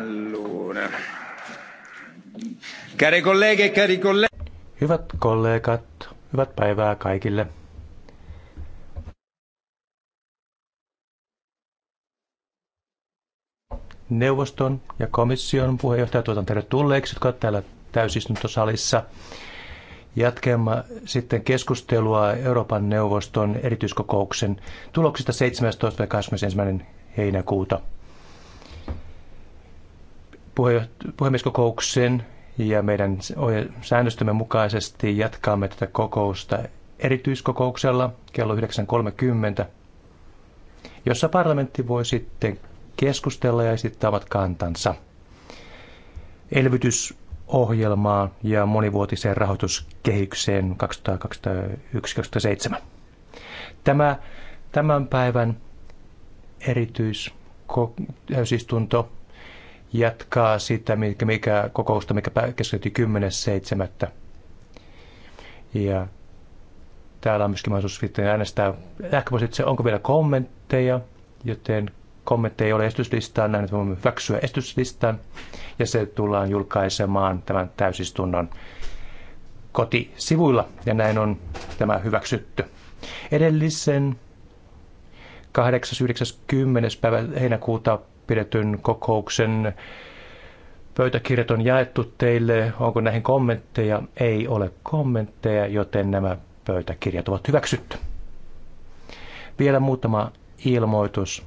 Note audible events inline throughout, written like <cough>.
Allora. Care colleghe, e cari colleghi. Hyvät kollegat, hyvät päivää kaikille. Neuvoston ja komission puheenjohtajat tuotan tulleeksi, jotka ovat täällä täysistuntosalissa. Jatkemme sitten keskustelua Euroopan neuvoston erityiskokouksen tuloksista 17. ja 21. heinäkuuta puhemieskokouksen ja meidän säännöstömme mukaisesti jatkamme tätä kokousta erityiskokouksella kello 9.30, jossa parlamentti voi sitten keskustella ja esittää omat kantansa elvytysohjelmaa ja monivuotiseen rahoituskehykseen 2021-2027. Tämä tämän päivän täysistunto äh, jatkaa sitä, mikä, mikä kokousta, mikä keskeytyi 10.7. Ja täällä on myöskin mahdollisuus sitten äänestää. Ehkä voisi itse, onko vielä kommentteja, joten kommentteja ei ole esityslistaan, näin että voimme hyväksyä esityslistan. Ja se tullaan julkaisemaan tämän täysistunnon kotisivuilla, ja näin on tämä hyväksytty. Edellisen 8.9.10. päivä heinäkuuta pidetyn kokouksen pöytäkirjat on jaettu teille. Onko näihin kommentteja? Ei ole kommentteja, joten nämä pöytäkirjat ovat hyväksytty. Vielä muutama ilmoitus.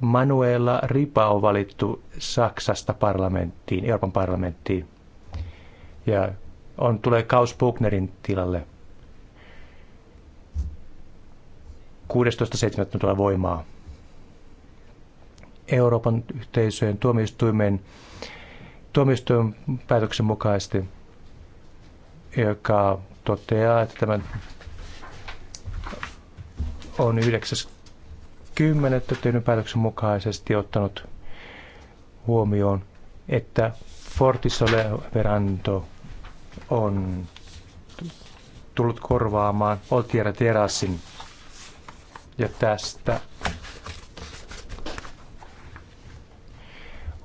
Manuela Ripa on valittu Saksasta parlamenttiin, Euroopan parlamenttiin. Ja on, tulee Kaus Buchnerin tilalle. 16.7. tulee voimaa. Euroopan yhteisöjen tuomioistuimen tuomioistuimen päätöksen mukaisesti, joka toteaa, että tämän on 9.10. tehnyt päätöksen mukaisesti ottanut huomioon, että Fortisole Veranto on tullut korvaamaan Oltiera Terassin ja tästä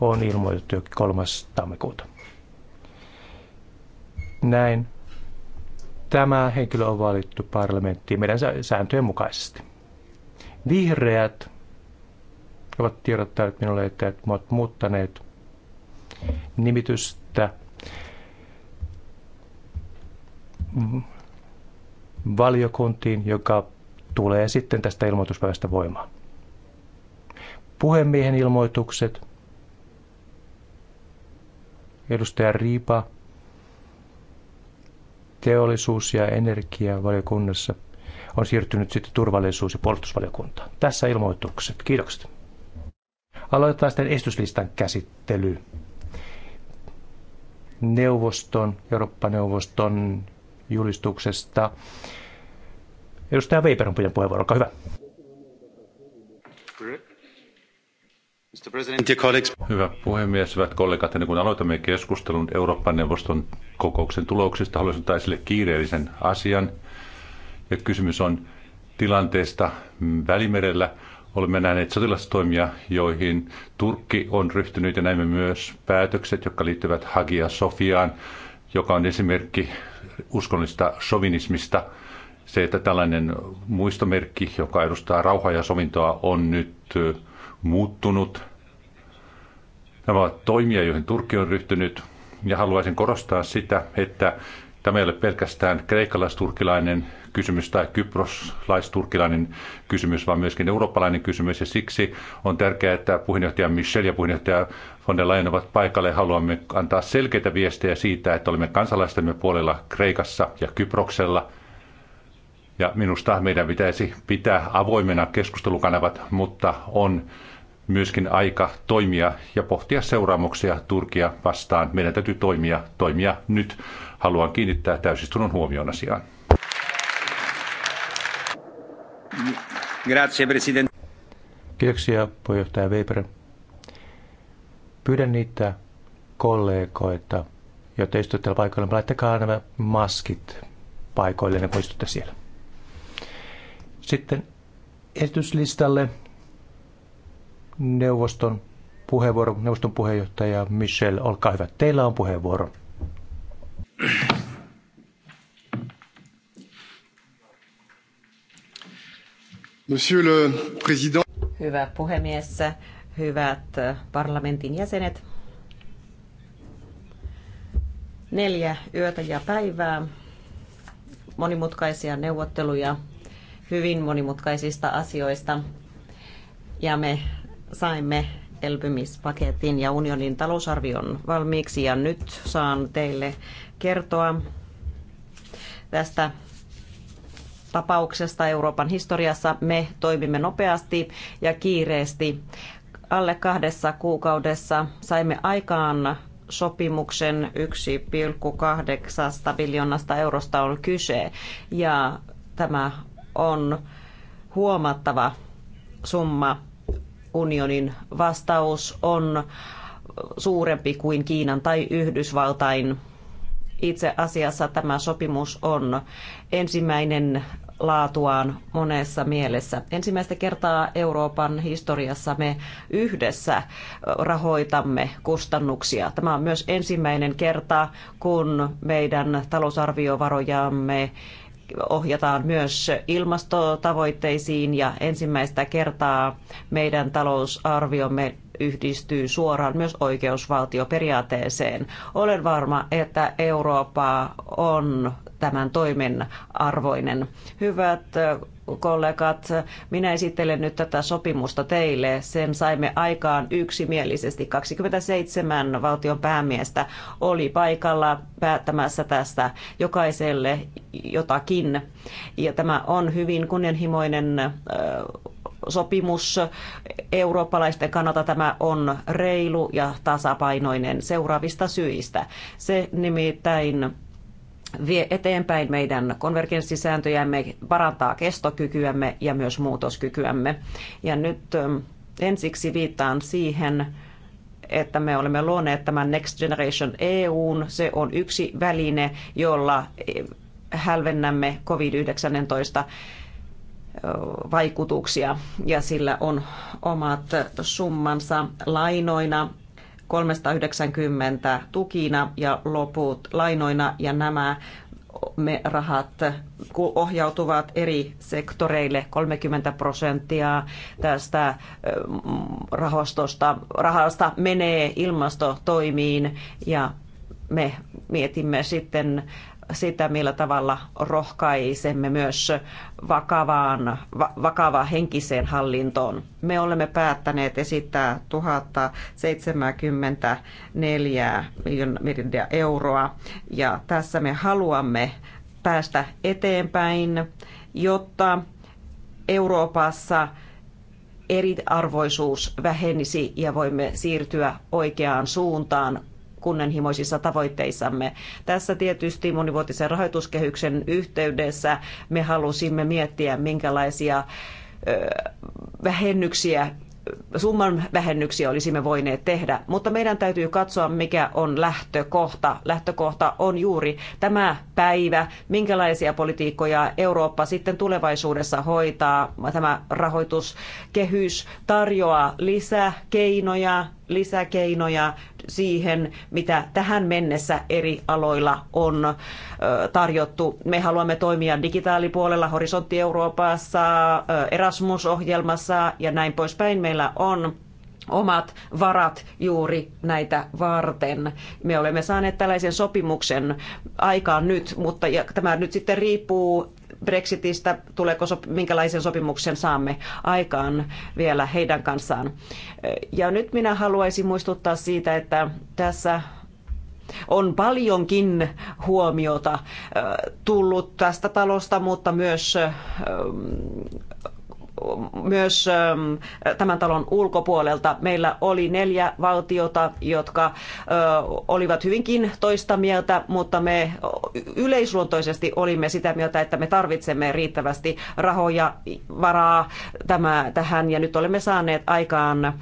on ilmoitettu jo 3. tammikuuta. Näin. Tämä henkilö on valittu parlamenttiin meidän sääntöjen mukaisesti. Vihreät ovat tiedottaneet minulle, että olet muuttaneet nimitystä valiokuntiin, joka tulee sitten tästä ilmoituspäivästä voimaan. Puhemiehen ilmoitukset. Edustaja Riipa teollisuus- ja energiavaliokunnassa on siirtynyt sitten turvallisuus- ja puolustusvaliokuntaan. Tässä ilmoitukset. Kiitokset. Aloitetaan sitten esityslistan käsittely. Neuvoston, Eurooppa-neuvoston julistuksesta Edustaja Weber on pitänyt puheenvuoro, olkaa hyvä. Hyvä puhemies, hyvät kollegat, ennen kuin aloitamme keskustelun Euroopan neuvoston kokouksen tuloksista, haluaisin ottaa esille kiireellisen asian. Ja kysymys on tilanteesta Välimerellä. Olemme nähneet sotilastoimia, joihin Turkki on ryhtynyt ja näemme myös päätökset, jotka liittyvät Hagia Sofiaan, joka on esimerkki uskonnollista sovinismista – se, että tällainen muistomerkki, joka edustaa rauhaa ja sovintoa, on nyt muuttunut. Nämä ovat toimia, joihin Turkki on ryhtynyt. Ja haluaisin korostaa sitä, että tämä ei ole pelkästään kreikkalaisturkilainen turkilainen kysymys tai kyproslais-turkilainen kysymys, vaan myöskin eurooppalainen kysymys. Ja siksi on tärkeää, että puheenjohtaja Michel ja puheenjohtaja von der Leyen ovat paikalle. Haluamme antaa selkeitä viestejä siitä, että olemme kansalaistemme puolella Kreikassa ja Kyproksella. Ja minusta meidän pitäisi pitää avoimena keskustelukanavat, mutta on myöskin aika toimia ja pohtia seuraamuksia Turkia vastaan. Meidän täytyy toimia, toimia nyt. Haluan kiinnittää täysistunnon huomioon asiaan. Kiitoksia, puheenjohtaja Weber. Pyydän niitä kollegoita, joita istutte paikoilla, laittakaa nämä maskit paikoille, ne poistutte siellä. Sitten esityslistalle neuvoston puheenvuoro, neuvoston puheenjohtaja Michel, olkaa hyvä. Teillä on puheenvuoro. Monsieur le Président. Hyvä puhemies, hyvät parlamentin jäsenet. Neljä yötä ja päivää, monimutkaisia neuvotteluja hyvin monimutkaisista asioista. Ja me saimme elpymispaketin ja unionin talousarvion valmiiksi ja nyt saan teille kertoa tästä tapauksesta Euroopan historiassa. Me toimimme nopeasti ja kiireesti. Alle kahdessa kuukaudessa saimme aikaan sopimuksen 1,8 biljoonasta eurosta on kyse ja tämä on huomattava summa. Unionin vastaus on suurempi kuin Kiinan tai Yhdysvaltain. Itse asiassa tämä sopimus on ensimmäinen laatuaan monessa mielessä. Ensimmäistä kertaa Euroopan historiassa me yhdessä rahoitamme kustannuksia. Tämä on myös ensimmäinen kerta, kun meidän talousarviovarojamme ohjataan myös ilmastotavoitteisiin ja ensimmäistä kertaa meidän talousarviomme yhdistyy suoraan myös oikeusvaltioperiaatteeseen. Olen varma, että Eurooppa on tämän toimen arvoinen. Hyvät kollegat, minä esittelen nyt tätä sopimusta teille. Sen saimme aikaan yksimielisesti. 27 valtion päämiestä oli paikalla päättämässä tästä jokaiselle jotakin. Ja tämä on hyvin kunnianhimoinen sopimus. Eurooppalaisten kannalta tämä on reilu ja tasapainoinen seuraavista syistä. Se nimittäin vie eteenpäin meidän konvergenssisääntöjämme, parantaa kestokykyämme ja myös muutoskykyämme. Ja nyt ähm, ensiksi viittaan siihen, että me olemme luoneet tämän Next Generation EUn. Se on yksi väline, jolla äh, hälvennämme COVID-19 äh, vaikutuksia ja sillä on omat summansa lainoina 390 tukina ja loput lainoina ja nämä me rahat ohjautuvat eri sektoreille 30 prosenttia tästä rahastosta, rahasta menee ilmastotoimiin ja me mietimme sitten sitä, millä tavalla rohkaisemme myös vakavaan, va- vakavaa henkiseen hallintoon. Me olemme päättäneet esittää 1074 miljardia euroa ja tässä me haluamme päästä eteenpäin, jotta Euroopassa eriarvoisuus vähenisi ja voimme siirtyä oikeaan suuntaan kunnianhimoisissa tavoitteissamme. Tässä tietysti monivuotisen rahoituskehyksen yhteydessä me halusimme miettiä, minkälaisia vähennyksiä summan vähennyksiä olisimme voineet tehdä, mutta meidän täytyy katsoa, mikä on lähtökohta. Lähtökohta on juuri tämä päivä, minkälaisia politiikkoja Eurooppa sitten tulevaisuudessa hoitaa. Tämä rahoituskehys tarjoaa lisää keinoja lisäkeinoja siihen, mitä tähän mennessä eri aloilla on tarjottu. Me haluamme toimia digitaalipuolella, Horisontti Euroopassa, Erasmus-ohjelmassa ja näin poispäin. Meillä on omat varat juuri näitä varten. Me olemme saaneet tällaisen sopimuksen aikaan nyt, mutta tämä nyt sitten riippuu Brexitistä, tuleeko sop- minkälaisen sopimuksen saamme aikaan vielä heidän kanssaan. Ja nyt minä haluaisin muistuttaa siitä, että tässä on paljonkin huomiota äh, tullut tästä talosta, mutta myös äh, myös ähm, tämän talon ulkopuolelta. Meillä oli neljä valtiota, jotka äh, olivat hyvinkin toista mieltä, mutta me yleisluontoisesti olimme sitä mieltä, että me tarvitsemme riittävästi rahoja, varaa tämä, tähän ja nyt olemme saaneet aikaan äh,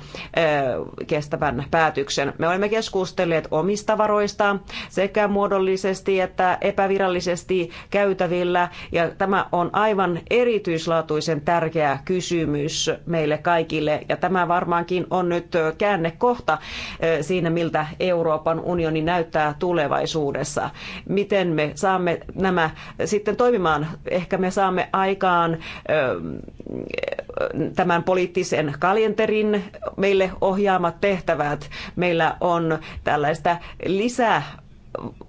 kestävän päätöksen. Me olemme keskustelleet omista varoista sekä muodollisesti että epävirallisesti käytävillä ja tämä on aivan erityislaatuisen tärkeä kysymys meille kaikille. Ja tämä varmaankin on nyt käännekohta siinä, miltä Euroopan unioni näyttää tulevaisuudessa. Miten me saamme nämä sitten toimimaan? Ehkä me saamme aikaan tämän poliittisen kalenterin meille ohjaamat tehtävät. Meillä on tällaista lisää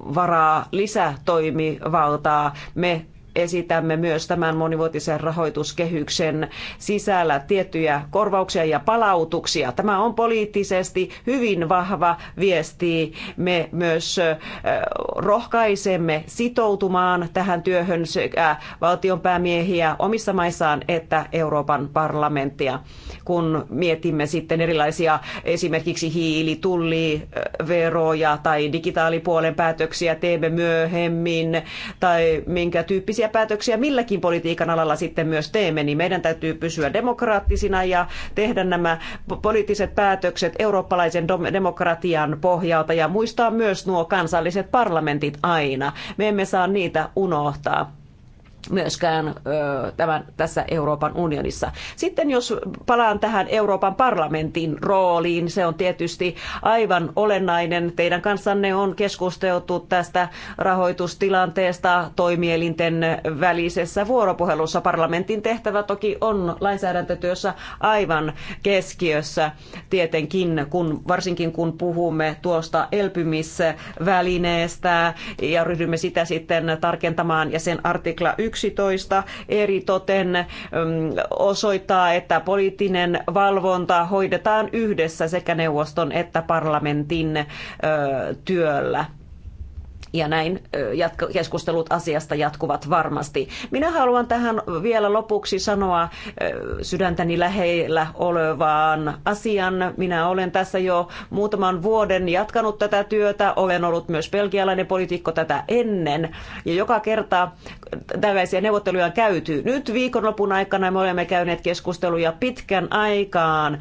varaa, lisätoimivaltaa. Me esitämme myös tämän monivuotisen rahoituskehyksen sisällä tiettyjä korvauksia ja palautuksia. Tämä on poliittisesti hyvin vahva viesti. Me myös rohkaisemme sitoutumaan tähän työhön sekä valtionpäämiehiä omissa maissaan että Euroopan parlamenttia, kun mietimme sitten erilaisia esimerkiksi hiilitulliveroja tai digitaalipuolen päätöksiä teemme myöhemmin tai minkä tyyppisiä minkälaisia päätöksiä milläkin politiikan alalla sitten myös teemme, niin meidän täytyy pysyä demokraattisina ja tehdä nämä poliittiset päätökset eurooppalaisen demokratian pohjalta ja muistaa myös nuo kansalliset parlamentit aina. Me emme saa niitä unohtaa myöskään ö, tämän, tässä Euroopan unionissa. Sitten jos palaan tähän Euroopan parlamentin rooliin, se on tietysti aivan olennainen. Teidän kanssanne on keskusteltu tästä rahoitustilanteesta toimielinten välisessä vuoropuhelussa. Parlamentin tehtävä toki on lainsäädäntötyössä aivan keskiössä tietenkin, kun, varsinkin kun puhumme tuosta elpymisvälineestä ja ryhdymme sitä sitten tarkentamaan ja sen artikla 1 2011 eritoten mm, osoittaa, että poliittinen valvonta hoidetaan yhdessä sekä neuvoston että parlamentin työllä ja näin keskustelut asiasta jatkuvat varmasti. Minä haluan tähän vielä lopuksi sanoa sydäntäni lähellä olevaan asian. Minä olen tässä jo muutaman vuoden jatkanut tätä työtä. Olen ollut myös belgialainen poliitikko tätä ennen. Ja joka kerta tällaisia neuvotteluja on käyty. Nyt viikonlopun aikana me olemme käyneet keskusteluja pitkän aikaan.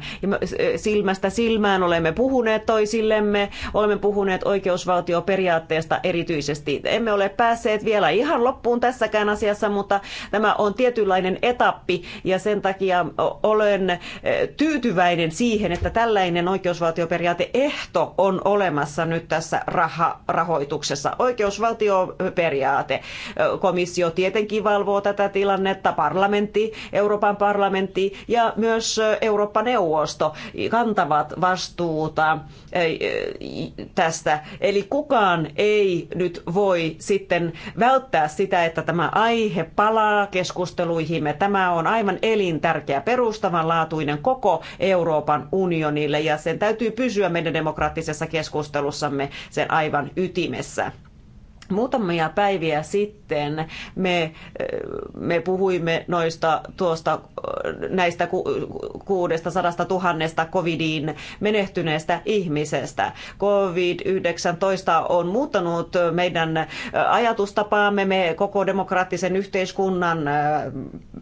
Silmästä silmään olemme puhuneet toisillemme. Olemme puhuneet oikeusvaltioperiaatteesta eri erityisesti. Emme ole päässeet vielä ihan loppuun tässäkään asiassa, mutta tämä on tietynlainen etappi ja sen takia olen eh, tyytyväinen siihen, että tällainen oikeusvaltioperiaateehto on olemassa nyt tässä raha- rahoituksessa. Oikeusvaltioperiaate. Eh, komissio tietenkin valvoo tätä tilannetta, parlamentti, Euroopan parlamentti ja myös eh, Eurooppa-neuvosto kantavat vastuuta tästä. Eli kukaan ei nyt voi sitten välttää sitä, että tämä aihe palaa keskusteluihimme. Tämä on aivan elintärkeä perustavanlaatuinen koko Euroopan unionille ja sen täytyy pysyä meidän demokraattisessa keskustelussamme sen aivan ytimessä. Muutamia päiviä sitten me, me puhuimme noista tuosta näistä ku, sadasta tuhannesta covidiin menehtyneestä ihmisestä. Covid-19 on muuttanut meidän ajatustapaamme, me koko demokraattisen yhteiskunnan äh,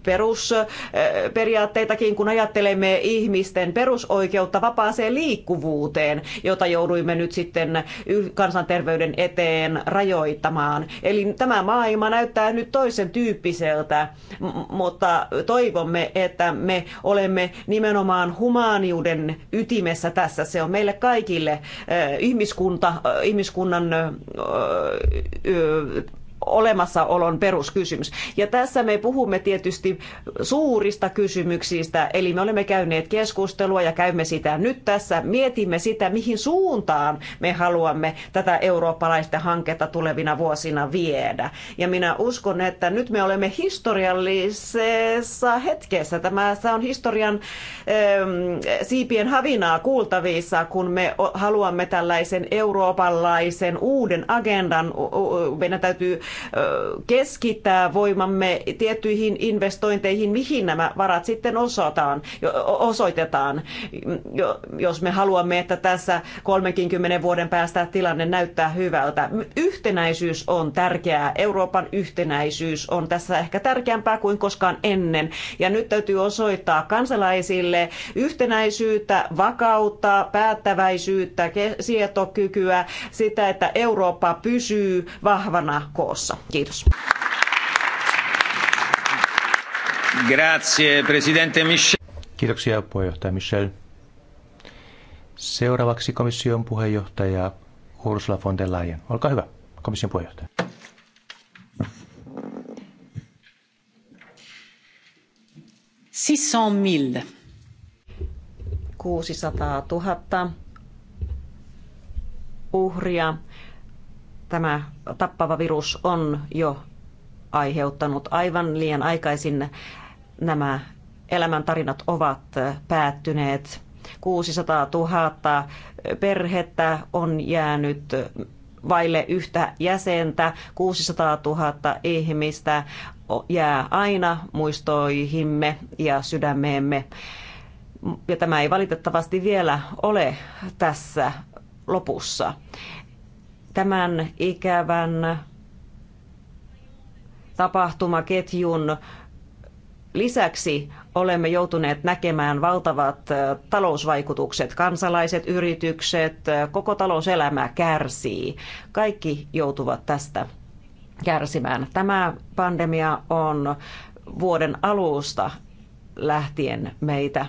perusperiaatteitakin, kun ajattelemme ihmisten perusoikeutta vapaaseen liikkuvuuteen, jota jouduimme nyt sitten kansanterveyden eteen rajoittamaan voittamaan. Eli tämä maailma näyttää nyt toisen tyyppiseltä, mutta toivomme, että me olemme nimenomaan humaniuden ytimessä tässä. Se on meille kaikille ihmiskunta, ihmiskunnan olemassaolon peruskysymys. Ja tässä me puhumme tietysti suurista kysymyksistä, eli me olemme käyneet keskustelua ja käymme sitä nyt tässä. Mietimme sitä, mihin suuntaan me haluamme tätä eurooppalaista hanketta tulevina vuosina viedä. Ja minä uskon, että nyt me olemme historiallisessa hetkessä. Tämä on historian ähm, siipien havinaa kuultavissa, kun me haluamme tällaisen eurooppalaisen uuden agendan. Meidän täytyy keskittää voimamme tiettyihin investointeihin, mihin nämä varat sitten osataan, osoitetaan, jos me haluamme, että tässä 30 vuoden päästä tilanne näyttää hyvältä. Yhtenäisyys on tärkeää. Euroopan yhtenäisyys on tässä ehkä tärkeämpää kuin koskaan ennen. Ja nyt täytyy osoittaa kansalaisille yhtenäisyyttä, vakautta, päättäväisyyttä, sietokykyä, sitä, että Eurooppa pysyy vahvana koossa jatkossa. Kiitos. Grazie, presidente Michel. Kiitoksia puheenjohtaja Michel. Seuraavaksi komission puheenjohtaja Ursula von der Leyen. Olkaa hyvä, komission puheenjohtaja. mille. 600 000 uhria tämä tappava virus on jo aiheuttanut aivan liian aikaisin nämä elämäntarinat ovat päättyneet. 600 000 perhettä on jäänyt vaille yhtä jäsentä. 600 000 ihmistä jää aina muistoihimme ja sydämeemme. Ja tämä ei valitettavasti vielä ole tässä lopussa tämän ikävän tapahtumaketjun lisäksi olemme joutuneet näkemään valtavat talousvaikutukset. Kansalaiset, yritykset, koko talouselämä kärsii. Kaikki joutuvat tästä kärsimään. Tämä pandemia on vuoden alusta lähtien meitä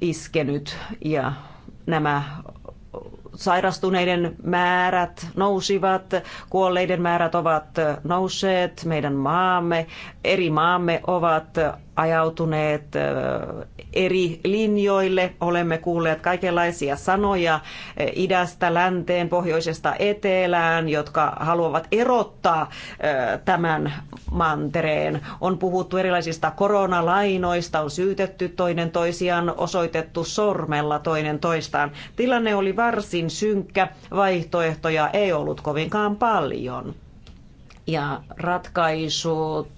iskenyt ja nämä sairastuneiden määrät nousivat, kuolleiden määrät ovat nousseet, meidän maamme, eri maamme ovat ajautuneet eri linjoille. Olemme kuulleet kaikenlaisia sanoja idästä, länteen, pohjoisesta, etelään, jotka haluavat erottaa tämän mantereen. On puhuttu erilaisista koronalainoista, on syytetty toinen toisiaan, osoitettu sormella toinen toistaan. Tilanne oli varsin synkkä, vaihtoehtoja ei ollut kovinkaan paljon. Ja ratkaisut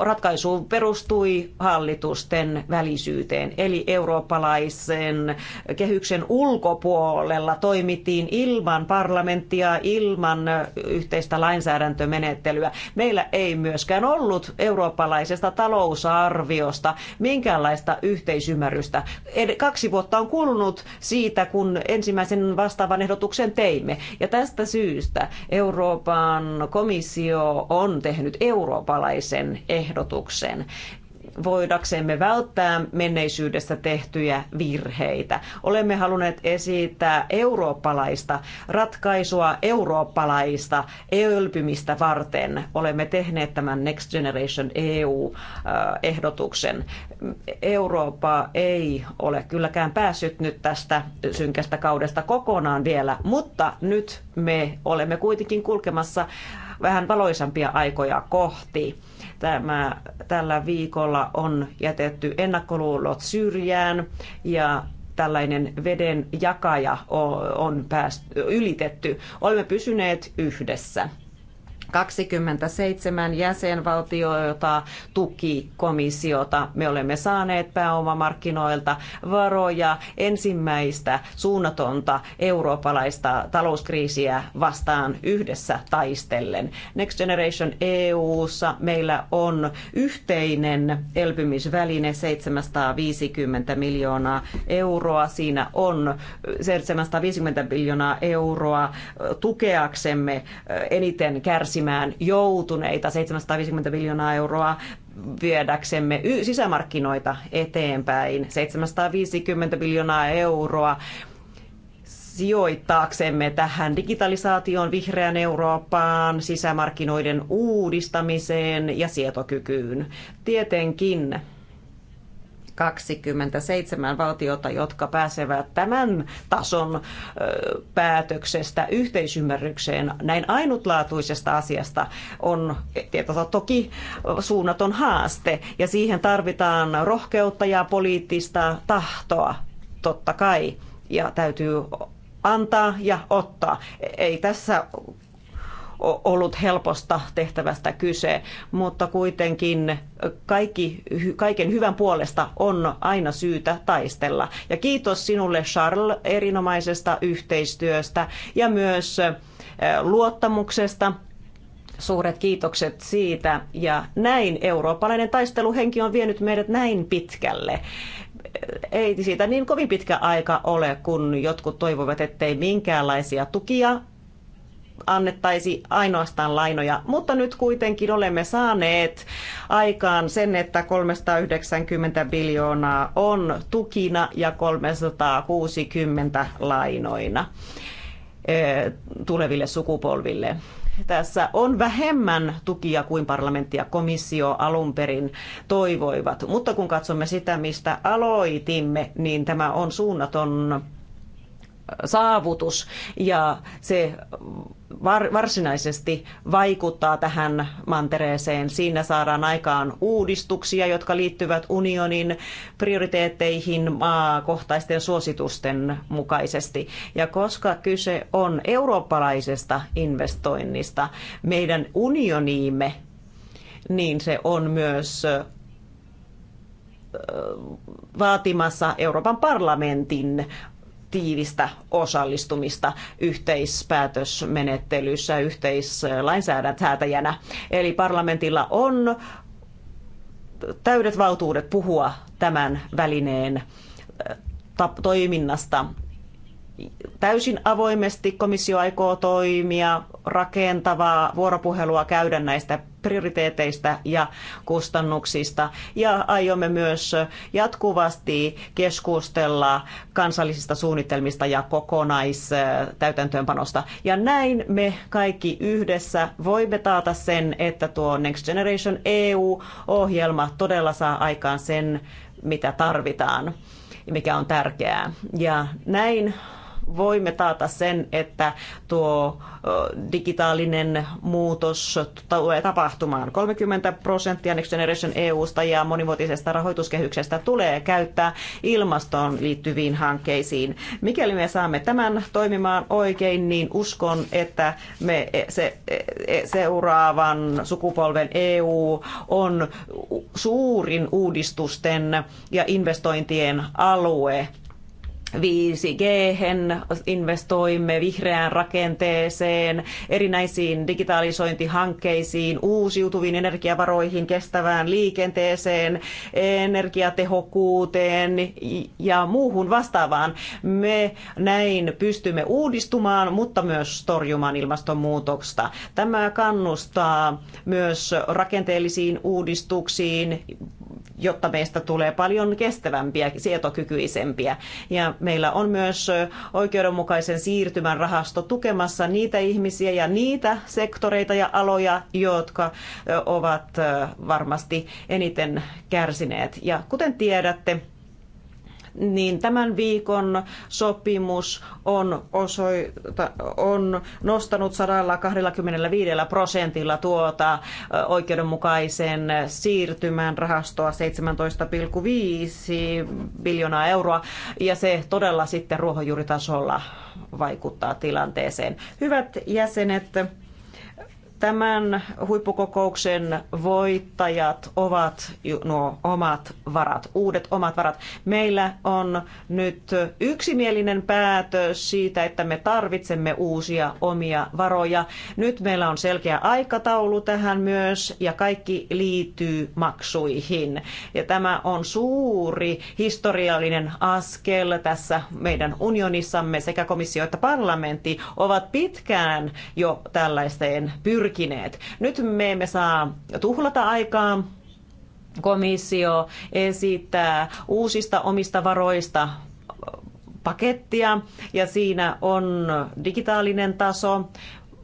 ratkaisu perustui hallitusten välisyyteen, eli eurooppalaisen kehyksen ulkopuolella toimittiin ilman parlamenttia, ilman yhteistä lainsäädäntömenettelyä. Meillä ei myöskään ollut eurooppalaisesta talousarviosta minkäänlaista yhteisymmärrystä. Kaksi vuotta on kulunut siitä, kun ensimmäisen vastaavan ehdotuksen teimme. Ja tästä syystä Euroopan komissio on tehnyt eurooppalaisen tällaisen ehdotuksen voidaksemme välttää menneisyydestä tehtyjä virheitä. Olemme halunneet esittää eurooppalaista ratkaisua eurooppalaista elpymistä varten. Olemme tehneet tämän Next Generation EU-ehdotuksen. Äh, Eurooppa ei ole kylläkään päässyt nyt tästä synkästä kaudesta kokonaan vielä, mutta nyt me olemme kuitenkin kulkemassa vähän valoisampia aikoja kohti. Tämä, tällä viikolla on jätetty ennakkoluulot syrjään ja tällainen veden jakaja on päästy, ylitetty. Olemme pysyneet yhdessä. 27 jäsenvaltiota tuki komissiota. Me olemme saaneet pääomamarkkinoilta varoja ensimmäistä suunnatonta eurooppalaista talouskriisiä vastaan yhdessä taistellen. Next Generation EU:ssa meillä on yhteinen elpymisväline 750 miljoonaa euroa. Siinä on 750 miljoonaa euroa tukeaksemme eniten kärsimään etsimään joutuneita 750 miljoonaa euroa viedäksemme sisämarkkinoita eteenpäin. 750 miljoonaa euroa sijoittaaksemme tähän digitalisaatioon, vihreään Eurooppaan, sisämarkkinoiden uudistamiseen ja sietokykyyn. Tietenkin 27 valtiota, jotka pääsevät tämän tason päätöksestä yhteisymmärrykseen näin ainutlaatuisesta asiasta on tietysti toki suunnaton haaste ja siihen tarvitaan rohkeutta ja poliittista tahtoa totta kai ja täytyy antaa ja ottaa. Ei tässä ollut helposta tehtävästä kyse, mutta kuitenkin kaikki, kaiken hyvän puolesta on aina syytä taistella. Ja kiitos sinulle Charles erinomaisesta yhteistyöstä ja myös luottamuksesta suuret kiitokset siitä. Ja näin eurooppalainen taisteluhenki on vienyt meidät näin pitkälle. Ei siitä niin kovin pitkä aika ole, kun jotkut toivovat, ettei minkäänlaisia tukia annettaisi ainoastaan lainoja, mutta nyt kuitenkin olemme saaneet aikaan sen, että 390 biljoonaa on tukina ja 360 lainoina tuleville sukupolville. Tässä on vähemmän tukia kuin parlamentti ja komissio alun perin toivoivat, mutta kun katsomme sitä, mistä aloitimme, niin tämä on suunnaton saavutus ja se var, varsinaisesti vaikuttaa tähän mantereeseen. Siinä saadaan aikaan uudistuksia, jotka liittyvät unionin prioriteetteihin maakohtaisten suositusten mukaisesti. Ja koska kyse on eurooppalaisesta investoinnista meidän unioniimme, niin se on myös vaatimassa Euroopan parlamentin tiivistä osallistumista yhteispäätösmenettelyssä yhteislainsäädäntäjänä. Eli parlamentilla on täydet valtuudet puhua tämän välineen äh, toiminnasta täysin avoimesti komissio aikoo toimia, rakentavaa vuoropuhelua käydä näistä prioriteeteista ja kustannuksista. Ja aiomme myös jatkuvasti keskustella kansallisista suunnitelmista ja kokonaistäytäntöönpanosta. Ja näin me kaikki yhdessä voimme taata sen, että tuo Next Generation EU-ohjelma todella saa aikaan sen, mitä tarvitaan ja mikä on tärkeää. Ja näin voimme taata sen, että tuo digitaalinen muutos tulee tapahtumaan. 30 prosenttia Next Generation EUsta ja monivuotisesta rahoituskehyksestä tulee käyttää ilmastoon liittyviin hankkeisiin. Mikäli me saamme tämän toimimaan oikein, niin uskon, että me e, se, e, e, seuraavan sukupolven EU on suurin uudistusten ja investointien alue 5G, investoimme vihreään rakenteeseen, erinäisiin digitalisointihankkeisiin, uusiutuviin energiavaroihin, kestävään liikenteeseen, energiatehokkuuteen ja muuhun vastaavaan. Me näin pystymme uudistumaan, mutta myös torjumaan ilmastonmuutosta. Tämä kannustaa myös rakenteellisiin uudistuksiin, jotta meistä tulee paljon kestävämpiä, sietokykyisempiä. Ja meillä on myös oikeudenmukaisen siirtymän rahasto tukemassa niitä ihmisiä ja niitä sektoreita ja aloja, jotka ovat varmasti eniten kärsineet. Ja kuten tiedätte, niin tämän viikon sopimus on, osoita, on nostanut 125 prosentilla tuota oikeudenmukaisen siirtymän rahastoa 17,5 biljoonaa euroa, ja se todella sitten ruohonjuuritasolla vaikuttaa tilanteeseen. Hyvät jäsenet, Tämän huippukokouksen voittajat ovat nuo omat varat, uudet omat varat. Meillä on nyt yksimielinen päätös siitä, että me tarvitsemme uusia omia varoja. Nyt meillä on selkeä aikataulu tähän myös ja kaikki liittyy maksuihin. Ja tämä on suuri historiallinen askel tässä meidän unionissamme sekä komissio että parlamentti ovat pitkään jo tällaiseen pyrkimykseen pyrkineet. Nyt me emme saa tuhlata aikaa. Komissio esittää uusista omista varoista pakettia ja siinä on digitaalinen taso,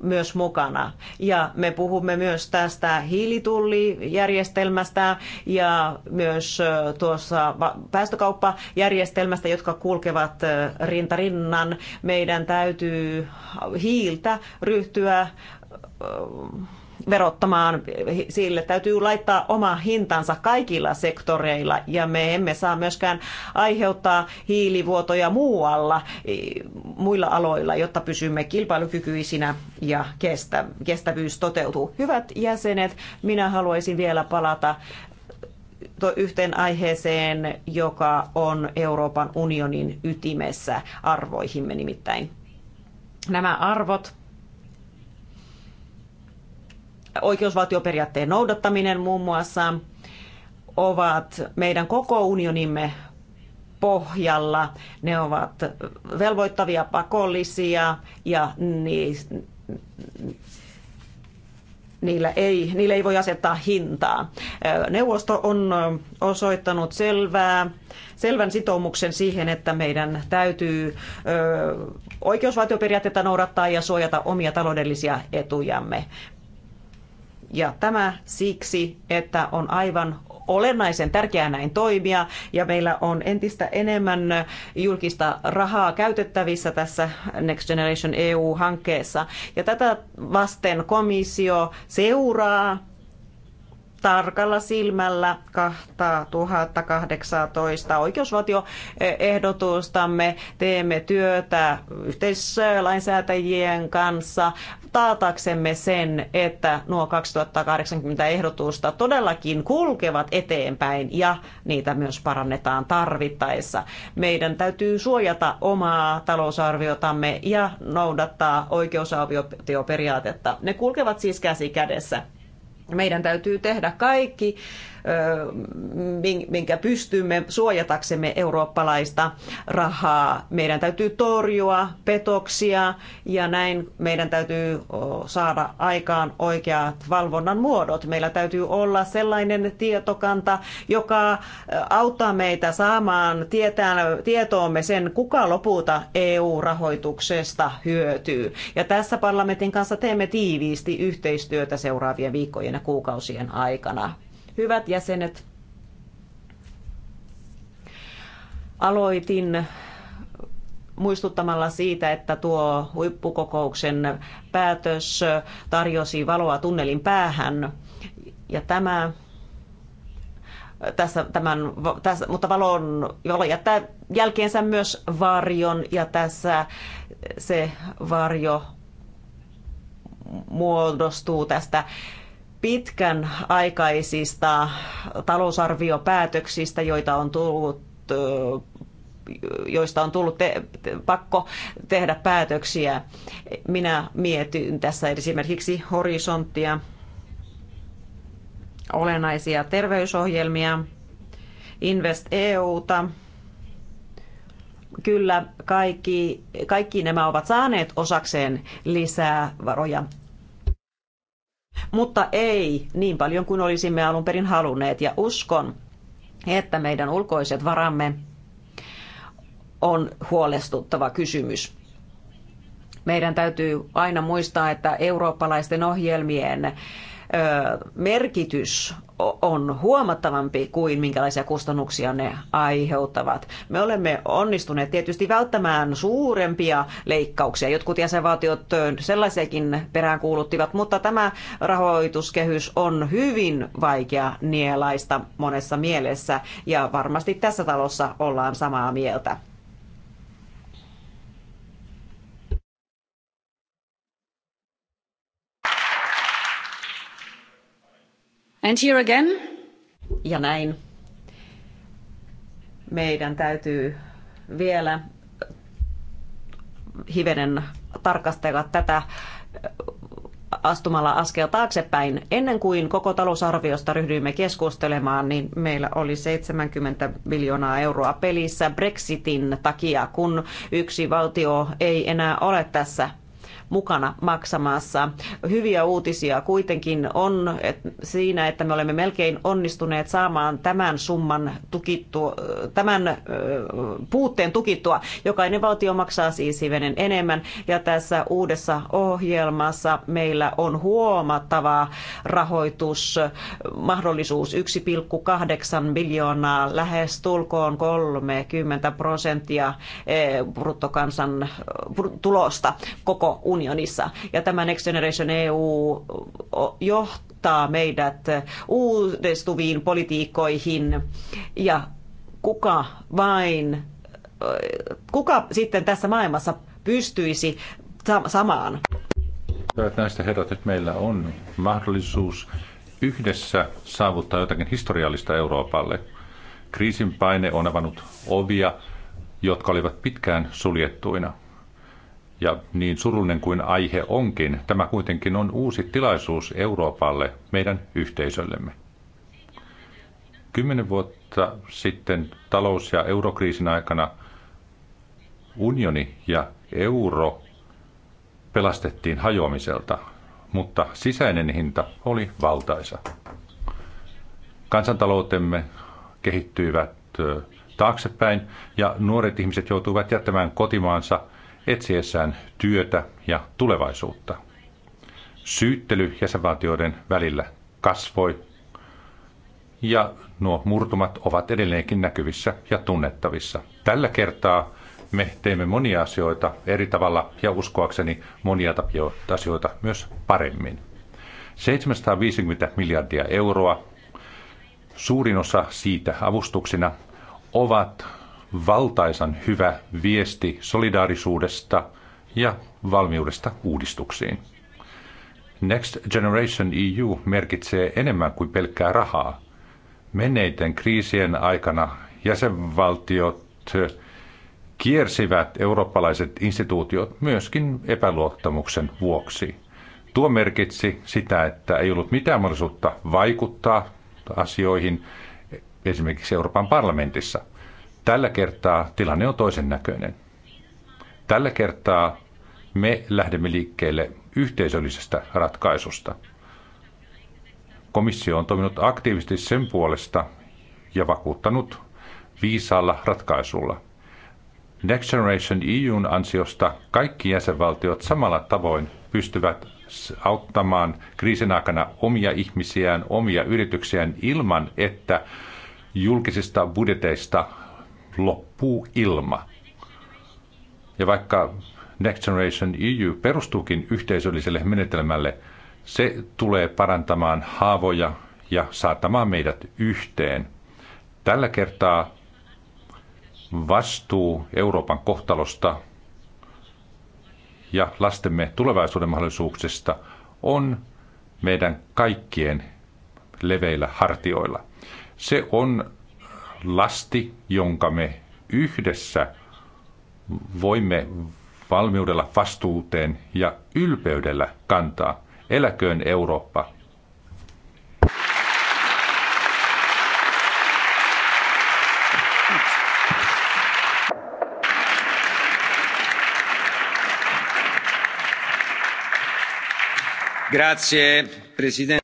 myös mukana. Ja me puhumme myös tästä hiilitullijärjestelmästä ja myös tuossa päästökauppajärjestelmästä, jotka kulkevat rintarinnan. Meidän täytyy hiiltä ryhtyä verottamaan, sille täytyy laittaa oma hintansa kaikilla sektoreilla ja me emme saa myöskään aiheuttaa hiilivuotoja muualla e, muilla aloilla, jotta pysymme kilpailukykyisinä ja kestä, kestävyys toteutuu. Hyvät jäsenet, minä haluaisin vielä palata yhteen aiheeseen, joka on Euroopan unionin ytimessä arvoihimme nimittäin. Nämä arvot oikeusvaltioperiaatteen noudattaminen muun muassa ovat meidän koko unionimme pohjalla. Ne ovat velvoittavia, pakollisia ja niin, niillä ei, niille ei voi asettaa hintaa. Neuvosto on osoittanut selvää, selvän sitoumuksen siihen, että meidän täytyy oikeusvaltioperiaatteita noudattaa ja suojata omia taloudellisia etujamme. Ja tämä siksi, että on aivan olennaisen tärkeää näin toimia ja meillä on entistä enemmän julkista rahaa käytettävissä tässä Next Generation EU-hankkeessa. Ja tätä vasten komissio seuraa tarkalla silmällä 2018 oikeusvaltioehdotustamme. Teemme työtä yhteislainsäätäjien kanssa taataksemme sen, että nuo 2080 ehdotusta todellakin kulkevat eteenpäin ja niitä myös parannetaan tarvittaessa. Meidän täytyy suojata omaa talousarviotamme ja noudattaa oikeusarvioperiaatetta. Ne kulkevat siis käsi kädessä. Meidän täytyy tehdä kaikki minkä pystymme suojataksemme eurooppalaista rahaa. Meidän täytyy torjua petoksia ja näin meidän täytyy saada aikaan oikeat valvonnan muodot. Meillä täytyy olla sellainen tietokanta, joka auttaa meitä saamaan tietään, tietoomme sen, kuka lopulta EU-rahoituksesta hyötyy. Ja tässä parlamentin kanssa teemme tiiviisti yhteistyötä seuraavien viikkojen ja kuukausien aikana. Hyvät jäsenet, aloitin muistuttamalla siitä, että tuo huippukokouksen päätös tarjosi valoa tunnelin päähän. Ja tämä tässä, tämän, tässä, mutta valon, valo jättää jälkeensä myös varjon ja tässä se varjo muodostuu tästä pitkän aikaisista talousarviopäätöksistä, joita on tullut joista on tullut te, te, pakko tehdä päätöksiä. Minä mietin tässä esimerkiksi horisonttia, olennaisia terveysohjelmia, Invest EUta. Kyllä kaikki, kaikki nämä ovat saaneet osakseen lisää varoja mutta ei niin paljon kuin olisimme alun perin halunneet. Ja uskon, että meidän ulkoiset varamme on huolestuttava kysymys. Meidän täytyy aina muistaa, että eurooppalaisten ohjelmien merkitys on huomattavampi kuin minkälaisia kustannuksia ne aiheuttavat. Me olemme onnistuneet tietysti välttämään suurempia leikkauksia. Jotkut jäsenvaltiot sellaisiakin peräänkuuluttivat, mutta tämä rahoituskehys on hyvin vaikea nielaista monessa mielessä ja varmasti tässä talossa ollaan samaa mieltä. And here again. Ja näin. Meidän täytyy vielä hivenen tarkastella tätä äh, astumalla askel taaksepäin. Ennen kuin koko talousarviosta ryhdyimme keskustelemaan, niin meillä oli 70 miljoonaa euroa pelissä Brexitin takia, kun yksi valtio ei enää ole tässä mukana maksamassa. Hyviä uutisia kuitenkin on että siinä, että me olemme melkein onnistuneet saamaan tämän summan tukittua, tämän puutteen tukittua. Jokainen valtio maksaa siis hivenen enemmän ja tässä uudessa ohjelmassa meillä on huomattava rahoitusmahdollisuus 1,8 miljoonaa lähes tulkoon 30 prosenttia eh, bruttokansan tulosta koko unionin unionissa. Ja tämä Next Generation EU johtaa meidät uudistuviin politiikkoihin ja kuka vain, kuka sitten tässä maailmassa pystyisi samaan. Hyvät näistä herrat, että meillä on mahdollisuus yhdessä saavuttaa jotakin historiallista Euroopalle. Kriisin paine on avannut ovia, jotka olivat pitkään suljettuina. Ja niin surullinen kuin aihe onkin, tämä kuitenkin on uusi tilaisuus Euroopalle, meidän yhteisöllemme. Kymmenen vuotta sitten talous- ja eurokriisin aikana unioni ja euro pelastettiin hajoamiselta, mutta sisäinen hinta oli valtaisa. Kansantaloutemme kehittyivät taaksepäin ja nuoret ihmiset joutuivat jättämään kotimaansa – etsiessään työtä ja tulevaisuutta. Syyttely jäsenvaltioiden välillä kasvoi ja nuo murtumat ovat edelleenkin näkyvissä ja tunnettavissa. Tällä kertaa me teemme monia asioita eri tavalla ja uskoakseni monia asioita myös paremmin. 750 miljardia euroa, suurin osa siitä avustuksina, ovat valtaisan hyvä viesti solidaarisuudesta ja valmiudesta uudistuksiin. Next Generation EU merkitsee enemmän kuin pelkkää rahaa. Menneiden kriisien aikana jäsenvaltiot kiersivät eurooppalaiset instituutiot myöskin epäluottamuksen vuoksi. Tuo merkitsi sitä, että ei ollut mitään mahdollisuutta vaikuttaa asioihin esimerkiksi Euroopan parlamentissa – Tällä kertaa tilanne on toisen näköinen. Tällä kertaa me lähdemme liikkeelle yhteisöllisestä ratkaisusta. Komissio on toiminut aktiivisesti sen puolesta ja vakuuttanut viisaalla ratkaisulla. Next Generation EUn ansiosta kaikki jäsenvaltiot samalla tavoin pystyvät auttamaan kriisin aikana omia ihmisiään, omia yrityksiään ilman, että julkisista budjeteista loppuu ilma. Ja vaikka Next Generation EU perustuukin yhteisölliselle menetelmälle, se tulee parantamaan haavoja ja saattamaan meidät yhteen. Tällä kertaa vastuu Euroopan kohtalosta ja lastemme tulevaisuuden mahdollisuuksista on meidän kaikkien leveillä hartioilla. Se on lasti, jonka me yhdessä voimme valmiudella vastuuteen ja ylpeydellä kantaa. Eläköön Eurooppa! Grazie, president.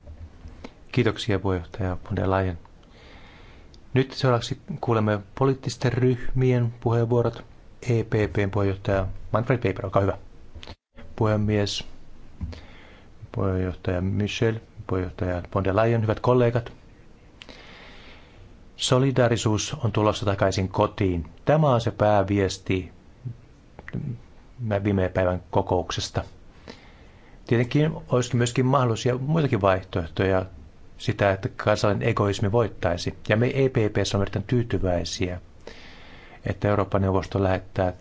Kiitoksia puheenjohtaja von der Leyen. Nyt seuraavaksi kuulemme poliittisten ryhmien puheenvuorot. EPPn puheenjohtaja Manfred Weber, olkaa hyvä. Puhemies, puheenjohtaja Michel, puheenjohtaja von der Leyen, hyvät kollegat. Solidaarisuus on tulossa takaisin kotiin. Tämä on se pääviesti viime päivän kokouksesta. Tietenkin olisi myöskin mahdollisia muitakin vaihtoehtoja sitä, että kansallinen egoismi voittaisi. Ja me EPP on erittäin tyytyväisiä, että Euroopan neuvosto lähettää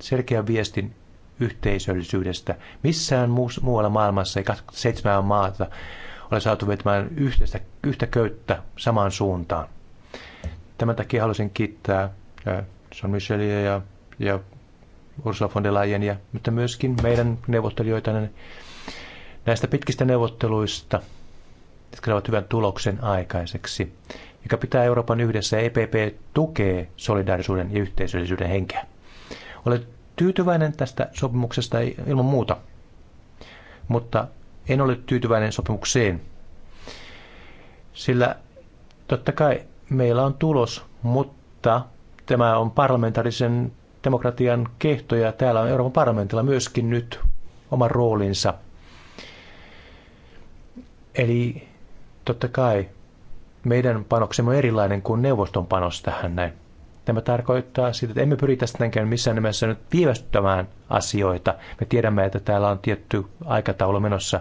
selkeän viestin yhteisöllisyydestä. Missään muualla maailmassa ei seitsemän maata ole saatu vetämään yhteistä, yhtä köyttä samaan suuntaan. Tämän takia haluaisin kiittää Jean Michelia ja, ja Ursula von der Leyen, ja, mutta myöskin meidän neuvottelijoita näistä pitkistä neuvotteluista – jotka saavat hyvän tuloksen aikaiseksi, joka pitää Euroopan yhdessä. EPP tukee solidaarisuuden ja yhteisöllisyyden henkeä. Olet tyytyväinen tästä sopimuksesta ilman muuta, mutta en ole tyytyväinen sopimukseen, sillä totta kai meillä on tulos, mutta tämä on parlamentaarisen demokratian kehto ja täällä on Euroopan parlamentilla myöskin nyt oma roolinsa. Eli Totta kai meidän panoksemme on erilainen kuin neuvoston panos tähän näin. Tämä tarkoittaa sitä, että emme pyri tästäkään missään nimessä nyt viivästyttämään asioita. Me tiedämme, että täällä on tietty aikataulu menossa.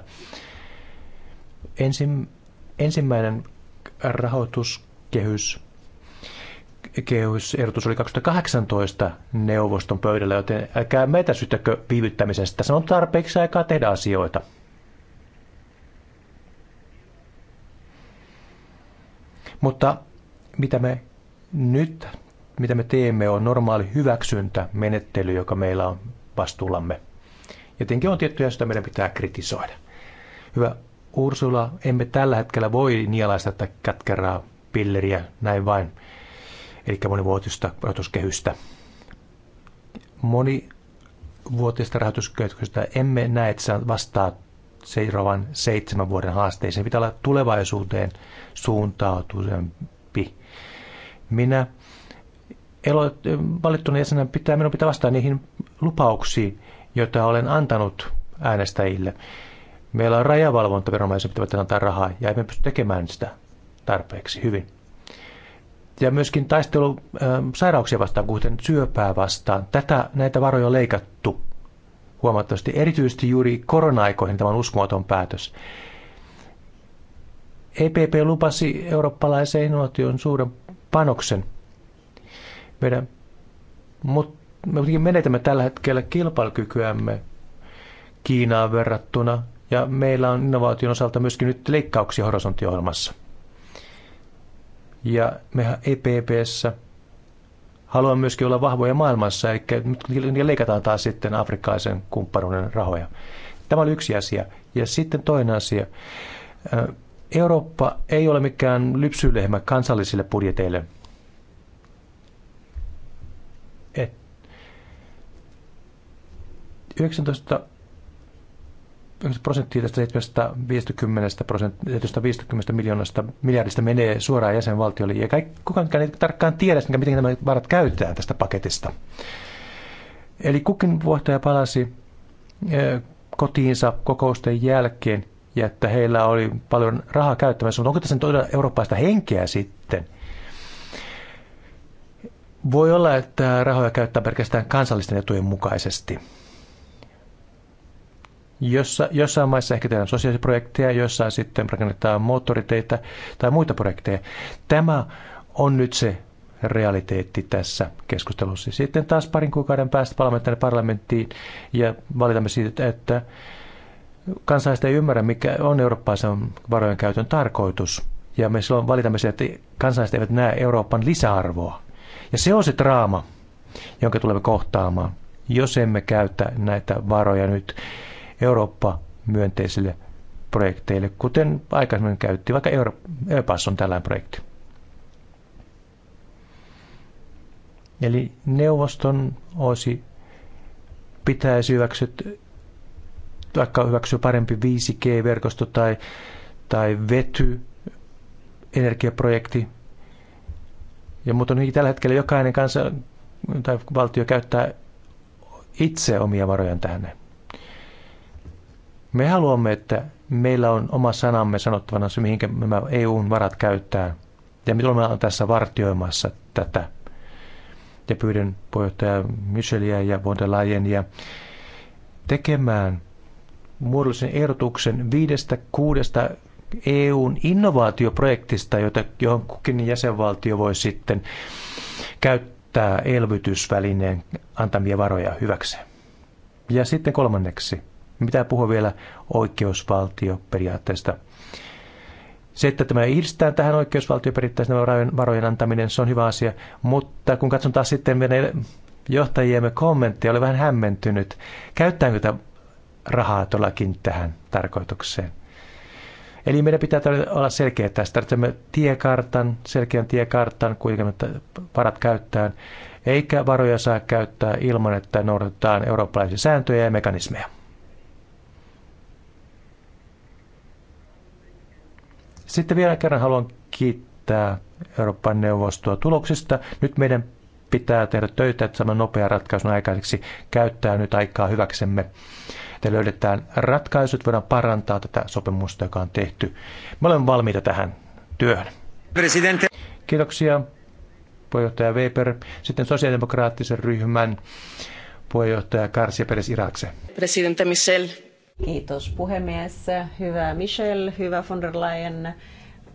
Ensin, ensimmäinen rahoituskehys kehysehdotus oli 2018 neuvoston pöydällä, joten älkää meitä syyttäkö viivyttämisestä. Se on tarpeeksi aikaa tehdä asioita. Mutta mitä me nyt, mitä me teemme, on normaali hyväksyntämenettely, joka meillä on vastuullamme. Ja tietenkin on tiettyjä, joita meidän pitää kritisoida. Hyvä Ursula, emme tällä hetkellä voi nielaista tätä kätkerää pilleriä näin vain, eli monivuotista rahoituskehystä. Moni vuotista rahoituskehystä emme näe, että se vastaa seuraavan seitsemän vuoden haasteeseen Pitää olla tulevaisuuteen suuntautuisempi. Minä valittuna jäsenä pitää, minun pitää vastata niihin lupauksiin, joita olen antanut äänestäjille. Meillä on rajavalvontaviranomaisia, pitää antaa rahaa, ja emme pysty tekemään sitä tarpeeksi hyvin. Ja myöskin taistelu äh, sairauksia vastaan, kuten syöpää vastaan. Tätä, näitä varoja on leikattu huomattavasti. Erityisesti juuri korona-aikoihin tämä on uskomaton päätös. EPP lupasi eurooppalaisen innovaation suuren panoksen. Meidän, mutta me menetämme tällä hetkellä kilpailukykyämme Kiinaan verrattuna, ja meillä on innovaation osalta myöskin nyt leikkauksia horisonttiohjelmassa. Ja mehän EPPssä haluaa myöskin olla vahvoja maailmassa, eikä nyt leikataan taas sitten afrikkaisen kumppanuuden rahoja. Tämä oli yksi asia. Ja sitten toinen asia. Eurooppa ei ole mikään lypsylehmä kansallisille budjeteille. Et 19 prosenttia tästä 750 prosenttia, 750 miljoonasta miljardista menee suoraan jäsenvaltiolle. Ja kaikki, kukaan ei tarkkaan tiedä, miten nämä varat käytetään tästä paketista. Eli kukin vuotaja palasi kotiinsa kokousten jälkeen ja että heillä oli paljon rahaa käyttämässä, mutta onko tässä nyt todella eurooppaista henkeä sitten? Voi olla, että rahoja käyttää pelkästään kansallisten etujen mukaisesti. Jossa, jossain maissa ehkä tehdään sosiaalisia projekteja, jossain sitten rakennetaan moottoriteitä tai muita projekteja. Tämä on nyt se realiteetti tässä keskustelussa. Sitten taas parin kuukauden päästä palaamme tänne parlamenttiin ja valitamme siitä, että kansalaiset ei ymmärrä, mikä on eurooppalaisen varojen käytön tarkoitus. Ja me silloin valitamme siitä, että kansalaiset eivät näe Euroopan lisäarvoa. Ja se on se draama, jonka tulemme kohtaamaan, jos emme käytä näitä varoja nyt Eurooppa-myönteisille projekteille, kuten aikaisemmin käytti, vaikka Europass on tällainen projekti. Eli neuvoston olisi pitäisi hyväksyä, vaikka hyväksyä parempi 5G-verkosto tai, tai vety, energiaprojekti. Ja mutta niin tällä hetkellä jokainen kansa tai valtio käyttää itse omia varojaan tähän. Me haluamme, että meillä on oma sanamme sanottavana se, mihinkä nämä EUn varat käyttää. Ja me olemme tässä vartioimassa tätä. Ja pyydän puheenjohtaja Michelia ja von der Leyenia tekemään muodollisen ehdotuksen viidestä kuudesta EUn innovaatioprojektista, jota, johon kukin jäsenvaltio voi sitten käyttää elvytysvälineen antamia varoja hyväkseen. Ja sitten kolmanneksi – niin pitää puhua vielä oikeusvaltioperiaatteesta. Se, että tämä yhdistetään tähän oikeusvaltioperiaatteeseen varojen, varojen antaminen, se on hyvä asia. Mutta kun katson taas sitten meidän johtajiemme kommentteja, oli vähän hämmentynyt. Käyttääkö tämä rahaa todellakin tähän tarkoitukseen? Eli meidän pitää olla selkeä tästä. Tarvitsemme tiekartan, selkeän tiekartan, kuinka varat käyttää, eikä varoja saa käyttää ilman, että noudatetaan eurooppalaisia sääntöjä ja mekanismeja. Sitten vielä kerran haluan kiittää Euroopan neuvostoa tuloksista. Nyt meidän pitää tehdä töitä, että saamme nopean ratkaisun aikaiseksi, käyttää nyt aikaa hyväksemme. Te löydetään ratkaisut, voidaan parantaa tätä sopimusta, joka on tehty. Me olemme valmiita tähän työhön. Presidente. Kiitoksia puheenjohtaja Weber. Sitten sosiaalidemokraattisen ryhmän puheenjohtaja Karsia Peres Irakse. Presidente Michel, Kiitos puhemies. Hyvä Michel, hyvä von der Leyen.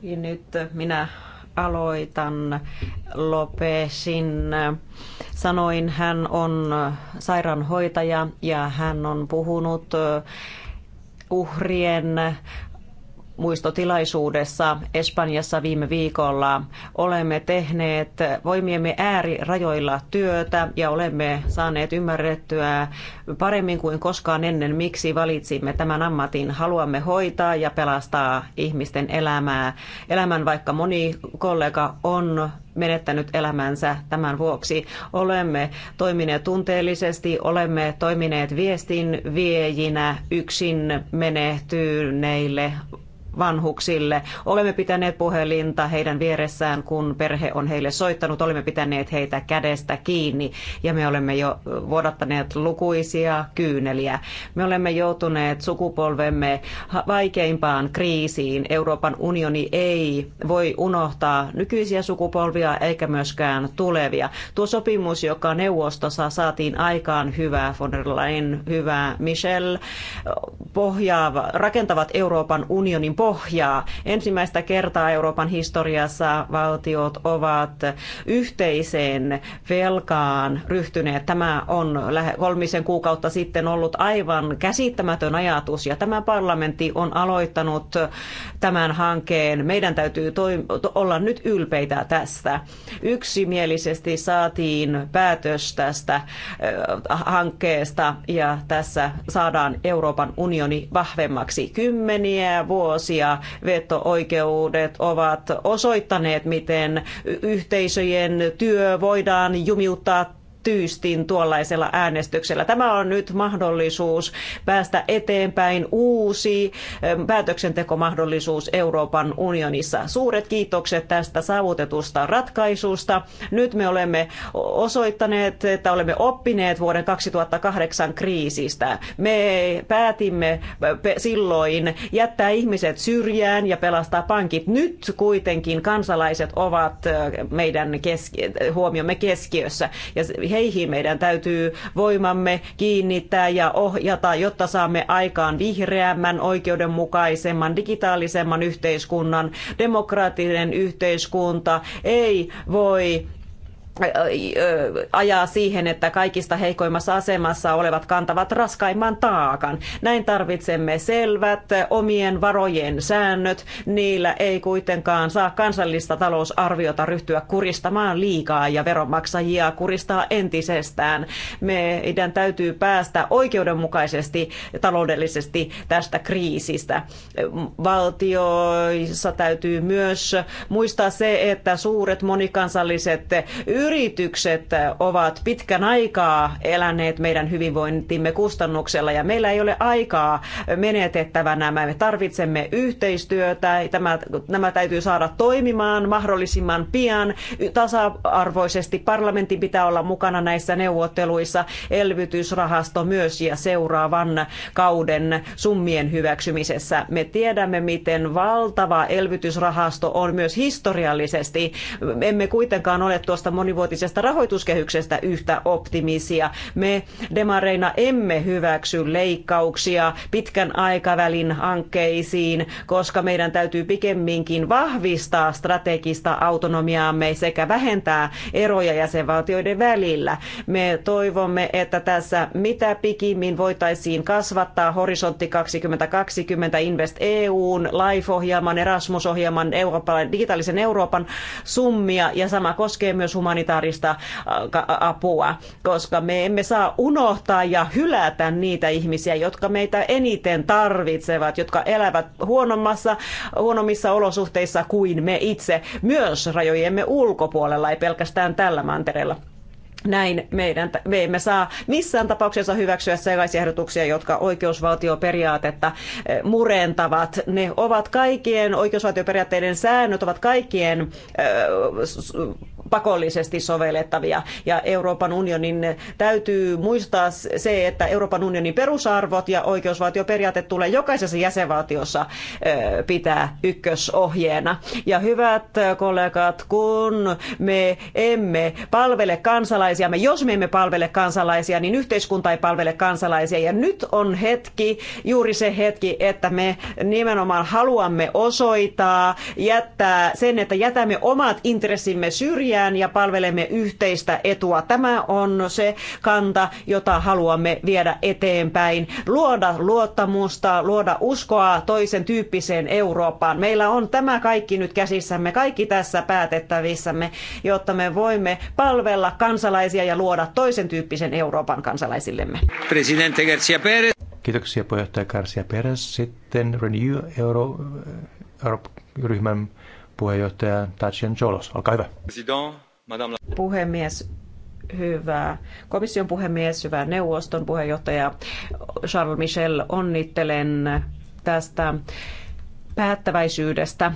Ja nyt minä aloitan Lopesin. Sanoin, hän on sairaanhoitaja ja hän on puhunut uhrien muistotilaisuudessa Espanjassa viime viikolla. Olemme tehneet voimiemme äärirajoilla työtä ja olemme saaneet ymmärrettyä paremmin kuin koskaan ennen, miksi valitsimme tämän ammatin. Haluamme hoitaa ja pelastaa ihmisten elämää. Elämän vaikka moni kollega on menettänyt elämänsä tämän vuoksi. Olemme toimineet tunteellisesti, olemme toimineet viestin viejinä yksin menehtyneille vanhuksille. Olemme pitäneet puhelinta heidän vieressään, kun perhe on heille soittanut. Olemme pitäneet heitä kädestä kiinni ja me olemme jo vuodattaneet lukuisia kyyneliä. Me olemme joutuneet sukupolvemme vaikeimpaan kriisiin. Euroopan unioni ei voi unohtaa nykyisiä sukupolvia eikä myöskään tulevia. Tuo sopimus, joka neuvostossa saatiin aikaan hyvää von der Leyen, hyvää Michel, pohjaava, rakentavat Euroopan unionin pohjaa pohjaa. Ensimmäistä kertaa Euroopan historiassa valtiot ovat yhteiseen velkaan ryhtyneet. Tämä on kolmisen kuukautta sitten ollut aivan käsittämätön ajatus ja tämä parlamentti on aloittanut tämän hankkeen. Meidän täytyy olla nyt ylpeitä tästä. Yksimielisesti saatiin päätös tästä hankkeesta ja tässä saadaan Euroopan unioni vahvemmaksi. Kymmeniä vuosia vuosia veto-oikeudet ovat osoittaneet, miten yhteisöjen työ voidaan jumiuttaa tyystin tuollaisella äänestyksellä. Tämä on nyt mahdollisuus päästä eteenpäin uusi eh, päätöksentekomahdollisuus Euroopan unionissa. Suuret kiitokset tästä saavutetusta ratkaisusta. Nyt me olemme osoittaneet, että olemme oppineet vuoden 2008 kriisistä. Me päätimme eh, silloin jättää ihmiset syrjään ja pelastaa pankit. Nyt kuitenkin kansalaiset ovat eh, meidän keski- huomiomme keskiössä ja he heihin meidän täytyy voimamme kiinnittää ja ohjata, jotta saamme aikaan vihreämmän, oikeudenmukaisemman, digitaalisemman yhteiskunnan. Demokraattinen yhteiskunta ei voi ajaa siihen, että kaikista heikoimmassa asemassa olevat kantavat raskaimman taakan. Näin tarvitsemme selvät omien varojen säännöt. Niillä ei kuitenkaan saa kansallista talousarviota ryhtyä kuristamaan liikaa ja veronmaksajia kuristaa entisestään. Meidän täytyy päästä oikeudenmukaisesti taloudellisesti tästä kriisistä. Valtioissa täytyy myös muistaa se, että suuret monikansalliset yritykset yritykset ovat pitkän aikaa eläneet meidän hyvinvointimme kustannuksella ja meillä ei ole aikaa menetettävänä. Me tarvitsemme yhteistyötä. Tämä, nämä täytyy saada toimimaan mahdollisimman pian tasa-arvoisesti. Parlamentin pitää olla mukana näissä neuvotteluissa. Elvytysrahasto myös ja seuraavan kauden summien hyväksymisessä. Me tiedämme, miten valtava elvytysrahasto on myös historiallisesti. Emme kuitenkaan ole tuosta monivuotisesta monivuotisesta rahoituskehyksestä yhtä optimisia. Me demareina emme hyväksy leikkauksia pitkän aikavälin hankkeisiin, koska meidän täytyy pikemminkin vahvistaa strategista autonomiaamme sekä vähentää eroja jäsenvaltioiden välillä. Me toivomme, että tässä mitä pikimmin voitaisiin kasvattaa Horisontti 2020 Invest EUn, LIFE-ohjelman, Erasmus-ohjelman, digitaalisen Euroopan summia ja sama koskee myös humanitaarista humanitaarista äh, apua, koska me emme saa unohtaa ja hylätä niitä ihmisiä, jotka meitä eniten tarvitsevat, jotka elävät huonommassa, huonommissa olosuhteissa kuin me itse, myös rajojemme ulkopuolella, ei pelkästään tällä mantereella näin meidän, me emme saa missään tapauksessa hyväksyä sellaisia ehdotuksia, jotka oikeusvaltioperiaatetta eh, murentavat. Ne ovat kaikkien oikeusvaltioperiaatteiden säännöt, ovat kaikkien eh, pakollisesti sovellettavia. Ja Euroopan unionin täytyy muistaa se, että Euroopan unionin perusarvot ja oikeusvaltioperiaate tulee jokaisessa jäsenvaltiossa eh, pitää ykkösohjeena. Ja hyvät kollegat, kun me emme palvele kansalaisia, kansalaisiamme. Jos me emme palvele kansalaisia, niin yhteiskunta ei palvele kansalaisia. Ja nyt on hetki, juuri se hetki, että me nimenomaan haluamme osoittaa, jättää sen, että jätämme omat intressimme syrjään ja palvelemme yhteistä etua. Tämä on se kanta, jota haluamme viedä eteenpäin. Luoda luottamusta, luoda uskoa toisen tyyppiseen Eurooppaan. Meillä on tämä kaikki nyt käsissämme, kaikki tässä päätettävissämme, jotta me voimme palvella kansalaisia kansalaisia ja luoda toisen tyyppisen Euroopan kansalaisillemme. Presidente Garcia Perez. Kiitoksia puheenjohtaja Garcia Perez. Sitten Renew Euro, Euroryhmän puheenjohtaja Tatjan Jolos. Olkaa hyvä. Puhemies, hyvä komission puhemies, hyvä neuvoston puheenjohtaja Charles Michel, onnittelen tästä päättäväisyydestä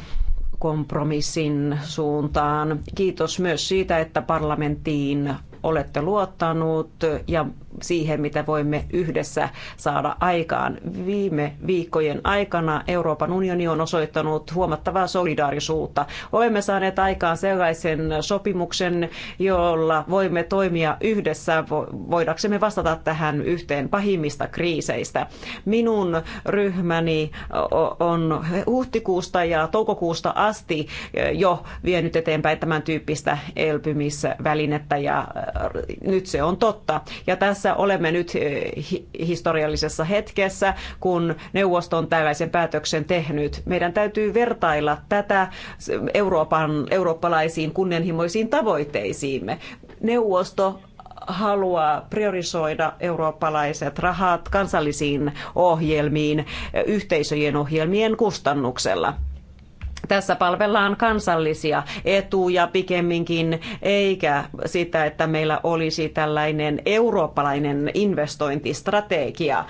kompromissin suuntaan. Kiitos myös siitä, että parlamenttiin olette luottanut ja siihen, mitä voimme yhdessä saada aikaan. Viime viikkojen aikana Euroopan unioni on osoittanut huomattavaa solidaarisuutta. Olemme saaneet aikaan sellaisen sopimuksen, jolla voimme toimia yhdessä, voidaksemme vastata tähän yhteen pahimmista kriiseistä. Minun ryhmäni on huhtikuusta ja toukokuusta asti jo vienyt eteenpäin tämän tyyppistä elpymisvälinettä ja nyt se on totta. Ja tässä tässä olemme nyt eh, historiallisessa hetkessä, kun neuvosto on tällaisen päätöksen tehnyt. Meidän täytyy vertailla tätä Euroopan, eurooppalaisiin kunnianhimoisiin tavoitteisiimme. Neuvosto haluaa priorisoida eurooppalaiset rahat kansallisiin ohjelmiin eh, yhteisöjen ohjelmien kustannuksella tässä palvellaan kansallisia etuja pikemminkin, eikä sitä, että meillä olisi tällainen eurooppalainen investointistrategia.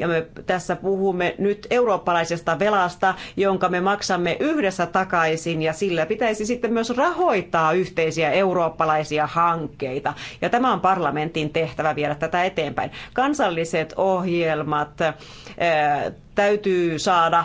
Ja me tässä puhumme nyt eurooppalaisesta velasta, jonka me maksamme yhdessä takaisin ja sillä pitäisi sitten myös rahoittaa yhteisiä eurooppalaisia hankkeita. Ja tämä on parlamentin tehtävä viedä tätä eteenpäin. Kansalliset ohjelmat eh, täytyy saada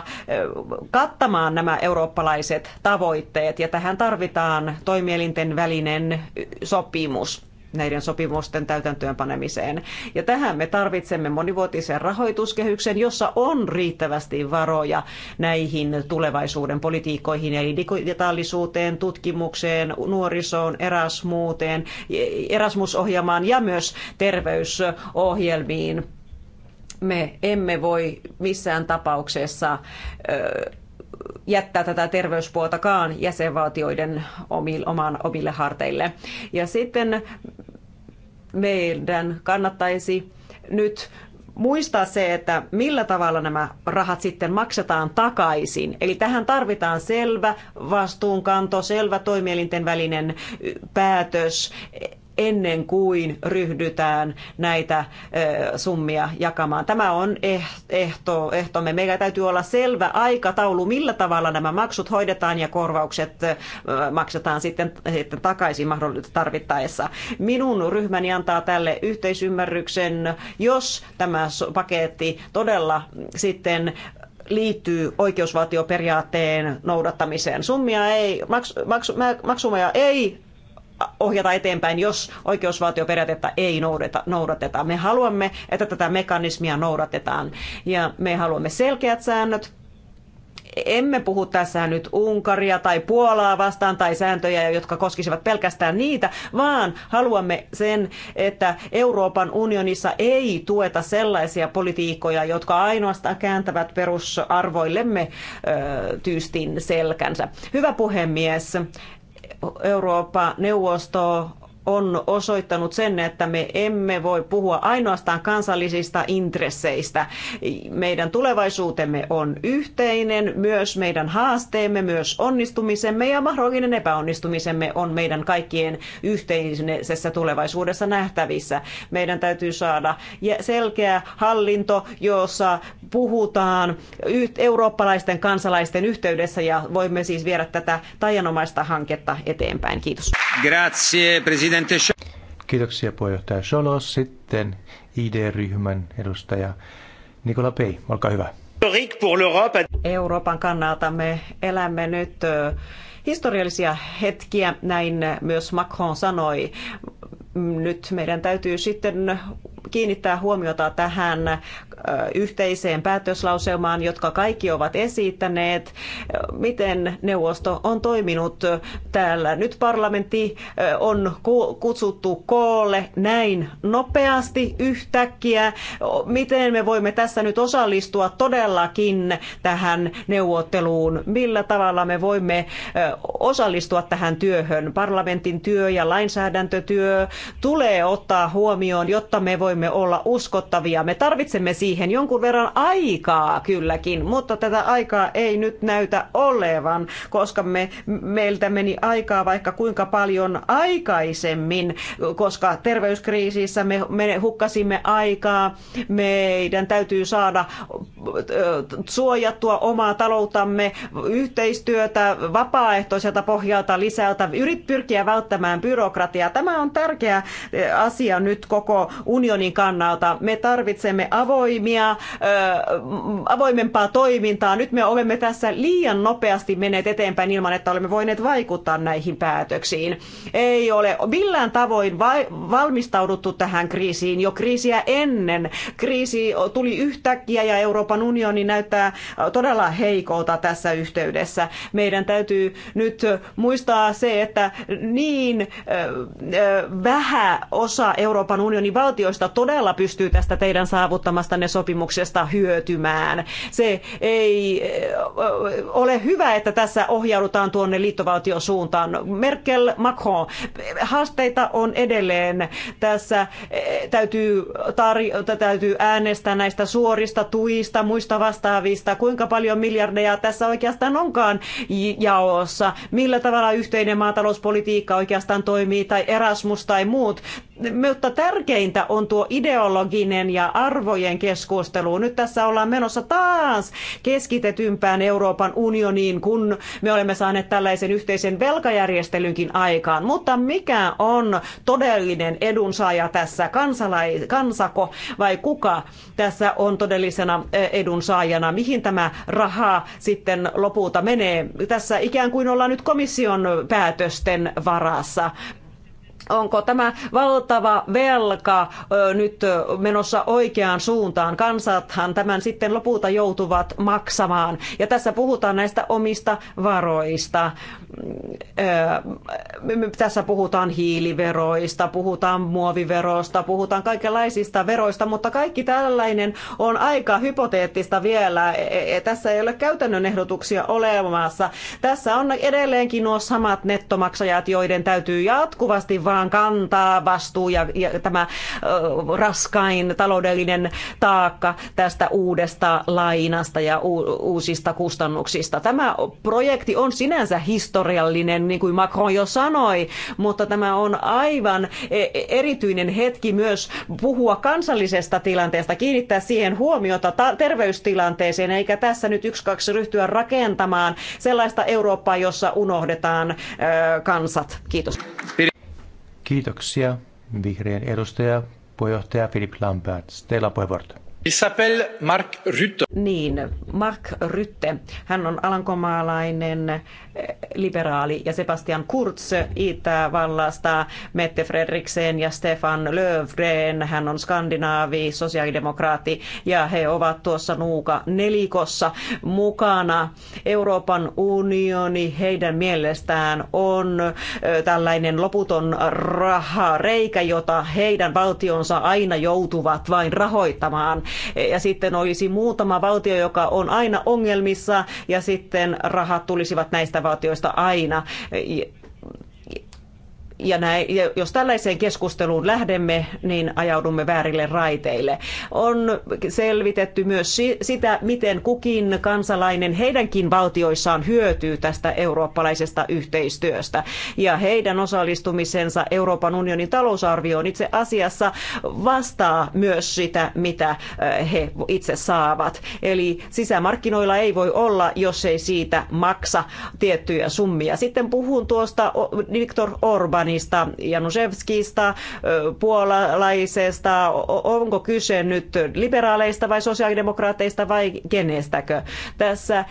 kattamaan nämä eurooppalaiset tavoitteet ja tähän tarvitaan toimielinten välinen sopimus näiden sopimusten täytäntöönpanemiseen. Ja tähän me tarvitsemme monivuotisen rahoituskehyksen, jossa on riittävästi varoja näihin tulevaisuuden politiikkoihin, eli digitaalisuuteen, tutkimukseen, nuorisoon, erasmuuteen, erasmusohjelmaan ja myös terveysohjelmiin me emme voi missään tapauksessa jättää tätä terveyspuoltakaan jäsenvaltioiden omille, oman, omille harteille. Ja sitten meidän kannattaisi nyt muistaa se, että millä tavalla nämä rahat sitten maksetaan takaisin. Eli tähän tarvitaan selvä vastuunkanto, selvä toimielinten välinen päätös, ennen kuin ryhdytään näitä summia jakamaan. Tämä on eh-, ehto, ehtomme. Meillä täytyy olla selvä aikataulu, millä tavalla nämä maksut hoidetaan ja korvaukset maksetaan sitten, sitten takaisin mahdollisesti tarvittaessa. Minun ryhmäni antaa tälle yhteisymmärryksen, jos tämä paketti todella sitten liittyy oikeusvaltioperiaatteen noudattamiseen. Summia ei, maks, maks, maksuja ei ohjata eteenpäin, jos oikeusvaltioperiaatetta ei noudata, noudateta. Me haluamme, että tätä mekanismia noudatetaan ja me haluamme selkeät säännöt, emme puhu tässä nyt Unkaria tai Puolaa vastaan tai sääntöjä, jotka koskisivat pelkästään niitä, vaan haluamme sen, että Euroopan unionissa ei tueta sellaisia politiikkoja, jotka ainoastaan kääntävät perusarvoillemme ö, tyystin selkänsä. Hyvä puhemies, Euroopan neuvosto on osoittanut sen, että me emme voi puhua ainoastaan kansallisista intresseistä. Meidän tulevaisuutemme on yhteinen, myös meidän haasteemme, myös onnistumisemme ja mahdollinen epäonnistumisemme on meidän kaikkien yhteisessä tulevaisuudessa nähtävissä. Meidän täytyy saada selkeä hallinto, jossa puhutaan eurooppalaisten kansalaisten yhteydessä ja voimme siis viedä tätä tajanomaista hanketta eteenpäin. Kiitos. Grazie, presidente. Kiitoksia puheenjohtaja Solos. Sitten ID-ryhmän edustaja Nikola Pei, olkaa hyvä. Euroopan kannalta me elämme nyt historiallisia hetkiä, näin myös Macron sanoi. Nyt meidän täytyy sitten kiinnittää huomiota tähän yhteiseen päätöslauselmaan, jotka kaikki ovat esittäneet, miten neuvosto on toiminut täällä. Nyt parlamentti on kutsuttu koolle näin nopeasti yhtäkkiä. Miten me voimme tässä nyt osallistua todellakin tähän neuvotteluun? Millä tavalla me voimme osallistua tähän työhön? Parlamentin työ ja lainsäädäntötyö tulee ottaa huomioon, jotta me voimme olla uskottavia. Me tarvitsemme siitä siihen jonkun verran aikaa kylläkin, mutta tätä aikaa ei nyt näytä olevan, koska me, meiltä meni aikaa vaikka kuinka paljon aikaisemmin, koska terveyskriisissä me, me hukkasimme aikaa, meidän täytyy saada suojattua omaa talouttamme, yhteistyötä vapaaehtoiselta pohjalta lisältä, yrit pyrkiä välttämään byrokratiaa. Tämä on tärkeä asia nyt koko unionin kannalta. Me tarvitsemme avoimia avoimia, avoimempaa toimintaa. Nyt me olemme tässä liian nopeasti menneet eteenpäin ilman, että olemme voineet vaikuttaa näihin päätöksiin. Ei ole millään tavoin valmistauduttu tähän kriisiin jo kriisiä ennen. Kriisi tuli yhtäkkiä ja Euroopan unioni näyttää todella heikolta tässä yhteydessä. Meidän täytyy nyt muistaa se, että niin vähä osa Euroopan unionin valtioista todella pystyy tästä teidän saavuttamastanne sopimuksesta hyötymään. Se ei ole hyvä, että tässä ohjaudutaan tuonne liittovaltiosuuntaan. Merkel, Macron, haasteita on edelleen. Tässä e, täytyy, tar- täytyy äänestää näistä suorista tuista, muista vastaavista, kuinka paljon miljardeja tässä oikeastaan onkaan jaossa, millä tavalla yhteinen maatalouspolitiikka oikeastaan toimii tai Erasmus tai muut mutta tärkeintä on tuo ideologinen ja arvojen keskustelu. Nyt tässä ollaan menossa taas keskitetympään Euroopan unioniin, kun me olemme saaneet tällaisen yhteisen velkajärjestelynkin aikaan. Mutta mikä on todellinen edunsaaja tässä? Kansalai, kansako vai kuka tässä on todellisena eh, edunsaajana? Mihin tämä raha sitten lopulta menee? Tässä ikään kuin ollaan nyt komission päätösten varassa onko tämä valtava velka nyt menossa oikeaan suuntaan. Kansathan tämän sitten lopulta joutuvat maksamaan. Ja tässä puhutaan näistä omista varoista tässä puhutaan hiiliveroista, puhutaan muoviverosta, puhutaan kaikenlaisista veroista, mutta kaikki tällainen on aika hypoteettista vielä. E, e, e, tässä ei ole käytännön ehdotuksia olemassa. Tässä on edelleenkin nuo samat nettomaksajat, joiden täytyy jatkuvasti vaan kantaa vastuu ja, ja tämä raskain taloudellinen taakka tästä uudesta lainasta ja uusista kustannuksista. Tämä projekti on sinänsä historiallinen historiallinen, niin kuin Macron jo sanoi, mutta tämä on aivan e, erityinen hetki myös puhua kansallisesta tilanteesta, kiinnittää siihen huomiota terveystilanteeseen, eikä tässä nyt yksi kaksi ryhtyä rakentamaan sellaista Eurooppaa, jossa unohdetaan kansat. Kiitos. Kiitoksia. Vihreän edustaja, puheenjohtaja Philip Lambert. Teillä on puheenvuorot. Mark Rutte. Niin, Mark Rytte. Hän on alankomaalainen liberaali, ja Sebastian Kurz Itävallasta, Mette Fredriksen ja Stefan Löfgren, hän on skandinaavi, sosiaalidemokraatti, ja he ovat tuossa nuuka nelikossa mukana. Euroopan unioni heidän mielestään on tällainen loputon rahareikä, jota heidän valtionsa aina joutuvat vain rahoittamaan. Ja sitten olisi muutama valtio, joka on aina ongelmissa, ja sitten rahat tulisivat näistä valtioista innovaatioista aina ja, näin, ja jos tällaiseen keskusteluun lähdemme, niin ajaudumme väärille raiteille. On selvitetty myös sitä, miten kukin kansalainen heidänkin valtioissaan hyötyy tästä eurooppalaisesta yhteistyöstä. Ja heidän osallistumisensa Euroopan unionin talousarvioon itse asiassa vastaa myös sitä, mitä he itse saavat. Eli sisämarkkinoilla ei voi olla, jos ei siitä maksa tiettyjä summia. Sitten puhun tuosta Viktor Orbanin Orbanista, Januszewskista, puolalaisesta. Onko kyse nyt liberaaleista vai sosiaalidemokraateista vai kenestäkö? Tässä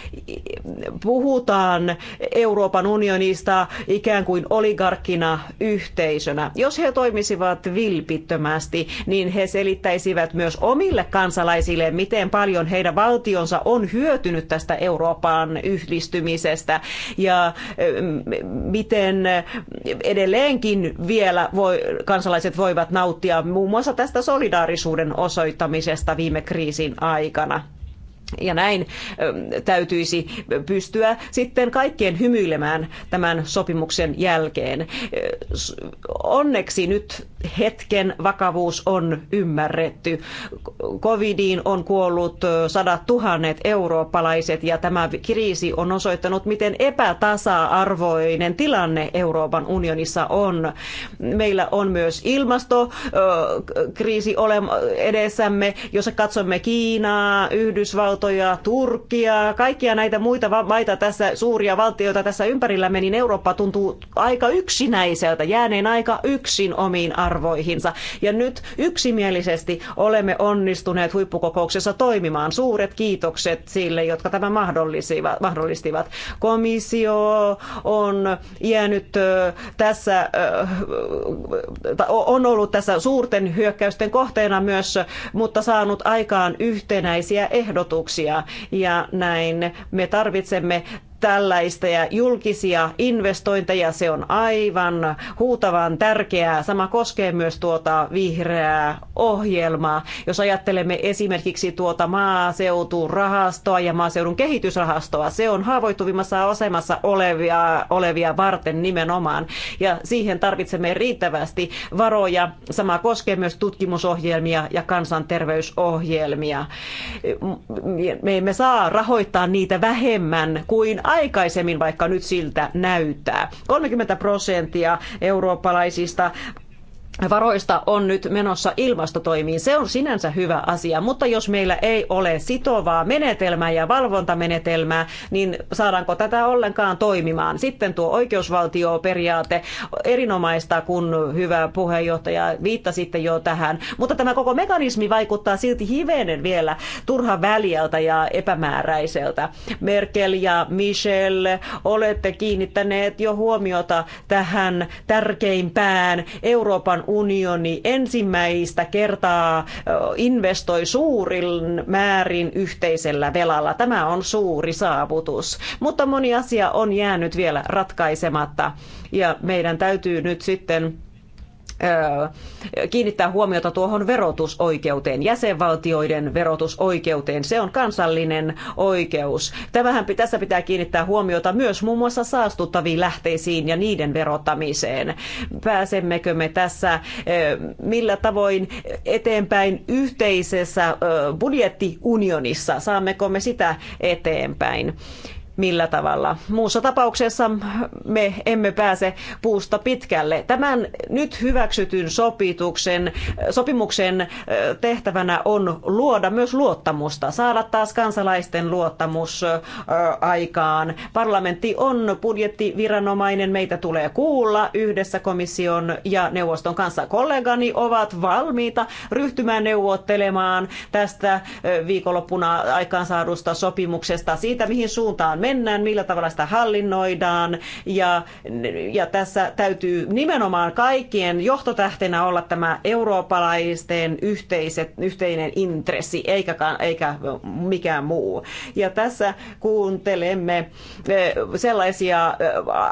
puhutaan Euroopan unionista ikään kuin oligarkkina yhteisönä. Jos he toimisivat vilpittömästi, niin he selittäisivät myös omille kansalaisille, miten paljon heidän valtionsa on hyötynyt tästä Euroopan yhdistymisestä ja miten edelleen Edelleenkin vielä voi, kansalaiset voivat nauttia muun muassa tästä solidaarisuuden osoittamisesta viime kriisin aikana. Ja näin täytyisi pystyä sitten kaikkien hymyilemään tämän sopimuksen jälkeen. Onneksi nyt hetken vakavuus on ymmärretty. Covidiin on kuollut sadat tuhannet eurooppalaiset ja tämä kriisi on osoittanut, miten epätasa-arvoinen tilanne Euroopan unionissa on. Meillä on myös ilmastokriisi edessämme, jossa katsomme Kiinaa, Yhdysvaltoja, Turkkia, kaikkia näitä muita maita tässä, suuria valtioita tässä ympärillämme, niin Eurooppa tuntuu aika yksinäiseltä, jääneen aika yksin omiin arvoihin arvoihinsa. Ja nyt yksimielisesti olemme onnistuneet huippukokouksessa toimimaan. Suuret kiitokset sille, jotka tämän mahdollistivat. Komissio on jäänyt tässä, on ollut tässä suurten hyökkäysten kohteena myös, mutta saanut aikaan yhtenäisiä ehdotuksia. Ja näin me tarvitsemme tällaista ja julkisia investointeja. Se on aivan huutavan tärkeää. Sama koskee myös tuota vihreää ohjelmaa. Jos ajattelemme esimerkiksi tuota maaseuturahastoa ja maaseudun kehitysrahastoa, se on haavoittuvimmassa asemassa olevia, olevia varten nimenomaan. Ja siihen tarvitsemme riittävästi varoja. Sama koskee myös tutkimusohjelmia ja kansanterveysohjelmia. Me emme saa rahoittaa niitä vähemmän kuin aikaisemmin, vaikka nyt siltä näyttää. 30 prosenttia eurooppalaisista varoista on nyt menossa ilmastotoimiin. Se on sinänsä hyvä asia, mutta jos meillä ei ole sitovaa menetelmää ja valvontamenetelmää, niin saadaanko tätä ollenkaan toimimaan? Sitten tuo oikeusvaltioperiaate, erinomaista, kun hyvä puheenjohtaja viittasitte jo tähän, mutta tämä koko mekanismi vaikuttaa silti hivenen vielä turha väljältä ja epämääräiseltä. Merkel ja Michel, olette kiinnittäneet jo huomiota tähän tärkeimpään Euroopan unioni ensimmäistä kertaa investoi suurin määrin yhteisellä velalla. Tämä on suuri saavutus, mutta moni asia on jäänyt vielä ratkaisematta ja meidän täytyy nyt sitten kiinnittää huomiota tuohon verotusoikeuteen, jäsenvaltioiden verotusoikeuteen. Se on kansallinen oikeus. Tämähän, tässä pitää kiinnittää huomiota myös muun muassa saastuttaviin lähteisiin ja niiden verottamiseen. Pääsemmekö me tässä millä tavoin eteenpäin yhteisessä budjettiunionissa? Saammeko me sitä eteenpäin? millä tavalla. Muussa tapauksessa me emme pääse puusta pitkälle. Tämän nyt hyväksytyn sopituksen, sopimuksen tehtävänä on luoda myös luottamusta, saada taas kansalaisten luottamus aikaan. Parlamentti on budjettiviranomainen, meitä tulee kuulla yhdessä komission ja neuvoston kanssa. Kollegani ovat valmiita ryhtymään neuvottelemaan tästä viikonloppuna aikaansaadusta sopimuksesta siitä, mihin suuntaan me mennään, millä tavalla sitä hallinnoidaan ja, ja tässä täytyy nimenomaan kaikkien johtotähtenä olla tämä eurooppalaisten yhteiset, yhteinen intressi eikä, eikä mikään muu. Ja tässä kuuntelemme sellaisia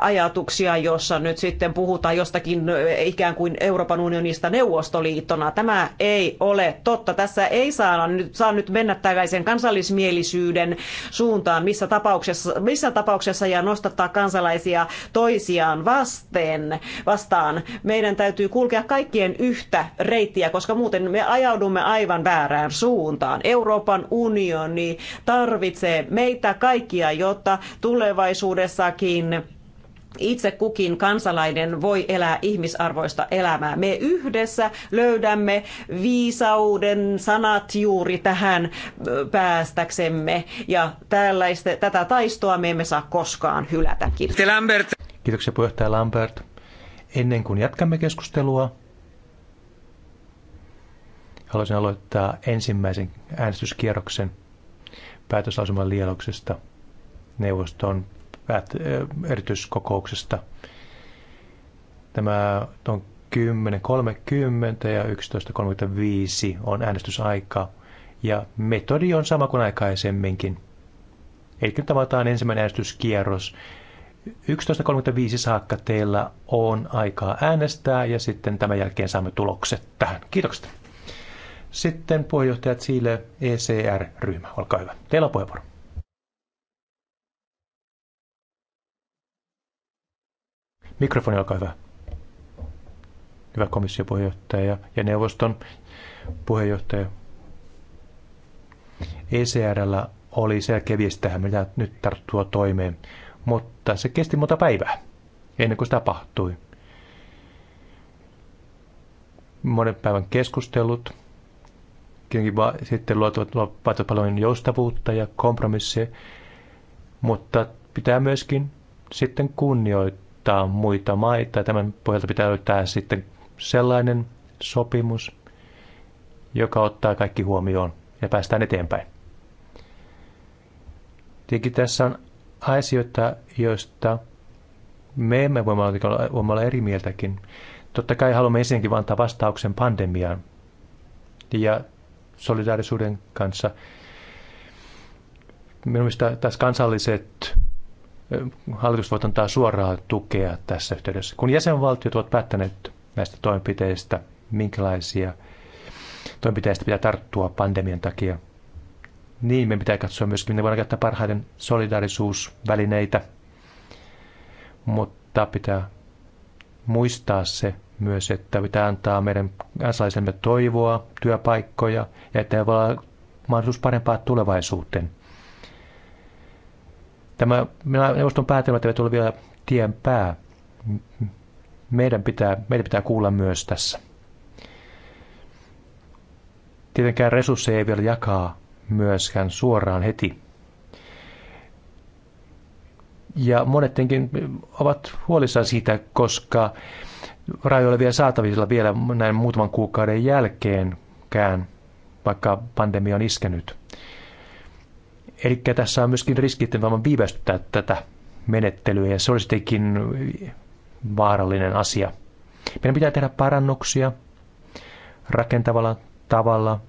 ajatuksia, jossa nyt sitten puhutaan jostakin ikään kuin Euroopan unionista neuvostoliittona. Tämä ei ole totta. Tässä ei saa nyt, saa nyt mennä tällaisen kansallismielisyyden suuntaan, missä tapauksessa missä tapauksessa ja nostattaa kansalaisia toisiaan vasten, vastaan. Meidän täytyy kulkea kaikkien yhtä reittiä, koska muuten me ajaudumme aivan väärään suuntaan. Euroopan unioni tarvitsee meitä kaikkia, jotta tulevaisuudessakin itse kukin kansalainen voi elää ihmisarvoista elämää. Me yhdessä löydämme viisauden sanat juuri tähän päästäksemme ja tällaista, tätä taistoa me emme saa koskaan hylätä. Kiitos. Lambert. Kiitoksia puheenjohtaja Lambert. Ennen kuin jatkamme keskustelua, haluaisin aloittaa ensimmäisen äänestyskierroksen päätöslausuman lieloksesta neuvoston päät, erityiskokouksesta. Tämä on 10.30 ja 11.35 on äänestysaika. Ja metodi on sama kuin aikaisemminkin. Eli tavataan ensimmäinen äänestyskierros. 11.35 saakka teillä on aikaa äänestää ja sitten tämän jälkeen saamme tulokset tähän. Kiitokset. Sitten puheenjohtaja Chile ECR-ryhmä, olkaa hyvä. Teillä on puheenvuoro. Mikrofoni, olkaa hyvä. Hyvä komissiopuheenjohtaja ja neuvoston puheenjohtaja. ECRL oli selkeä viesti tähän, mitä nyt tarttua toimeen, mutta se kesti monta päivää ennen kuin se tapahtui. Monen päivän keskustelut, kuitenkin sitten luotavat paljon joustavuutta ja kompromisseja, mutta pitää myöskin sitten kunnioittaa auttaa muita maita. Tämän pohjalta pitää löytää sitten sellainen sopimus, joka ottaa kaikki huomioon ja päästään eteenpäin. Tietenkin tässä on asioita, joista me emme voi olla, voimme olla eri mieltäkin. Totta kai haluamme ensinnäkin antaa vastauksen pandemiaan ja solidaarisuuden kanssa. Minun mielestä tässä kansalliset hallitus voi antaa suoraa tukea tässä yhteydessä. Kun jäsenvaltiot ovat päättäneet näistä toimenpiteistä, minkälaisia toimenpiteistä pitää tarttua pandemian takia, niin me pitää katsoa myöskin, miten voidaan käyttää parhaiten solidaarisuusvälineitä, mutta pitää muistaa se myös, että pitää antaa meidän kansalaisemme toivoa, työpaikkoja ja että voi olla mahdollisuus parempaa tulevaisuuteen. Tämä neuvoston päätelmät eivät ole vielä tien pää. Meidän pitää, meidän pitää kuulla myös tässä. Tietenkään resursseja ei vielä jakaa myöskään suoraan heti. Ja monettenkin ovat huolissaan siitä, koska rajoilla vielä saatavilla vielä näin muutaman kuukauden jälkeenkään, vaikka pandemia on iskenyt. Eli tässä on myöskin riski, että vaan viivästyttää tätä menettelyä ja se olisi tietenkin vaarallinen asia. Meidän pitää tehdä parannuksia rakentavalla tavalla,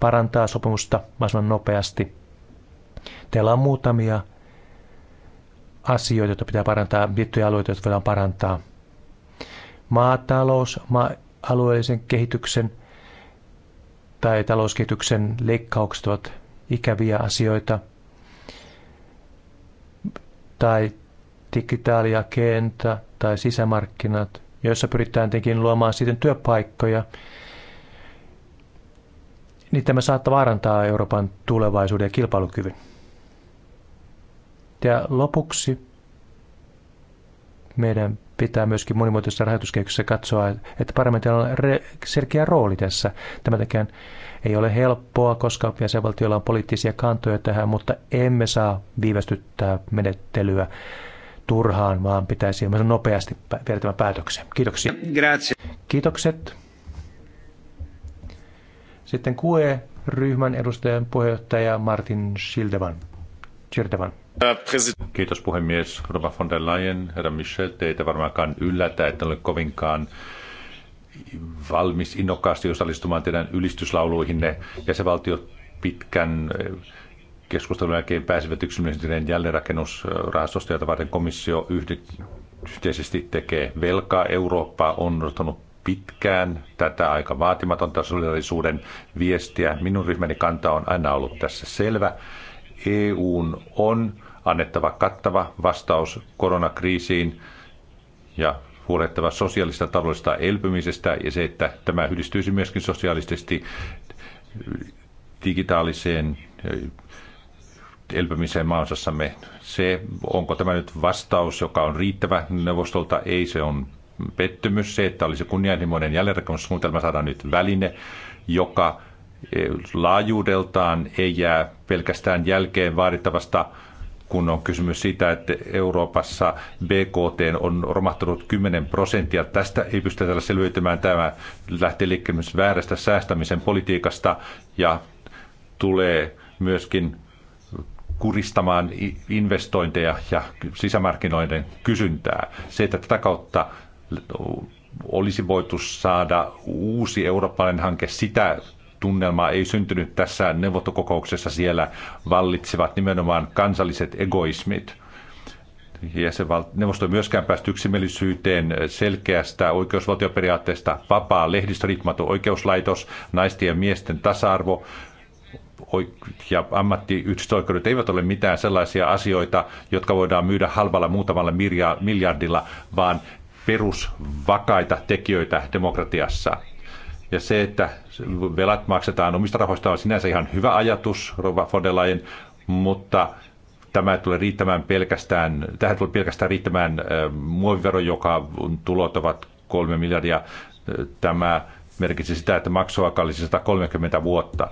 parantaa sopimusta mahdollisimman nopeasti. Teillä on muutamia asioita, joita pitää parantaa, tiettyjä alueita, joita voidaan parantaa. Maatalous, ma- alueellisen kehityksen tai talouskehityksen leikkaukset ovat ikäviä asioita. Tai digitaalia kenttä tai sisämarkkinat, joissa pyritään tietenkin luomaan sitten työpaikkoja, niin tämä saattaa vaarantaa Euroopan tulevaisuuden ja kilpailukyvyn. Ja lopuksi meidän pitää myöskin monimuotoisessa rahoituskehyksessä katsoa, että parlamentilla on selkeä rooli tässä. Tämä tekee ei ole helppoa, koska jäsenvaltioilla on poliittisia kantoja tähän, mutta emme saa viivästyttää menettelyä turhaan, vaan pitäisi nopeasti viedä tämän päätöksen. Kiitoksia. Grazie. Kiitokset. Sitten QE-ryhmän edustajan puheenjohtaja Martin Schildevan. Schildevan. Kiitos puhemies. Rova von der Leyen, herra Michel, teitä varmaankaan yllätä, että ole kovinkaan valmis innokkaasti osallistumaan teidän ylistyslauluihinne. valtio pitkän eh, keskustelun jälkeen pääsivät yksimielisyyteen jälleenrakennusrahastosta, jota varten komissio yhteisesti tekee velkaa. Eurooppa on ottanut pitkään tätä aika vaatimatonta solidarisuuden viestiä. Minun ryhmäni kanta on aina ollut tässä selvä. EUn on annettava kattava vastaus koronakriisiin ja huolehtiva sosiaalista taloudellista elpymisestä ja se, että tämä yhdistyisi myöskin sosiaalisesti digitaaliseen eh, elpymiseen maansassamme. Se, onko tämä nyt vastaus, joka on riittävä neuvostolta, ei se on pettymys. Se, että olisi kunnianhimoinen jälleenrakennussuunnitelma, saadaan nyt väline, joka eh, laajuudeltaan ei jää pelkästään jälkeen vaadittavasta kun on kysymys siitä, että Euroopassa BKT on romahtanut 10 prosenttia. Tästä ei pystytä selviytymään. Tämä lähtee liikkeelle myös väärästä säästämisen politiikasta ja tulee myöskin kuristamaan investointeja ja sisämarkkinoiden kysyntää. Se, että tätä kautta olisi voitu saada uusi eurooppalainen hanke, sitä tunnelmaa ei syntynyt tässä neuvottokokouksessa Siellä vallitsevat nimenomaan kansalliset egoismit. Jäsenval- neuvosto ei myöskään päästy yksimielisyyteen selkeästä oikeusvaltioperiaatteesta, vapaa lehdistö, riippumaton oikeuslaitos, naisten ja miesten tasa-arvo, ja ammattiyhdistysoikeudet eivät ole mitään sellaisia asioita, jotka voidaan myydä halvalla muutamalla miljardilla, vaan perusvakaita tekijöitä demokratiassa. Ja se, että velat maksetaan omista rahoista, on sinänsä ihan hyvä ajatus, Rova von der Leyen, mutta tämä ei tule riittämään pelkästään, tähän tulee pelkästään riittämään muovivero, joka tulot ovat kolme miljardia. Tämä merkitsi sitä, että maksoa olisi 130 vuotta.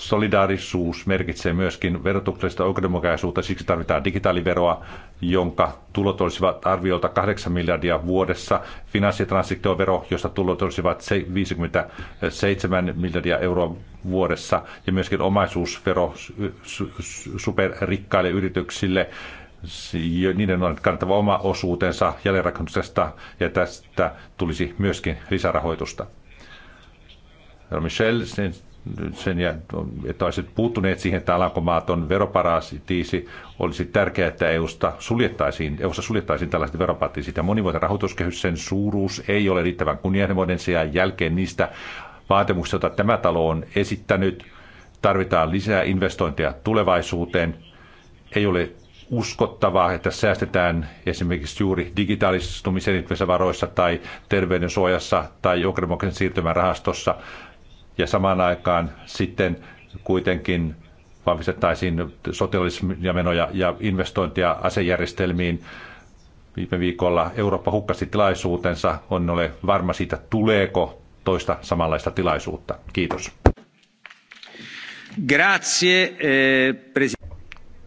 Solidaarisuus merkitsee myöskin verotuksellista oikeudenmukaisuutta, siksi tarvitaan digitaaliveroa, jonka tulot olisivat arviolta 8 miljardia vuodessa, finanssitransaktiovero, josta tulot olisivat 57 miljardia euroa vuodessa, ja myöskin omaisuusvero superrikkaille yrityksille, niiden on kannattava oma osuutensa jälleenrakennuksesta, ja tästä tulisi myöskin lisärahoitusta. Michel, sen ja, että olisit puuttuneet siihen, että Alankomaat on veroparatiisi, olisi tärkeää, että EUsta suljettaisiin, EUssa suljettaisiin tällaiset veroparatiisit. Ja monivuotinen rahoituskehys, sen suuruus ei ole riittävän kunnianhimoinen sijaan jälkeen niistä vaatimuksista, joita tämä talo on esittänyt. Tarvitaan lisää investointeja tulevaisuuteen. Ei ole uskottavaa, että säästetään esimerkiksi juuri digitaalistumisen varoissa tai terveydensuojassa tai oikeudenmukaisen siirtymän rahastossa – ja samaan aikaan sitten kuitenkin vahvistettaisiin sotilaallisia menoja ja investointia asejärjestelmiin. Viime viikolla Eurooppa hukkasi tilaisuutensa. On ole varma siitä, tuleeko toista samanlaista tilaisuutta. Kiitos. Grazie, eh,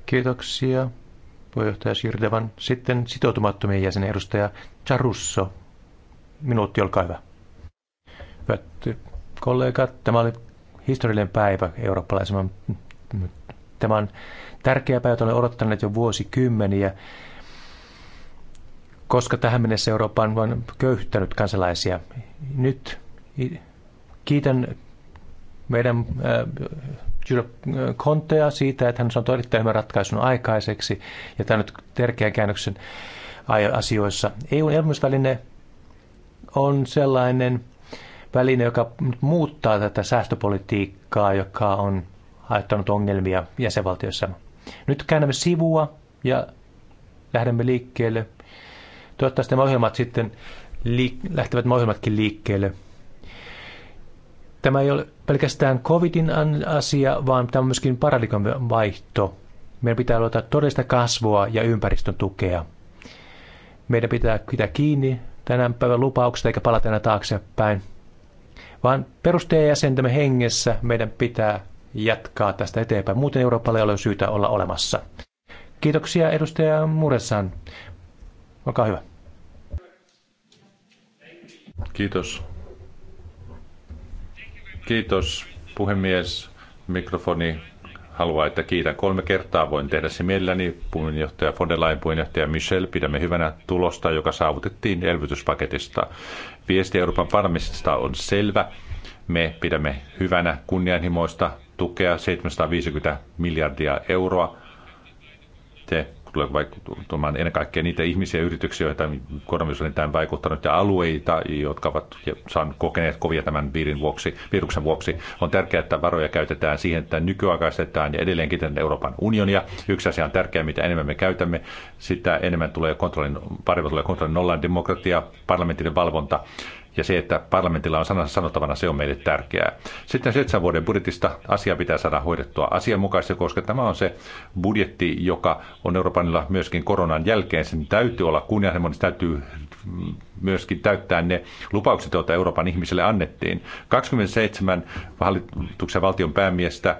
Kiitoksia, puheenjohtaja Sirdevan. Sitten sitoutumattomien jäsenen edustaja Charusso. Minuutti, olkaa hyvä kollegat, tämä oli historiallinen päivä eurooppalaisen. Tämä on tärkeä päivä, jota olen odottanut jo vuosikymmeniä, koska tähän mennessä Eurooppa on köyhtänyt kansalaisia. Nyt kiitän meidän äh, Jyrö Kontea siitä, että hän on erittäin hyvän ratkaisun aikaiseksi ja tämä nyt tärkeän käännöksen asioissa. EUn elmysväline on sellainen väline, joka muuttaa tätä säästöpolitiikkaa, joka on haittanut ongelmia jäsenvaltioissa. Nyt käännämme sivua ja lähdemme liikkeelle. Toivottavasti nämä ohjelmat sitten liik- lähtevät ohjelmatkin liikkeelle. Tämä ei ole pelkästään COVIDin asia, vaan tämä on myöskin paradigman vaihto. Meidän pitää luoda todellista kasvua ja ympäristön tukea. Meidän pitää pitää kiinni tänään päivän lupauksesta eikä palata enää taaksepäin vaan jäsentämme hengessä meidän pitää jatkaa tästä eteenpäin. Muuten Euroopalle ei ole syytä olla olemassa. Kiitoksia edustaja Muresan. Olkaa hyvä. Kiitos. Kiitos puhemies. Mikrofoni haluaa, että kiitän kolme kertaa. Voin tehdä se mielelläni. Puheenjohtaja Fondelain puheenjohtaja Michel, pidämme hyvänä tulosta, joka saavutettiin elvytyspaketista. Viesti Euroopan parlamentista on selvä. Me pidämme hyvänä kunnianhimoista tukea 750 miljardia euroa. Te tulee vaikuttamaan ennen kaikkea niitä ihmisiä ja yrityksiä, joita koronavirus on tämän vaikuttanut, ja alueita, jotka ovat saaneet kokeneet kovia tämän viirin vuoksi, viruksen vuoksi. On tärkeää, että varoja käytetään siihen, että nykyaikaistetaan ja edelleenkin Euroopan unionia. Yksi asia on tärkeää, mitä enemmän me käytämme, sitä enemmän tulee kontrollin, paremmin tulee kontrollin nollan demokratia, parlamentin valvonta ja se, että parlamentilla on sanansa sanottavana, se on meille tärkeää. Sitten seitsemän vuoden budjetista asia pitää saada hoidettua asianmukaisesti, koska tämä on se budjetti, joka on Euroopanilla myöskin koronan jälkeen. Sen täytyy olla kunnianhimoinen, täytyy myöskin täyttää ne lupaukset, joita Euroopan ihmisille annettiin. 27 hallituksen valtion päämiestä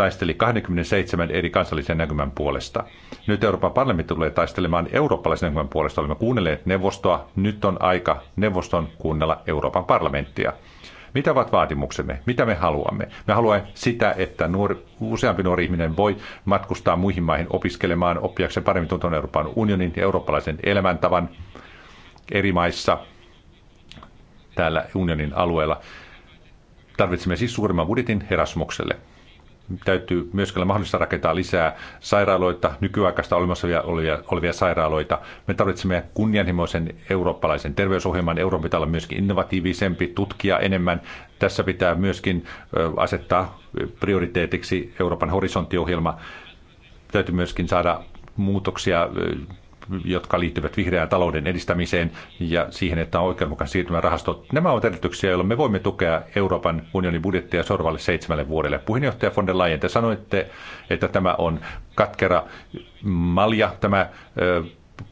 taisteli 27 eri kansallisen näkymän puolesta. Nyt Euroopan parlamentti tulee taistelemaan eurooppalaisen näkymän puolesta. Olemme kuunnelleet neuvostoa. Nyt on aika neuvoston kuunnella Euroopan parlamenttia. Mitä ovat vaatimuksemme? Mitä me haluamme? Me haluamme sitä, että nuori, useampi nuori ihminen voi matkustaa muihin maihin opiskelemaan, oppiakseen paremmin tuntoon Euroopan unionin ja eurooppalaisen elämäntavan eri maissa täällä unionin alueella. Tarvitsemme siis suurimman budjetin Erasmukselle täytyy myöskään mahdollista rakentaa lisää sairaaloita, nykyaikaista olemassa olevia, olevia sairaaloita. Me tarvitsemme kunnianhimoisen eurooppalaisen terveysohjelman. Euroopan pitää olla myöskin innovatiivisempi, tutkia enemmän. Tässä pitää myöskin asettaa prioriteetiksi Euroopan horisonttiohjelma. Täytyy myöskin saada muutoksia jotka liittyvät vihreään talouden edistämiseen ja siihen, että on oikeudenmukainen siirtymä rahasto. Nämä ovat edellytyksiä, joilla me voimme tukea Euroopan unionin budjettia seuraavalle seitsemälle vuodelle. Puheenjohtaja von der Leyen, te sanoitte, että tämä on katkera malja, tämä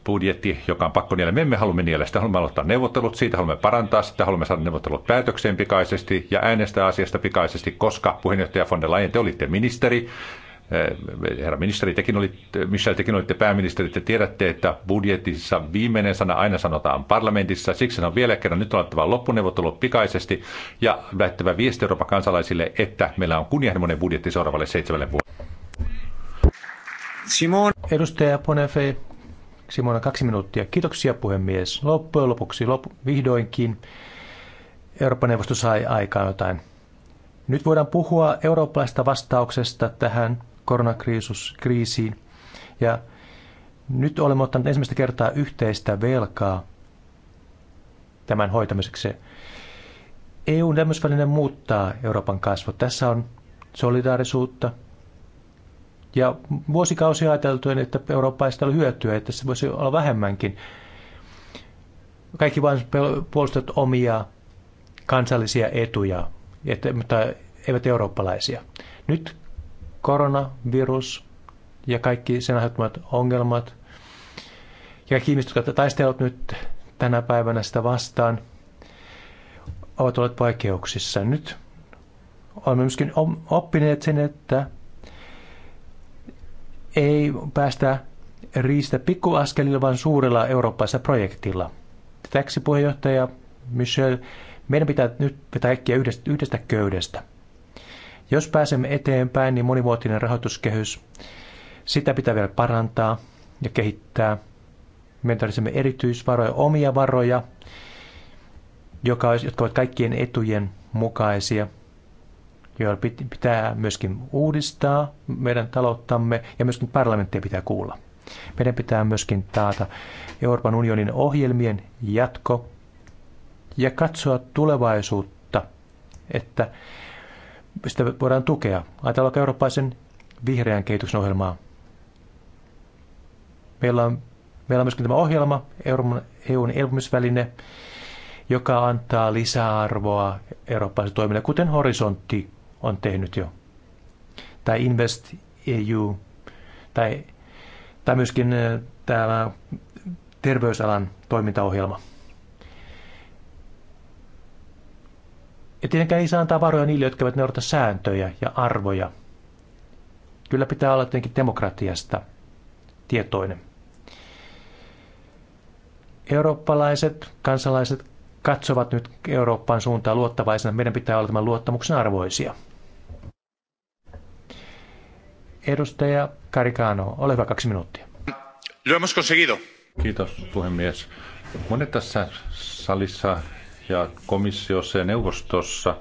budjetti, joka on pakko niellä. Me emme halua niellä sitä, haluamme aloittaa neuvottelut siitä, haluamme parantaa sitä, haluamme saada neuvottelut päätökseen pikaisesti ja äänestää asiasta pikaisesti, koska puheenjohtaja von der Leyen, te olitte ministeri Eh, herra ministeri, tekin olitte, Michel, tekin olitte pääministeri, te tiedätte, että budjetissa viimeinen sana aina sanotaan parlamentissa, siksi se on vielä kerran nyt on alettava loppuneuvottelu pikaisesti ja lähettävä viesti Euroopan kansalaisille, että meillä on kunnianhimoinen budjetti seuraavalle seitsemälle vuodelle. Simon. Edustaja Ponefe, Simona kaksi minuuttia. Kiitoksia puhemies. Loppujen lopuksi lop, vihdoinkin Euroopan neuvosto sai aikaan jotain. Nyt voidaan puhua eurooppalaista vastauksesta tähän koronakriisiin. Ja nyt olemme ottaneet ensimmäistä kertaa yhteistä velkaa tämän hoitamiseksi. EUn tämmöisväline muuttaa Euroopan kasvot. Tässä on solidaarisuutta. Ja vuosikausia ajateltu, että sitä ole hyötyä, että se voisi olla vähemmänkin. Kaikki vain puolustavat omia kansallisia etuja, että, mutta eivät eurooppalaisia. Nyt koronavirus ja kaikki sen aiheuttamat ongelmat. Ja kaikki ihmiset, jotka taistelevat nyt tänä päivänä sitä vastaan, ovat olleet vaikeuksissa. Nyt olemme myöskin oppineet sen, että ei päästä riistä pikkuaskelilla, vaan suurella eurooppalaisella projektilla. Täksi puheenjohtaja Michel, meidän pitää nyt vetää äkkiä yhdestä, yhdestä köydestä. Jos pääsemme eteenpäin, niin monivuotinen rahoituskehys, sitä pitää vielä parantaa ja kehittää. Me tarvitsemme erityisvaroja, omia varoja, joka, jotka ovat kaikkien etujen mukaisia, joilla pitää myöskin uudistaa meidän talouttamme ja myöskin parlamenttia pitää kuulla. Meidän pitää myöskin taata Euroopan unionin ohjelmien jatko ja katsoa tulevaisuutta, että sitä voidaan tukea. Ajatellaan eurooppalaisen vihreän kehityksen ohjelmaa. Meillä on, meillä on myöskin tämä ohjelma, EUn, elpymisväline, joka antaa lisäarvoa eurooppalaisen toiminnalle, kuten Horisontti on tehnyt jo. Tai Invest EU, tai, tai myöskin eh, tämä terveysalan toimintaohjelma. Ja tietenkään ei saa antaa varoja niille, jotka eivät noudata sääntöjä ja arvoja. Kyllä pitää olla tietenkin demokratiasta tietoinen. Eurooppalaiset kansalaiset katsovat nyt Eurooppaan suuntaan luottavaisena. Meidän pitää olla tämän luottamuksen arvoisia. Edustaja Karikano, ole hyvä kaksi minuuttia. Lo hemos conseguido. Kiitos puhemies. Monet tässä salissa ja komissiossa ja neuvostossa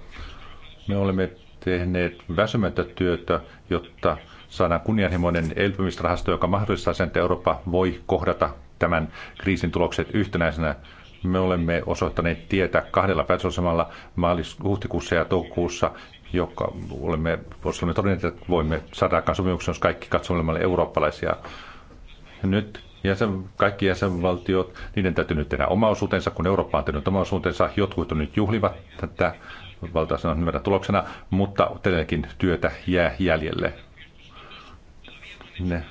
me olemme tehneet väsymättä työtä, jotta saadaan kunnianhimoinen elpymisrahasto, joka mahdollistaa sen, että Eurooppa voi kohdata tämän kriisin tulokset yhtenäisenä. Me olemme osoittaneet tietä kahdella päätösasemalla maalis- huhtikuussa ja toukokuussa, joka olemme, olemme todenneet, että voimme saada aikaan sopimuksen, jos kaikki katsomalla eurooppalaisia. Nyt jäsen, kaikki jäsenvaltiot, niiden täytyy nyt tehdä oma osuutensa, kun Eurooppa on tehnyt oma osuutensa. Jotkut nyt juhlivat tätä valtaisena hyvänä tuloksena, mutta tietenkin työtä jää jäljelle. Ne,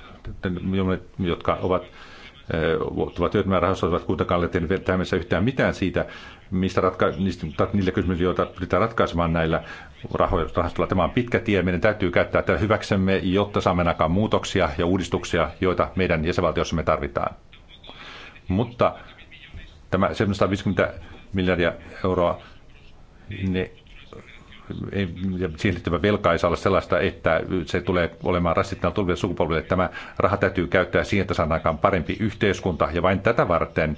jotka ovat eh, ovat työtmäärärahoissa, ovat kuitenkaan tehneet tähän yhtään mitään siitä, mistä ratka- niistä, niille kysymyksillä, joita pitää ratkaisemaan näillä rahoitusrahastolla. Tämä on pitkä tie. Meidän täytyy käyttää tätä hyväksemme, jotta saamme aikaan muutoksia ja uudistuksia, joita meidän jäsenvaltiossamme tarvitaan. Mutta tämä 750 miljardia euroa, ne ei, ja siihen liittyvä velka ei saa olla sellaista, että se tulee olemaan rasittina tuleville sukupolville. Tämä raha täytyy käyttää siihen, että saadaan aikaan parempi yhteiskunta. Ja vain tätä varten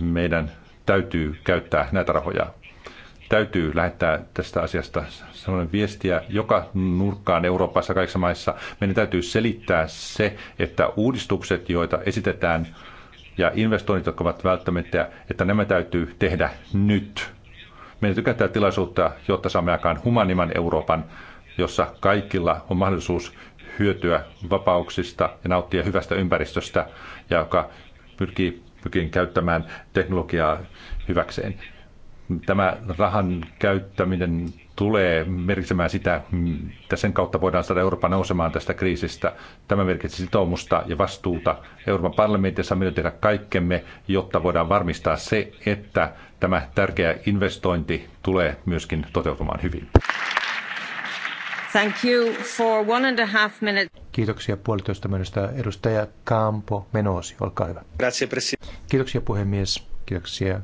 meidän täytyy käyttää näitä rahoja. Täytyy lähettää tästä asiasta sellainen viestiä joka nurkkaan Euroopassa kaikissa maissa. Meidän täytyy selittää se, että uudistukset, joita esitetään, ja investoinnit, jotka ovat välttämättä, että nämä täytyy tehdä nyt. Meidän käyttää tilaisuutta, jotta saamme aikaan humaniman Euroopan, jossa kaikilla on mahdollisuus hyötyä vapauksista ja nauttia hyvästä ympäristöstä, ja joka pyrkii pyrkin käyttämään teknologiaa hyväkseen. Tämä rahan käyttäminen tulee merkitsemään sitä, että sen kautta voidaan saada Eurooppa nousemaan tästä kriisistä. Tämä merkitsee sitoumusta ja vastuuta. Euroopan parlamentissa Meidän tehdä kaikkemme, jotta voidaan varmistaa se, että tämä tärkeä investointi tulee myöskin toteutumaan hyvin. Thank you for one and a half Kiitoksia puolitoista minuutista. Edustaja Kampo Menosi, olkaa hyvä. Grazie, Kiitoksia puhemies. Kiitoksia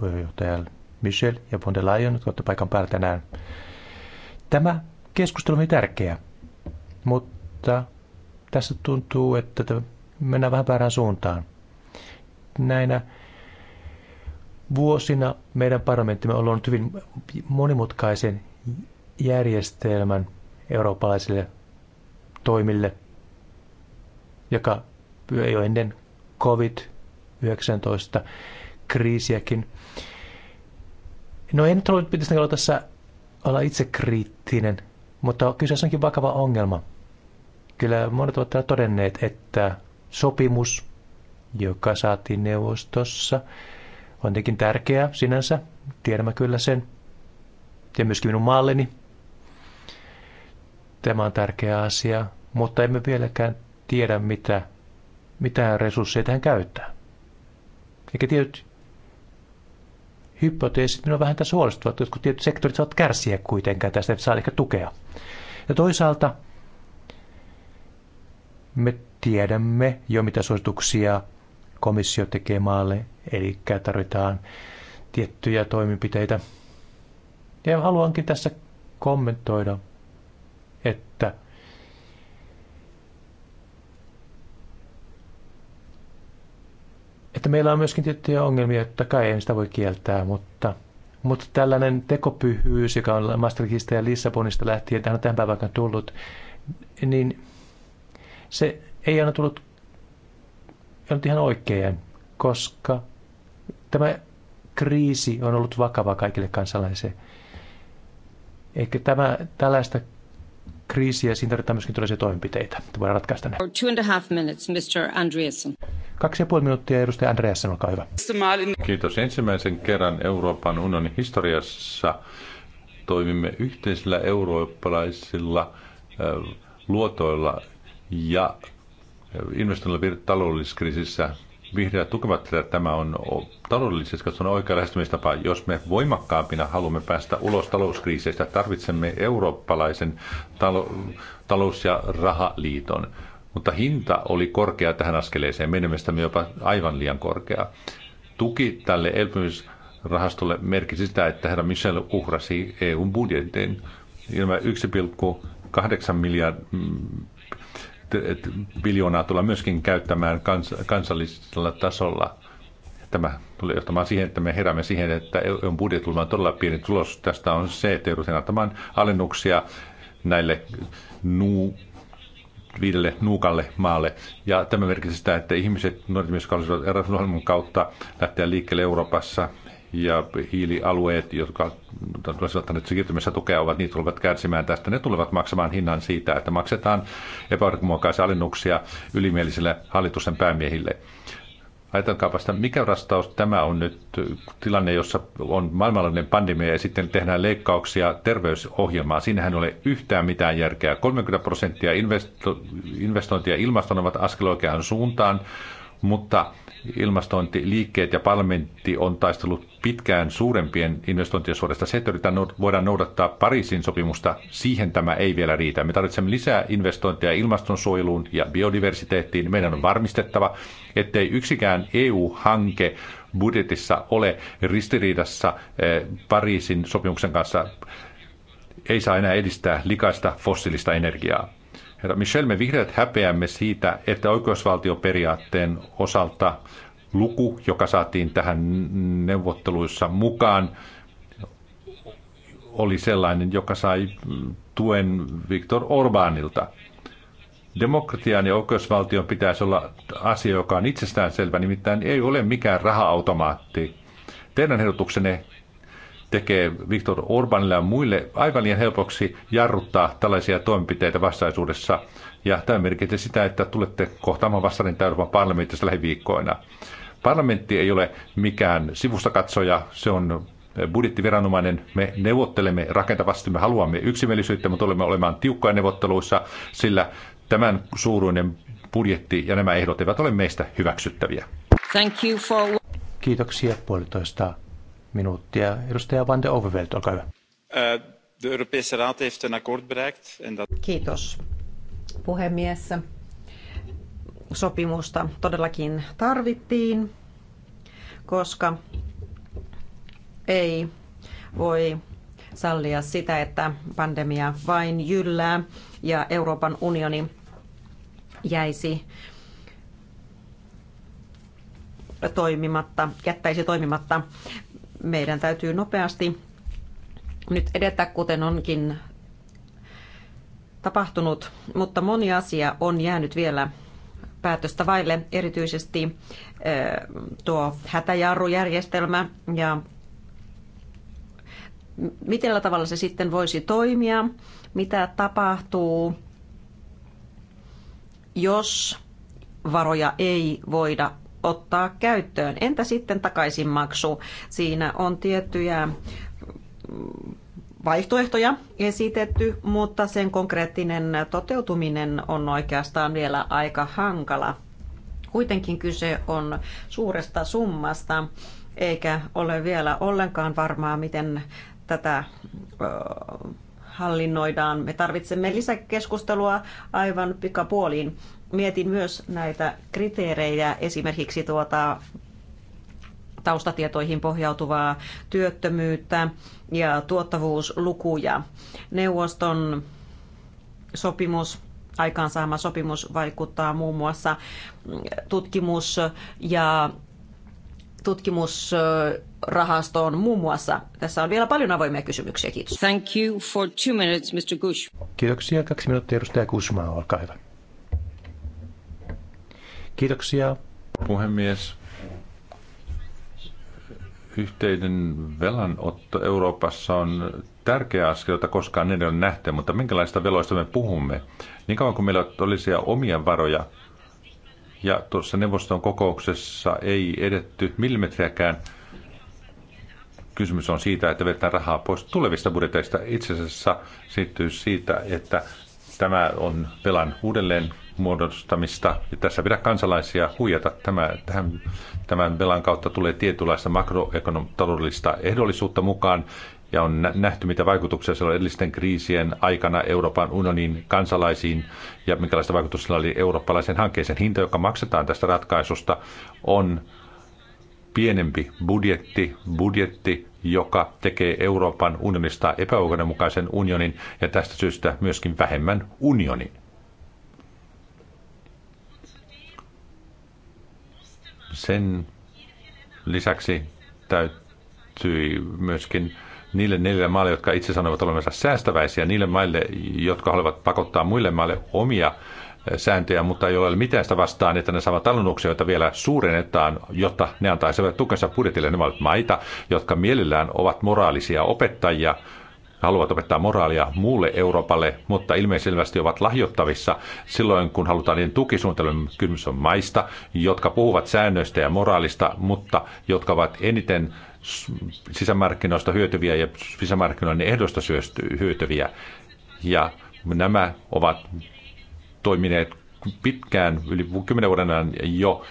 puheenjohtaja Michel ja von der Leyen, jotka olette paikan päällä tänään. Tämä keskustelu on tärkeä, mutta tässä tuntuu, että mennään vähän väärään suuntaan. Näinä vuosina meidän parlamenttimme on ollut hyvin monimutkaisen järjestelmän eurooppalaisille toimille, joka jo ennen COVID-19 kriisiäkin. No en nyt ollut, pitäisi olla tässä olla itse kriittinen, mutta kyseessä onkin vakava ongelma. Kyllä monet ovat todenneet, että sopimus, joka saatiin neuvostossa, on tietenkin tärkeä sinänsä, tiedämme kyllä sen. Ja myöskin minun maalleni Tämä on tärkeä asia, mutta emme vieläkään tiedä, mitä, mitä resursseja tähän käyttää. Eikä tietyt hypoteesit minua vähän tässä huolestuvat, että jotkut tietyt sektorit saavat kärsiä kuitenkaan tästä, että saa ehkä tukea. Ja toisaalta me tiedämme jo, mitä suosituksia komissio tekee maalle, eli tarvitaan tiettyjä toimenpiteitä. Ja haluankin tässä kommentoida että että meillä on myöskin tiettyjä ongelmia, että kai ei sitä voi kieltää, mutta, mutta tällainen tekopyhyys, joka on Maastrichtista ja Lissabonista lähtien tähän, tähän päivään tullut, niin se ei aina tullut ei ollut ihan oikein, koska tämä kriisi on ollut vakava kaikille kansalaisille. Eikä tämä, tällaista kriisiä, siinä tarvitaan myöskin tällaisia toimenpiteitä, että voidaan ratkaista ne. Two and a half minutes, Mr. Andreessen. Kaksi ja puoli minuuttia, edustaja Andreessen, olkaa hyvä. Kiitos. Ensimmäisen kerran Euroopan unionin historiassa toimimme yhteisillä eurooppalaisilla luotoilla ja investoinnilla taloudellisessa kriisissä vihreät tukevat tätä. Tämä on taloudellisesti katsottuna oikea lähestymistapa. Jos me voimakkaampina haluamme päästä ulos talouskriiseistä, tarvitsemme eurooppalaisen talo- talous- ja rahaliiton. Mutta hinta oli korkea tähän askeleeseen, meidän mielestämme jopa aivan liian korkea. Tuki tälle elpymisrahastolle merkisi sitä, että herra Michel uhrasi eu budjetin. Ilman 1,8 miljardia biljoonaa tulla myöskin käyttämään kans, kansallisella tasolla. Tämä tulee johtamaan siihen, että me heräämme siihen, että EUn budjetti on todella pieni tulos. Tästä on se, että joudutaan antamaan alennuksia näille nu, viidelle nuukalle maalle. Ja tämä merkitsee sitä, että ihmiset, nuoret myös kautta lähteä liikkeelle Euroopassa ja hiilialueet, jotka olisivat nyt siirtymässä tukea, ovat, niitä tulevat kärsimään tästä. Ne tulevat maksamaan hinnan siitä, että maksetaan epäoikeudenmukaisia alennuksia ylimielisille hallitusten päämiehille. Ajatelkaapa sitä, mikä rastaus tämä on nyt tilanne, jossa on maailmanlainen pandemia ja sitten tehdään leikkauksia terveysohjelmaan. Siinähän ei ole yhtään mitään järkeä. 30 prosenttia investointia ilmaston ovat askel oikeaan suuntaan, mutta ilmastointiliikkeet ja parlamentti on taistellut pitkään suurempien investointien suorasta. Se, että no, voidaan noudattaa Pariisin sopimusta, siihen tämä ei vielä riitä. Me tarvitsemme lisää investointeja ilmastonsuojeluun ja biodiversiteettiin. Meidän on varmistettava, ettei yksikään EU-hanke budjetissa ole ristiriidassa eh, Pariisin sopimuksen kanssa. Ei saa enää edistää likaista fossiilista energiaa. Herra Michel, me vihreät häpeämme siitä, että oikeusvaltioperiaatteen osalta luku, joka saatiin tähän neuvotteluissa mukaan, oli sellainen, joka sai tuen Viktor Orbanilta. Demokratian ja oikeusvaltion pitäisi olla asia, joka on itsestäänselvä, nimittäin ei ole mikään raha-automaatti. Teidän ehdotuksenne tekee Viktor Orbanille ja muille aivan liian helpoksi jarruttaa tällaisia toimenpiteitä vastaisuudessa. Ja tämä merkitsee sitä, että tulette kohtaamaan vastarinta Euroopan parlamentissa lähiviikkoina. Parlamentti ei ole mikään sivustakatsoja, se on budjettiviranomainen, me neuvottelemme rakentavasti, me haluamme yksimielisyyttä, mutta olemme olemaan tiukkoja neuvotteluissa, sillä tämän suuruinen budjetti ja nämä ehdot eivät ole meistä hyväksyttäviä. Thank you for... Kiitoksia puolitoista minuuttia. Edustaja Van de Overveld, olkaa hyvä. Eh, de Europese Raad heeft een akkoord bereikt. Kiitos, puhemies. Sopimusta todellakin tarvittiin, koska ei voi sallia sitä, että pandemia vain jyllää ja Euroopan unioni jäisi toimimatta, jättäisi toimimatta meidän täytyy nopeasti nyt edetä, kuten onkin tapahtunut, mutta moni asia on jäänyt vielä päätöstä vaille, erityisesti eh, tuo hätäjarrujärjestelmä ja miten tavalla se sitten voisi toimia, mitä tapahtuu, jos varoja ei voida ottaa käyttöön. Entä sitten takaisinmaksu? Siinä on tiettyjä vaihtoehtoja esitetty, mutta sen konkreettinen toteutuminen on oikeastaan vielä aika hankala. Kuitenkin kyse on suuresta summasta, eikä ole vielä ollenkaan varmaa, miten tätä hallinnoidaan. Me tarvitsemme lisäkeskustelua aivan pikapuoliin mietin myös näitä kriteerejä, esimerkiksi tuota taustatietoihin pohjautuvaa työttömyyttä ja tuottavuuslukuja. Neuvoston sopimus aikaansaama sopimus vaikuttaa muun muassa tutkimus- ja tutkimusrahastoon muun muassa. Tässä on vielä paljon avoimia kysymyksiä. Kiitos. Thank you for two minutes, Mr. Gush. Kiitoksia. Kaksi minuuttia, edustaja Kushma. Olkaa hyvä. Kiitoksia. Puhemies. Yhteinen velanotto Euroopassa on tärkeä askel, jota koskaan ei ole nähty, mutta minkälaista veloista me puhumme? Niin kauan kuin meillä olisi omia varoja, ja tuossa neuvoston kokouksessa ei edetty millimetriäkään, kysymys on siitä, että vetää rahaa pois tulevista budjeteista. Itse asiassa siirtyy siitä, että tämä on velan uudelleen muodostamista. Ja tässä pidä kansalaisia huijata. Tämä, tähän, tämän velan kautta tulee tietynlaista makroekonomista ehdollisuutta mukaan, ja on nähty, mitä vaikutuksia sillä oli edellisten kriisien aikana Euroopan unionin kansalaisiin ja minkälaista vaikutusta sillä oli eurooppalaisen hankkeeseen. Hinta, joka maksetaan tästä ratkaisusta, on pienempi budjetti, budjetti, joka tekee Euroopan unionista epäoikeudenmukaisen unionin ja tästä syystä myöskin vähemmän unionin. Sen lisäksi täytyy myöskin niille neljälle maille, jotka itse sanovat olevansa säästäväisiä, niille maille, jotka haluavat pakottaa muille maille omia eh, sääntöjä, mutta ei ole mitään sitä vastaan, että ne saavat alennuksia, joita vielä suurennetaan, jotta ne antaisivat tukensa budjetille. Ne ovat maita, jotka mielellään ovat moraalisia opettajia, haluavat opettaa moraalia muulle Euroopalle, mutta ilmeisesti ovat lahjoittavissa silloin, kun halutaan niiden tukisuunnitelmien kysymys on maista, jotka puhuvat säännöistä ja moraalista, mutta jotka ovat eniten sisämarkkinoista hyötyviä ja sisämarkkinoiden ehdosta hyötyviä. Ja nämä ovat toimineet pitkään, yli kymmenen vuoden ajan jo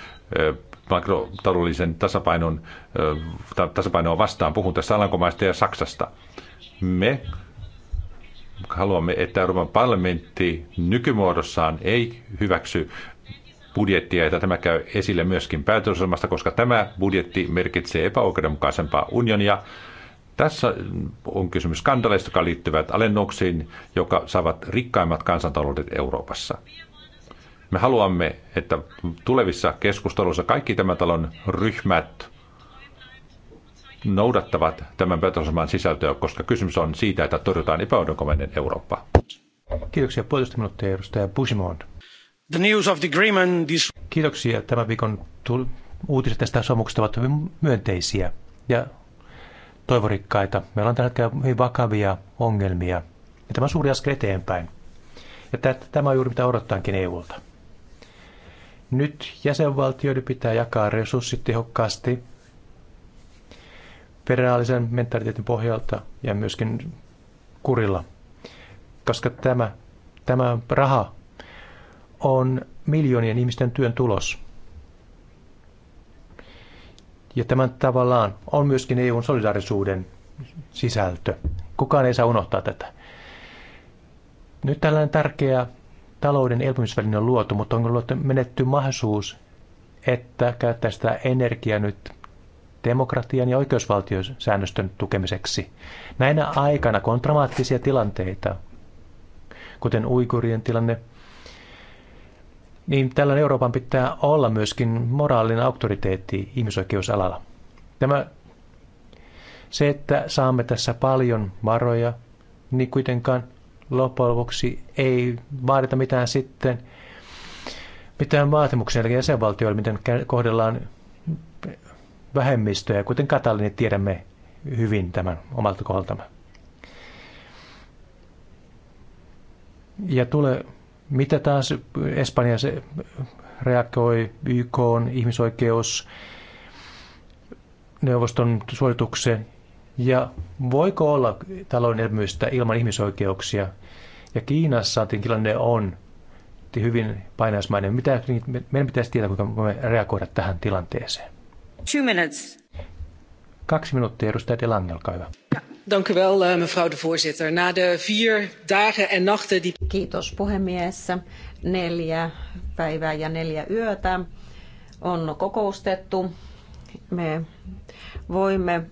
makrotaloudellisen tasapainon, tasapainoa vastaan. Puhun tässä Alankomaista ja Saksasta. Me haluamme, että Euroopan parlamentti nykymuodossaan ei hyväksy budjettia, että tämä käy esille myöskin päätösosamasta, koska tämä budjetti merkitsee epäoikeudenmukaisempaa unionia. Tässä on kysymys skandaleista, jotka liittyvät alennuksiin, joka saavat rikkaimmat kansantaloudet Euroopassa. Me haluamme, että tulevissa keskusteluissa kaikki tämän talon ryhmät noudattavat tämän päätöslauselman sisältöä, koska kysymys on siitä, että torjutaan epäodonkomainen Eurooppa. Kiitoksia. Puolitoista minuuttia edustaja Bushimond. The news of the agreement is... Kiitoksia. Tämän viikon uutiset tästä sopimuksesta ovat hyvin myönteisiä ja toivorikkaita. Meillä on tällä hetkellä hyvin vakavia ongelmia ja tämä on suuri askel eteenpäin. Ja tämä on juuri mitä odottaankin EUlta. Nyt jäsenvaltioiden pitää jakaa resurssit tehokkaasti – federaalisen mentaliteetin pohjalta ja myöskin kurilla. Koska tämä, tämä raha on miljoonien ihmisten työn tulos. Ja tämän tavallaan on myöskin EUn solidaarisuuden sisältö. Kukaan ei saa unohtaa tätä. Nyt tällainen tärkeä talouden elpymisväline on luotu, mutta on luotu menetty mahdollisuus, että käyttää sitä energiaa nyt demokratian ja oikeusvaltiosäännöstön tukemiseksi. Näinä aikana, kun on dramaattisia tilanteita, kuten uigurien tilanne, niin tällainen Euroopan pitää olla myöskin moraalinen auktoriteetti ihmisoikeusalalla. Tämä, se, että saamme tässä paljon varoja, niin kuitenkaan loppujen lopuksi ei vaadita mitään sitten, mitään vaatimuksia jäsenvaltioille, miten kohdellaan vähemmistöjä, kuten katalinit niin tiedämme hyvin tämän omalta kohdaltamme. Ja tule, mitä taas Espanja se reagoi YK on ihmisoikeus neuvoston suoritukseen. ja voiko olla talouden elpymistä ilman ihmisoikeuksia? Ja Kiinassa tilanne on hyvin painaismainen. Mitä, meidän pitäisi tietää, kuinka me reagoida tähän tilanteeseen. Two minutes. Kaksi minuuttia, edustaja De Lange, olkaa hyvä. Dank u wel, eh, mevrouw de voorzitter. Na de vier dagen en nachten die... Kiitos puhemies. Neljä päivää ja neljä yötä on kokoustettu. Me voimme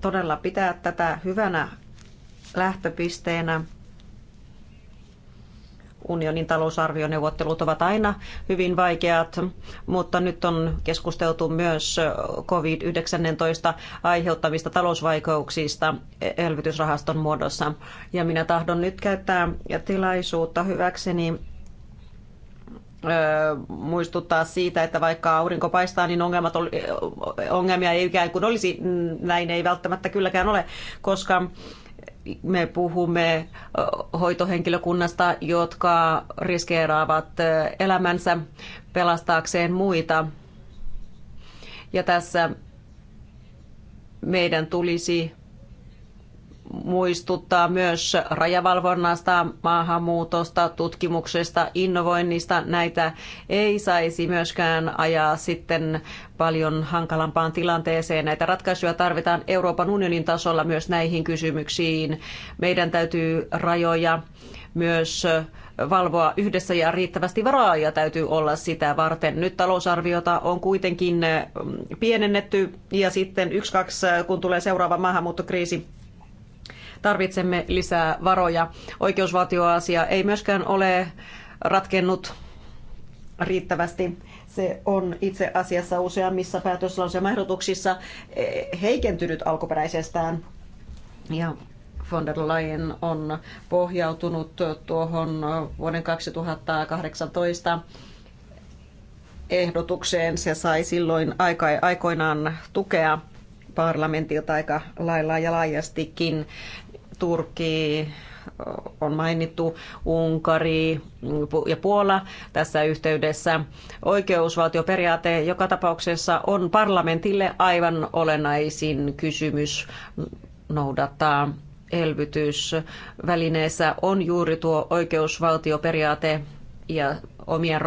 todella pitää tätä hyvänä lähtöpisteenä unionin talousarvioneuvottelut ovat aina hyvin vaikeat, mutta nyt on keskusteltu myös COVID-19 aiheuttamista talousvaikeuksista elvytysrahaston muodossa. Ja minä tahdon nyt käyttää tilaisuutta hyväkseni muistuttaa siitä, että vaikka aurinko paistaa, niin ongelmat oli, ongelmia ei ikään kuin olisi. Näin ei välttämättä kylläkään ole, koska me puhumme hoitohenkilökunnasta, jotka riskeeraavat elämänsä pelastaakseen muita. Ja tässä meidän tulisi muistuttaa myös rajavalvonnasta, maahanmuutosta, tutkimuksesta, innovoinnista. Näitä ei saisi myöskään ajaa sitten paljon hankalampaan tilanteeseen. Näitä ratkaisuja tarvitaan Euroopan unionin tasolla myös näihin kysymyksiin. Meidän täytyy rajoja myös valvoa yhdessä ja riittävästi varaa ja täytyy olla sitä varten. Nyt talousarviota on kuitenkin pienennetty ja sitten yksi, kaksi, kun tulee seuraava maahanmuuttokriisi, tarvitsemme lisää varoja. Oikeusvaltioasia ei myöskään ole ratkennut riittävästi. Se on itse asiassa useammissa päätöslauselmaehdotuksissa eh, heikentynyt alkuperäisestään. Ja von der Leyen on pohjautunut tuohon vuoden 2018 ehdotukseen. Se sai silloin aika, aikoinaan tukea parlamentilta aika lailla ja laajastikin. Turkki on mainittu, Unkari ja Puola tässä yhteydessä. Oikeusvaltioperiaate joka tapauksessa on parlamentille aivan olennaisin kysymys noudattaa elvytysvälineessä on juuri tuo oikeusvaltioperiaate ja omien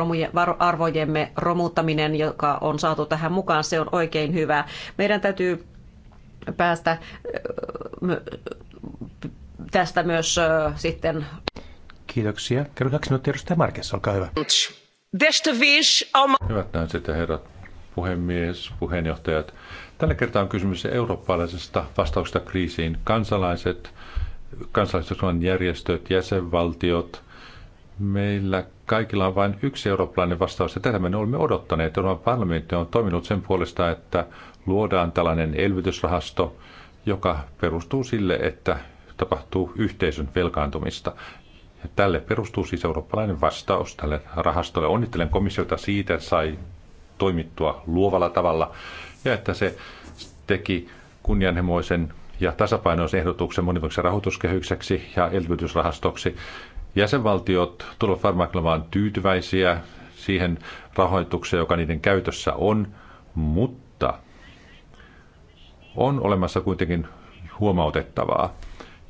arvojemme romuttaminen, joka on saatu tähän mukaan, se on oikein hyvä. Meidän täytyy päästä tästä myös sitten. Kiitoksia. Kerro kaksi minuuttia edustaja Markes, olkaa hyvä. Hyvät naiset ja herrat, puhemies, puheenjohtajat. Tällä kertaa on kysymys eurooppalaisesta vastauksesta kriisiin. Kansalaiset, kansalaisyhteiskunnan järjestöt, jäsenvaltiot, meillä kaikilla on vain yksi eurooppalainen vastaus, ja tätä me olemme odottaneet. Euroopan parlamentti on toiminut sen puolesta, että luodaan tällainen elvytysrahasto, joka perustuu sille, että tapahtuu yhteisön velkaantumista. Ja tälle perustuu siis eurooppalainen vastaus tälle rahastolle. Onnittelen komissiota siitä, että sai toimittua luovalla tavalla ja että se teki kunnianhimoisen ja tasapainoisen ehdotuksen monivuotisen rahoituskehykseksi ja elvytysrahastoksi. Jäsenvaltiot tulevat varmaan olemaan tyytyväisiä siihen rahoitukseen, joka niiden käytössä on, mutta on olemassa kuitenkin huomautettavaa.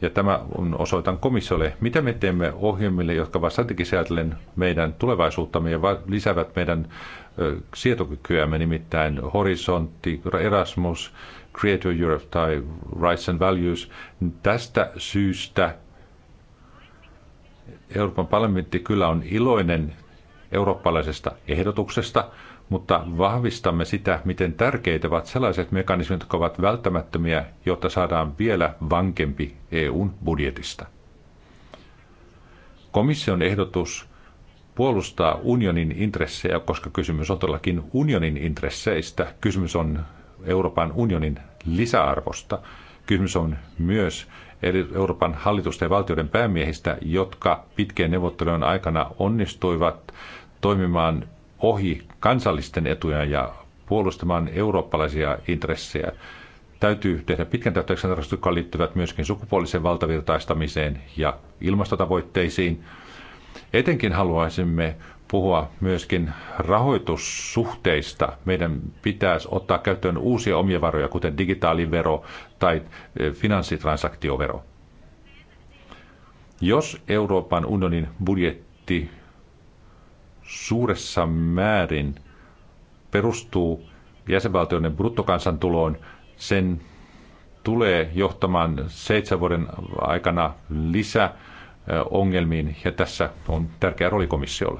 Ja tämä on osoitan komissiolle, mitä me teemme ohjelmille, jotka vasta säätelen meidän tulevaisuuttamme ja lisäävät meidän sietokykyämme, nimittäin Horisontti, Erasmus, Creative Europe tai Rights and Values. Tästä syystä Euroopan parlamentti kyllä on iloinen eurooppalaisesta ehdotuksesta, mutta vahvistamme sitä, miten tärkeitä ovat sellaiset mekanismit, jotka ovat välttämättömiä, jotta saadaan vielä vankempi EUn budjetista. Komission ehdotus puolustaa unionin intressejä, koska kysymys on todellakin unionin intresseistä. Kysymys on Euroopan unionin lisäarvosta. Kysymys on myös Euroopan hallitusten ja valtioiden päämiehistä, jotka pitkien neuvottelujen aikana onnistuivat toimimaan ohi kansallisten etuja ja puolustamaan eurooppalaisia intressejä. Täytyy tehdä pitkän tähtäyksen tarkastukset, jotka liittyvät myöskin sukupuolisen valtavirtaistamiseen ja ilmastotavoitteisiin. Etenkin haluaisimme puhua myöskin rahoitussuhteista. Meidän pitäisi ottaa käyttöön uusia omia varoja, kuten digitaalivero tai eh, finanssitransaktiovero. Jos Euroopan unionin budjetti suuressa määrin perustuu jäsenvaltioiden bruttokansantuloon, sen tulee johtamaan seitsemän vuoden aikana lisäongelmiin ongelmiin, ja tässä on tärkeä rooli komissiolla.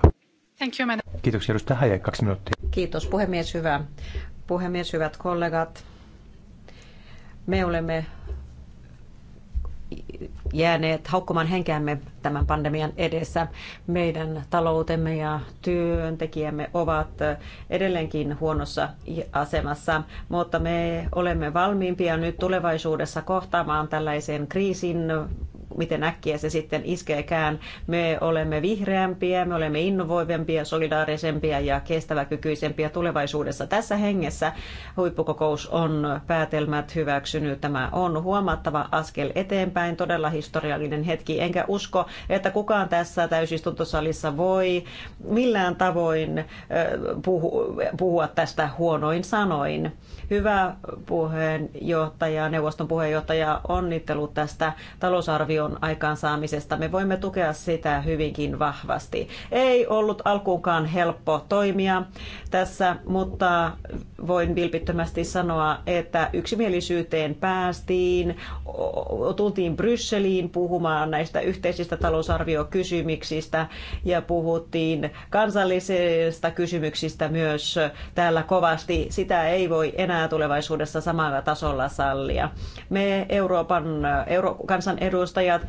Thank you, madam. Kiitoksia, edustaja Häjä, kaksi minuuttia. Kiitos, puhemies, hyvä. Puhemies, hyvät kollegat. Me olemme jääneet haukkumaan henkeämme tämän pandemian edessä. Meidän taloutemme ja työntekijämme ovat edelleenkin huonossa asemassa, mutta me olemme valmiimpia nyt tulevaisuudessa kohtaamaan tällaisen kriisin miten äkkiä se sitten iskeekään. Me olemme vihreämpiä, me olemme innovoivempia, solidaarisempia ja kestäväkykyisempiä tulevaisuudessa. Tässä hengessä huippukokous on päätelmät hyväksynyt. Tämä on huomattava askel eteenpäin, todella historiallinen hetki. Enkä usko, että kukaan tässä täysistuntosalissa voi millään tavoin puhua tästä huonoin sanoin. Hyvä puheenjohtaja, neuvoston puheenjohtaja, onnittelut tästä talousarvio komission aikaansaamisesta. Me voimme tukea sitä hyvinkin vahvasti. Ei ollut alkuunkaan helppo toimia tässä, mutta voin vilpittömästi sanoa, että yksimielisyyteen päästiin, tultiin Brysseliin puhumaan näistä yhteisistä talousarviokysymyksistä ja puhuttiin kansallisista kysymyksistä myös täällä kovasti. Sitä ei voi enää tulevaisuudessa samalla tasolla sallia. Me Euroopan euro, kansanedustajat att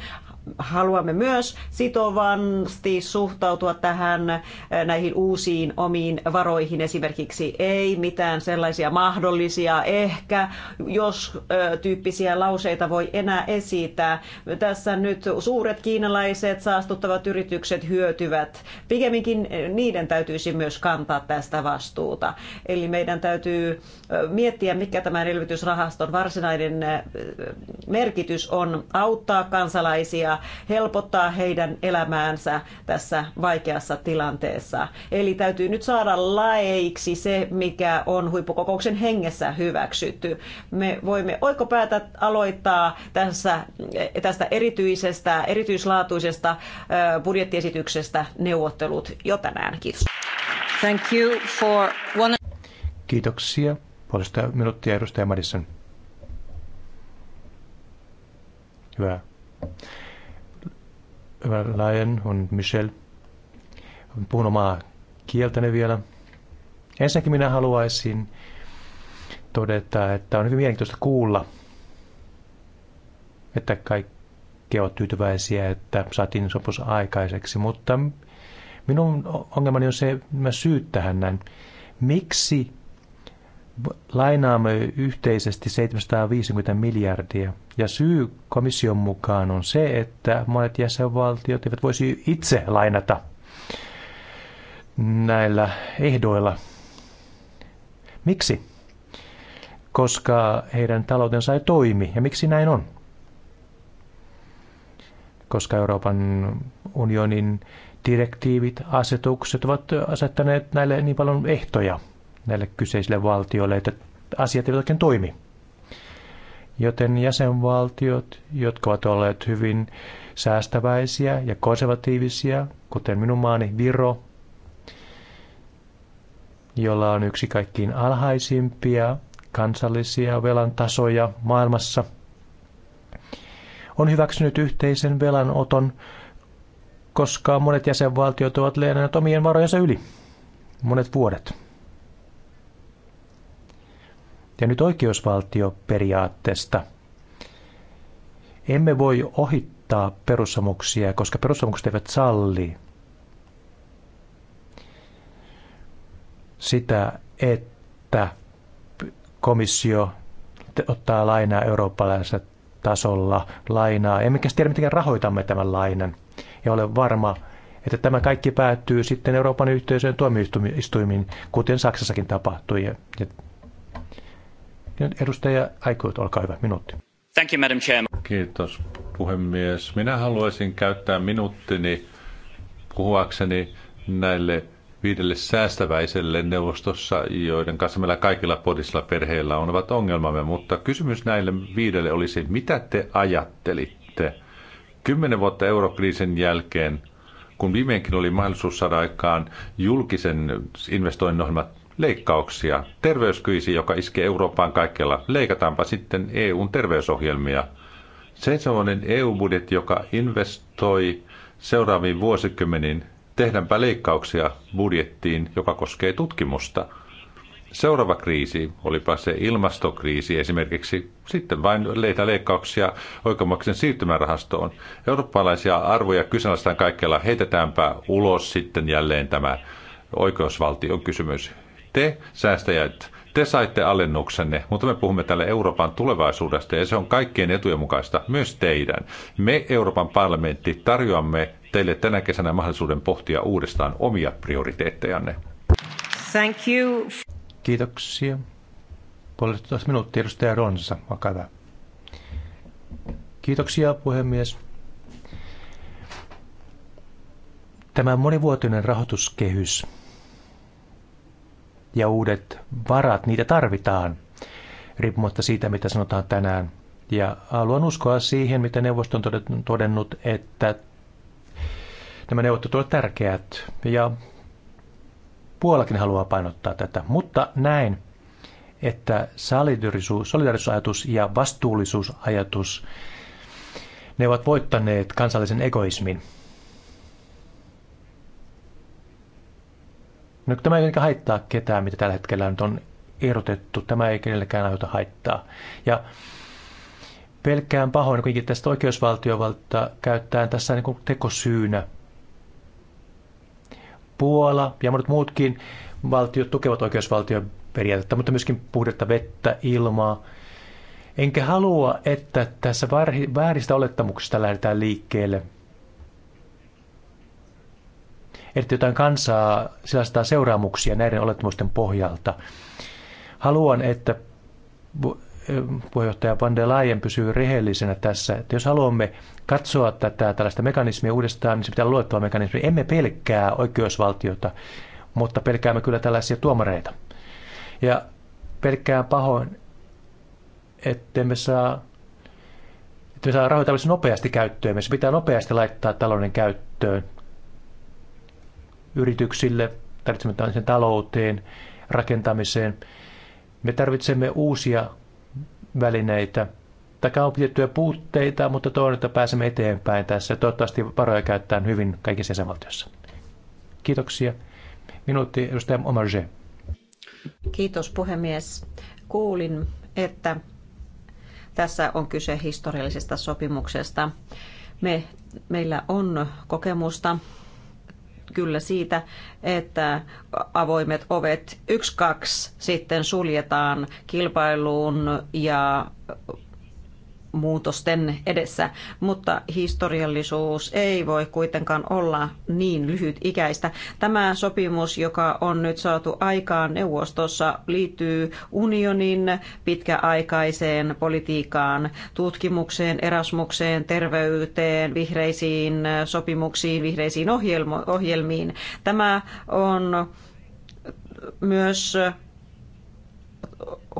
haluamme myös sitovasti suhtautua tähän eh, näihin uusiin omiin varoihin esimerkiksi. Ei mitään sellaisia mahdollisia, ehkä, jos eh, tyyppisiä lauseita voi enää esittää. Tässä nyt suuret kiinalaiset saastuttavat yritykset hyötyvät. Pikemminkin eh, niiden täytyisi myös kantaa tästä vastuuta. Eli meidän täytyy miettiä, mikä tämän elvytysrahaston varsinainen merkitys on auttaa kansalaisia helpottaa heidän elämäänsä tässä vaikeassa tilanteessa. Eli täytyy nyt saada laeiksi se, mikä on huippukokouksen hengessä hyväksytty. Me voimme oikopäätä aloittaa tässä, tästä erityisestä, erityislaatuisesta budjettiesityksestä neuvottelut jo tänään. Kiitos. Thank you for one... Kiitoksia. Puolesta minuuttia edustaja Madison. Hyvä. Leyen on Michel. Puhun omaa kieltäni vielä. Ensinnäkin minä haluaisin todeta, että on hyvin mielenkiintoista kuulla, että kaikki ovat tyytyväisiä, että saatiin sopus aikaiseksi, mutta minun ongelmani on se, mä syyt tähän näin. Miksi lainaamme yhteisesti 750 miljardia – ja syy komission mukaan on se, että monet jäsenvaltiot eivät voisi itse lainata näillä ehdoilla. Miksi? Koska heidän taloutensa ei toimi. Ja miksi näin on? Koska Euroopan unionin direktiivit, asetukset ovat asettaneet näille niin paljon ehtoja näille kyseisille valtioille, että asiat eivät oikein toimi joten jäsenvaltiot, jotka ovat olleet hyvin säästäväisiä ja konservatiivisia, kuten minun maani Viro, jolla on yksi kaikkiin alhaisimpia kansallisia velan tasoja maailmassa, on hyväksynyt yhteisen velanoton, koska monet jäsenvaltiot ovat leenäneet omien varojensa yli monet vuodet. Ja nyt oikeusvaltioperiaatteesta. Emme voi ohittaa perussomuksia, koska perussomukset eivät salli sitä, että komissio ottaa lainaa eurooppalaisella tasolla lainaa. Emmekä tiedä, miten rahoitamme tämän lainan. Ja olen varma, että tämä kaikki päättyy sitten Euroopan yhteisöön tuomioistuimiin, kuten Saksassakin tapahtui. ja edustaja Aikuit, olkaa hyvä, minuutti. Thank you, Madam Chairman. Kiitos, puhemies. Minä haluaisin käyttää minuuttini puhuakseni näille viidelle säästäväiselle neuvostossa, joiden kanssa meillä kaikilla podisilla perheillä on, ovat ongelmamme. Mutta kysymys näille viidelle olisi, mitä te ajattelitte kymmenen vuotta eurokriisin jälkeen, kun viimeinkin oli mahdollisuus saada aikaan julkisen investoinnin ohjelma leikkauksia. Terveyskriisi, joka iskee Eurooppaan kaikkialla. Leikataanpa sitten EUn terveysohjelmia. Seitsemän EU-budjetti, joka investoi seuraaviin vuosikymmeniin. Tehdäänpä leikkauksia budjettiin, joka koskee tutkimusta. Seuraava kriisi, olipa se ilmastokriisi esimerkiksi, sitten vain leitä leikkauksia oikeammaksen siirtymärahastoon. Eurooppalaisia arvoja kyseenalaistaan kaikkialla heitetäänpä ulos sitten jälleen tämä oikeusvaltion kysymys te säästäjät, te saitte alennuksenne, mutta me puhumme tälle Euroopan tulevaisuudesta ja se on kaikkien etujen mukaista, myös teidän. Me Euroopan parlamentti tarjoamme teille tänä kesänä mahdollisuuden pohtia uudestaan omia prioriteettejanne. Thank you. Kiitoksia. Puolitoista minuuttia edustaja Ronsa, vakava. Kiitoksia puhemies. Tämä monivuotinen rahoituskehys ja uudet varat, niitä tarvitaan, riippumatta siitä, mitä sanotaan tänään. Ja haluan uskoa siihen, mitä neuvosto on todennut, että nämä neuvottelut ovat tärkeät ja Puolakin haluaa painottaa tätä, mutta näin, että solidarisuus, solidarisuusajatus ja vastuullisuusajatus, ne ovat voittaneet kansallisen egoismin. No tämä ei kuitenkaan haittaa ketään, mitä tällä hetkellä nyt on erotettu. Tämä ei kenellekään aiheuta haittaa. Ja pelkkään pahoin, kuitenkin tästä oikeusvaltiovalta käyttää tässä niin kuin tekosyynä. Puola ja monet muutkin valtiot tukevat oikeusvaltion periaatetta, mutta myöskin puhdetta vettä, ilmaa. Enkä halua, että tässä vääristä olettamuksista lähdetään liikkeelle – että jotain kansaa sellaista seuraamuksia näiden olettamusten pohjalta. Haluan, että puheenjohtaja Van der Leyen pysyy rehellisenä tässä, että jos haluamme katsoa tätä tällaista mekanismia uudestaan, niin se pitää olla luettava mekanismi. Emme pelkää oikeusvaltiota, mutta pelkäämme kyllä tällaisia tuomareita. Ja pelkään pahoin, että me saa että me saa rahoja nopeasti käyttöön. Me se pitää nopeasti laittaa talouden käyttöön yrityksille, tarvitsemme tällaisen talouteen, rakentamiseen. Me tarvitsemme uusia välineitä. Tämä on pidettyä puutteita, mutta toivon, että pääsemme eteenpäin tässä. Toivottavasti varoja käyttää hyvin kaikissa jäsenvaltioissa. Kiitoksia. Minuutti edustaja Omarje. Kiitos puhemies. Kuulin, että tässä on kyse historiallisesta sopimuksesta. Me, meillä on kokemusta kyllä siitä, että avoimet ovet yksi kaksi sitten suljetaan kilpailuun ja muutosten edessä, mutta historiallisuus ei voi kuitenkaan olla niin lyhytikäistä. Tämä sopimus, joka on nyt saatu aikaan neuvostossa, liittyy unionin pitkäaikaiseen politiikkaan, tutkimukseen, erasmukseen, terveyteen, vihreisiin sopimuksiin, vihreisiin ohjelmiin. Tämä on myös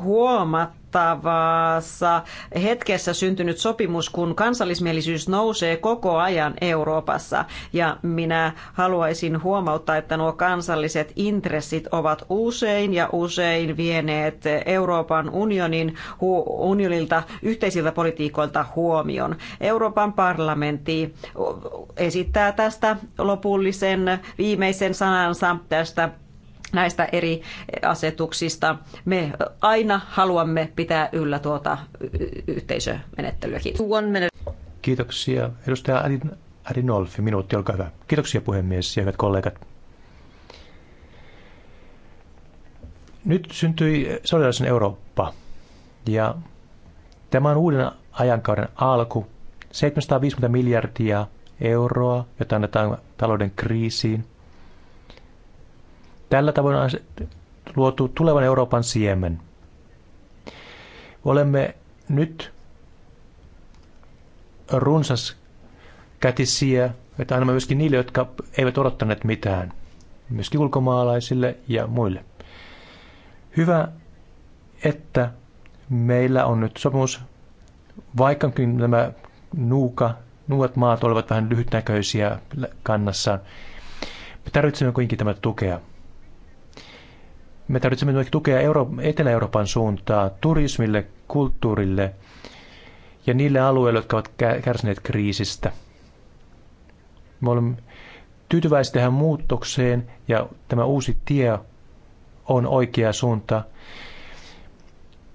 huomattavassa hetkessä syntynyt sopimus, kun kansallismielisyys nousee koko ajan Euroopassa. Ja minä haluaisin huomauttaa, että nuo kansalliset intressit ovat usein ja usein vieneet Euroopan unionin unionilta yhteisiltä politiikoilta huomion. Euroopan parlamentti esittää tästä lopullisen viimeisen sanansa tästä näistä eri asetuksista. Me aina haluamme pitää yllä tuota yhteisömenettelyä. Kiitos. Kiitoksia. Edustaja Adinolfi, minuutti, olkaa hyvä. Kiitoksia puhemies ja hyvät kollegat. Nyt syntyi solidaarisen Eurooppa ja tämä on uuden ajankauden alku. 750 miljardia euroa, jota annetaan talouden kriisiin – Tällä tavoin on luotu tulevan Euroopan siemen. Olemme nyt runsas kätisiä, että annamme myöskin niille, jotka eivät odottaneet mitään, myöskin ulkomaalaisille ja muille. Hyvä, että meillä on nyt sopimus, vaikkakin nämä nuuka, nuuat maat olivat vähän lyhytnäköisiä kannassaan. Me tarvitsemme kuitenkin tämä tukea. Me tarvitsemme myös tukea Euro- Etelä-Euroopan suuntaa turismille, kulttuurille ja niille alueille, jotka ovat kärsineet kriisistä. Me olemme tyytyväisiä tähän muutokseen ja tämä uusi tie on oikea suunta.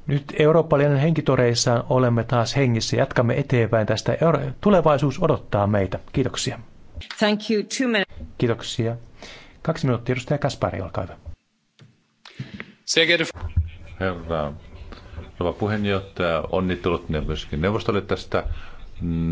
Nyt eurooppalainen henkitoreissaan olemme taas hengissä. Jatkamme eteenpäin tästä. Tulevaisuus odottaa meitä. Kiitoksia. Thank you. Two Kiitoksia. Kaksi minuuttia edustaja Kaspari, olkaa hyvä. Herra rouva puheenjohtaja, onnittelut myöskin neuvostolle tästä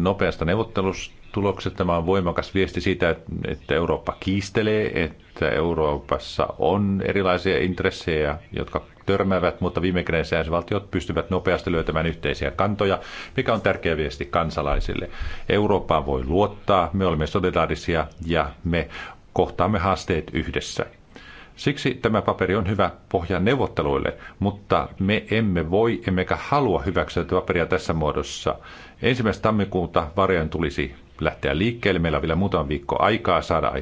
nopeasta neuvottelustuloksesta. Tämä on voimakas viesti siitä, että Eurooppa kiistelee, että Euroopassa on erilaisia intressejä, jotka törmäävät, mutta viime kädessä jäsenvaltiot pystyvät nopeasti löytämään yhteisiä kantoja, mikä on tärkeä viesti kansalaisille. Eurooppaan voi luottaa, me olemme solidaarisia ja me kohtaamme haasteet yhdessä. Siksi tämä paperi on hyvä pohja neuvotteluille, mutta me emme voi emmekä halua hyväksyä tätä paperia tässä muodossa. Ensimmäistä tammikuuta varjojen tulisi lähteä liikkeelle. Meillä on vielä muutama viikko aikaa saada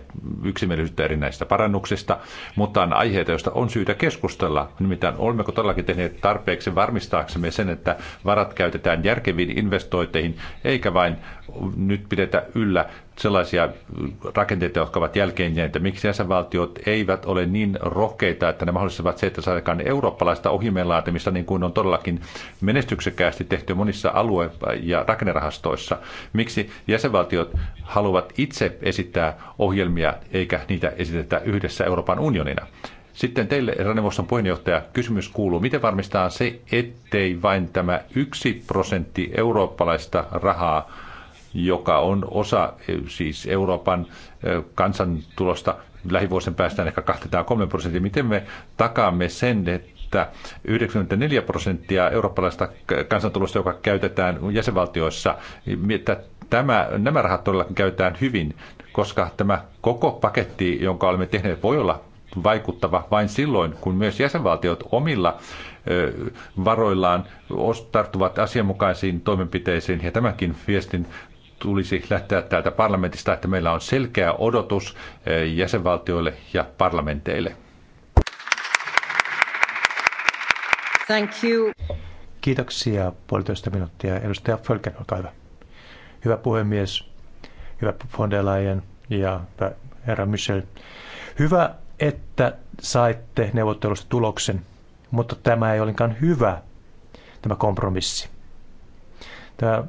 yksimielisyyttä erinäisistä parannuksista, mutta on aiheita, joista on syytä keskustella. Nimittäin olemmeko todellakin tehneet tarpeeksi varmistaaksemme sen, että varat käytetään järkeviin investointeihin, eikä vain nyt pidetä yllä sellaisia rakenteita, jotka ovat jälkeen jääneitä. Miksi jäsenvaltiot eivät ole niin rohkeita, että ne mahdollistavat se, että saadaan eurooppalaista ohjelmeenlaatimista, niin kuin on todellakin menestyksekkäästi tehty monissa alue- ja rakennerahastoissa. Miksi jäsenvaltiot haluavat itse esittää ohjelmia, eikä niitä esitetä yhdessä Euroopan unionina? Sitten teille, ranevoston puheenjohtaja, kysymys kuuluu, miten varmistaa se, ettei vain tämä yksi prosentti eurooppalaista rahaa joka on osa eh, siis Euroopan eh, kansantulosta lähivuosien päästä ehkä 23 prosenttia. Miten me takaamme sen, että 94 prosenttia eurooppalaista kansantulosta, joka käytetään jäsenvaltioissa, niin että tämä, nämä rahat todellakin käytetään hyvin, koska tämä koko paketti, jonka olemme tehneet, voi olla vaikuttava vain silloin, kun myös jäsenvaltiot omilla eh, varoillaan tarttuvat asianmukaisiin toimenpiteisiin. Ja tämänkin viestin tulisi lähteä täältä parlamentista, että meillä on selkeä odotus eh, jäsenvaltioille ja parlamenteille. Thank you. Kiitoksia puolitoista minuuttia. Edustaja Fölken, olkaa hyvä. Hyvä puhemies, hyvä von der Leyen ja herra Michel. Hyvä, että saitte neuvottelusta tuloksen, mutta tämä ei olinkaan hyvä, tämä kompromissi. Tämä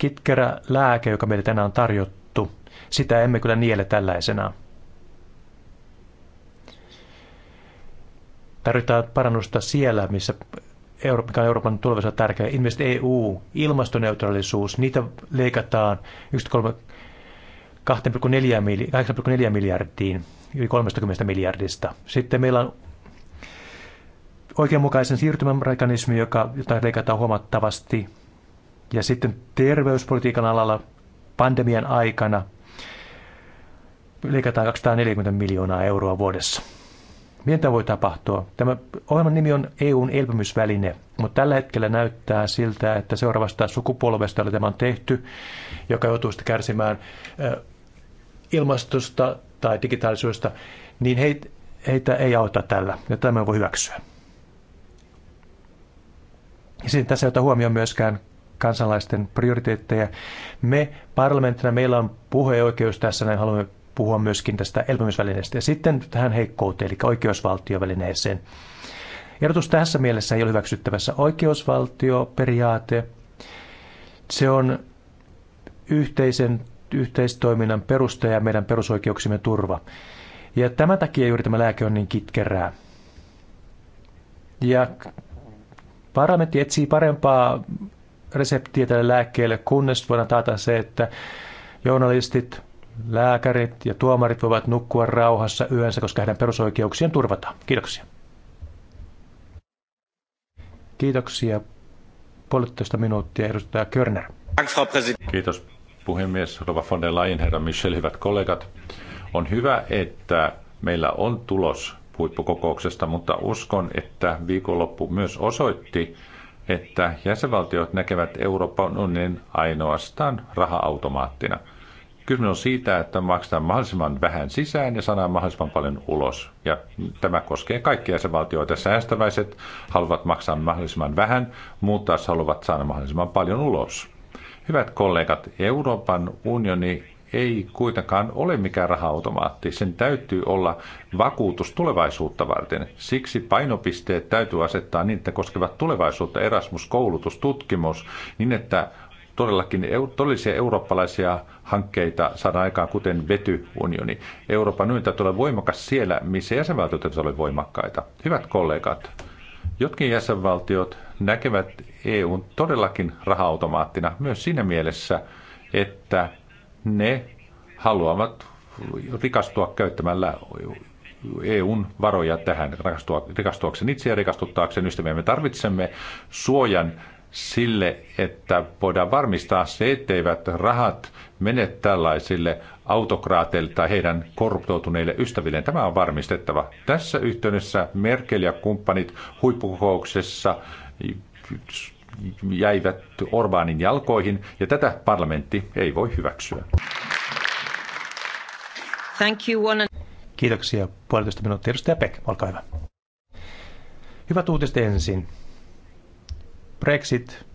kitkerä lääke, joka meille tänään on tarjottu, sitä emme kyllä niele tällaisena. Tarvitaan parannusta siellä, missä Euro- mikä on Euroopan tulevaisuudessa tärkeä. Invest EU, ilmastoneutraalisuus, niitä leikataan 8,4 miljardiin, yli 30 miljardista. Sitten meillä on oikeanmukaisen siirtymämekanismi, joka, jota leikataan huomattavasti. Ja sitten terveyspolitiikan alalla pandemian aikana leikataan 240 miljoonaa euroa vuodessa. Mitä tämä voi tapahtua? Tämä ohjelman nimi on EUn elpymysväline, mutta tällä hetkellä näyttää siltä, että seuraavasta sukupolvesta, jolla tämä on tehty, joka joutuu sitten kärsimään ilmastosta tai digitaalisuudesta, niin heitä ei auta tällä, ja tämä voi hyväksyä. Ja tässä ei ota huomioon myöskään kansalaisten prioriteetteja. Me parlamenttina, meillä on puheoikeus tässä, näin haluamme puhua myöskin tästä elpymisvälineestä. Ja sitten tähän heikkouteen, eli oikeusvaltiovälineeseen. Ehdotus tässä mielessä ei ole hyväksyttävässä. Oikeusvaltioperiaate, se on yhteisen, yhteistoiminnan perusta ja meidän perusoikeuksimme turva. Ja tämän takia juuri tämä lääke on niin kitkerää. Ja parlamentti etsii parempaa reseptiä tälle lääkkeelle, kunnes voidaan taata se, että journalistit, lääkärit ja tuomarit voivat nukkua rauhassa yönsä, koska heidän perusoikeuksien turvataan. Kiitoksia. Kiitoksia. Puolitoista minuuttia edustaja Körner. Kiitos puhemies, Rova von der Leyen, herra Michel, hyvät kollegat. On hyvä, että meillä on tulos huippukokouksesta, mutta uskon, että viikonloppu myös osoitti, että jäsenvaltiot näkevät Euroopan unionin ainoastaan raha-automaattina. Kysymys on siitä, että maksetaan mahdollisimman vähän sisään ja saadaan mahdollisimman paljon ulos. Ja tämä koskee kaikkia jäsenvaltioita. Säästäväiset haluavat maksaa mahdollisimman vähän, muut taas haluavat saada mahdollisimman paljon ulos. Hyvät kollegat, Euroopan unioni ei kuitenkaan ole mikään rahautomaatti. Sen täytyy olla vakuutus tulevaisuutta varten. Siksi painopisteet täytyy asettaa niin, että koskevat tulevaisuutta, Erasmus, koulutus, tutkimus, niin että todellakin todellisia eurooppalaisia hankkeita saadaan aikaan, kuten vetyunioni. Euroopan unioni täytyy olla voimakas siellä, missä jäsenvaltiot eivät voimakkaita. Hyvät kollegat, jotkin jäsenvaltiot näkevät EUn todellakin rahautomaattina myös siinä mielessä, että ne haluavat rikastua käyttämällä EUn varoja tähän rikastua, rikastuakseen itse ja rikastuttaakseen ystäviä. Me tarvitsemme suojan sille, että voidaan varmistaa se, etteivät rahat mene tällaisille autokraateille tai heidän korruptoituneille ystävilleen. Tämä on varmistettava. Tässä yhteydessä Merkel ja kumppanit huippukokouksessa jäivät Orbanin jalkoihin, ja tätä parlamentti ei voi hyväksyä. Thank you, one and... Kiitoksia. Puolitoista minuuttia. Edustaja Peck, olkaa hyvä. Hyvät uutiset ensin. Brexit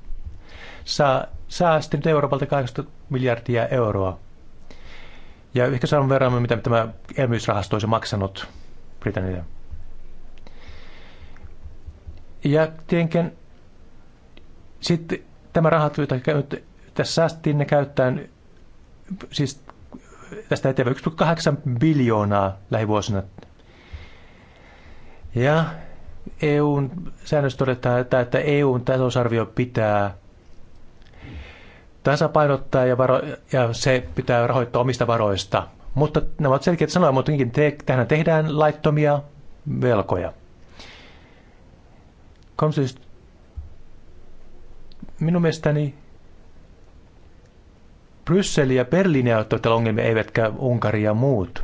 saa, saa sitten nyt Euroopalta 80 miljardia euroa. Ja ehkä sanon verran, mitä tämä elmyysrahasto olisi maksanut britannia Ja tietenkin sitten tämä rahat, joita tässä säästettiin, ne käytetään siis tästä eteenpäin 1,8 biljoonaa lähivuosina. Ja EUn säännös todetaan, että, että EUn tasosarvio pitää tasapainottaa ja, varo, ja se pitää rahoittaa omista varoista. Mutta nämä ovat selkeät sanoja, mutta te, tähän tehdään laittomia velkoja. Konsist minun mielestäni Brysseli ja Berliini aiheuttavat ongelmia, eivätkä Unkari ja muut.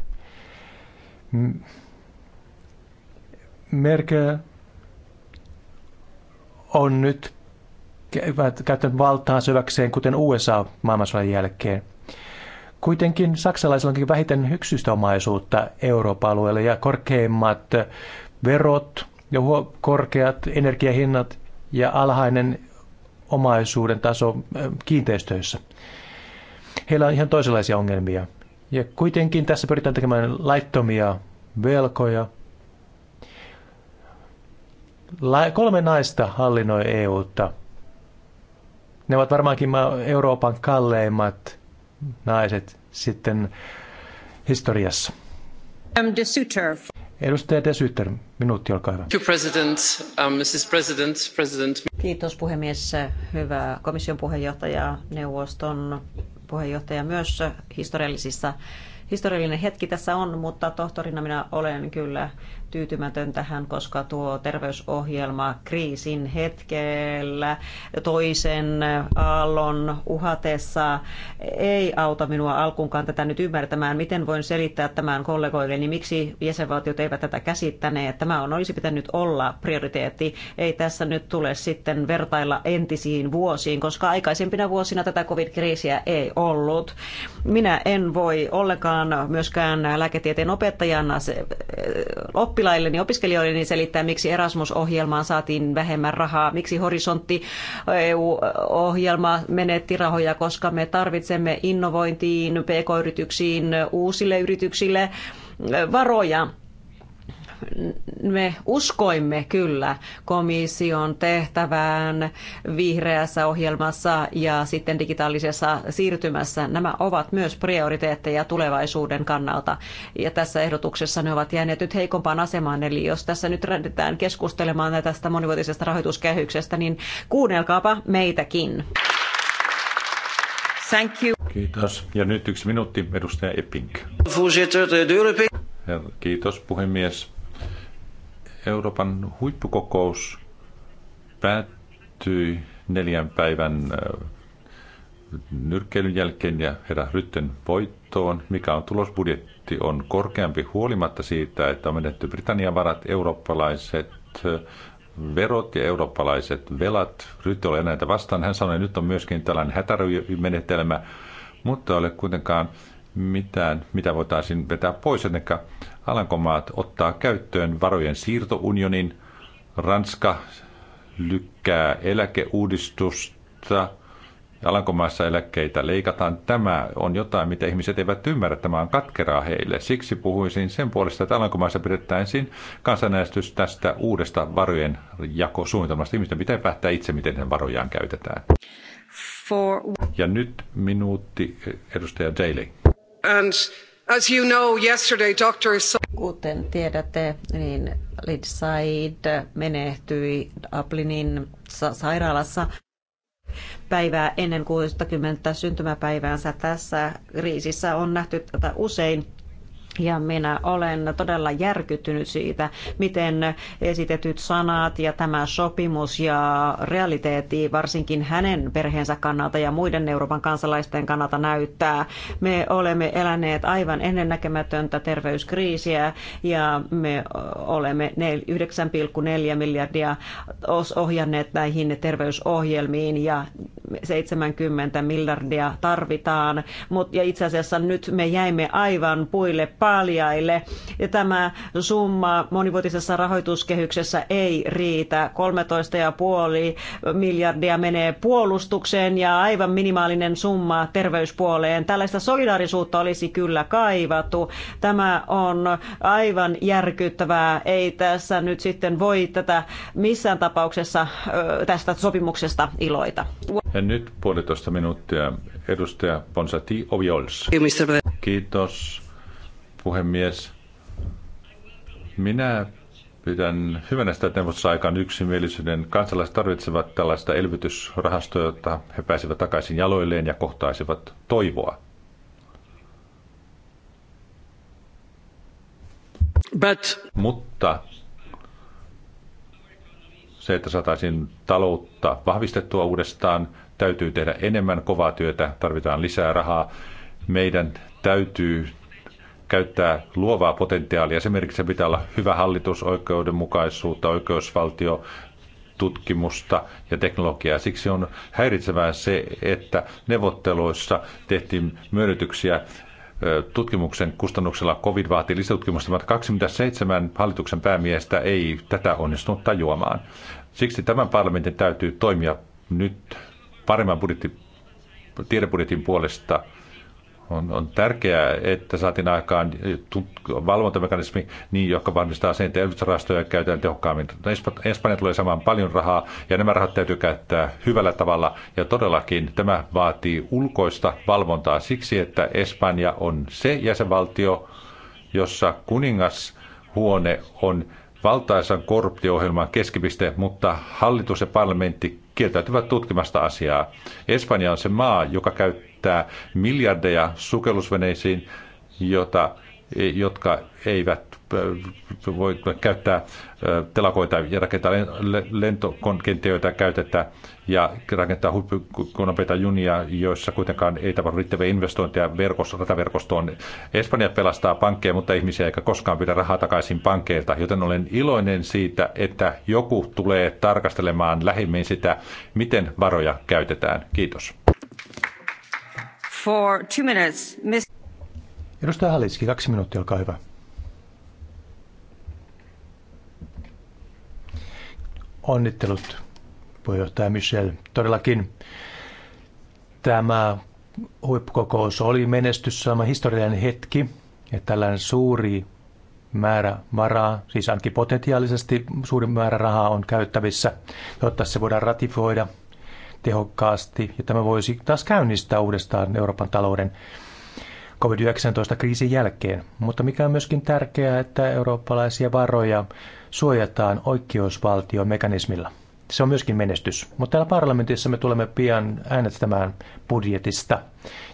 Merkel on nyt käyttänyt valtaa syväkseen, kuten USA maailmansodan jälkeen. Kuitenkin saksalaisilla onkin vähiten hyksystä omaisuutta Euroopan alueella ja korkeimmat verot ja korkeat energiahinnat ja alhainen omaisuuden taso kiinteistöissä. Heillä on ihan toisenlaisia ongelmia. Ja kuitenkin tässä pyritään tekemään laittomia velkoja. kolme naista hallinnoi EUta. Ne ovat varmaankin Euroopan kalleimmat naiset sitten historiassa. Um, Edustaja De Sytter, minuutti, olkaa hyvä. President, um, Mrs. President, President. Kiitos puhemies, hyvä komission puheenjohtaja, neuvoston puheenjohtaja myös historiallisissa historiallinen hetki tässä on, mutta tohtorina minä olen kyllä tyytymätön tähän, koska tuo terveysohjelma kriisin hetkellä toisen aallon uhatessa ei auta minua alkuunkaan tätä nyt ymmärtämään. Miten voin selittää tämän kollegoille, niin miksi jäsenvaltiot eivät tätä käsittäneet? Tämä on, olisi pitänyt olla prioriteetti. Ei tässä nyt tule sitten vertailla entisiin vuosiin, koska aikaisempina vuosina tätä covid-kriisiä ei ollut. Minä en voi ollenkaan myöskään lääketieteen opettajana oppia oppilailleni, niin opiskelijoilleni niin selittää, miksi Erasmus-ohjelmaan saatiin vähemmän rahaa, miksi horisontti eh, EU-ohjelma menetti rahoja, koska me tarvitsemme innovointiin, pk-yrityksiin, uusille yrityksille eh, varoja me uskoimme kyllä komission tehtävään vihreässä ohjelmassa ja sitten digitaalisessa siirtymässä. Nämä ovat myös prioriteetteja tulevaisuuden kannalta. Ja tässä ehdotuksessa ne ovat jääneet nyt heikompaan asemaan. Eli jos tässä nyt lähdetään keskustelemaan tästä monivuotisesta rahoituskehyksestä, niin kuunnelkaapa meitäkin. Thank you. Kiitos. Ja nyt yksi minuutti, edustaja Epping. Kiitos puhemies. Euroopan huippukokous päättyi neljän päivän nyrkkeilyn jälkeen ja herra Rytten voittoon, mikä on tulosbudjetti, on korkeampi huolimatta siitä, että on menetty Britannian varat, eurooppalaiset verot ja eurooppalaiset velat. Rytte oli näitä vastaan. Hän sanoi, että nyt on myöskin tällainen hätärymenetelmä, mutta ei ole kuitenkaan mitään, mitä voitaisiin vetää pois. Ennenkä Alankomaat ottaa käyttöön varojen siirtounionin. Ranska lykkää eläkeuudistusta. Alankomaissa eläkkeitä leikataan. Tämä on jotain, mitä ihmiset eivät ymmärrä. Tämä on katkeraa heille. Siksi puhuisin sen puolesta, että Alankomaissa pidettäisiin kansanäänestys tästä uudesta varojen jakosuunnitelmasta. Ihmisten pitää päättää itse, miten sen varojaan käytetään. For... Ja nyt minuutti edustaja Daly. And As you know, yesterday Dr. Kuten tiedätte, niin Lid Said menehtyi Dublinin sairaalassa päivää ennen 60 syntymäpäiväänsä. Tässä kriisissä on nähty tätä usein ja minä olen todella järkyttynyt siitä, miten esitetyt sanat ja tämä sopimus ja realiteetti varsinkin hänen perheensä kannalta ja muiden Euroopan kansalaisten kannalta näyttää. Me olemme eläneet aivan ennennäkemätöntä terveyskriisiä ja me olemme 9,4 miljardia ohjanneet näihin terveysohjelmiin ja 70 miljardia tarvitaan. Mut, ja itse asiassa nyt me jäimme aivan puille paljaille. Ja tämä summa monivuotisessa rahoituskehyksessä ei riitä. 13,5 miljardia menee puolustukseen ja aivan minimaalinen summa terveyspuoleen. Tällaista solidaarisuutta olisi kyllä kaivattu. Tämä on aivan järkyttävää. Ei tässä nyt sitten voi tätä missään tapauksessa tästä sopimuksesta iloita. Ja nyt puolitoista minuuttia. Edustaja Ponsati Oviols. Kiitos puhemies. Minä pidän hyvänä sitä, että aikaan yksimielisyyden. Kansalaiset tarvitsevat tällaista elvytysrahastoa, jotta he pääsevät takaisin jaloilleen ja kohtaisivat toivoa. But... Mutta se, että saataisiin taloutta vahvistettua uudestaan, täytyy tehdä enemmän kovaa työtä, tarvitaan lisää rahaa. Meidän täytyy käyttää luovaa potentiaalia. Esimerkiksi pitää olla hyvä hallitus, oikeudenmukaisuutta, oikeusvaltio, tutkimusta ja teknologiaa. Siksi on häiritsevää se, että neuvotteluissa tehtiin myönnytyksiä tutkimuksen kustannuksella. COVID vaatii lisätutkimusta, mutta 27 hallituksen päämiestä ei tätä onnistunut tajuamaan. Siksi tämän parlamentin täytyy toimia nyt paremman budjetti, tiedebudjetin puolesta – on, on tärkeää, että saatiin aikaan valvontamekanismi, niin, joka varmistaa sen, että elvytysrahastoja käytetään tehokkaammin. Espanja tulee saamaan paljon rahaa ja nämä rahat täytyy käyttää hyvällä tavalla ja todellakin tämä vaatii ulkoista valvontaa siksi, että Espanja on se jäsenvaltio, jossa kuningashuone on valtaisan korruptio-ohjelman keskipiste, mutta hallitus ja parlamentti kieltäytyvät tutkimasta asiaa. Espanja on se maa, joka käyttää heittää miljardeja sukellusveneisiin, jota, jotka eivät äh, voi käyttää äh, telakoita ja rakentaa lentokenttiä, joita käytetään, ja rakentaa huippukunnapeita junia, joissa kuitenkaan ei tapahdu riittäviä investointeja verkosto, rataverkostoon. Espanja pelastaa pankkeja, mutta ihmisiä eikä koskaan pidä rahaa takaisin pankkeilta, joten olen iloinen siitä, että joku tulee tarkastelemaan lähimmin sitä, miten varoja käytetään. Kiitos for two minutes. Miss... Edustaja Haliski, kaksi minuuttia, olkaa hyvä. Onnittelut, puheenjohtaja Michel. Todellakin tämä huippukokous oli menestys, sama historiallinen hetki, ja tällainen suuri määrä varaa, siis ainakin potentiaalisesti suuri määrä rahaa on käyttävissä, jotta se voidaan ratifioida tehokkaasti ja tämä voisi taas käynnistää uudestaan Euroopan talouden COVID-19-kriisin jälkeen. Mutta mikä on myöskin tärkeää, että eurooppalaisia varoja suojataan oikeusvaltion mekanismilla. Se on myöskin menestys. Mutta täällä parlamentissa me tulemme pian äänestämään budjetista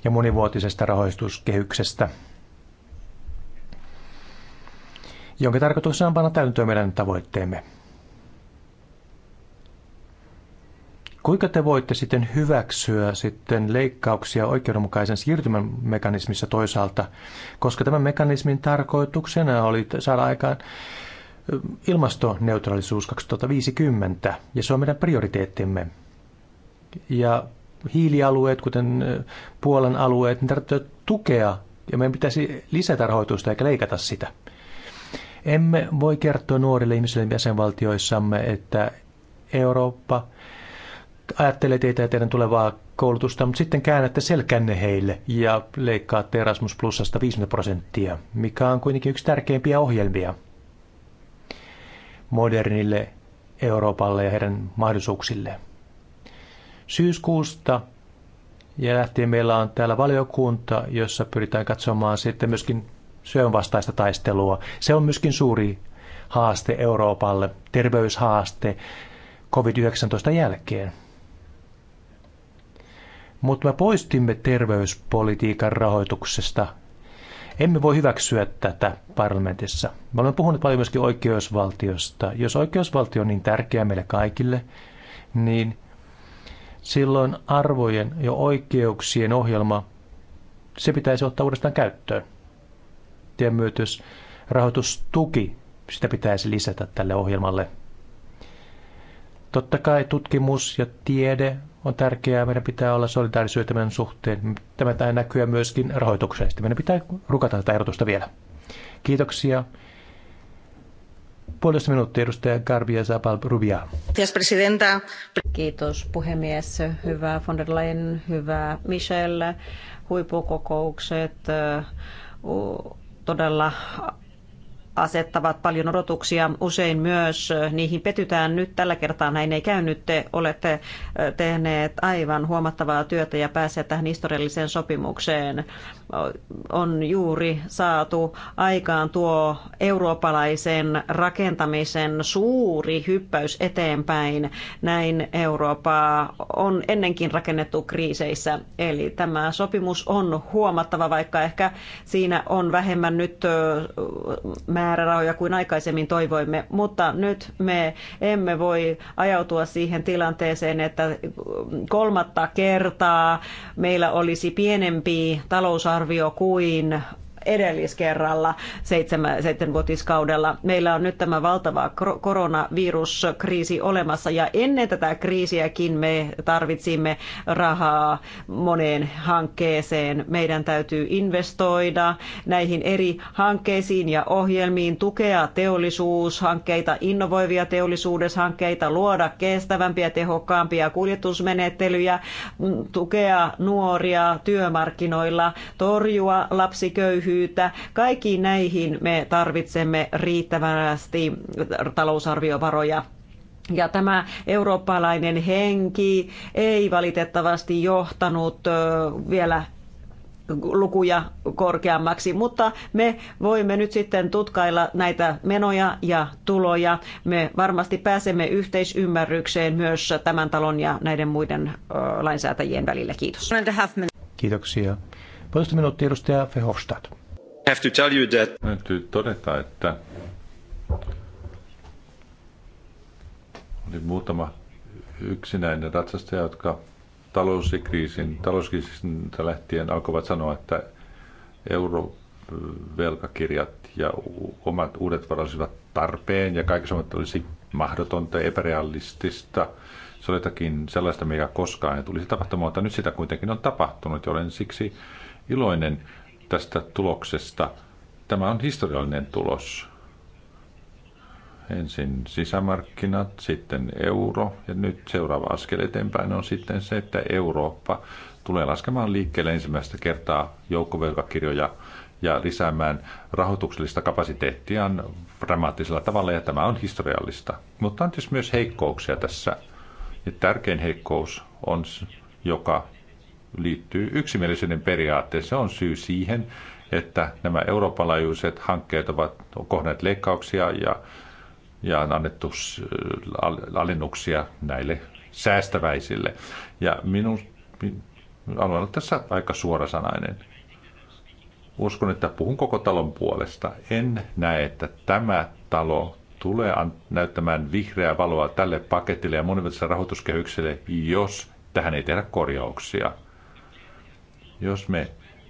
ja monivuotisesta rahoituskehyksestä, jonka tarkoituksena on panna täytäntöön meidän tavoitteemme. Kuinka te voitte sitten hyväksyä sitten leikkauksia oikeudenmukaisen siirtymän mekanismissa toisaalta, koska tämän mekanismin tarkoituksena oli saada aikaan ilmastoneutraalisuus 2050, ja se on meidän prioriteettimme. Ja hiilialueet, kuten Puolan alueet, niin tarvitsee tukea, ja meidän pitäisi lisätä rahoitusta eikä leikata sitä. Emme voi kertoa nuorille ihmisille jäsenvaltioissamme, että Eurooppa – ajattelee teitä ja teidän tulevaa koulutusta, mutta sitten käännätte selkänne heille ja leikkaatte Erasmus Plusasta 50 prosenttia, mikä on kuitenkin yksi tärkeimpiä ohjelmia modernille Euroopalle ja heidän mahdollisuuksille. Syyskuusta ja lähtien meillä on täällä valiokunta, jossa pyritään katsomaan sitten myöskin syönvastaista taistelua. Se on myöskin suuri haaste Euroopalle, terveyshaaste COVID-19 jälkeen mutta me poistimme terveyspolitiikan rahoituksesta. Emme voi hyväksyä tätä parlamentissa. Me olemme puhuneet paljon myöskin oikeusvaltiosta. Jos oikeusvaltio on niin tärkeä meille kaikille, niin silloin arvojen ja oikeuksien ohjelma, se pitäisi ottaa uudestaan käyttöön. Ja myös rahoitustuki, sitä pitäisi lisätä tälle ohjelmalle. Totta kai tutkimus ja tiede on tärkeää. Meidän pitää olla solidaarisuutta tämän suhteen. Tämä tämä näkyy myöskin rahoituksesta. Meidän pitää rukata tätä ehdotusta vielä. Kiitoksia. Puolitoista minuuttia edustaja Garbia Zabal Rubia. Kiitos puhemies. Hyvä von der Leyen, hyvä Michelle. Huippukokoukset todella asettavat paljon odotuksia. Usein myös niihin petytään. Nyt tällä kertaa näin ei käynyt. Te olette tehneet aivan huomattavaa työtä ja päässeet tähän historialliseen sopimukseen. On juuri saatu aikaan tuo eurooppalaisen rakentamisen suuri hyppäys eteenpäin. Näin Eurooppaa on ennenkin rakennettu kriiseissä. Eli tämä sopimus on huomattava, vaikka ehkä siinä on vähemmän nyt määrä määrärahoja kuin aikaisemmin toivoimme, mutta nyt me emme voi ajautua siihen tilanteeseen, että kolmatta kertaa meillä olisi pienempi talousarvio kuin edelliskerralla seitsemän, seitsemänvuotiskaudella. Meillä on nyt tämä valtava koronaviruskriisi olemassa ja ennen tätä kriisiäkin me tarvitsimme rahaa moneen hankkeeseen. Meidän täytyy investoida näihin eri hankkeisiin ja ohjelmiin, tukea teollisuushankkeita, innovoivia teollisuudeshankkeita, luoda kestävämpiä, tehokkaampia kuljetusmenettelyjä, tukea nuoria työmarkkinoilla, torjua lapsiköyhyyttä köyhyyttä. Kaikkiin näihin me tarvitsemme riittävästi talousarviovaroja. Ja tämä eurooppalainen henki ei valitettavasti johtanut vielä lukuja korkeammaksi, mutta me voimme nyt sitten tutkailla näitä menoja ja tuloja. Me varmasti pääsemme yhteisymmärrykseen myös tämän talon ja näiden muiden lainsäätäjien välillä. Kiitos. Kiitoksia. Puolitoista minuuttia edustaja Have to tell you that... Täytyy todeta, että oli muutama yksinäinen ratsastaja, jotka talouskriisin, talouskriisin lähtien alkoivat sanoa, että eurovelkakirjat ja omat uudet varasivat tarpeen ja kaikki samat olisi mahdotonta, epärealistista. Se oli jotakin sellaista, mikä koskaan ei tulisi tapahtumaan, mutta nyt sitä kuitenkin on tapahtunut, olen siksi iloinen tästä tuloksesta. Tämä on historiallinen tulos. Ensin sisämarkkinat, sitten euro ja nyt seuraava askel eteenpäin on sitten se, että Eurooppa tulee laskemaan liikkeelle ensimmäistä kertaa joukkovelkakirjoja ja lisäämään rahoituksellista kapasiteettia. dramaattisella tavalla, ja tämä on historiallista. Mutta on tietysti myös heikkouksia tässä. Ja tärkein heikkous on, joka liittyy yksimielisyyden periaatteeseen. Se on syy siihen, että nämä Euroopan laajuiset hankkeet ovat kohdanneet leikkauksia ja, ja on annettu äh, alennuksia näille säästäväisille. Ja minun, haluan olla tässä aika suorasanainen. Uskon, että puhun koko talon puolesta. En näe, että tämä talo tulee näyttämään vihreää valoa tälle paketille ja monivuotiselle rahoituskehykselle, jos tähän ei tehdä korjauksia. Jos me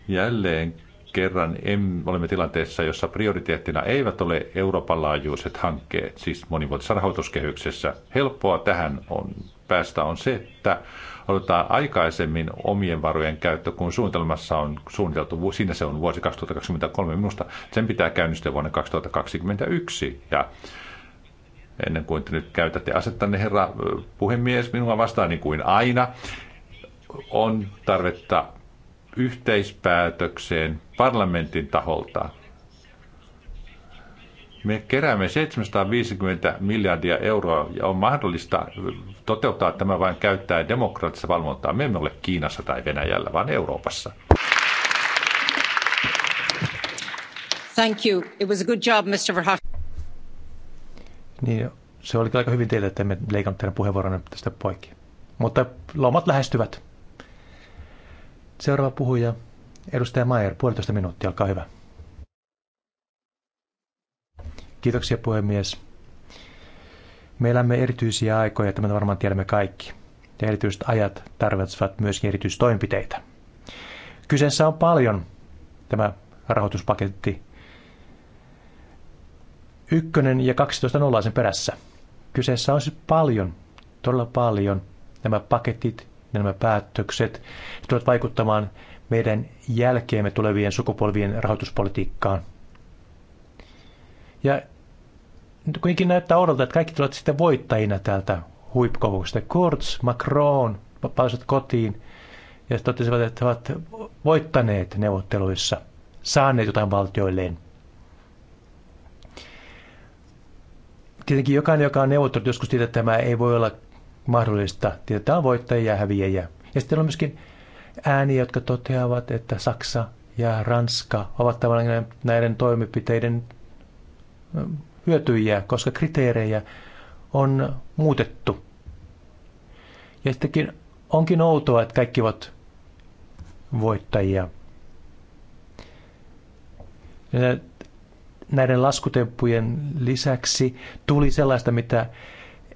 jälleen kerran em, olemme tilanteessa, jossa prioriteettina eivät ole Euroopan laajuiset hankkeet, siis monivuotisessa rahoituskehyksessä. Helppoa tähän on, päästä on se, että odotetaan aikaisemmin omien varojen käyttö, kun suunnitelmassa on suunniteltu, siinä se on vuosi 2023 minusta, sen pitää käynnistyä vuonna 2021. Ja ennen kuin te nyt käytätte asettanne, herra puhemies, minua vastaan niin kuin aina, on tarvetta yhteispäätökseen parlamentin taholta. Me keräämme 750 miljardia euroa ja on mahdollista toteuttaa tämä vain käyttää demokraattista valvontaa. Me emme ole Kiinassa tai Venäjällä, vaan Euroopassa. Thank you. It was a good job, Mr. Verhofstadt. Niin, se oli aika hyvin teille, että emme leikannut teidän puheenvuoronne tästä poikki. Mutta lomat lähestyvät. Seuraava puhuja, edustaja Maier, puolitoista minuuttia, olkaa hyvä. Kiitoksia puhemies. Me elämme erityisiä aikoja, tämä varmaan tiedämme kaikki. Ja erityiset ajat tarvitsevat myös erityistoimenpiteitä. Kyseessä on paljon tämä rahoituspaketti. Ykkönen ja 12 nollaisen perässä. Kyseessä on siis paljon, todella paljon nämä paketit, nämä päätökset tulevat vaikuttamaan meidän jälkeemme tulevien sukupolvien rahoituspolitiikkaan. Ja kuitenkin näyttää odolta, että kaikki tulevat sitten voittajina täältä huippukokouksesta. Kurz, Macron palasivat kotiin ja totesivat, että he ovat voittaneet neuvotteluissa, saaneet jotain valtioilleen. Tietenkin jokainen, joka on neuvottelut, joskus tietää, että tämä ei voi olla mahdollista. tietää voittajia ja häviäjiä. Ja sitten on myöskin ääniä, jotka toteavat, että Saksa ja Ranska ovat tavallaan näiden toimenpiteiden mm, hyötyjiä, koska kriteerejä on muutettu. Ja sittenkin onkin outoa, että kaikki ovat voittajia. Ja näiden laskutemppujen lisäksi tuli sellaista, mitä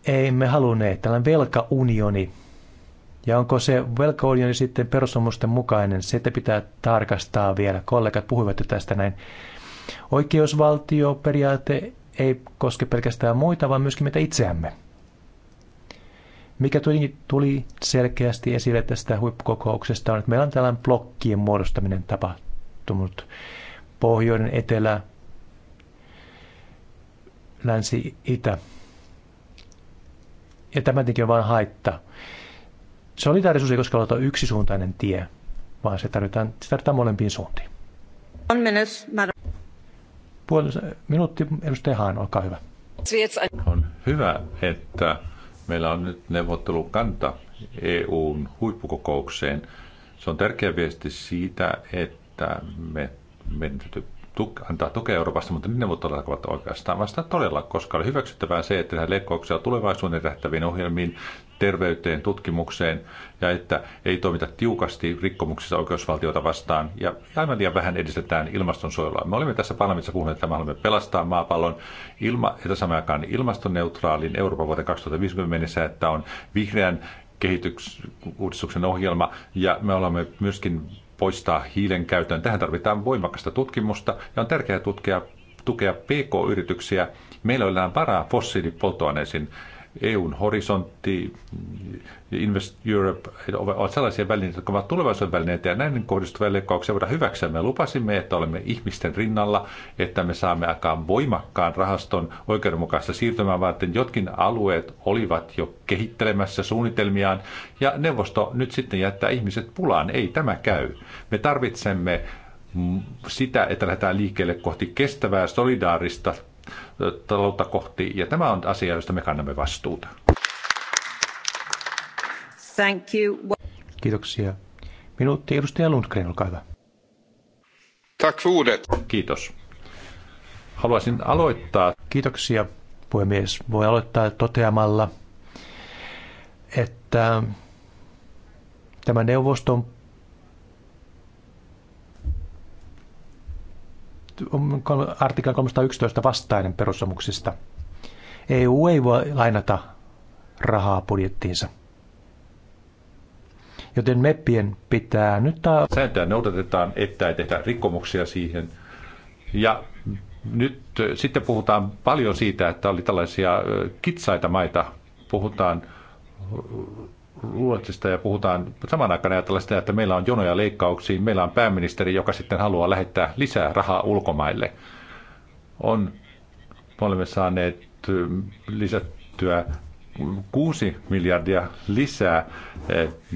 emme halunneet. Tällainen velkaunioni. Ja onko se velkaunioni sitten perussuomusten mukainen? Sitä pitää tarkastaa vielä. Kollegat puhuivat jo tästä näin. Oikeusvaltioperiaate ei koske pelkästään muita, vaan myöskin meitä itseämme. Mikä tuli, tuli selkeästi esille tästä huippukokouksesta on, että meillä on tällainen blokkien muodostaminen tapahtunut. Pohjoinen, etelä, länsi, itä ja tämä tietenkin on vain haittaa. Solidaarisuus ei koskaan ole yksisuuntainen tie, vaan se tarvitaan, se tarvitaan molempiin suuntiin. On minus, Puol- minuutti, edustaja Haan, olkaa hyvä. On hyvä, että meillä on nyt neuvottelukanta EUn huippukokoukseen. Se on tärkeä viesti siitä, että me, meidän täytyy tuk- antaa tukea Euroopasta, mutta ne neuvottelut ovat oikeastaan vasta todella, koska oli hyväksyttävää se, että tehdään leikkauksia tulevaisuuden tähtäviin ohjelmiin, terveyteen, tutkimukseen ja että ei toimita tiukasti rikkomuksissa oikeusvaltiota vastaan ja aivan liian vähän edistetään ilmastonsuojelua. Me olimme tässä parlamentissa puhuneet, että me haluamme pelastaa maapallon ilma, että samaan aikaan ilmastoneutraalin Euroopan vuoteen 2050 mennessä, että on vihreän kehitysuudistuksen ohjelma ja me olemme myöskin poistaa hiilen käytön. Tähän tarvitaan voimakasta tutkimusta ja on tärkeää tutkia, tukea PK-yrityksiä. Meillä on varaa fossiilipolttoaineisiin EUn horisontti, Invest Europe ovat sellaisia välineitä, jotka ovat tulevaisuuden välineitä ja näiden kohdistuvia leikkauksia voidaan hyväksyä. Me lupasimme, että olemme ihmisten rinnalla, että me saamme aikaan voimakkaan rahaston oikeudenmukaista siirtymää varten. Jotkin alueet olivat jo kehittelemässä suunnitelmiaan ja neuvosto nyt sitten jättää ihmiset pulaan. Ei tämä käy. Me tarvitsemme sitä, että lähdetään liikkeelle kohti kestävää, solidaarista taloutta kohti, ja tämä on asia, josta me kannamme vastuuta. Thank you. Kiitoksia. Minuutti edustaja Lundgren, olkaa hyvä. Tack för ordet. Kiitos. Haluaisin aloittaa. Kiitoksia, puhemies. Voi aloittaa toteamalla, että tämä neuvoston artiklan 311 vastainen perussomuksista. EU ei voi lainata rahaa budjettiinsa. Joten meppien pitää nyt... Ta- Sääntöä noudatetaan, että ei tehdä rikkomuksia siihen. Ja nyt äh, sitten puhutaan paljon siitä, että oli tällaisia äh, kitsaita maita. Puhutaan äh, Ruotsista ja puhutaan saman aikaan ajatella sitä, että meillä on jonoja leikkauksiin, meillä on pääministeri, joka sitten haluaa lähettää lisää rahaa ulkomaille. On, me olemme saaneet lisättyä 6 miljardia lisää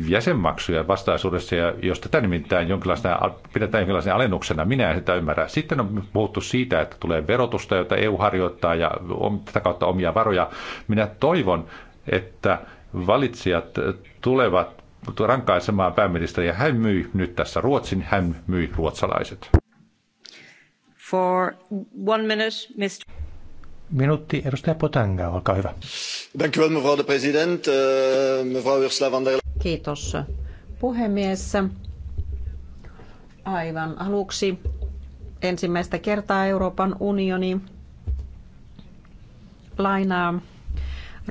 jäsenmaksuja vastaisuudessa, jos tätä nimittäin jonkinlaisena, pidetään jonkinlaisena alennuksena, minä en sitä ymmärrä. Sitten on puhuttu siitä, että tulee verotusta, jota EU harjoittaa ja on tätä kautta omia varoja. Minä toivon, että Valitsijat tulevat rankaisemaan pääministeriä. Hän myi nyt tässä Ruotsin, hän myi ruotsalaiset. For one minute, Mr. Minuutti, edustaja Potanga, olkaa hyvä. president. Eh, Kiitos, puhemies. Aivan aluksi ensimmäistä kertaa Euroopan unioni lainaa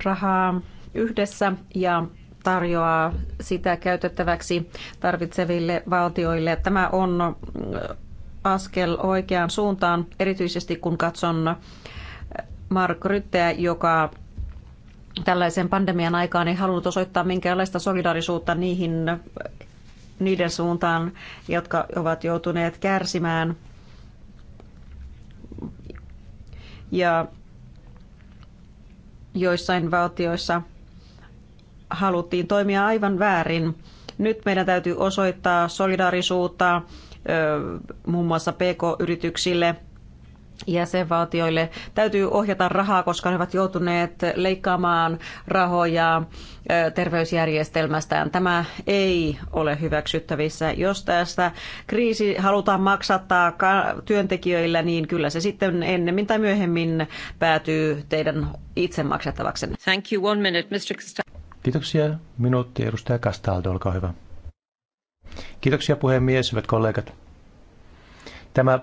rahaa yhdessä ja tarjoaa sitä käytettäväksi tarvitseville valtioille. Tämä on mm, askel oikeaan suuntaan, erityisesti kun katson äh, Mark Rytteä, joka tällaisen pandemian aikaan ei halunnut osoittaa minkäänlaista solidarisuutta niihin, niiden suuntaan, jotka ovat joutuneet kärsimään. Ja joissain valtioissa – haluttiin toimia aivan väärin. Nyt meidän täytyy osoittaa solidaarisuutta muun muassa PK-yrityksille, jäsenvaltioille. Täytyy ohjata rahaa, koska ne ovat joutuneet leikkaamaan rahoja terveysjärjestelmästään. Tämä ei ole hyväksyttävissä. Jos tästä kriisi halutaan maksata työntekijöillä, niin kyllä se sitten ennemmin tai myöhemmin päätyy teidän itse maksettavaksenne. Thank you. One minute, Mr. Kiitoksia. Minuutti edustaja Kastaldo, olkaa hyvä. Kiitoksia puhemies, hyvät kollegat. Tämä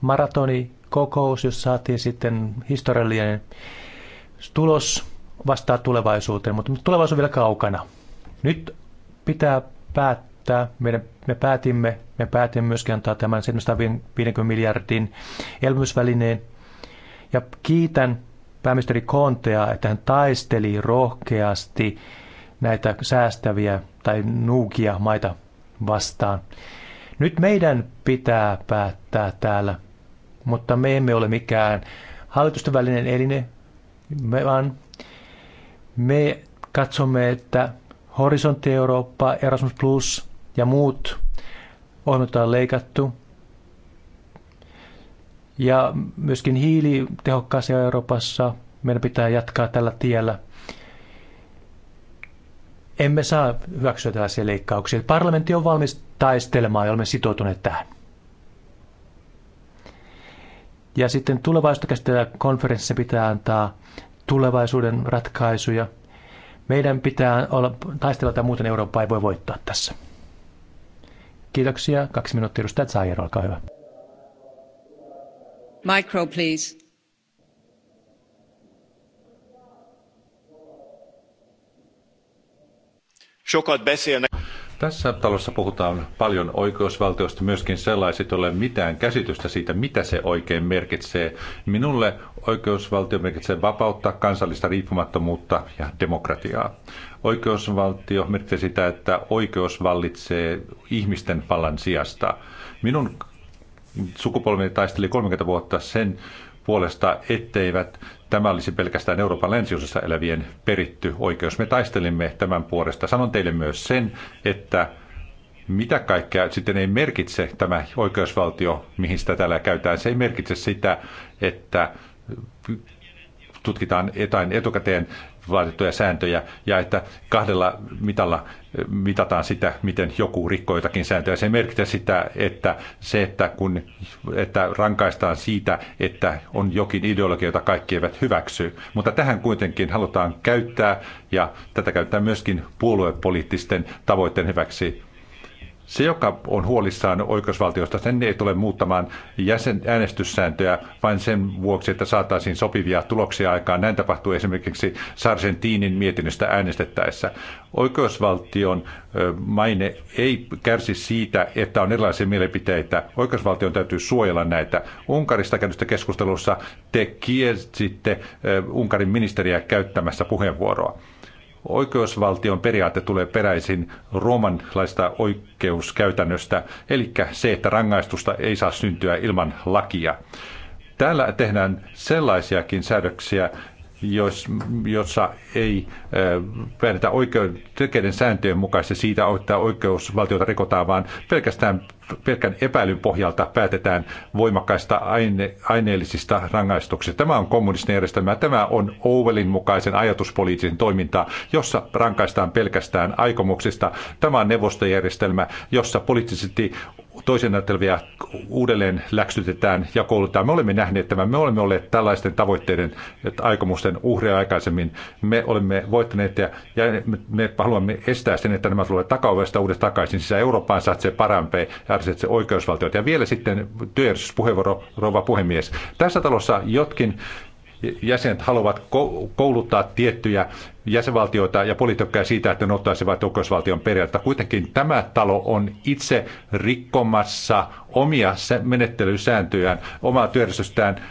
maratoni kokous, jos saatiin sitten historiallinen tulos vastaa tulevaisuuteen, mutta tulevaisuus on vielä kaukana. Nyt pitää päättää, meidän, me päätimme, me päätimme myöskin antaa tämän 750 miljardin elvytysvälineen. Ja kiitän pääministeri Kontea, että hän taisteli rohkeasti näitä säästäviä tai nuukia maita vastaan. Nyt meidän pitää päättää täällä, mutta me emme ole mikään hallitusten välinen eline, vaan me katsomme, että Horisontti Eurooppa, Erasmus Plus ja muut ohjelmat on leikattu. Ja myöskin hiilitehokkaasia Euroopassa meidän pitää jatkaa tällä tiellä – emme saa hyväksyä tällaisia leikkauksia. Parlamentti on valmis taistelemaan ja olemme sitoutuneet tähän. Ja sitten tulevaisuutta käsitellä konferenssissa pitää antaa tulevaisuuden ratkaisuja. Meidän pitää olla, taistella tai muuten Eurooppa ei voi voittaa tässä. Kiitoksia. Kaksi minuuttia edustaja Zajer, olkaa hyvä. Micro, please. Sokat beszélnek. Tässä talossa puhutaan paljon oikeusvaltiosta, myöskin sellaiset, joilla ei ole mitään käsitystä siitä, mitä se oikein merkitsee. Minulle oikeusvaltio merkitsee vapautta, kansallista riippumattomuutta ja demokratiaa. Oikeusvaltio merkitsee sitä, että oikeus vallitsee ihmisten vallan sijasta. Minun sukupolveni taisteli 30 vuotta sen puolesta, etteivät Tämä olisi pelkästään Euroopan länsiosassa elävien peritty oikeus. Me taistelimme tämän puolesta. Sanon teille myös sen, että mitä kaikkea sitten ei merkitse tämä oikeusvaltio, mihin sitä täällä käytetään. Se ei merkitse sitä, että tutkitaan jotain etukäteen vaadittuja sääntöjä ja että kahdella mitalla eh, mitataan sitä, miten joku rikkoo jotakin sääntöjä. Se merkitsee sitä, että se, että, kun, että rankaistaan siitä, että on jokin ideologia, jota kaikki eivät hyväksy. Mutta tähän kuitenkin halutaan käyttää ja tätä käyttää myöskin puoluepoliittisten tavoitteen hyväksi. Se, joka on huolissaan oikeusvaltiosta, sen ei tule muuttamaan jäsen äänestyssääntöjä vain sen vuoksi, että saataisiin sopivia tuloksia aikaan. Näin tapahtuu esimerkiksi Sargentinin mietinnöstä äänestettäessä. Oikeusvaltion maine ei kärsi siitä, että on erilaisia mielipiteitä. Oikeusvaltion täytyy suojella näitä. Unkarista käydystä keskustelussa te kielsitte Unkarin ministeriä käyttämässä puheenvuoroa. Oikeusvaltion periaate tulee peräisin romanlaista oikeuskäytännöstä, eli se, että rangaistusta ei saa syntyä ilman lakia. Täällä tehdään sellaisiakin säädöksiä, jos, jossa ei päätetä äh, oikeuden sääntöjen mukaisesti siitä, että oikeusvaltiota rikotaan, vaan pelkästään pelkän epäilyn pohjalta päätetään voimakkaista aine, aineellisista rangaistuksista. Tämä on kommunistinen järjestelmä. Tämä on Ovelin mukaisen ajatuspoliittisen toimintaa, jossa rankaistaan pelkästään aikomuksista. Tämä on neuvostojärjestelmä, jossa poliittisesti toisen ajattelevia uudelleen läksytetään ja koulutetaan. Me olemme nähneet tämän, me olemme olleet tällaisten tavoitteiden että aikomusten uhreja aikaisemmin. Me olemme voittaneet ja, ja me, me haluamme estää sen, että nämä tulevat takauvesta uudesta takaisin sisään Eurooppaan, saat se parampi ja se oikeusvaltiot. Ja vielä sitten työjärjestyspuheenvuoro, rouva puhemies. Tässä talossa jotkin jäsenet haluavat kouluttaa tiettyjä jäsenvaltioita ja poliitikkoja siitä, että ne ottaisivat oikeusvaltion periaatetta. Kuitenkin tämä talo on itse rikkomassa omia menettelysääntöjään, omaa työjärjestystään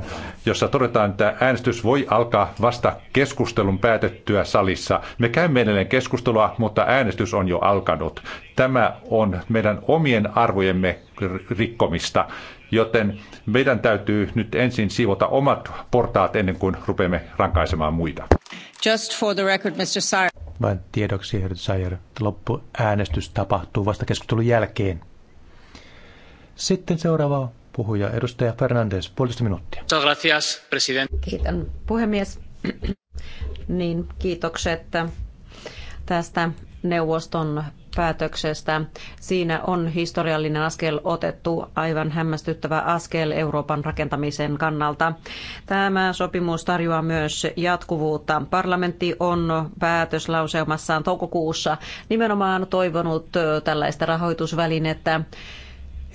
186-87, jossa todetaan, että äänestys voi alkaa vasta keskustelun päätettyä salissa. Me käymme edelleen keskustelua, mutta äänestys on jo alkanut. Tämä on meidän omien arvojemme rikkomista. Joten meidän täytyy nyt ensin siivota omat portaat ennen kuin rupeamme rankaisemaan muita. Just for the record, Mr. Sire. Vain tiedoksi, Herr Sayer, että loppuäänestys tapahtuu vasta keskustelun jälkeen. Sitten seuraava puhuja, edustaja Fernandes, puolitoista minuuttia. Gracias, Kiitän puhemies. <clears throat> niin, kiitokset tästä neuvoston päätöksestä. Siinä on historiallinen askel otettu, aivan hämmästyttävä askel Euroopan rakentamisen kannalta. Tämä sopimus tarjoaa myös jatkuvuutta. Parlamentti on päätöslauselmassaan toukokuussa nimenomaan toivonut tällaista rahoitusvälinettä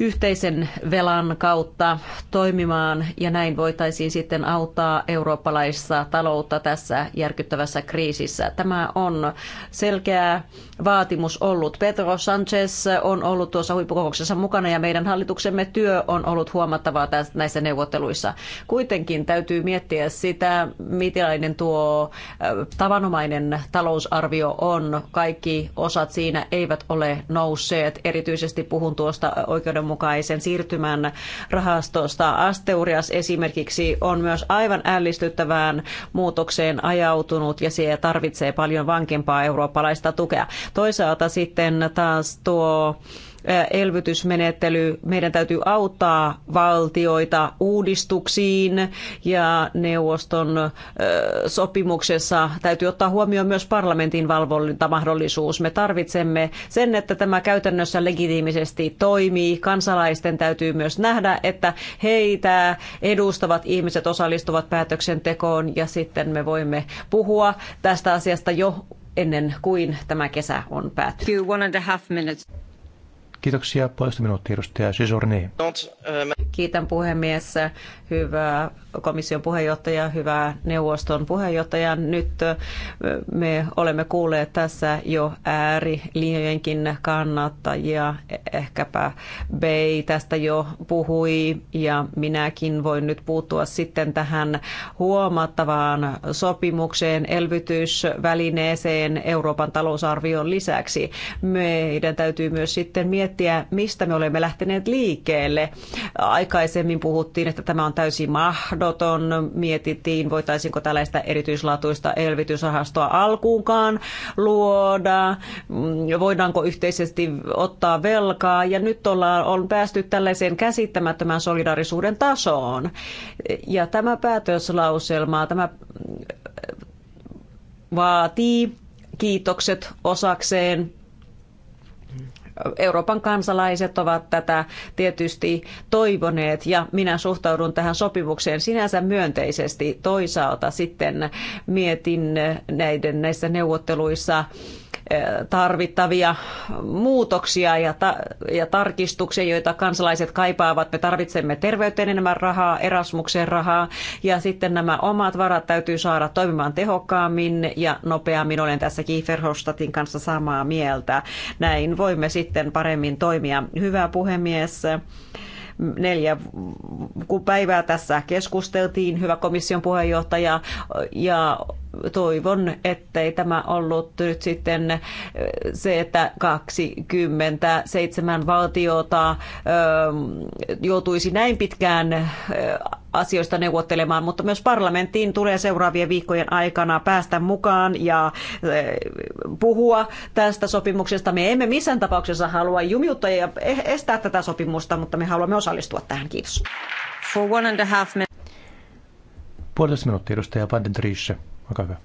yhteisen velan kautta toimimaan ja näin voitaisiin sitten auttaa eurooppalaista taloutta tässä järkyttävässä kriisissä. Tämä on selkeä vaatimus ollut. Pedro Sanchez on ollut tuossa huippukokouksessa mukana ja meidän hallituksemme työ on ollut huomattavaa näissä neuvotteluissa. Kuitenkin täytyy miettiä sitä, mitilainen tuo äh, tavanomainen talousarvio on. Kaikki osat siinä eivät ole nousseet. Erityisesti puhun tuosta oikeudenmukaisen siirtymän rahastosta. Asteurias esimerkiksi on myös aivan ällistyttävään muutokseen ajautunut ja se tarvitsee paljon vankempaa eurooppalaista tukea. Toisaalta sitten taas tuo elvytysmenettely, meidän täytyy auttaa valtioita uudistuksiin ja neuvoston sopimuksessa täytyy ottaa huomioon myös parlamentin valvontamahdollisuus. Me tarvitsemme sen, että tämä käytännössä legitiimisesti toimii. Kansalaisten täytyy myös nähdä, että heitä edustavat ihmiset osallistuvat päätöksentekoon ja sitten me voimme puhua tästä asiasta jo ennen kuin tämä kesä on päättynyt. Kiitoksia. Puolesta minuuttia edustaja Sisorni. Kiitän puhemies. Hyvää komission puheenjohtaja, hyvää neuvoston puheenjohtaja. Nyt me olemme kuulleet tässä jo äärilinjojenkin kannattajia. Ehkäpä Bay tästä jo puhui ja minäkin voin nyt puuttua sitten tähän huomattavaan sopimukseen, elvytysvälineeseen Euroopan talousarvion lisäksi. Meidän täytyy myös sitten miettiä, miettiä, mistä me olemme lähteneet liikkeelle. Aikaisemmin puhuttiin, että tämä on täysin mahdoton. Mietittiin, voitaisiinko tällaista erityislaatuista elvytysrahastoa alkuunkaan luoda, voidaanko yhteisesti ottaa velkaa. Ja nyt ollaan, on päästy tällaiseen käsittämättömän solidarisuuden tasoon. Ja tämä päätöslauselma, tämä vaatii kiitokset osakseen Euroopan kansalaiset ovat tätä tietysti toivoneet ja minä suhtaudun tähän sopimukseen sinänsä myönteisesti. Toisaalta sitten mietin näiden näissä neuvotteluissa tarvittavia muutoksia ja, ta- ja tarkistuksia, joita kansalaiset kaipaavat. Me tarvitsemme terveyteen enemmän rahaa, erasmukseen rahaa ja sitten nämä omat varat täytyy saada toimimaan tehokkaammin ja nopeammin. Olen tässä Kiefer Hostatin kanssa samaa mieltä. Näin voimme sitten paremmin toimia. Hyvä puhemies neljä päivää tässä keskusteltiin, hyvä komission puheenjohtaja, ja toivon, ettei tämä ollut nyt sitten se, että 27 valtiota joutuisi näin pitkään asioista neuvottelemaan, mutta myös parlamenttiin tulee seuraavien viikkojen aikana päästä mukaan ja puhua tästä sopimuksesta. Me emme missään tapauksessa halua jumiuttaa ja e-, estää tätä sopimusta, mutta me haluamme osallistua tähän. Kiitos. For one and a half Puolitoista minuuttia edustaja Vandentriisse. Olkaa hyvä.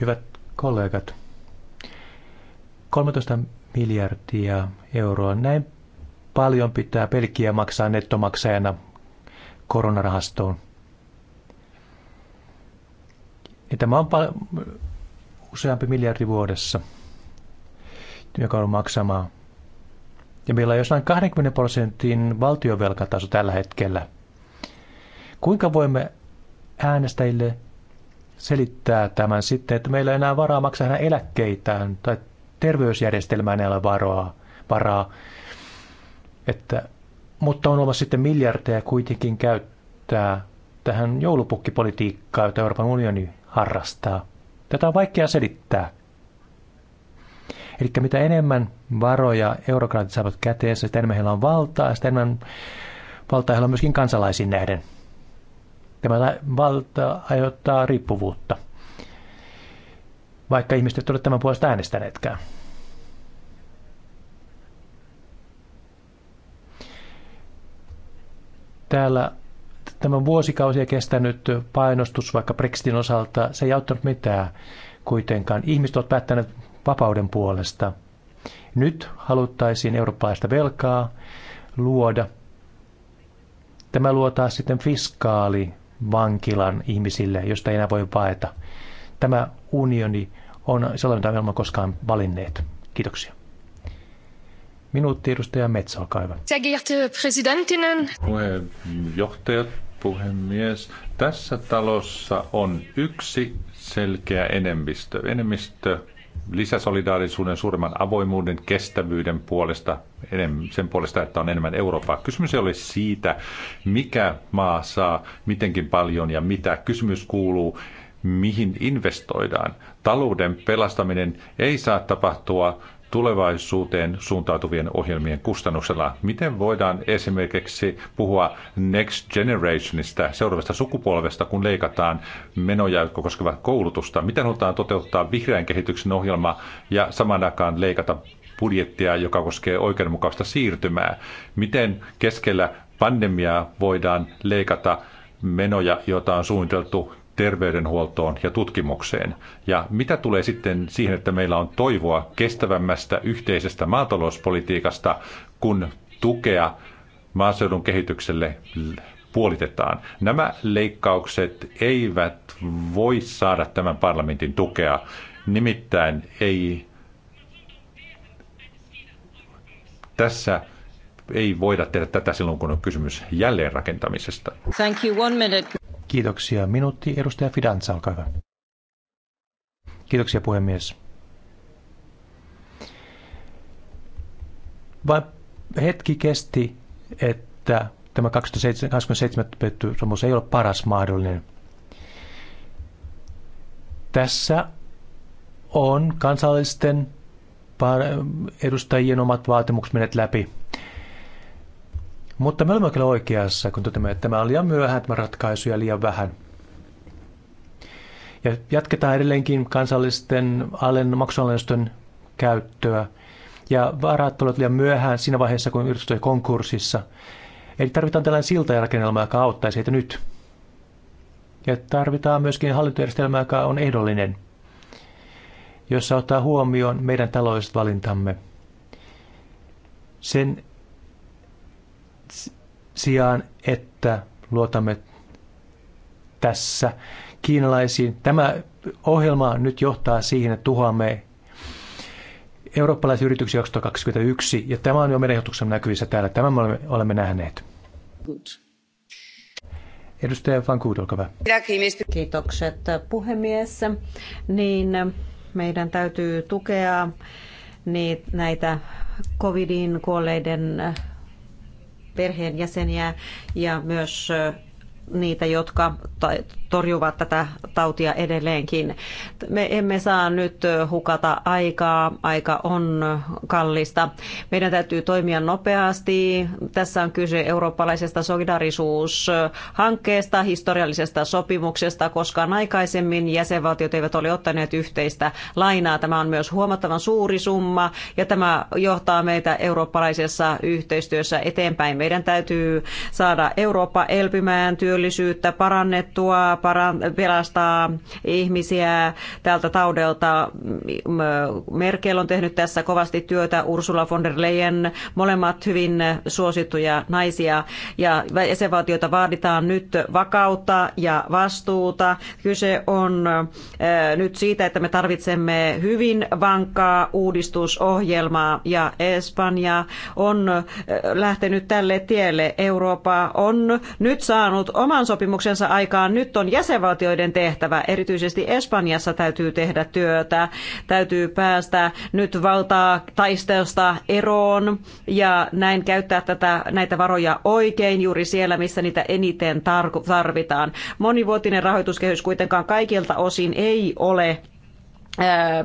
Hyvät kollegat, 13 miljardia euroa. Näin paljon pitää pelkiä maksaa nettomaksajana koronarahastoon. Ja tämä on pal- useampi miljardi vuodessa, joka on maksamaan. Ja meillä on jossain 20 prosentin valtiovelkataso tällä hetkellä. Kuinka voimme äänestäjille selittää tämän sitten, että meillä ei enää varaa maksaa hänen eläkkeitään tai terveysjärjestelmään ei ole varaa. varaa. Että, mutta on olemassa sitten miljardeja kuitenkin käyttää tähän joulupukkipolitiikkaan, jota Euroopan unioni harrastaa. Tätä on vaikea selittää. Eli mitä enemmän varoja eurokraatit saavat käteensä, sitä enemmän heillä on valtaa, sitä enemmän valtaa heillä on myöskin kansalaisiin nähden. Tämä valta aiheuttaa riippuvuutta, vaikka ihmiset eivät ole tämän puolesta äänestäneetkään. Täällä tämän vuosikausia kestänyt painostus vaikka Brexitin osalta, se ei auttanut mitään kuitenkaan. Ihmiset ovat päättäneet vapauden puolesta. Nyt haluttaisiin eurooppalaista velkaa luoda. Tämä luo taas sitten fiskaali vankilan ihmisille, josta ei enää voi paeta. Tämä unioni on sellainen, jota me olemme koskaan valinneet. Kiitoksia. Minuutti edustaja Metsä, olkaa hyvä. Sehr geehrte Puheenjohtajat, puhemies. Tässä talossa on yksi selkeä enemmistö. Enemmistö lisäsolidaarisuuden, suuremman avoimuuden, kestävyyden puolesta, sen puolesta, että on enemmän Eurooppaa. Kysymys ei ole siitä, mikä maa saa mitenkin paljon ja mitä. Kysymys kuuluu, mihin investoidaan. Talouden pelastaminen ei saa tapahtua tulevaisuuteen suuntautuvien ohjelmien kustannuksella. Miten voidaan esimerkiksi puhua Next Generationista, seuraavasta sukupolvesta, kun leikataan menoja, jotka koskevat koulutusta? Miten halutaan toteuttaa vihreän kehityksen ohjelma ja saman aikaan leikata budjettia, joka koskee oikeudenmukaista siirtymää? Miten keskellä pandemiaa voidaan leikata menoja, joita on suunniteltu terveydenhuoltoon ja tutkimukseen. Ja mitä tulee sitten siihen, että meillä on toivoa kestävämmästä yhteisestä maatalouspolitiikasta, kun tukea maaseudun kehitykselle puolitetaan. Nämä leikkaukset eivät voi saada tämän parlamentin tukea. Nimittäin ei tässä ei voida tehdä tätä silloin, kun on kysymys jälleenrakentamisesta. Thank you. One minute. Kiitoksia. Minuutti. Edustaja Fidanza, olkaa hyvä. Kiitoksia puhemies. Vain hetki kesti, että tämä 27. sopimus ei ole paras mahdollinen. Tässä on kansallisten edustajien omat vaatimukset menet läpi. Mutta me olemme kyllä oikeassa, kun totemme, että tämä on liian myöhään, tämä ratkaisu ja liian vähän. Ja jatketaan edelleenkin kansallisten allen, maksualennusten käyttöä. Ja varat tulevat liian myöhään siinä vaiheessa, kun yritys on konkurssissa. Eli tarvitaan tällainen siltajärjestelmä, joka auttaisi heitä nyt. Ja tarvitaan myöskin hallintojärjestelmä, joka on ehdollinen, jossa ottaa huomioon meidän taloudelliset valintamme. Sen sijaan, että luotamme tässä kiinalaisiin. Tämä ohjelma nyt johtaa siihen, että tuhoamme eurooppalaisia yrityksiä 2021, ja tämä on jo meidän johtuksemme näkyvissä täällä. Tämän me olemme, nähneet. Good. Edustaja Van Kuud, olkaa hyvä. Kiitokset puhemies. Niin meidän täytyy tukea niitä, näitä covidin kuolleiden perheenjäseniä ja myös niitä, jotka torjuvat tätä tautia edelleenkin. Me emme saa nyt hukata aikaa, aika on kallista. Meidän täytyy toimia nopeasti. Tässä on kyse eurooppalaisesta solidarisuushankkeesta, historiallisesta sopimuksesta. koska aikaisemmin jäsenvaltiot eivät ole ottaneet yhteistä lainaa. Tämä on myös huomattavan suuri summa ja tämä johtaa meitä eurooppalaisessa yhteistyössä eteenpäin. Meidän täytyy saada Eurooppa elpymään, työllisyyttä parannettua, pelastaa ihmisiä tältä taudelta. Merkel on tehnyt tässä kovasti työtä, Ursula von der Leyen, molemmat hyvin suosittuja naisia ja jäsenvaltioita vaaditaan nyt vakautta ja vastuuta. Kyse on eh, nyt siitä, että me tarvitsemme hyvin vankkaa uudistusohjelmaa ja Espanja on eh, lähtenyt tälle tielle. Eurooppa on nyt saanut oman sopimuksensa aikaan. Nyt on on jäsenvaltioiden tehtävä. Erityisesti Espanjassa täytyy tehdä työtä, täytyy päästä nyt valtaa taistelusta eroon ja näin käyttää tätä, näitä varoja oikein juuri siellä, missä niitä eniten tarvitaan. Monivuotinen rahoituskehys kuitenkaan kaikilta osin ei ole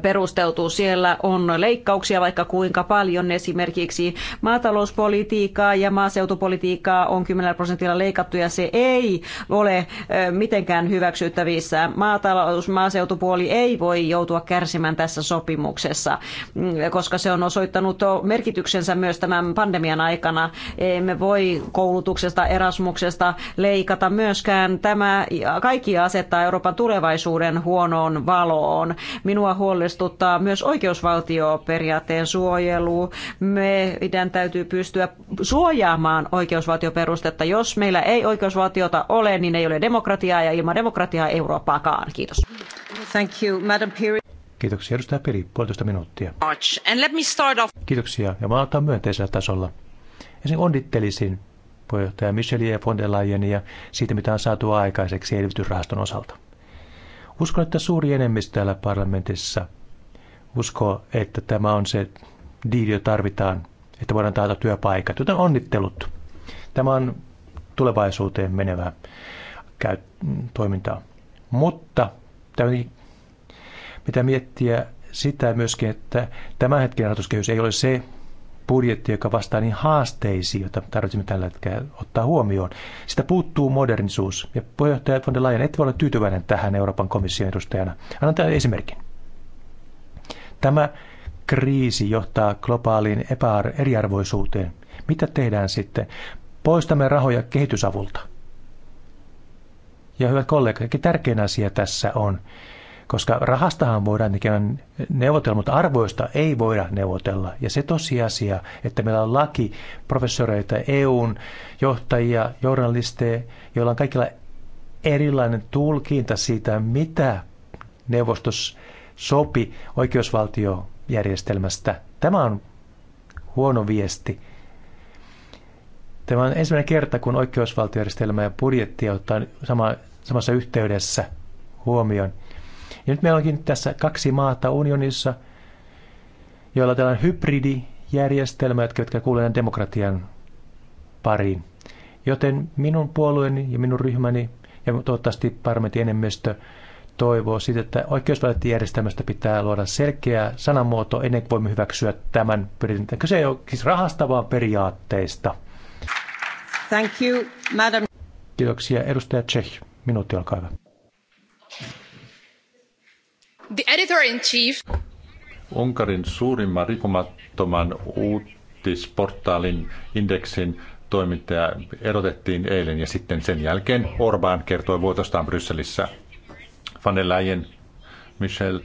perusteltu. Siellä on leikkauksia vaikka kuinka paljon. Esimerkiksi maatalouspolitiikkaa ja maaseutupolitiikkaa on 10 prosentilla leikattu ja se ei ole mitenkään hyväksyttävissä. Maatalous, maaseutupuoli ei voi joutua kärsimään tässä sopimuksessa, mm, koska se on osoittanut merkityksensä myös tämän pandemian aikana. Emme voi koulutuksesta, erasmuksesta leikata myöskään. Tämä kaikki asettaa Euroopan tulevaisuuden huonoon valoon. Minun minua huolestuttaa myös oikeusvaltioperiaatteen suojelu. Meidän täytyy pystyä suojaamaan oikeusvaltioperustetta. Jos meillä ei oikeusvaltiota ole, niin ei ole demokratiaa ja ilman demokratiaa Eurooppaakaan. Kiitos. Thank you, Madam Piri. Kiitoksia. Edustaja Piri, puolitoista minuuttia. And let me start off. Kiitoksia. Ja mä aloitan myönteisellä tasolla. Ensin onnittelisin puheenjohtaja Michelia ja von der Leyenia siitä, mitä on saatu aikaiseksi elvytysrahaston osalta. Uskon, että suuri enemmistö täällä parlamentissa uskoo, että tämä on se diili, jota tarvitaan, että voidaan taata työpaikat. Joten onnittelut. Tämä on tulevaisuuteen menevää käy, toimintaa. Mutta mitä miettiä sitä myöskin, että tämä hetken rahoituskehys ei ole se, budjetti, joka vastaa niin haasteisiin, joita tarvitsemme tällä hetkellä ottaa huomioon. Sitä puuttuu modernisuus. Ja puheenjohtaja von der Leyen, ette voi olla tyytyväinen tähän Euroopan komission edustajana. Annan tämän esimerkin. Tämä kriisi johtaa globaaliin eriarvoisuuteen. Mitä tehdään sitten? Poistamme rahoja kehitysavulta. Ja hyvät kollegat, tärkein asia tässä on, koska rahastahan voidaan tekemään neuvotella, mutta arvoista ei voida neuvotella. Ja se tosiasia, että meillä on laki professoreita, EUn johtajia, journalisteja, joilla on kaikilla erilainen tulkinta siitä, mitä neuvostos sopi oikeusvaltiojärjestelmästä. Tämä on huono viesti. Tämä on ensimmäinen kerta, kun oikeusvaltiojärjestelmä ja budjetti ottaa sama, samassa yhteydessä huomioon. Ja nyt meillä onkin tässä kaksi maata unionissa, joilla tällainen hybridijärjestelmä, jotka, jotka kuuluvat demokratian pariin. Joten minun puolueeni ja minun ryhmäni ja toivottavasti parlamentin enemmistö toivoo siitä, että oikeusvaltiojärjestelmästä pitää luoda selkeä sanamuoto ennen kuin voimme hyväksyä tämän perinteen. Kyse ei ole siis rahasta, vaan periaatteista. Thank you, madam. Kiitoksia. Edustaja Tsech, minuutti olkaa hyvä. The editor-in-chief. Unkarin suurimman riippumattoman uutisportaalin indeksin toimittaja erotettiin eilen ja sitten sen jälkeen Orban kertoi vuotostaan Brysselissä. Van der Leyen, Michel,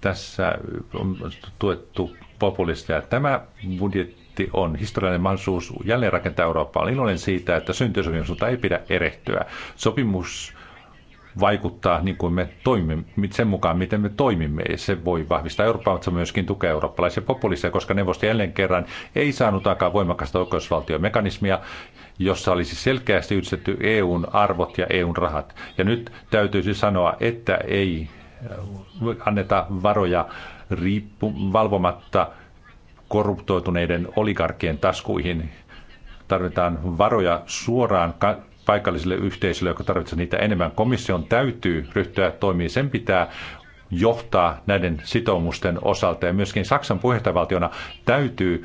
tässä on tuettu populistia. Tämä budjetti on historiallinen mahdollisuus jälleen rakentaa Eurooppaa. Olen iloinen siitä, että syntysopimusta ei pidä erehtyä. Sopimus vaikuttaa niin kuin me toimimme, sen mukaan, miten me toimimme. Se voi vahvistaa Eurooppaa, mutta se myöskin tukea eurooppalaisia populisteja, koska neuvosto jälleen kerran ei saanut aikaan voimakasta oikeusvaltiomekanismia, jossa olisi selkeästi yhdistetty EUn arvot ja EUn rahat. Ja nyt täytyisi sanoa, että ei äh, anneta varoja riippu, valvomatta korruptoituneiden oligarkien taskuihin. Tarvitaan varoja suoraan paikallisille yhteisöille, jotka tarvitsevat niitä enemmän. Komission täytyy ryhtyä toimiin. Sen pitää johtaa näiden sitoumusten osalta. Ja myöskin Saksan puheenjohtajavaltiona täytyy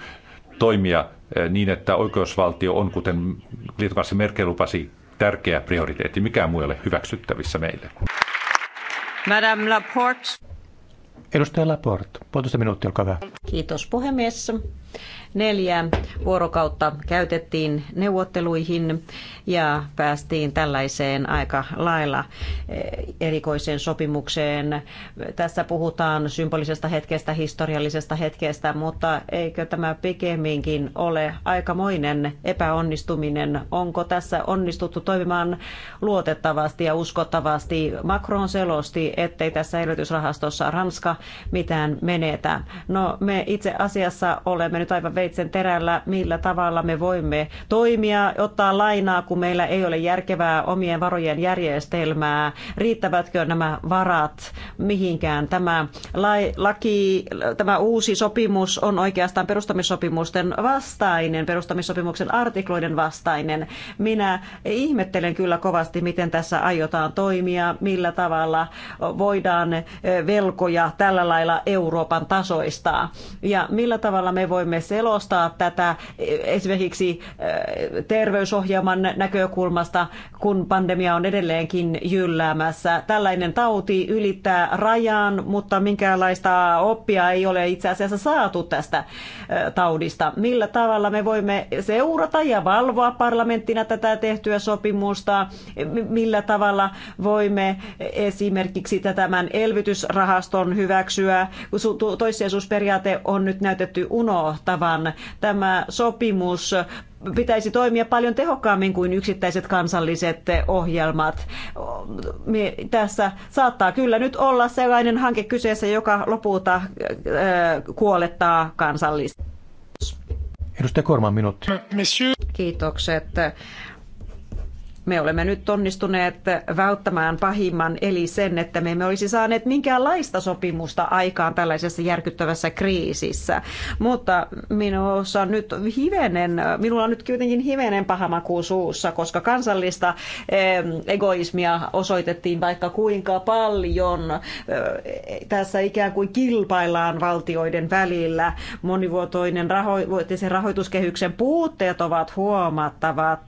toimia eh, niin, että oikeusvaltio on, kuten liitokanssi Merkel lupasi, tärkeä prioriteetti. Mikään muu ei ole hyväksyttävissä meille. Madame Laporte. Edustaja Laporte, puolitoista minuuttia, olkaa hyvä. Kiitos puhemies. Neljä vuorokautta käytettiin neuvotteluihin ja päästiin tällaiseen aika lailla eh, erikoiseen sopimukseen. Tässä puhutaan symbolisesta hetkestä, historiallisesta hetkestä, mutta eikö tämä pikemminkin ole aikamoinen epäonnistuminen? Onko tässä onnistuttu toimimaan luotettavasti ja uskottavasti? Macron selosti, ettei tässä elvytysrahastossa Ranska mitään menetä. No me itse asiassa olemme nyt aivan veitsen terällä, millä tavalla me voimme toimia, ottaa lainaa, kun meillä ei ole järkevää omien varojen järjestelmää, riittävätkö nämä varat mihinkään? Tämä, laki, tämä uusi sopimus on oikeastaan perustamissopimusten vastainen, perustamissopimuksen artikloiden vastainen. Minä ihmettelen kyllä kovasti, miten tässä aiotaan toimia, millä tavalla voidaan eh, velkoja tällä lailla Euroopan tasoistaa ja millä tavalla me voimme selostaa tätä eh, esimerkiksi eh, terveysohjelman näkökulmasta, kun pandemia on edelleenkin jylläämässä. Tällainen tauti ylittää rajan, mutta minkäänlaista oppia ei ole itse asiassa saatu tästä taudista. Millä tavalla me voimme seurata ja valvoa parlamenttina tätä tehtyä sopimusta? Millä tavalla voimme esimerkiksi tämän elvytysrahaston hyväksyä? Toissijaisuusperiaate on nyt näytetty unohtavan. Tämä sopimus pitäisi toimia paljon tehokkaammin kuin yksittäiset kansalliset ohjelmat. Tässä saattaa kyllä nyt olla sellainen hanke kyseessä, joka lopulta äh, kuolettaa kansallista. Edustaja Korman, minuutti. Kiitokset me olemme nyt onnistuneet välttämään pahimman, eli sen, että me emme olisi saaneet minkäänlaista sopimusta aikaan tällaisessa järkyttävässä kriisissä. Mutta minussa on nyt hivenen, minulla on nyt kuitenkin hivenen pahamaku suussa, koska kansallista egoismia osoitettiin vaikka kuinka paljon. Tässä ikään kuin kilpaillaan valtioiden välillä. Monivuotoinen rahoituskehyksen puutteet ovat huomattavat.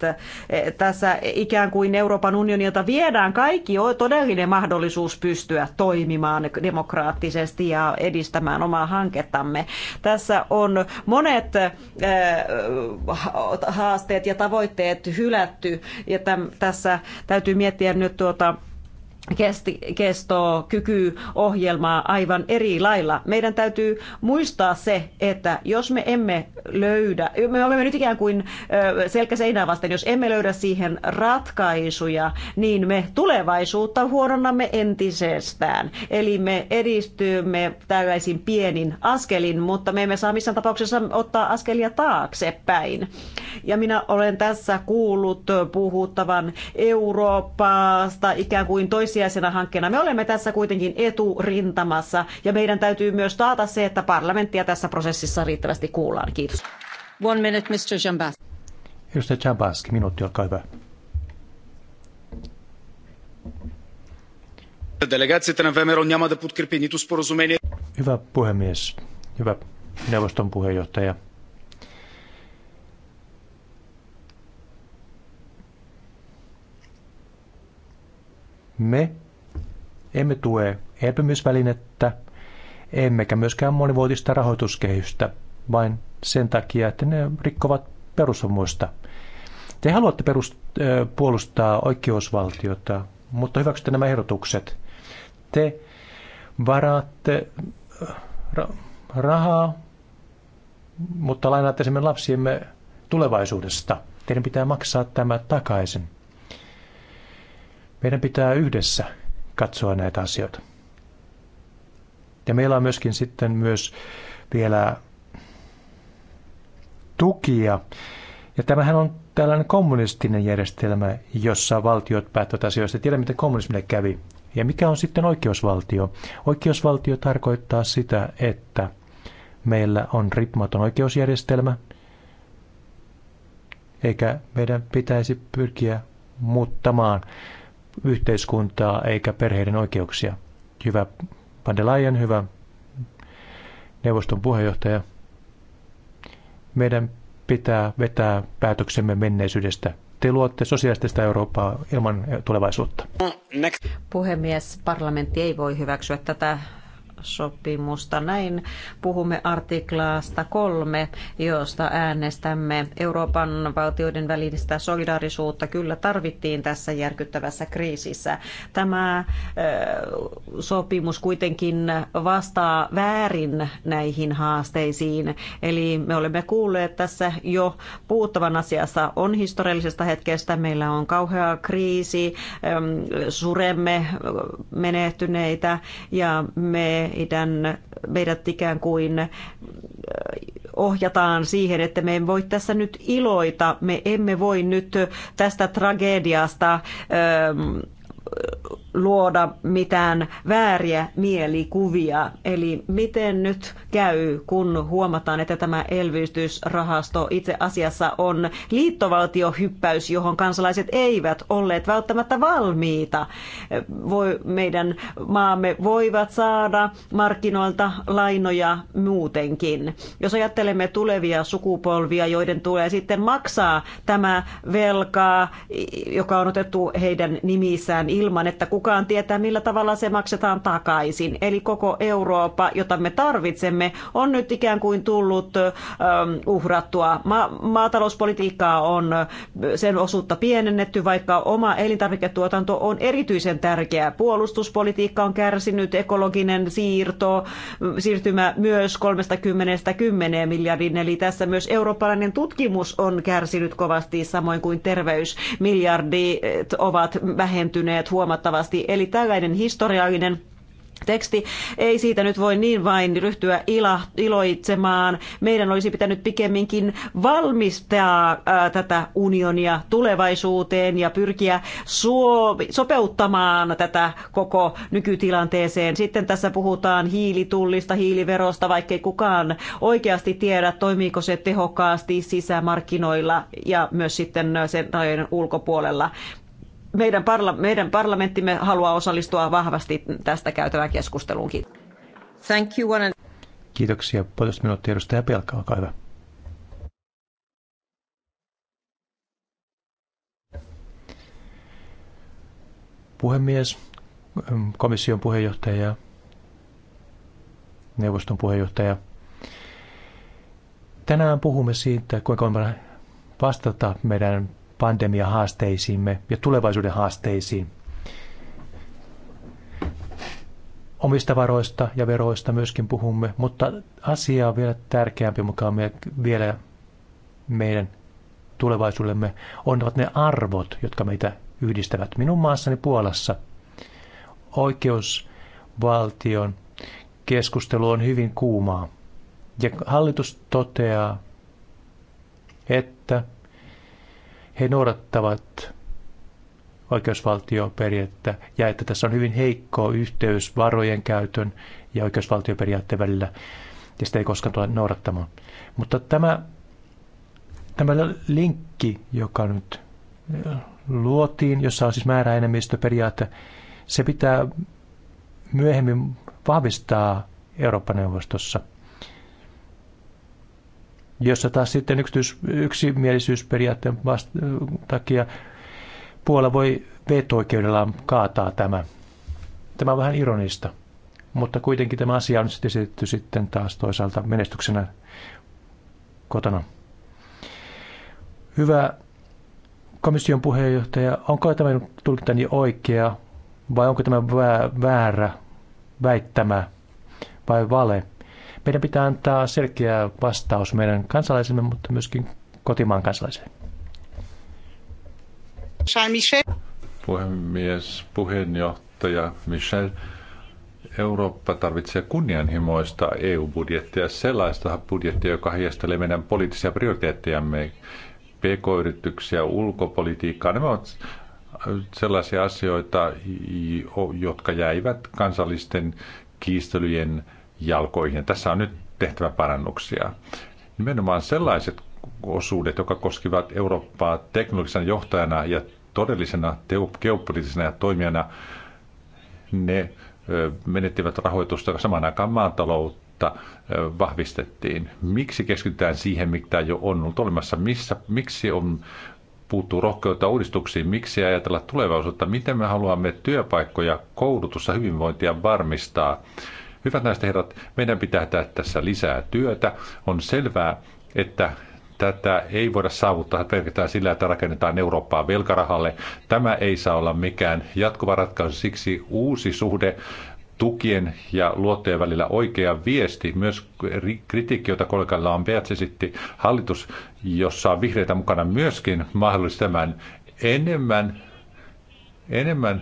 Tässä ikään kuin Euroopan unionilta viedään kaikki todellinen mahdollisuus pystyä toimimaan demokraattisesti ja edistämään omaa hankettamme. Tässä on monet äh, haasteet ja tavoitteet hylätty ja tässä täytyy miettiä nyt tuota kesti, kesto, kyky, ohjelmaa aivan eri lailla. Meidän täytyy muistaa se, että jos me emme löydä, me olemme nyt ikään kuin selkä seinää vasten, jos emme löydä siihen ratkaisuja, niin me tulevaisuutta huononnamme entisestään. Eli me edistymme tällaisin pienin askelin, mutta me emme saa missään tapauksessa ottaa askelia taaksepäin. Ja minä olen tässä kuullut puhuttavan Euroopasta ikään kuin tois ensisijaisena hankkeena. Me olemme tässä kuitenkin eturintamassa ja meidän täytyy myös taata se, että parlamenttia tässä prosessissa riittävästi kuullaan. Kiitos. One minute, Mr. Jambas. Edustaja Jambaski, minuutti, olkaa hyvä. Делегацията на ВМРО няма да Hyvä puhemies, hyvä neuvoston puheenjohtaja. Me emme tue elpymisvälinettä, emmekä myöskään monivuotista rahoituskehystä, vain sen takia, että ne rikkovat perussomuista. Te haluatte perust- puolustaa oikeusvaltiota, mutta hyväksytte nämä ehdotukset. Te varaatte ra- rahaa, mutta lainaatte esimerkiksi lapsiemme tulevaisuudesta. Teidän pitää maksaa tämä takaisin. Meidän pitää yhdessä katsoa näitä asioita. Ja meillä on myöskin sitten myös vielä tukia. Ja tämähän on tällainen kommunistinen järjestelmä, jossa valtiot päättävät asioista. Tiedä, miten kommunismille kävi. Ja mikä on sitten oikeusvaltio? Oikeusvaltio tarkoittaa sitä, että meillä on riippumaton oikeusjärjestelmä, eikä meidän pitäisi pyrkiä muuttamaan yhteiskuntaa eikä perheiden oikeuksia. Hyvä Van der Leyen, hyvä neuvoston puheenjohtaja. Meidän pitää vetää päätöksemme menneisyydestä. Te luotte sosiaalista Eurooppaa ilman tulevaisuutta. Puhemies, parlamentti ei voi hyväksyä tätä sopimusta. Näin puhumme artiklaasta kolme, josta äänestämme Euroopan valtioiden välistä solidaarisuutta. Kyllä tarvittiin tässä järkyttävässä kriisissä. Tämä sopimus kuitenkin vastaa väärin näihin haasteisiin. Eli me olemme kuulleet tässä jo puuttavan asiassa on historiallisesta hetkestä. Meillä on kauhea kriisi, suremme menehtyneitä ja me meidän, meidät ikään kuin ohjataan siihen, että me emme voi tässä nyt iloita, me emme voi nyt tästä tragediasta luoda mitään vääriä mielikuvia. Eli miten nyt käy, kun huomataan, että tämä elvytysrahasto itse asiassa on liittovaltiohyppäys, johon kansalaiset eivät olleet välttämättä valmiita. Voi, meidän maamme voivat saada markkinoilta lainoja muutenkin. Jos ajattelemme tulevia sukupolvia, joiden tulee sitten maksaa tämä velkaa, joka on otettu heidän nimissään ilman, että kukaan tietää, millä tavalla se maksetaan takaisin. Eli koko Eurooppa, jota me tarvitsemme, on nyt ikään kuin tullut ähm, uhrattua. Ma- maatalouspolitiikkaa on äh, sen osuutta pienennetty, vaikka oma elintarviketuotanto on erityisen tärkeää. Puolustuspolitiikka on kärsinyt, ekologinen siirto, äh, siirtymä myös 30-10 miljardin, eli tässä myös eurooppalainen tutkimus on kärsinyt kovasti, samoin kuin terveysmiljardit ovat vähentyneet lisääntyneet huomattavasti. Eli tällainen historiallinen teksti. Ei siitä nyt voi niin vain ryhtyä ila, iloitsemaan. Meidän olisi pitänyt pikemminkin valmistaa ää, tätä unionia tulevaisuuteen ja pyrkiä suo- sopeuttamaan tätä koko nykytilanteeseen. Sitten tässä puhutaan hiilitullista, hiiliverosta, vaikkei kukaan oikeasti tiedä, toimiiko se tehokkaasti sisämarkkinoilla ja myös sitten sen rajojen ulkopuolella meidän, parla, meidän parlamenttimme haluaa osallistua vahvasti tästä käytävään keskusteluun. Thank you one and... Kiitoksia. Puolitoista minuuttia edustaja Pelkka, olkaa hyvä. Puhemies, komission puheenjohtaja neuvoston puheenjohtaja. Tänään puhumme siitä, kuinka on vastata meidän pandemiahaasteisiimme ja tulevaisuuden haasteisiin. Omista varoista ja veroista myöskin puhumme, mutta asia on vielä tärkeämpi mukaan vielä meidän tulevaisuudemme, on ne arvot, jotka meitä yhdistävät. Minun maassani Puolassa oikeusvaltion keskustelu on hyvin kuumaa. Ja hallitus toteaa, että he noudattavat oikeusvaltioperiaatetta ja että tässä on hyvin heikko yhteys varojen käytön ja oikeusvaltioperiaatteen välillä ja sitä ei koskaan tule noudattamaan. Mutta tämä, tämä linkki, joka nyt luotiin, jossa on siis määräenemmistöperiaate, se pitää myöhemmin vahvistaa Eurooppa-neuvostossa – jossa taas sitten yksityis, yksimielisyysperiaatteen vast- takia Puola voi veto-oikeudellaan kaataa tämä. Tämä on vähän ironista, mutta kuitenkin tämä asia on sitten esitetty sitten taas toisaalta menestyksenä kotona. Hyvä komission puheenjohtaja, onko tämä tulkintani oikea vai onko tämä väärä väittämä vai vale? Meidän pitää antaa selkeä vastaus meidän kansalaisemme, mutta myöskin kotimaan kansalaisille. Puhemies, puheenjohtaja Michel. Eurooppa tarvitsee kunnianhimoista EU-budjettia, sellaista budjettia, joka heijastelee meidän poliittisia prioriteettejamme, pk-yrityksiä, ulkopolitiikkaa. Nämä ovat sellaisia asioita, jotka jäivät kansallisten kiistelyjen jalkoihin. Tässä on nyt tehtävä parannuksia. Nimenomaan sellaiset osuudet, jotka koskivat Eurooppaa teknologisena johtajana ja todellisena geopoliittisena toimijana, ne menettivät rahoitusta, joka samaan aikaan maataloutta vahvistettiin. Miksi keskitytään siihen, mitä jo on ollut olemassa? Missä, miksi on puuttuu rohkeutta uudistuksiin, miksi ajatella tulevaisuutta, miten me haluamme työpaikkoja, koulutusta, hyvinvointia varmistaa Hyvät naiset herrat, meidän pitää tehdä tässä lisää työtä. On selvää, että tätä ei voida saavuttaa pelkästään sillä, että rakennetaan Eurooppaa velkarahalle. Tämä ei saa olla mikään jatkuva ratkaisu, siksi uusi suhde tukien ja luottojen välillä oikea viesti. Myös kritiikki, jota on Lambert esitti, hallitus, jossa on vihreitä mukana myöskin mahdollistamaan enemmän, enemmän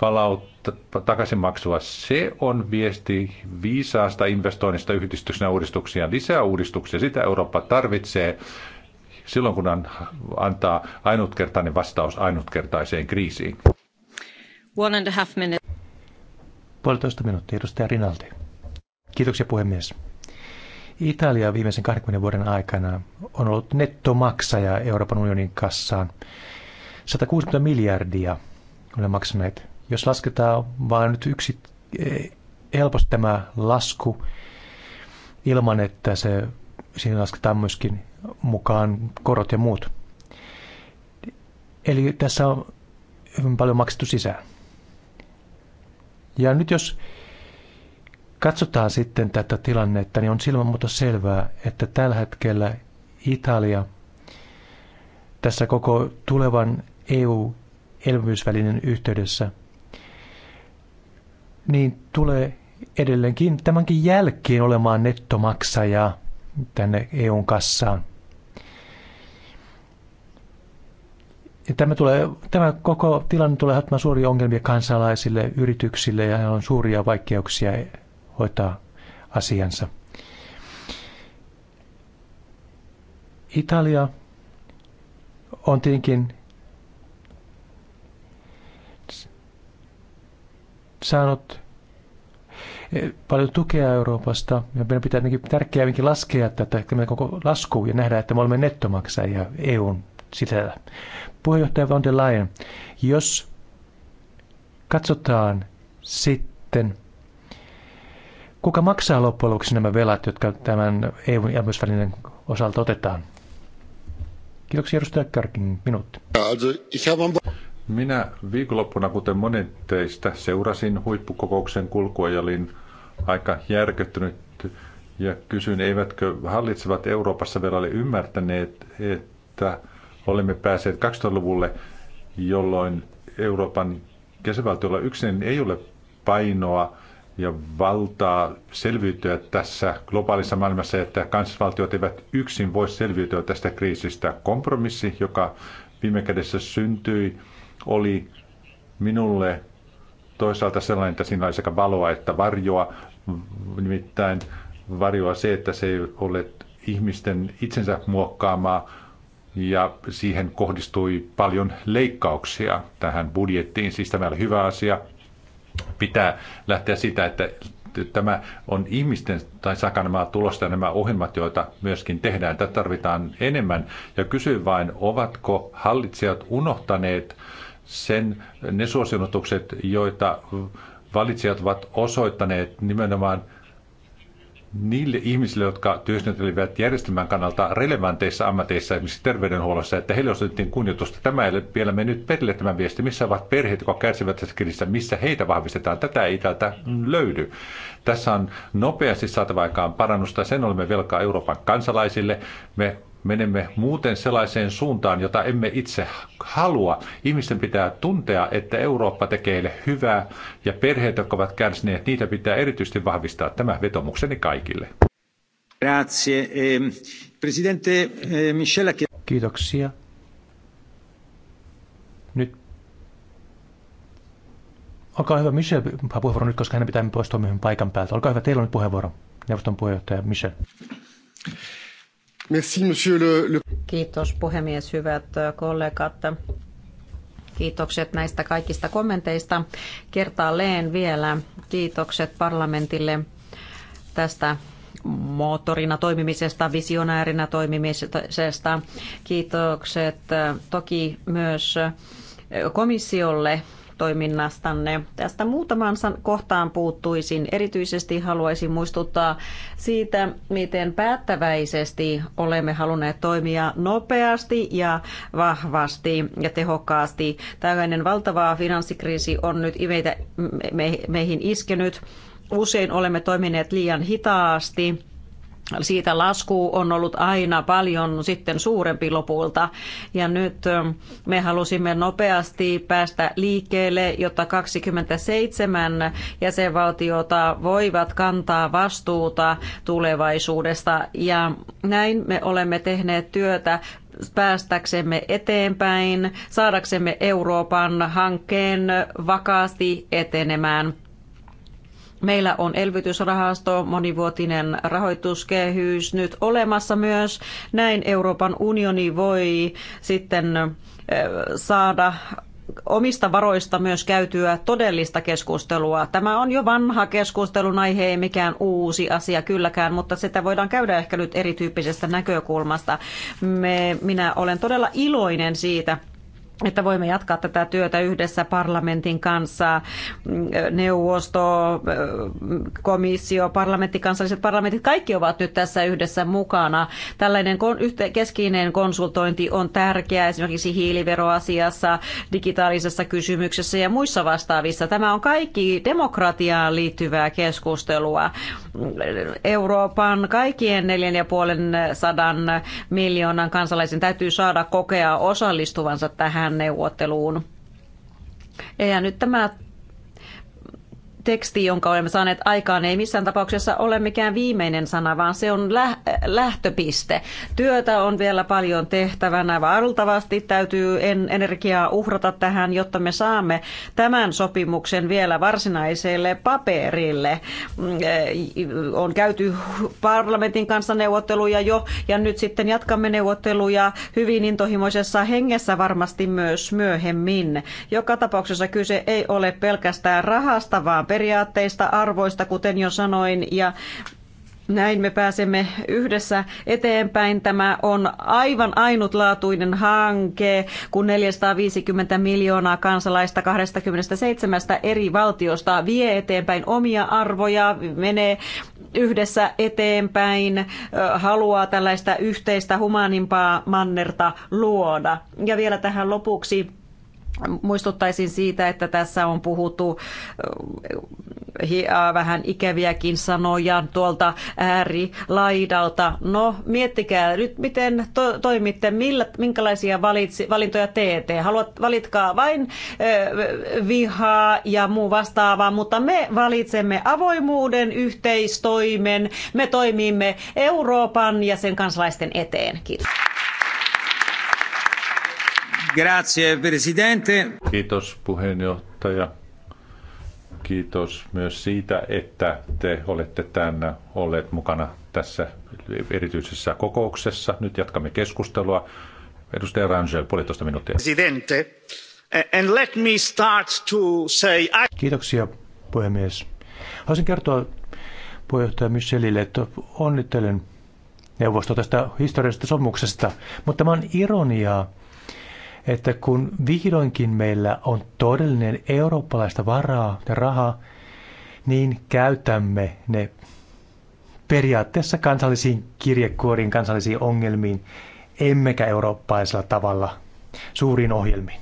palauttaa takaisinmaksua. Se on viesti viisaasta investoinnista yhdistyksenä uudistuksia. Lisää uudistuksia, sitä Eurooppa tarvitsee silloin, kun antaa ainutkertainen vastaus ainutkertaiseen kriisiin. One and a half minute. Puolitoista minuuttia, edustaja Rinaldi. Kiitoksia puhemies. Italia viimeisen 20 vuoden aikana on ollut nettomaksaja Euroopan unionin kassaan. 160 miljardia olemme maksaneet jos lasketaan vain nyt yksi e, helposti tämä lasku ilman, että se, siinä lasketaan myöskin mukaan korot ja muut. Eli tässä on hyvin paljon maksettu sisään. Ja nyt jos katsotaan sitten tätä tilannetta, niin on silman muuta selvää, että tällä hetkellä Italia tässä koko tulevan EU-elvyysvälinen yhteydessä – niin tulee edelleenkin tämänkin jälkeen olemaan nettomaksaja tänne EUn kassaan. Ja tämä, tulee, tämä koko tilanne tulee haittamaan suuria ongelmia kansalaisille, yrityksille ja on suuria vaikeuksia hoitaa asiansa. Italia on tietenkin saanut eh, paljon tukea Euroopasta ja meidän pitää tärkeää laskea tätä koko lasku ja nähdä, että me olemme nettomaksajia EUn sisällä. Puheenjohtaja von der Leyen, jos katsotaan sitten, kuka maksaa loppujen lopuksi nämä velat, jotka tämän EUn elpymisvälineen osalta otetaan? Kiitoksia edustaja Karkin, minuutti. Minä viikonloppuna, kuten monet teistä, seurasin huippukokouksen kulkua ja olin aika järkyttynyt ja kysyin, eivätkö hallitsevat Euroopassa vielä ole ymmärtäneet, että olemme päässeet 2000-luvulle, jolloin Euroopan jäsenvaltiolla yksin ei ole painoa ja valtaa selviytyä tässä globaalissa maailmassa, että kansallisvaltiot eivät yksin voi selviytyä tästä kriisistä. Kompromissi, joka viime kädessä syntyi oli minulle toisaalta sellainen, että siinä oli sekä valoa että varjoa. Nimittäin varjoa se, että se ei ole ihmisten itsensä muokkaamaa ja siihen kohdistui paljon leikkauksia tähän budjettiin. Siis tämä oli hyvä asia. Pitää lähteä sitä, että tämä on ihmisten tai sakanamaa tulosta ja nämä ohjelmat, joita myöskin tehdään. Tätä tarvitaan enemmän. Ja kysyn vain, ovatko hallitsijat unohtaneet sen, ne suosionotukset, joita valitsijat ovat osoittaneet nimenomaan niille ihmisille, jotka työskentelivät järjestelmän kannalta relevanteissa ammateissa, esimerkiksi terveydenhuollossa, että heille osoitettiin kunnioitusta. Tämä ei ole vielä mennyt perille tämän viesti, missä ovat perheet, jotka kärsivät tässä kirjassa, missä heitä vahvistetaan. Tätä ei täältä löydy. Tässä on nopeasti saatava aikaan parannusta. Sen olemme velkaa Euroopan kansalaisille. Me menemme muuten sellaiseen suuntaan, jota emme itse halua. Ihmisten pitää tuntea, että Eurooppa tekee heille hyvää ja perheet, jotka ovat kärsineet, niitä pitää erityisesti vahvistaa. Tämä vetomukseni kaikille. Grazie. Ehm, presidente eh, Michel... Kiitoksia. Nyt Olkaa hyvä, Michel, puheenvuoro nyt, koska hänen pitää poistua myöhemmin paikan päältä. Olkaa hyvä, teillä on nyt puheenvuoro, neuvoston puheenjohtaja Michel. Merci, monsieur le... Kiitos puhemies, hyvät kollegat. Kiitokset näistä kaikista kommenteista. Kertaalleen vielä kiitokset parlamentille tästä moottorina toimimisesta, visionäärinä toimimisesta. Kiitokset toki myös komissiolle toiminnastanne. Tästä muutaman kohtaan puuttuisin. Erityisesti haluaisin muistuttaa siitä, miten päättäväisesti olemme halunneet toimia nopeasti ja vahvasti ja tehokkaasti. Tällainen valtava finanssikriisi on nyt meitä, me, meihin iskenyt. Usein olemme toimineet liian hitaasti siitä lasku on ollut aina paljon sitten suurempi lopulta. Ja nyt me halusimme nopeasti päästä liikkeelle, jotta 27 jäsenvaltiota voivat kantaa vastuuta tulevaisuudesta. Ja näin me olemme tehneet työtä päästäksemme eteenpäin, saadaksemme Euroopan hankkeen vakaasti etenemään. Meillä on elvytysrahasto, monivuotinen rahoituskehys nyt olemassa myös. Näin Euroopan unioni voi sitten saada omista varoista myös käytyä todellista keskustelua. Tämä on jo vanha keskustelun aihe, ei mikään uusi asia kylläkään, mutta sitä voidaan käydä ehkä nyt erityyppisestä näkökulmasta. Me, minä olen todella iloinen siitä, että voimme jatkaa tätä työtä yhdessä parlamentin kanssa, neuvosto, komissio, parlamentti, kansalliset parlamentit, kaikki ovat nyt tässä yhdessä mukana. Tällainen keskiinen konsultointi on tärkeää esimerkiksi hiiliveroasiassa, digitaalisessa kysymyksessä ja muissa vastaavissa. Tämä on kaikki demokratiaan liittyvää keskustelua. Euroopan kaikkien neljän ja puolen sadan miljoonan kansalaisen täytyy saada kokea osallistuvansa tähän tähän neuvotteluun. Ja nyt tämä teksti, jonka olemme saaneet aikaan, ei missään tapauksessa ole mikään viimeinen sana, vaan se on lähtöpiste. Työtä on vielä paljon tehtävänä. Valtavasti täytyy energiaa uhrata tähän, jotta me saamme tämän sopimuksen vielä varsinaiselle paperille. Mm, eh, on käyty parlamentin kanssa neuvotteluja jo, ja nyt sitten jatkamme neuvotteluja hyvin intohimoisessa hengessä varmasti myös myöhemmin. Joka tapauksessa kyse ei ole pelkästään rahasta, vaan periaatteista, arvoista, kuten jo sanoin, ja näin me pääsemme yhdessä eteenpäin. Tämä on aivan ainutlaatuinen hanke, kun 450 miljoonaa kansalaista 27 eri valtiosta vie eteenpäin omia arvoja, menee yhdessä eteenpäin, haluaa tällaista yhteistä humanimpaa mannerta luoda. Ja vielä tähän lopuksi Muistuttaisin siitä, että tässä on puhuttu vähän ikäviäkin sanoja tuolta äärilaidalta. No, miettikää nyt, miten to- toimitte, millä, minkälaisia valitsi, valintoja teette. Haluat, valitkaa vain ö, vihaa ja muu vastaavaa, mutta me valitsemme avoimuuden, yhteistoimen. Me toimimme Euroopan ja sen kansalaisten eteen. Kiitos. Kiitos puheenjohtaja. Kiitos myös siitä, että te olette tänne olleet mukana tässä erityisessä kokouksessa. Nyt jatkamme keskustelua. Edustaja Rangel, puolitoista minuuttia. Presidente. And let me start to say... Kiitoksia, puhemies. Haluaisin kertoa puheenjohtaja Michelille, että onnittelen neuvosto tästä historiallisesta sopimuksesta, mutta tämä on ironiaa, että kun vihdoinkin meillä on todellinen eurooppalaista varaa ja rahaa, niin käytämme ne periaatteessa kansallisiin kirjekuoriin, kansallisiin ongelmiin, emmekä eurooppalaisella tavalla suuriin ohjelmiin.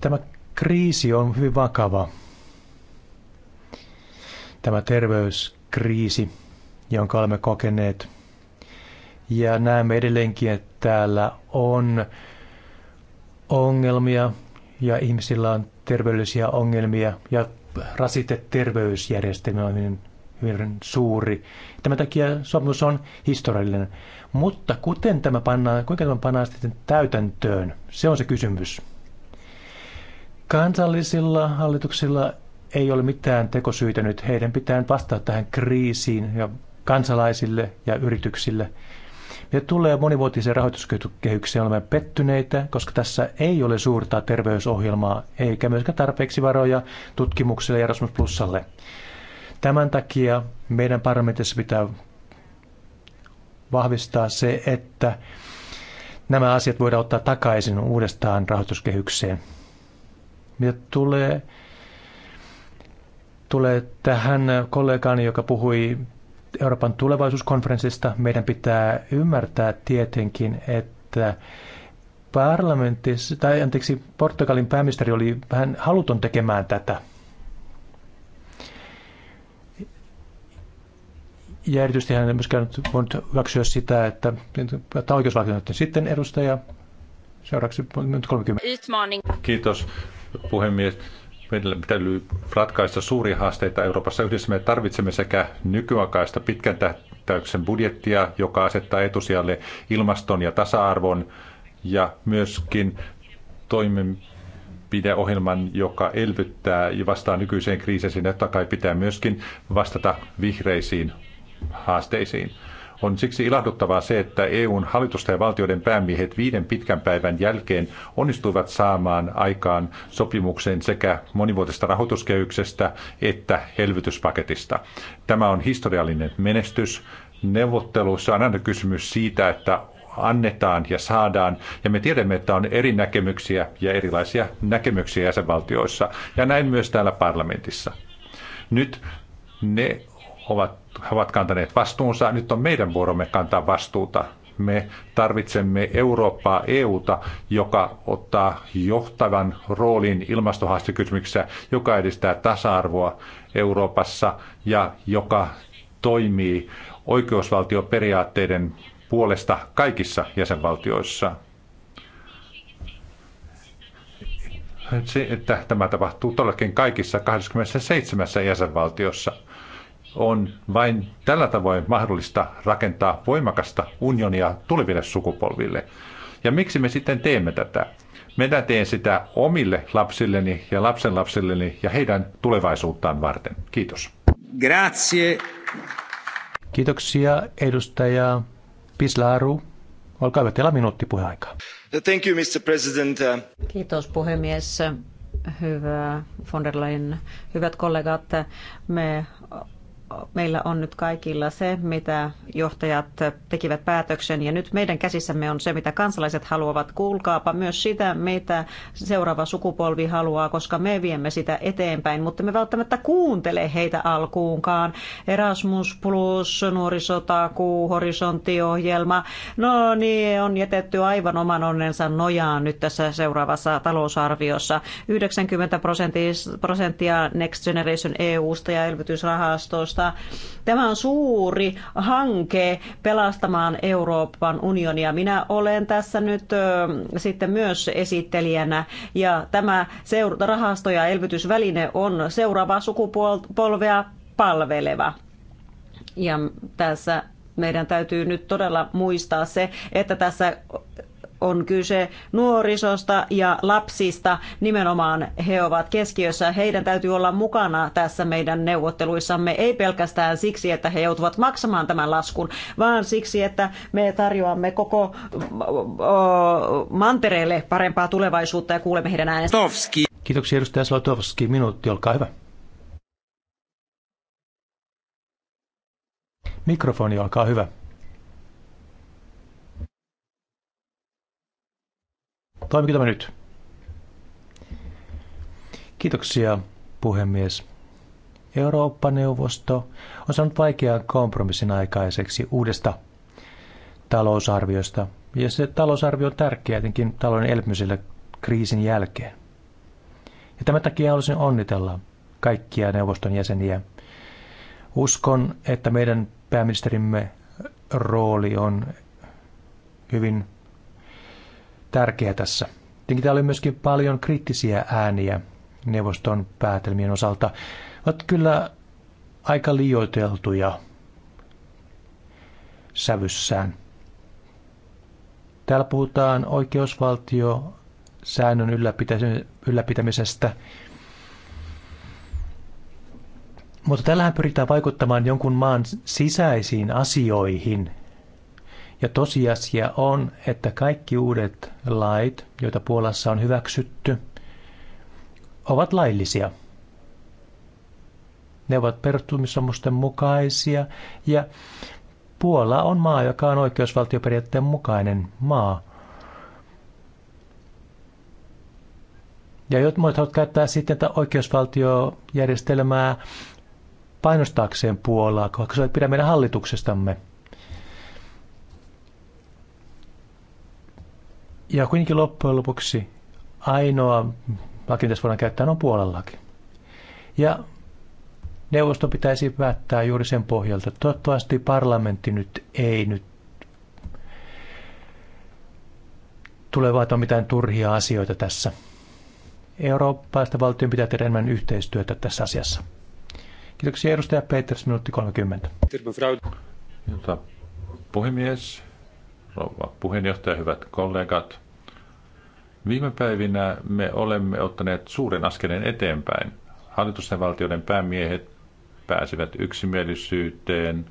Tämä kriisi on hyvin vakava. Tämä terveyskriisi, jonka olemme kokeneet ja näemme edelleenkin, että täällä on ongelmia ja ihmisillä on terveydellisiä ongelmia ja rasite terveysjärjestelmä on hyvin, hyvin suuri. Tämän takia sopimus on historiallinen. Mutta kuten tämä pannaan, kuinka tämä pannaan sitten täytäntöön, se on se kysymys. Kansallisilla hallituksilla ei ole mitään tekosyitä nyt. Heidän pitää vastata tähän kriisiin ja kansalaisille ja yrityksille – ja tulee monivuotiseen rahoituskehykseen olemme pettyneitä, koska tässä ei ole suurta terveysohjelmaa eikä myöskään tarpeeksi varoja tutkimukselle ja Erasmus Plusalle. Tämän takia meidän parlamentissa pitää vahvistaa se, että nämä asiat voidaan ottaa takaisin uudestaan rahoituskehykseen. Mitä tulee, tulee tähän kollegaani, joka puhui Euroopan tulevaisuuskonferenssista, meidän pitää ymmärtää tietenkin, että parlamentissa, tai anteeksi, Portugalin pääministeri oli vähän haluton tekemään tätä. Ja erityisesti hän ei myöskään voinut hyväksyä sitä, että, että oikeuslaki sitten edustaja. Seuraavaksi 30. Kiitos puhemies meidän pitää ratkaista suuria haasteita Euroopassa yhdessä. Me tarvitsemme sekä nykyaikaista pitkän tähtäyksen budjettia, joka asettaa etusijalle ilmaston ja tasa-arvon, ja myöskin toimenpideohjelman, joka elvyttää ja vastaa nykyiseen kriisiin. Totta kai pitää myöskin vastata vihreisiin haasteisiin. On siksi ilahduttavaa se, että EUn hallitusta ja valtioiden päämiehet viiden pitkän päivän jälkeen onnistuivat saamaan aikaan sopimuksen sekä monivuotisesta rahoituskehyksestä että elvytyspaketista. Tämä on historiallinen menestys. Neuvotteluissa on aina kysymys siitä, että annetaan ja saadaan. Ja me tiedämme, että on eri näkemyksiä ja erilaisia näkemyksiä jäsenvaltioissa ja näin myös täällä parlamentissa. Nyt ne ovat ovat kantaneet vastuunsa. Nyt on meidän vuoromme kantaa vastuuta. Me tarvitsemme Eurooppaa, EUta, joka ottaa johtavan roolin ilmastohaastekysymyksessä, joka edistää tasa-arvoa Euroopassa ja joka toimii oikeusvaltioperiaatteiden puolesta kaikissa jäsenvaltioissa. Se, että tämä tapahtuu todellakin kaikissa 27 jäsenvaltiossa. On vain tällä tavoin mahdollista rakentaa voimakasta unionia tuleville sukupolville. Ja miksi me sitten teemme tätä? Minä teen sitä omille lapsilleni ja lapsenlapsilleni ja heidän tulevaisuuttaan varten. Kiitos. Grazie. Kiitoksia edustaja Pislaru. Olkaa hyvä, teillä minuutti Thank you, Mr. President. Kiitos puhemies. Hyvä von der Leyen, hyvät kollegat. Me meillä on nyt kaikilla se, mitä johtajat tekivät päätöksen. Ja nyt meidän käsissämme on se, mitä kansalaiset haluavat. Kuulkaapa myös sitä, mitä seuraava sukupolvi haluaa, koska me viemme sitä eteenpäin, mutta me välttämättä kuuntele heitä alkuunkaan. Erasmus Plus, nuorisotakuu, horisonttiohjelma. No niin, on jätetty aivan oman onnensa nojaan nyt tässä seuraavassa talousarviossa. 90 prosenttia Next Generation EUsta ja elvytysrahastosta mutta tämä on suuri hanke pelastamaan Euroopan unionia. Minä olen tässä nyt sitten myös esittelijänä ja tämä seura- rahasto ja elvytysväline on seuraavaa sukupolvea palveleva. Ja tässä meidän täytyy nyt todella muistaa se, että tässä on kyse nuorisosta ja lapsista. Nimenomaan he ovat keskiössä. Heidän täytyy olla mukana tässä meidän neuvotteluissamme, ei pelkästään siksi, että he joutuvat maksamaan tämän laskun, vaan siksi, että me tarjoamme koko mantereelle parempaa tulevaisuutta ja kuulemme heidän äänestä. Kiitoksia edustaja Slotovski. Minuutti, olkaa hyvä. Mikrofoni, olkaa hyvä. Toimiko tämä nyt? Kiitoksia, puhemies. Eurooppa-neuvosto on saanut vaikean kompromissin aikaiseksi uudesta talousarviosta. Ja se talousarvio on tärkeä jotenkin talouden elpymiselle kriisin jälkeen. Ja tämän takia haluaisin onnitella kaikkia neuvoston jäseniä. Uskon, että meidän pääministerimme rooli on hyvin tärkeä tässä. Tietenkin täällä oli myöskin paljon kriittisiä ääniä neuvoston päätelmien osalta. Ovat kyllä aika liioiteltuja sävyssään. Täällä puhutaan oikeusvaltio säännön ylläpitämisestä. Mutta tällähän pyritään vaikuttamaan jonkun maan sisäisiin asioihin – ja tosiasia on, että kaikki uudet lait, joita Puolassa on hyväksytty, ovat laillisia. Ne ovat perustumissomusten mukaisia ja Puola on maa, joka on oikeusvaltioperiaatteen mukainen maa. Ja jotkut haluavat käyttää sitten tätä oikeusvaltiojärjestelmää painostaakseen Puolaa, koska se ei pidä meidän hallituksestamme – Ja kuitenkin loppujen lopuksi ainoa laki, mitä voidaan käyttää, on Puolan laki. Ja neuvosto pitäisi päättää juuri sen pohjalta. Toivottavasti parlamentti nyt ei nyt tule vaatimaan mitään turhia asioita tässä. Eurooppaista valtion pitää tehdä enemmän yhteistyötä tässä asiassa. Kiitoksia edustaja Peters, minuutti 30. puhemies, rouva puheenjohtaja, hyvät kollegat. Viime päivinä me olemme ottaneet suuren askeleen eteenpäin. Hallitusten valtioiden päämiehet pääsivät yksimielisyyteen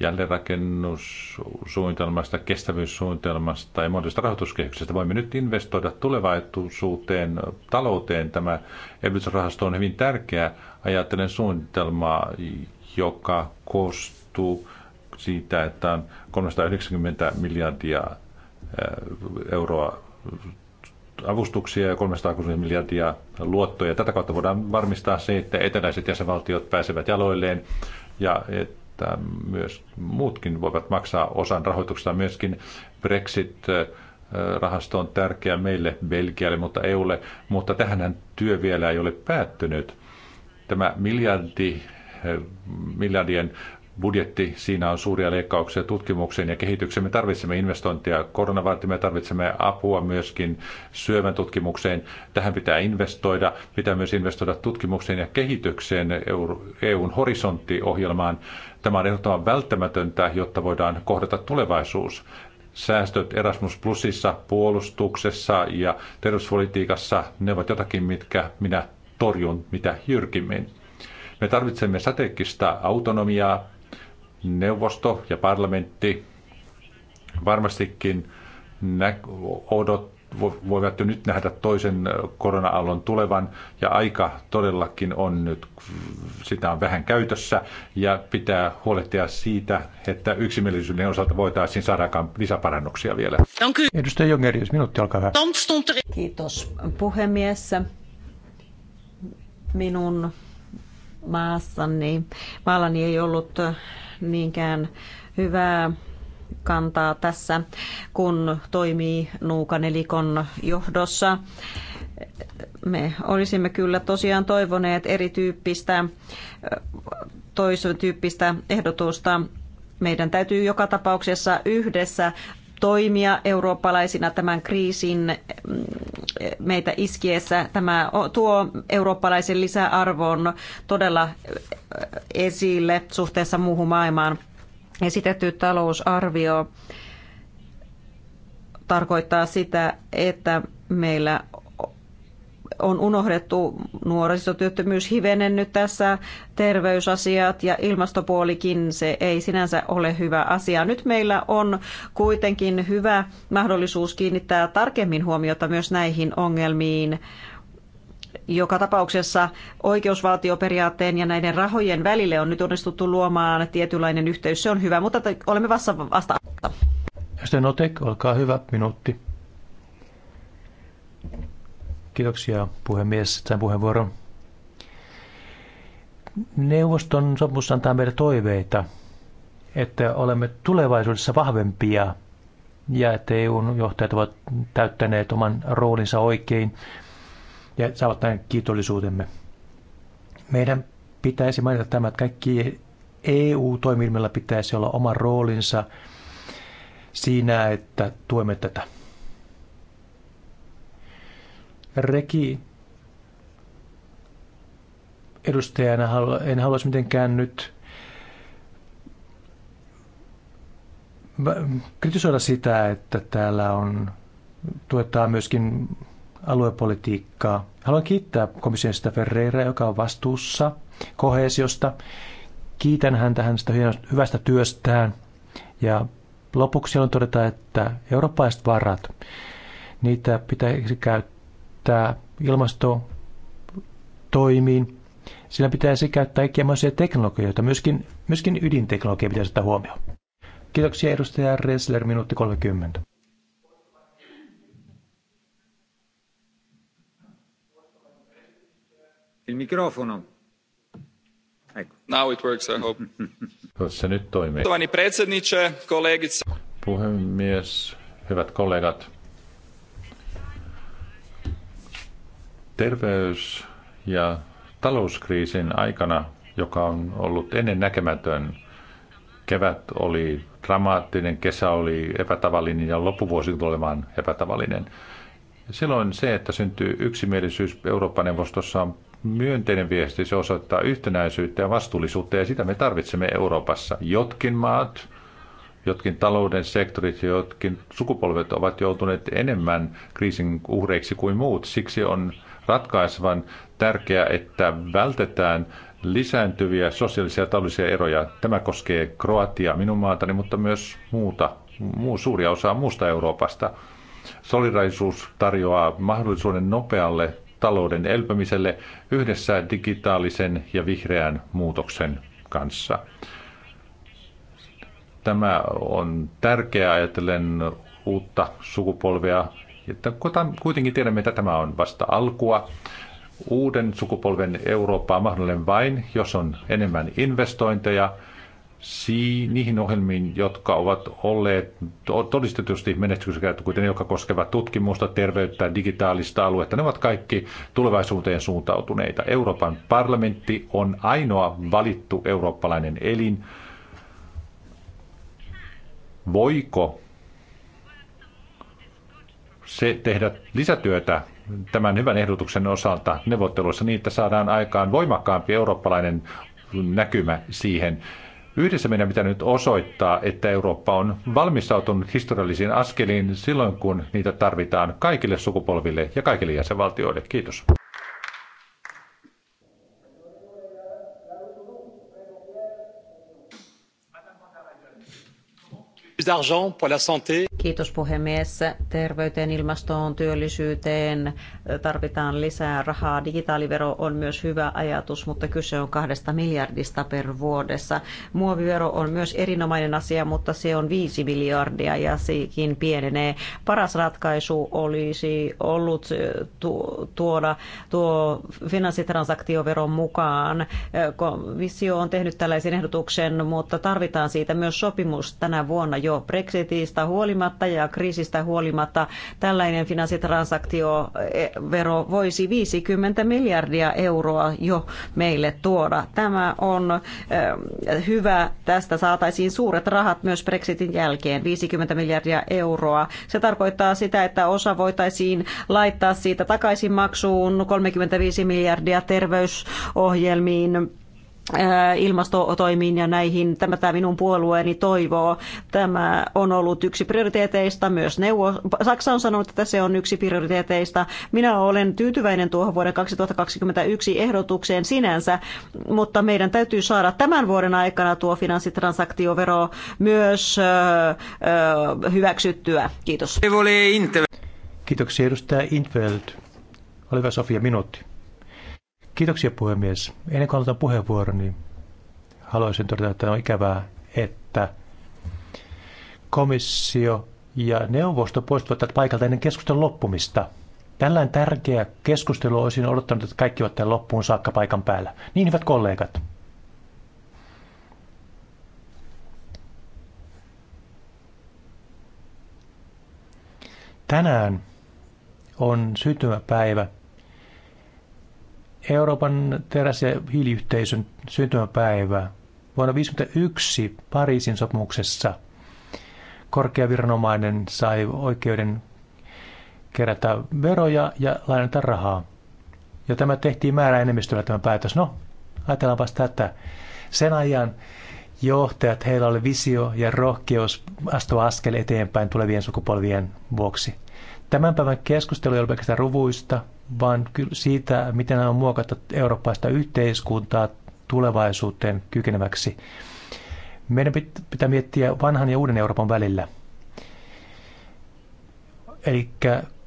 jälleenrakennussuunnitelmasta, kestävyyssuunnitelmasta ja mahdollisesta rahoituskehyksestä. Voimme nyt investoida tulevaisuuteen, talouteen. Tämä elvytysrahasto on hyvin tärkeä. Ajattelen suunnitelmaa, joka koostuu siitä, että on 390 miljardia euroa avustuksia ja 360 miljardia luottoja. Tätä kautta voidaan varmistaa se, että eteläiset jäsenvaltiot pääsevät jaloilleen ja että myös muutkin voivat maksaa osan rahoituksesta. Myöskin Brexit rahasto on tärkeä meille, Belgialle, mutta EUlle, mutta tähän työ vielä ei ole päättynyt. Tämä miljardi, miljardien budjetti, siinä on suuria leikkauksia tutkimukseen ja kehitykseen. Me tarvitsemme investointia koronavarten, me tarvitsemme apua myöskin syövän tutkimukseen. Tähän pitää investoida. Pitää myös investoida tutkimukseen ja kehitykseen EUn horisonttiohjelmaan. Tämä on ehdottoman välttämätöntä, jotta voidaan kohdata tulevaisuus säästöt Erasmus Plusissa, puolustuksessa ja terveyspolitiikassa, ne ovat jotakin, mitkä minä torjun mitä jyrkimmin. Me tarvitsemme strategista autonomiaa, neuvosto ja parlamentti varmastikin nä- odot, voivat jo nyt nähdä toisen korona-aallon tulevan ja aika todellakin on nyt, sitä on vähän käytössä ja pitää huolehtia siitä, että yksimielisyyden osalta voitaisiin saada lisäparannuksia vielä. Edustaja Jongerius, minuutti, alkaa hyvä. Kiitos puhemies. Minun maassani, maallani ei ollut niinkään hyvää kantaa tässä, kun toimii nuukanelikon johdossa. Me olisimme kyllä tosiaan toivoneet erityyppistä, toisen tyyppistä ehdotusta meidän täytyy joka tapauksessa yhdessä toimia eurooppalaisina tämän kriisin mm, meitä iskiessä. Tämä tuo eurooppalaisen lisäarvon todella esille suhteessa muuhun maailmaan. Esitetty talousarvio tarkoittaa sitä, että meillä on unohdettu nuorisotyöttömyys hivenen nyt tässä, terveysasiat ja ilmastopuolikin, se ei sinänsä ole hyvä asia. Nyt meillä on kuitenkin hyvä mahdollisuus kiinnittää tarkemmin huomiota myös näihin ongelmiin. Joka tapauksessa oikeusvaltioperiaatteen ja näiden rahojen välille on nyt onnistuttu luomaan tietynlainen yhteys. Se on hyvä, mutta olemme vasta vasta. Sitten Otek, olkaa hyvä, minuutti. Kiitoksia puhemies. tämän puheenvuoron. Neuvoston sopimus antaa meille toiveita, että olemme tulevaisuudessa vahvempia ja että eu johtajat ovat täyttäneet oman roolinsa oikein ja saavat näin kiitollisuutemme. Meidän pitäisi mainita tämä, että kaikki EU-toimilmilla pitäisi olla oma roolinsa siinä, että tuemme tätä. Reki edustajana halua, en haluaisi mitenkään nyt kritisoida sitä, että täällä on, tuetaan myöskin aluepolitiikkaa. Haluan kiittää komission sitä Ferreira, joka on vastuussa kohesiosta. Kiitän häntä hänestä hyvästä työstään. Ja lopuksi on todeta, että eurooppalaiset varat, niitä pitäisi käyttää käyttää ilmastotoimiin. Sillä pitäisi käyttää kaikkia teknologioita, myöskin, myöskin ydinteknologia pitäisi ottaa huomioon. Kiitoksia edustaja Ressler, minuutti 30. Il Now it works, I hope. <laughs> Se nyt toimii. Puhemies, hyvät kollegat, Terveys- ja talouskriisin aikana, joka on ollut ennen näkemätön, kevät oli dramaattinen, kesä oli epätavallinen ja loppuvuosi tulemaan epätavallinen. Silloin se, että syntyy yksimielisyys Euroopan neuvostossa on myönteinen viesti. Se osoittaa yhtenäisyyttä ja vastuullisuutta ja sitä me tarvitsemme Euroopassa. Jotkin maat, jotkin talouden sektorit ja jotkin sukupolvet ovat joutuneet enemmän kriisin uhreiksi kuin muut. Siksi on ratkaisevan tärkeää, että vältetään lisääntyviä sosiaalisia ja taloudellisia eroja. Tämä koskee Kroatiaa, minun maatani, mutta myös muuta, muu, suuria osaa muusta Euroopasta. Solidarisuus tarjoaa mahdollisuuden nopealle talouden elpymiselle yhdessä digitaalisen ja vihreän muutoksen kanssa. Tämä on tärkeää ajatellen uutta sukupolvea että kuitenkin tiedämme, että tämä on vasta alkua. Uuden sukupolven Eurooppa on mahdollinen vain, jos on enemmän investointeja niihin ohjelmiin, jotka ovat olleet todistetusti menestyksekkäitä, kuten jotka koskevat tutkimusta, terveyttä, digitaalista aluetta. Ne ovat kaikki tulevaisuuteen suuntautuneita. Euroopan parlamentti on ainoa valittu eurooppalainen elin. Voiko se tehdä lisätyötä tämän hyvän ehdotuksen osalta neuvotteluissa niin, että saadaan aikaan voimakkaampi eurooppalainen näkymä siihen. Yhdessä meidän pitää nyt osoittaa, että Eurooppa on valmistautunut historiallisiin askeliin silloin, kun niitä tarvitaan kaikille sukupolville ja kaikille jäsenvaltioille. Kiitos. Kiitos puhemies. Terveyteen, ilmastoon, työllisyyteen eh, tarvitaan lisää rahaa. Digitaalivero on myös hyvä ajatus, mutta kyse on kahdesta miljardista per vuodessa. Muovivero on myös erinomainen asia, mutta se on viisi miljardia ja sekin pienenee. Paras ratkaisu olisi ollut eh, tuoda tuo finanssitransaktioveron mukaan. Eh, komissio on tehnyt tällaisen ehdotuksen, mutta tarvitaan siitä myös sopimus tänä vuonna, jo jo Brexitistä huolimatta ja kriisistä huolimatta tällainen finanssitransaktiovero voisi 50 miljardia euroa jo meille tuoda. Tämä on eh, hyvä. Tästä saataisiin suuret rahat myös Brexitin jälkeen, 50 miljardia euroa. Se tarkoittaa sitä, että osa voitaisiin laittaa siitä takaisin maksuun 35 miljardia terveysohjelmiin Äh, ilmastotoimiin ja näihin. Tämä, tämä minun puolueeni toivoo. Tämä on ollut yksi prioriteeteista. Myös neuvo... Saksa on sanonut, että se on yksi prioriteeteista. Minä olen tyytyväinen tuohon vuoden 2021 ehdotukseen sinänsä, mutta meidän täytyy saada tämän vuoden aikana tuo finanssitransaktiovero myös öö, öö, hyväksyttyä. Kiitos. Kiitoksia edustaja Intveld. Oliva Sofia, minuutti. Kiitoksia puhemies. Ennen kuin aloitan puheenvuoron, niin haluaisin todeta, että on ikävää, että komissio ja neuvosto poistuvat tätä paikalta ennen keskustelun loppumista. Tällainen tärkeä keskustelu olisin odottanut, että kaikki ovat tämän loppuun saakka paikan päällä. Niin hyvät kollegat. Tänään on syntymäpäivä Euroopan teräs- ja hiiliyhteisön syntymäpäivä vuonna 1951 Pariisin sopimuksessa korkea viranomainen sai oikeuden kerätä veroja ja lainata rahaa. Ja tämä tehtiin määräenemmistöllä tämä päätös. No, ajatellaanpa että Sen ajan johtajat, heillä oli visio ja rohkeus astua askel eteenpäin tulevien sukupolvien vuoksi. Tämän päivän keskustelu ei ole pelkästään ruvuista, vaan siitä, miten on muokattu eurooppaista yhteiskuntaa tulevaisuuteen kykeneväksi. Meidän pitää miettiä vanhan ja uuden Euroopan välillä. Eli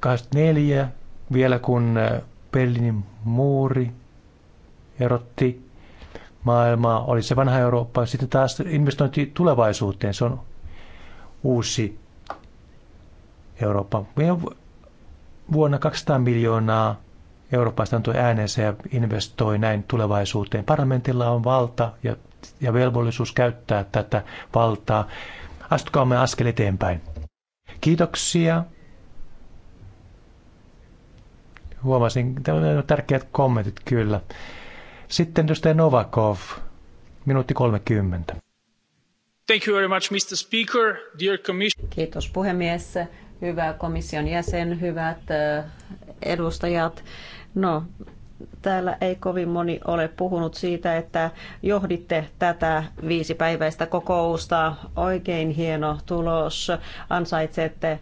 24, vielä kun äh, Berliinin muuri erotti maailmaa, oli se vanha Eurooppa. Sitten taas investointi tulevaisuuteen, se on uusi Eurooppa. vuonna 200 miljoonaa Euroopasta antoi äänensä ja investoi näin tulevaisuuteen. Parlamentilla on valta ja, ja velvollisuus käyttää tätä valtaa. Astukaamme askel eteenpäin. Kiitoksia. Huomasin, että on tärkeät kommentit kyllä. Sitten edustaja Novakov, minuutti 30. Thank you very much, Mr. Speaker, dear Kiitos puhemies, hyvä komission jäsen, hyvät edustajat. No, täällä ei kovin moni ole puhunut siitä, että johditte tätä viisipäiväistä kokousta. Oikein hieno tulos. Ansaitsette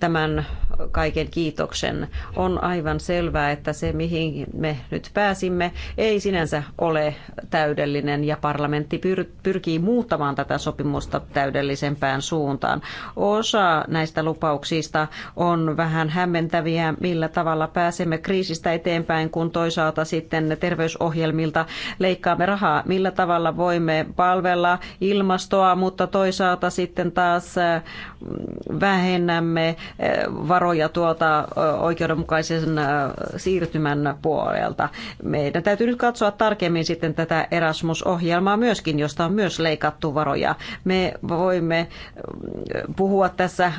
tämän kaiken kiitoksen. On aivan selvää, että se mihin me nyt pääsimme ei sinänsä ole täydellinen ja parlamentti pyr- pyrkii muuttamaan tätä sopimusta täydellisempään suuntaan. Osa näistä lupauksista on vähän hämmentäviä, millä tavalla pääsemme kriisistä eteenpäin, kun toisaalta sitten terveysohjelmilta leikkaamme rahaa. Millä tavalla voimme palvella ilmastoa, mutta toisaalta sitten taas vähennämme eh, varoja tuolta oikeudenmukaisen siirtymän puolelta. Meidän täytyy nyt katsoa tarkemmin sitten tätä Erasmus-ohjelmaa myöskin, josta on myös leikattu varoja. Me voimme puhua tässä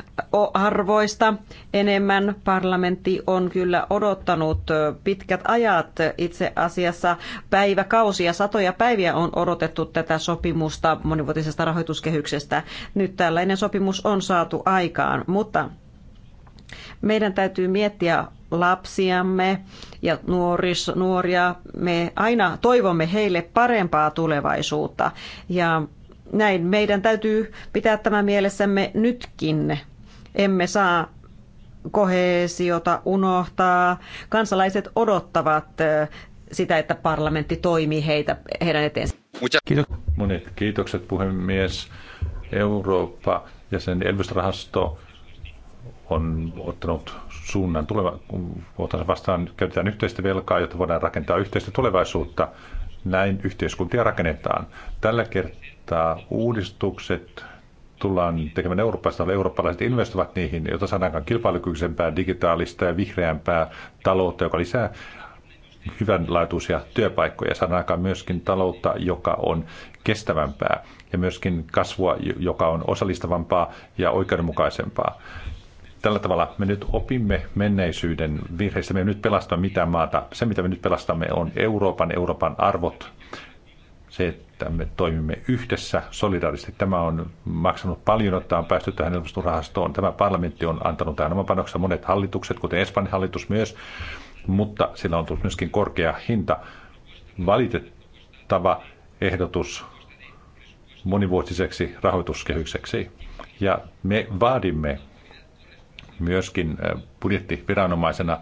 arvoista enemmän. Parlamentti on kyllä odottanut pitkät ajat itse asiassa päiväkausia, satoja päiviä on odotettu tätä sopimusta monivuotisesta rahoituskehyksestä. Nyt tällainen sopimus on saatu saatu aikaan, mutta meidän täytyy miettiä lapsiamme ja nuoris, nuoria. Me aina toivomme heille parempaa tulevaisuutta ja näin meidän täytyy pitää tämä mielessämme nytkin. Emme saa kohesiota unohtaa. Kansalaiset odottavat sitä, että parlamentti toimii heitä, heidän eteensä. Kiitos. Monet kiitokset puhemies. Eurooppa ja sen elvytysrahasto on ottanut suunnan tuleva, vastaan, käytetään yhteistä velkaa, jotta voidaan rakentaa yhteistä tulevaisuutta. Näin yhteiskuntia rakennetaan. Tällä kertaa uudistukset tullaan tekemään Euroopasta, eurooppalaiset investoivat niihin, jotta saadaan kilpailukykyisempää, digitaalista ja vihreämpää taloutta, joka lisää hyvänlaatuisia työpaikkoja, saadaan aikaan myöskin taloutta, joka on kestävämpää ja myöskin kasvua, joka on osallistavampaa ja oikeudenmukaisempaa. Tällä tavalla me nyt opimme menneisyyden virheistä. Me nyt pelastamme mitään maata. Se, mitä me nyt pelastamme, on Euroopan, Euroopan arvot. Se, että me toimimme yhdessä solidaarisesti. Tämä on maksanut paljon, että on päästy tähän ilmastorahastoon. Tämä parlamentti on antanut tähän oman panoksen. Monet hallitukset, kuten Espanjan hallitus myös, mutta sillä on tullut myöskin korkea hinta. Valitettava ehdotus monivuotiseksi rahoituskehykseksi. Ja me vaadimme myöskin budjettiviranomaisena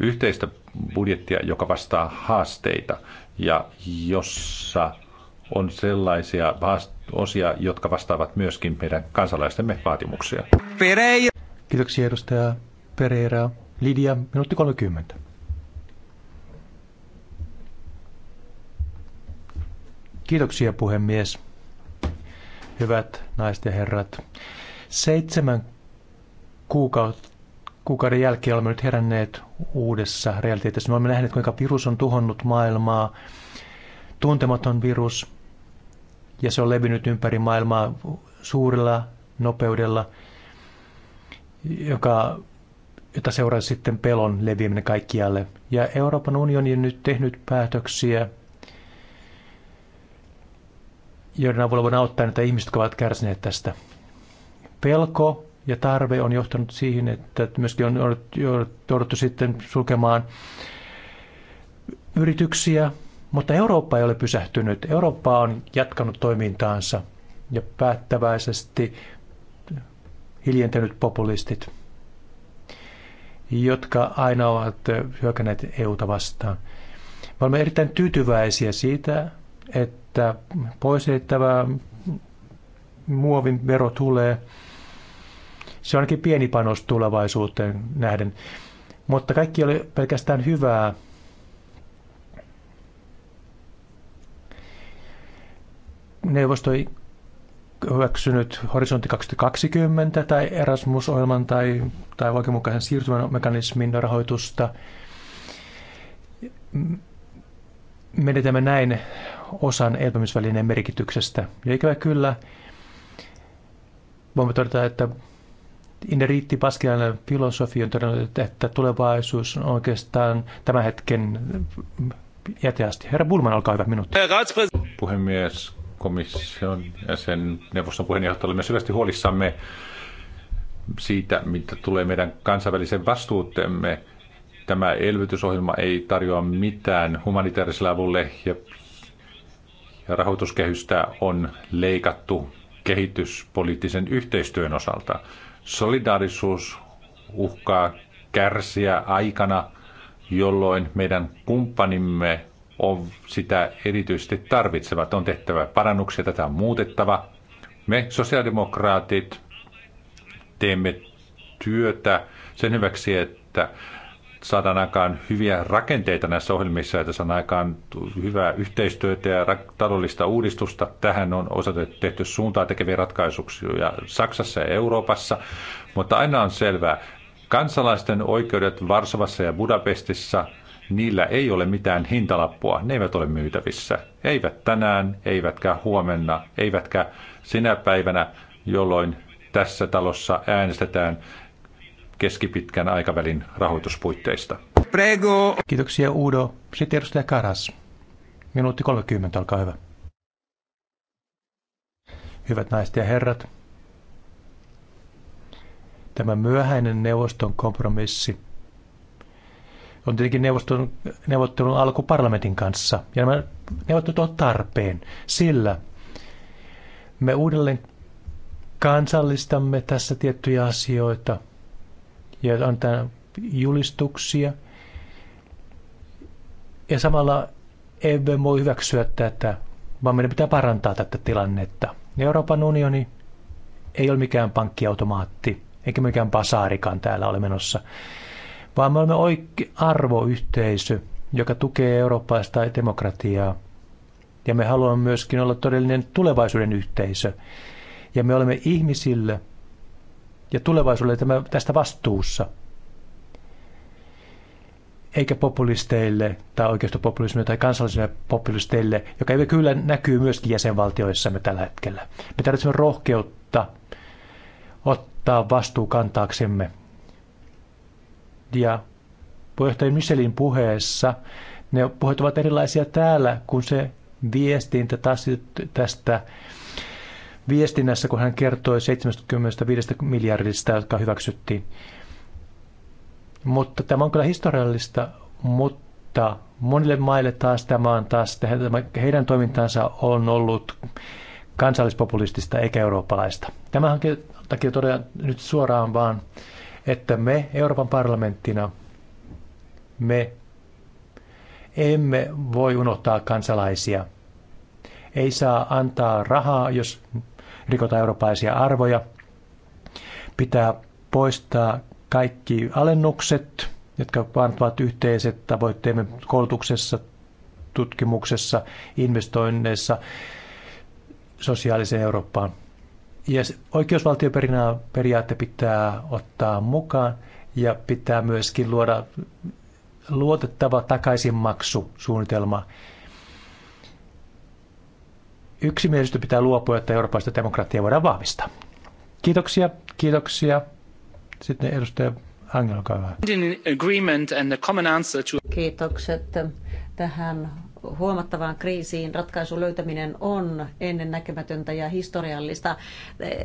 yhteistä budjettia, joka vastaa haasteita ja jossa on sellaisia osia, jotka vastaavat myöskin meidän kansalaistemme vaatimuksia. Kiitoksia edustaja Pereira. Lidia, minuutti 30. Kiitoksia puhemies. Hyvät naiset ja herrat. Seitsemän kuukautta kuukauden jälkeen olemme nyt heränneet uudessa realiteetissa. Me olemme nähneet, kuinka virus on tuhonnut maailmaa, tuntematon virus, ja se on levinnyt ympäri maailmaa suurella nopeudella, joka, jota seuraa sitten pelon leviäminen kaikkialle. Ja Euroopan unioni on nyt tehnyt päätöksiä joiden avulla voidaan auttaa näitä ihmisiä, jotka ovat kärsineet tästä. Pelko ja tarve on johtanut siihen, että myöskin on jouduttu sitten sulkemaan yrityksiä, mutta Eurooppa ei ole pysähtynyt. Eurooppa on jatkanut toimintaansa ja päättäväisesti hiljentänyt populistit, jotka aina ovat hyökänneet EUta vastaan. Me olemme erittäin tyytyväisiä siitä, että pois heittävä muovin vero tulee. Se on ainakin pieni panos tulevaisuuteen nähden. Mutta kaikki oli pelkästään hyvää. Neuvosto ei hyväksynyt Horisontti 2020 tai Erasmus-ohjelman tai, tai siirtymän siirtymämekanismin rahoitusta. Menetämme näin osan elpymisvälineen merkityksestä. Ja ikävä kyllä voimme todeta, että Inderiitti Paskilainen filosofi on todennut, että tulevaisuus on oikeastaan tämän hetken jäteasti. Herra Bulman, olkaa hyvä minuutti. Puhemies, komission ja sen neuvoston puheenjohtaja olemme syvästi huolissamme siitä, mitä tulee meidän kansainvälisen vastuutemme. Tämä elvytysohjelma ei tarjoa mitään humanitaariselle avulle ja ja rahoituskehystä on leikattu kehityspoliittisen yhteistyön osalta. Solidaarisuus uhkaa kärsiä aikana, jolloin meidän kumppanimme on sitä erityisesti tarvitsevat. On tehtävä parannuksia, tätä on muutettava. Me sosiaalidemokraatit teemme työtä sen hyväksi, että saadaan aikaan hyviä rakenteita näissä ohjelmissa, että saadaan aikaan hyvää yhteistyötä ja taloudellista uudistusta. Tähän on osoitettu tehty suuntaa tekeviä ratkaisuja Saksassa ja Euroopassa, mutta aina on selvää, kansalaisten oikeudet Varsovassa ja Budapestissa, niillä ei ole mitään hintalappua, ne eivät ole myytävissä. Eivät tänään, eivätkä huomenna, eivätkä sinä päivänä, jolloin tässä talossa äänestetään keskipitkän aikavälin rahoituspuitteista. Prego. Kiitoksia Udo. Sitten edustaja Karas. Minuutti 30, olkaa hyvä. Hyvät naiset ja herrat, tämä myöhäinen neuvoston kompromissi on tietenkin neuvoston, neuvottelun alku parlamentin kanssa. Ja nämä neuvottelut ovat tarpeen, sillä me uudelleen kansallistamme tässä tiettyjä asioita – ja antaa julistuksia. Ja samalla emme voi hyväksyä tätä, vaan meidän pitää parantaa tätä tilannetta. Euroopan unioni ei ole mikään pankkiautomaatti, eikä mikään pasaarikaan täällä ole menossa, vaan me olemme oikea arvoyhteisö, joka tukee eurooppalaista demokratiaa. Ja me haluamme myöskin olla todellinen tulevaisuuden yhteisö. Ja me olemme ihmisille – ja tulevaisuudelle tämä, tästä vastuussa. Eikä populisteille tai oikeistopopulismille tai kansallisille populisteille, joka ei kyllä näkyy myöskin jäsenvaltioissamme tällä hetkellä. Me tarvitsemme rohkeutta ottaa vastuu kantaaksemme. Ja puheenjohtaja Michelin puheessa ne puheet ovat erilaisia täällä kuin se viestintä tästä viestinnässä, kun hän kertoi 75 miljardista, jotka hyväksyttiin. Mutta tämä on kyllä historiallista, mutta monille maille taas tämä on taas, heidän toimintansa on ollut kansallispopulistista eikä eurooppalaista. Tämän takia todella nyt suoraan vaan, että me Euroopan parlamenttina, me emme voi unohtaa kansalaisia. Ei saa antaa rahaa, jos rikota eurooppalaisia arvoja. Pitää poistaa kaikki alennukset, jotka vaativat yhteiset tavoitteemme koulutuksessa, tutkimuksessa, investoinneissa, sosiaaliseen Eurooppaan. Ja oikeusvaltioperiaate pitää ottaa mukaan ja pitää myöskin luoda luotettava takaisinmaksusuunnitelma yksimielisyyttä pitää luopua, että eurooppalaista demokratiaa voidaan vahvistaa. Kiitoksia, kiitoksia. Sitten edustaja Angel, hyvä. Kiitokset tähän huomattavaan kriisiin ratkaisun löytäminen on ennennäkemätöntä ja historiallista.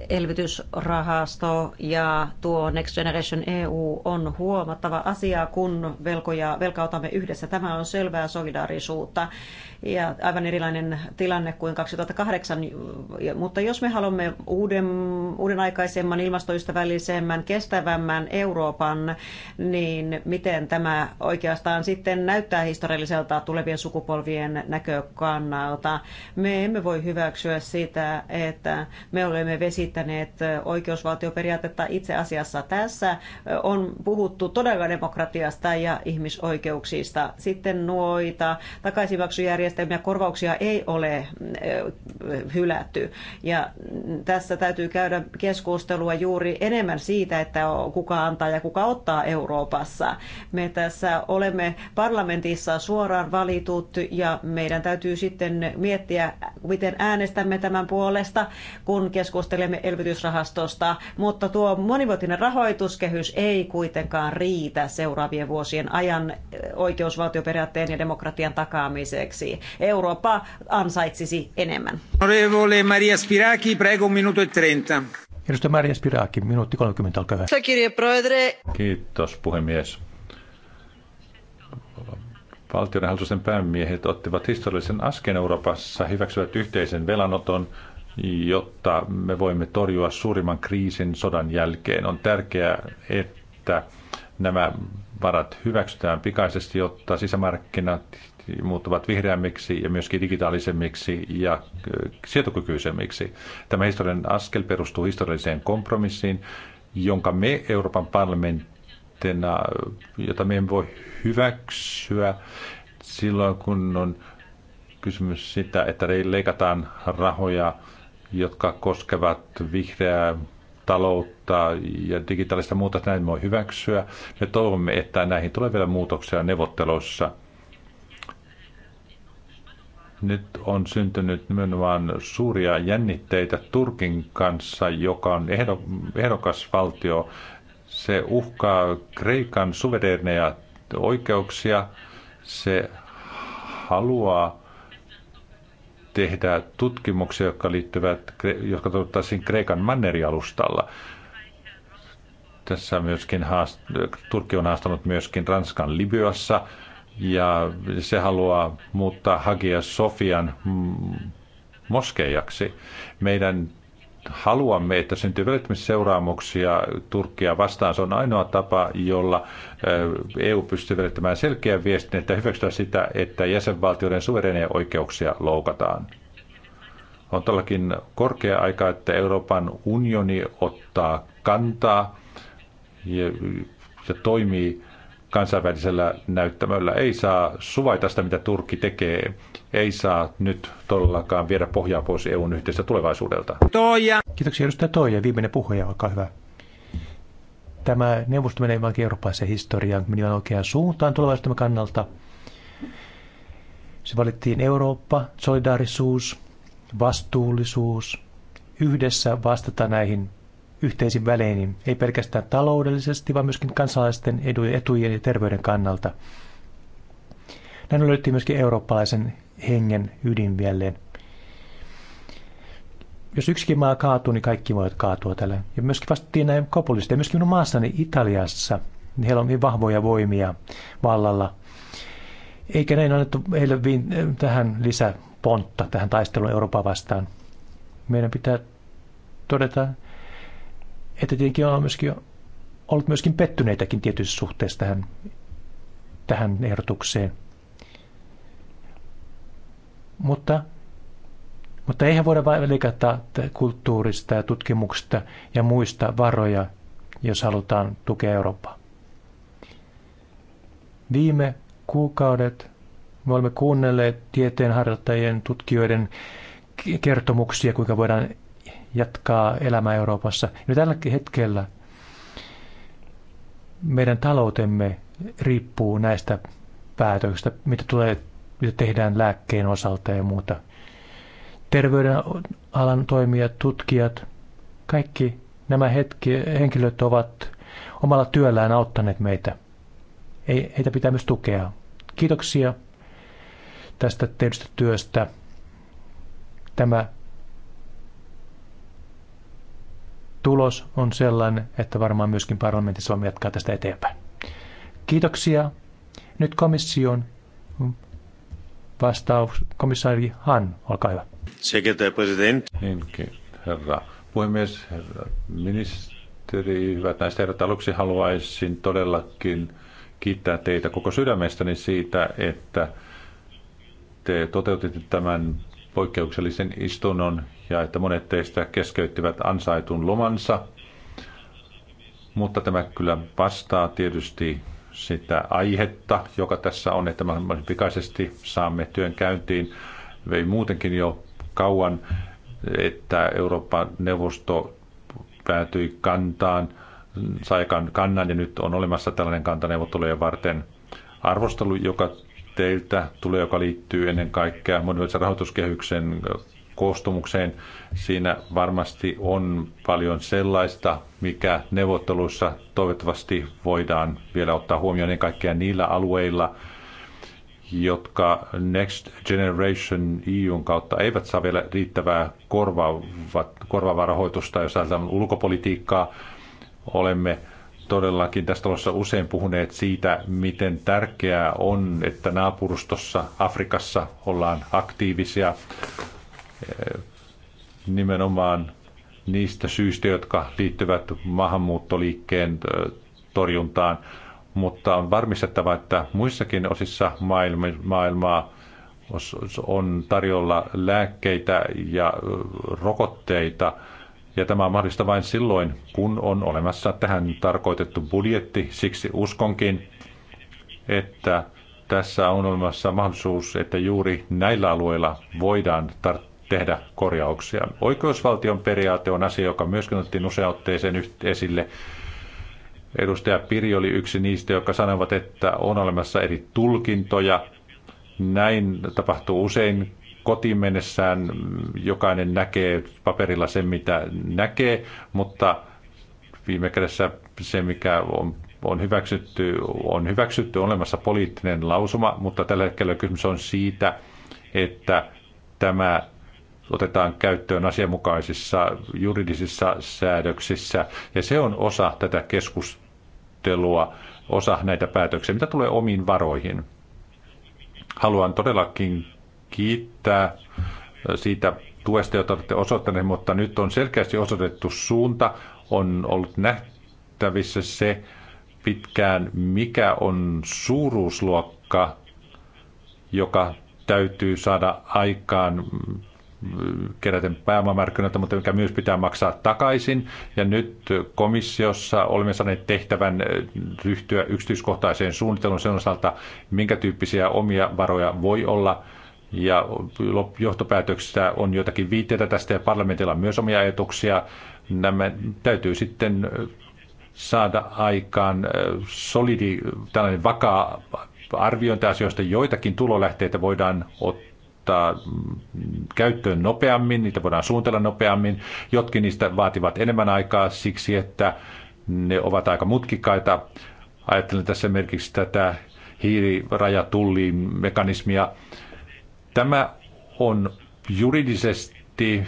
Elvytysrahasto ja tuo Next Generation EU on huomattava asia, kun velkoja, velkautamme yhdessä. Tämä on selvää solidaarisuutta ja aivan erilainen tilanne kuin 2008. Mutta jos me haluamme uuden, uuden aikaisemman, ilmastoystävällisemmän, kestävämmän Euroopan, niin miten tämä oikeastaan sitten näyttää historialliselta tulevien sukupolvien näkökannalta? Me emme voi hyväksyä sitä, että me olemme vesittäneet oikeusvaltioperiaatetta itse asiassa tässä. On puhuttu todella demokratiasta ja ihmisoikeuksista. Sitten noita takaisinmaksujärjestelmiä järjestelmiä, korvauksia ei ole eh, hylätty. Ja tässä täytyy käydä keskustelua juuri enemmän siitä, että kuka antaa ja kuka ottaa Euroopassa. Me tässä olemme parlamentissa suoraan valitut ja meidän täytyy sitten miettiä, miten äänestämme tämän puolesta, kun keskustelemme elvytysrahastosta. Mutta tuo monivuotinen rahoituskehys ei kuitenkaan riitä seuraavien vuosien ajan eh, oikeusvaltioperiaatteen ja demokratian takaamiseksi. Eurooppa ansaitsisi enemmän. Onorevole Maria Spiraki, prego un minuto e 30. Edustaja Maria Spiraki, minuutti 30, olkaa hyvä. Kiitos puhemies. Valtioiden hallitusten päämiehet ottivat historiallisen askeen Euroopassa, hyväksyvät yhteisen velanoton, jotta me voimme torjua suurimman kriisin sodan jälkeen. On tärkeää, että nämä varat hyväksytään pikaisesti, jotta sisämarkkinat muuttuvat vihreämmiksi ja myöskin digitaalisemmiksi ja äh, sietokykyisemmiksi. Tämä historiallinen askel perustuu historialliseen kompromissiin, jonka me Euroopan parlamenttina, jota me emme voi hyväksyä silloin, kun on kysymys sitä, että leikataan rahoja, jotka koskevat vihreää taloutta ja digitaalista muuta, näin voi hyväksyä. Me toivomme, että näihin tulee vielä muutoksia neuvotteluissa – nyt on syntynyt nimenomaan suuria jännitteitä Turkin kanssa, joka on valtio. Se uhkaa Kreikan suvereneja oikeuksia. Se haluaa tehdä tutkimuksia, jotka liittyvät, jotka toteuttaisiin Kreikan mannerialustalla. Tässä myöskin haast, Turkki on haastanut myöskin Ranskan Libyassa ja se haluaa muuttaa Hagia Sofian moskeijaksi. Meidän haluamme, että syntyy välittämisseuraamuksia Turkkia vastaan. Se on ainoa tapa, jolla EU pystyy välittämään selkeän viestin, että hyväksytään sitä, että jäsenvaltioiden suvereneja oikeuksia loukataan. On todellakin korkea aika, että Euroopan unioni ottaa kantaa ja, ja toimii kansainvälisellä näyttämöllä. Ei saa suvaita sitä, mitä Turkki tekee. Ei saa nyt todellakaan viedä pohjaa pois EUn yhteistä tulevaisuudelta. Toija. Kiitoksia edustaja Toija. Viimeinen puhuja, olkaa hyvä. Tämä neuvosto menee vaikka eurooppalaisen historiaan, meni oikeaan suuntaan tulevaisuuden kannalta. Se valittiin Eurooppa, solidaarisuus, vastuullisuus, yhdessä vastata näihin yhteisin välein, niin ei pelkästään taloudellisesti, vaan myöskin kansalaisten etujen, etujen ja terveyden kannalta. Näin löytyy myöskin eurooppalaisen hengen ydin jälleen. Jos yksikin maa kaatuu, niin kaikki voivat kaatua tällä. Ja myöskin vastattiin näin Ja Myöskin minun maassani Italiassa, niin heillä on hyvin vahvoja voimia vallalla. Eikä näin annettu heille tähän lisäpontta, tähän taisteluun Euroopan vastaan. Meidän pitää todeta, että tietenkin on myöskin ollut myöskin pettyneitäkin tietyissä suhteessa tähän, tähän ehdotukseen. Mutta, mutta eihän voida vain leikata kulttuurista ja tutkimuksista ja muista varoja, jos halutaan tukea Eurooppaa. Viime kuukaudet me olemme kuunnelleet tieteenharjoittajien, tutkijoiden kertomuksia, kuinka voidaan jatkaa elämää Euroopassa. Ja tällä hetkellä meidän taloutemme riippuu näistä päätöksistä, mitä tulee, mitä tehdään lääkkeen osalta ja muuta. Terveydenalan toimijat, tutkijat, kaikki nämä hetki, henkilöt ovat omalla työllään auttaneet meitä. Ei, heitä pitää myös tukea. Kiitoksia tästä tehdystä työstä. Tämä tulos on sellainen, että varmaan myöskin parlamentissa voimme jatkaa tästä eteenpäin. Kiitoksia. Nyt komission vastaus. Komissaari Han, olkaa hyvä. Secretary President. Niin, herra puhemies, herra ministeri, hyvät näistä herrat, aluksi haluaisin todellakin kiittää teitä koko sydämestäni siitä, että te toteutitte tämän poikkeuksellisen istunnon, ja että monet teistä keskeyttivät ansaitun lomansa. Mutta tämä kyllä vastaa tietysti sitä aihetta, joka tässä on, että mahdollisimman pikaisesti saamme työn käyntiin. Vei muutenkin jo kauan, että Euroopan neuvosto päätyi kantaan, sai kannan ja nyt on olemassa tällainen kanta neuvottelujen varten arvostelu, joka teiltä tulee, joka liittyy ennen kaikkea monivuotisen rahoituskehyksen koostumukseen. Siinä varmasti on paljon sellaista, mikä neuvotteluissa toivottavasti voidaan vielä ottaa huomioon ennen kaikkea niillä alueilla, jotka Next Generation EUn kautta eivät saa vielä riittävää korvaavaa rahoitusta, jos ajatellaan ulkopolitiikkaa. Olemme todellakin tässä talossa usein puhuneet siitä, miten tärkeää on, että naapurustossa Afrikassa ollaan aktiivisia. Eh, nimenomaan niistä syistä, jotka liittyvät maahanmuuttoliikkeen eh, torjuntaan, mutta on varmistettava, että muissakin osissa maailmaa on tarjolla lääkkeitä ja eh, rokotteita, ja tämä on mahdollista vain silloin, kun on olemassa tähän tarkoitettu budjetti. Siksi uskonkin, että tässä on olemassa mahdollisuus, että juuri näillä alueilla voidaan tarttua tehdä korjauksia. Oikeusvaltion periaate on asia, joka myöskin otettiin usean otteeseen esille. Edustaja Pirjo oli yksi niistä, jotka sanovat, että on olemassa eri tulkintoja. Näin tapahtuu usein kotiin mennessään. Jokainen näkee paperilla sen, mitä näkee, mutta viime kädessä se, mikä on on hyväksytty, on hyväksytty on olemassa poliittinen lausuma, mutta tällä hetkellä kysymys on siitä, että tämä otetaan käyttöön asianmukaisissa juridisissa säädöksissä. Ja se on osa tätä keskustelua, osa näitä päätöksiä, mitä tulee omiin varoihin. Haluan todellakin kiittää siitä tuesta, jota olette osoittaneet, mutta nyt on selkeästi osoitettu suunta, on ollut nähtävissä se pitkään, mikä on suuruusluokka, joka täytyy saada aikaan keräten pääomamarkkinoilta, mutta mikä myös pitää maksaa takaisin. Ja nyt komissiossa olemme saaneet tehtävän eh, ryhtyä yksityiskohtaiseen suunnitteluun sen osalta, minkä tyyppisiä omia varoja voi olla ja johtopäätöksistä on joitakin viitteitä tästä ja parlamentilla on myös omia ajatuksia. Nämä täytyy sitten eh, saada aikaan eh, solidi, tällainen vakaa arviointi asioista. Joitakin tulolähteitä voidaan ottaa ottaa käyttöön nopeammin, niitä voidaan suunnitella nopeammin. Jotkin niistä vaativat enemmän aikaa siksi, että ne ovat aika mutkikkaita. Ajattelen tässä esimerkiksi tätä hiirirajatullimekanismia. Tämä on juridisesti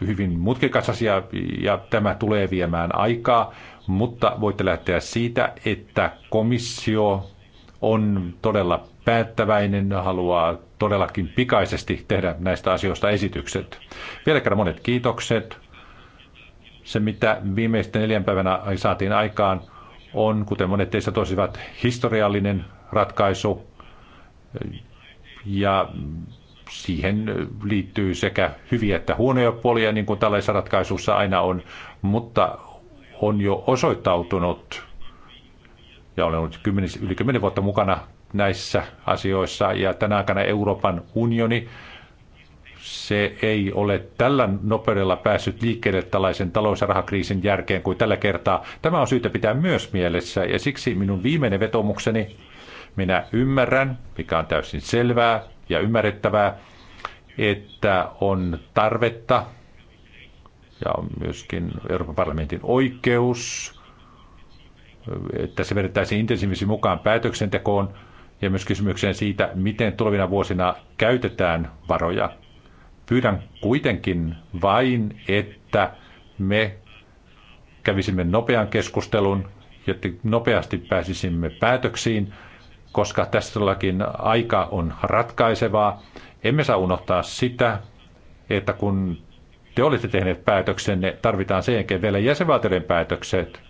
hyvin mutkikas asia ja tämä tulee viemään aikaa, mutta voitte lähteä siitä, että komissio on todella päättäväinen, haluaa todellakin pikaisesti tehdä näistä asioista esitykset. Vielä kerran monet kiitokset. Se, mitä viimeisten neljän päivänä saatiin aikaan, on, kuten monet teistä tosivat, historiallinen ratkaisu. Ja siihen liittyy sekä hyviä että huonoja puolia, niin kuin tällaisessa ratkaisussa aina on, mutta on jo osoittautunut, ja olen ollut 10, yli kymmenen vuotta mukana näissä asioissa ja tänä aikana Euroopan unioni se ei ole tällä nopeudella päässyt liikkeelle tällaisen talous- ja rahakriisin jälkeen kuin tällä kertaa. Tämä on syytä pitää myös mielessä ja siksi minun viimeinen vetomukseni, minä ymmärrän, mikä on täysin selvää ja ymmärrettävää, että on tarvetta ja on myöskin Euroopan parlamentin oikeus, että se vedettäisiin intensiivisesti mukaan päätöksentekoon – ja myös kysymykseen siitä, miten tulevina vuosina käytetään varoja. Pyydän kuitenkin vain, että me kävisimme nopean keskustelun, jotta nopeasti pääsisimme päätöksiin, koska tässä todellakin aika on ratkaisevaa. Emme saa unohtaa sitä, että kun te olette tehneet päätöksenne, tarvitaan sen jälkeen vielä jäsenvaltioiden päätökset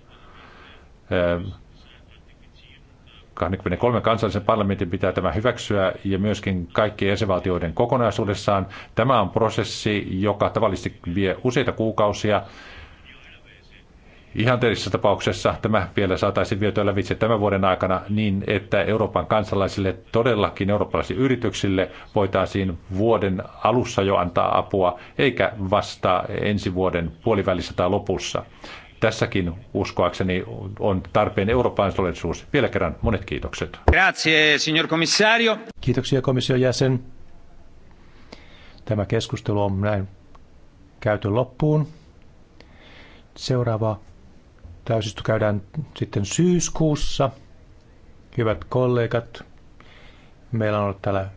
23 kansallisen parlamentin pitää tämä hyväksyä ja myöskin kaikkien jäsenvaltioiden kokonaisuudessaan. Tämä on prosessi, joka tavallisesti vie useita kuukausia. Ihan terissä tapauksessa tämä vielä saataisiin vietyä lävitse tämän vuoden aikana niin, että Euroopan kansalaisille, todellakin eurooppalaisille yrityksille voitaisiin vuoden alussa jo antaa apua, eikä vasta ensi vuoden puolivälissä tai lopussa tässäkin uskoakseni on tarpeen Euroopan solidarisuus. Vielä kerran monet kiitokset. Grazie, signor commissario. Kiitoksia komission jäsen. Tämä keskustelu on näin käyty loppuun. Seuraava täysistu käydään sitten syyskuussa. Hyvät kollegat, meillä on ollut täällä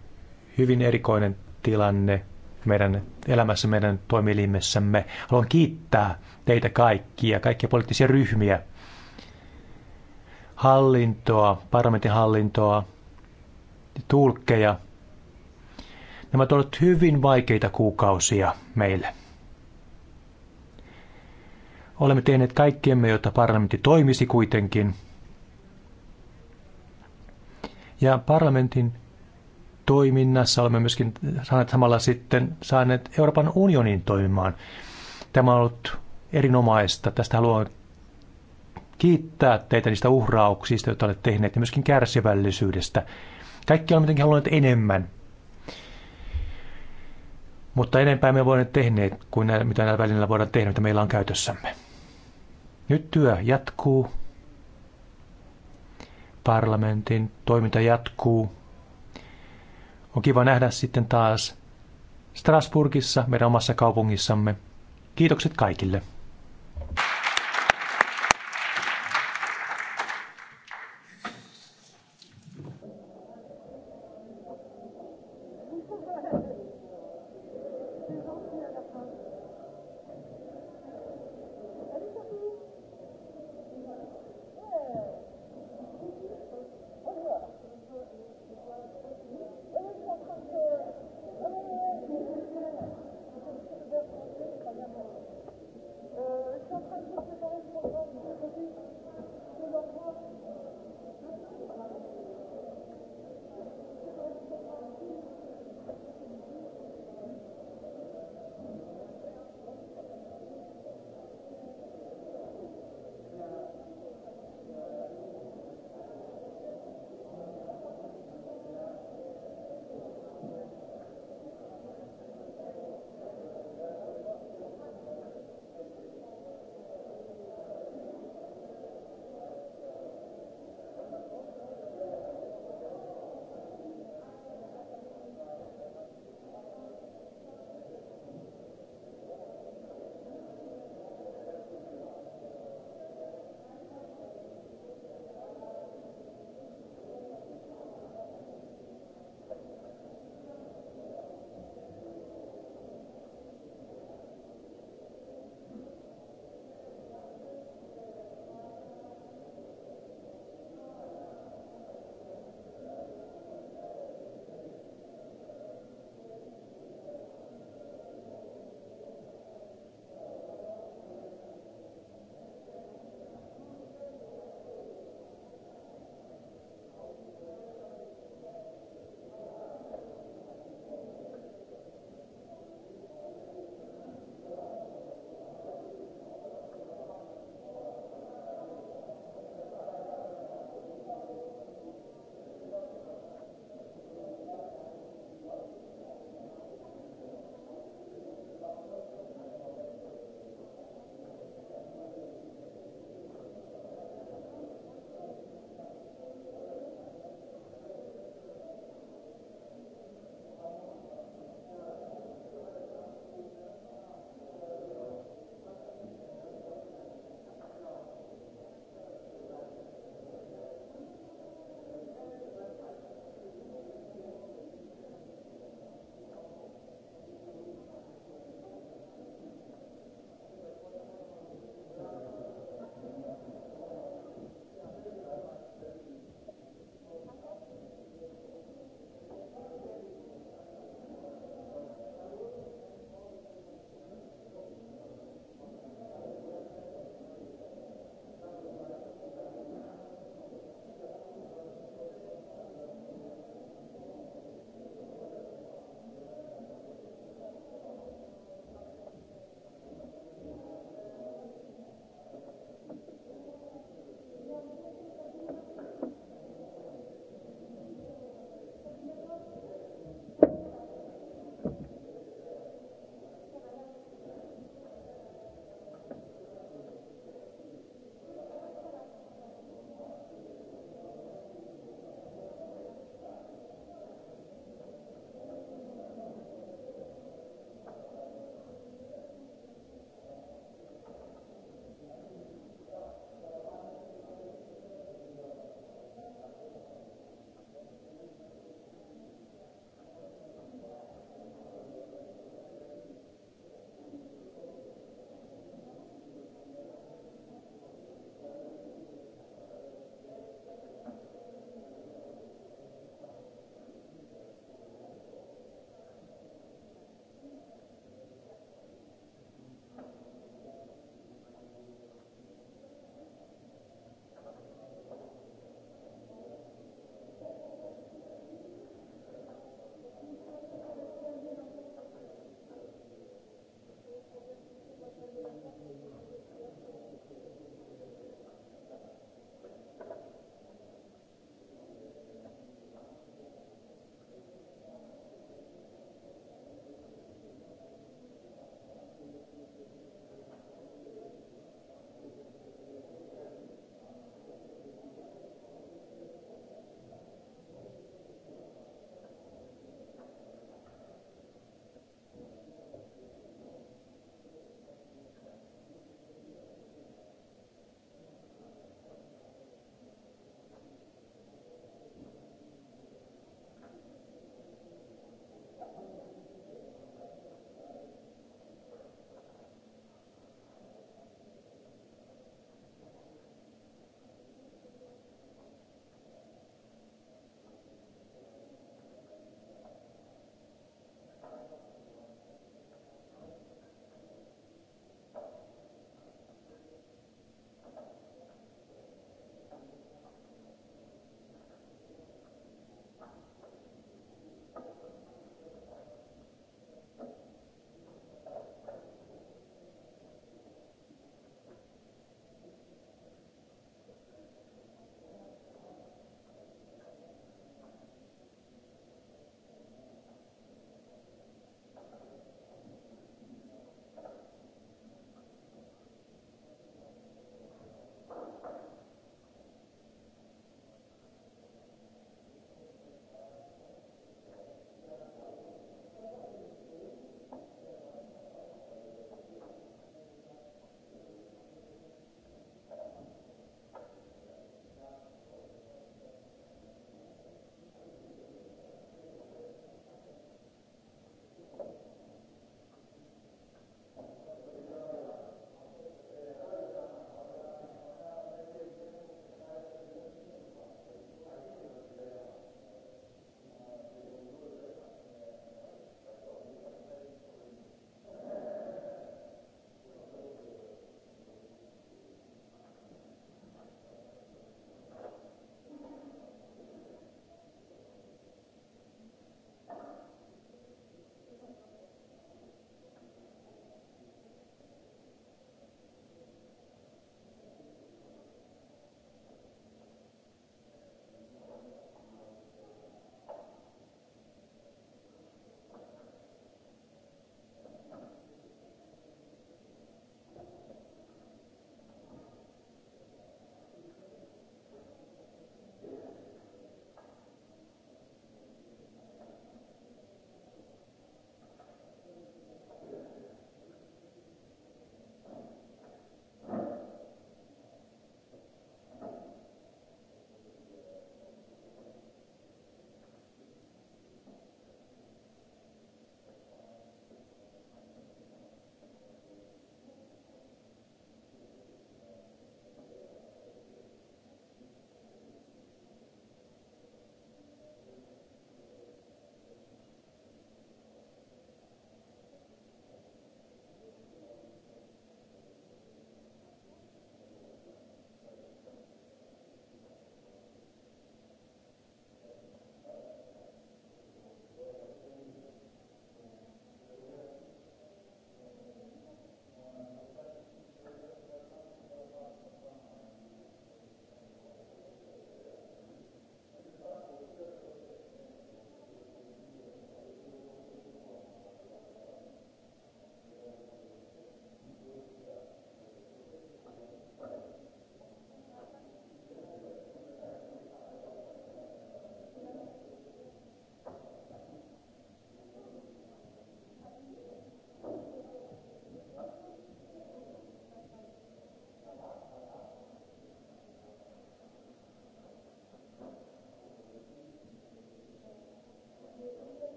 hyvin erikoinen tilanne meidän elämässä meidän toimielimessämme. Haluan kiittää teitä kaikkia, kaikkia poliittisia ryhmiä, hallintoa, parlamentin hallintoa, tulkkeja. Nämä ovat olleet hyvin vaikeita kuukausia meille. Olemme tehneet kaikkiemme, jotta parlamentti toimisi kuitenkin. Ja parlamentin toiminnassa. Olemme myöskin saaneet samalla sitten saaneet Euroopan unionin toimimaan. Tämä on ollut erinomaista. Tästä haluan kiittää teitä niistä uhrauksista, joita olette tehneet, ja myöskin kärsivällisyydestä. Kaikki on jotenkin halunneet enemmän. Mutta enempää me voimme tehneet kuin näillä, mitä näillä välineillä voidaan tehdä, mitä meillä on käytössämme. Nyt työ jatkuu. Parlamentin toiminta jatkuu on kiva nähdä sitten taas Strasburgissa, meidän omassa kaupungissamme. Kiitokset kaikille.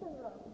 tuntuu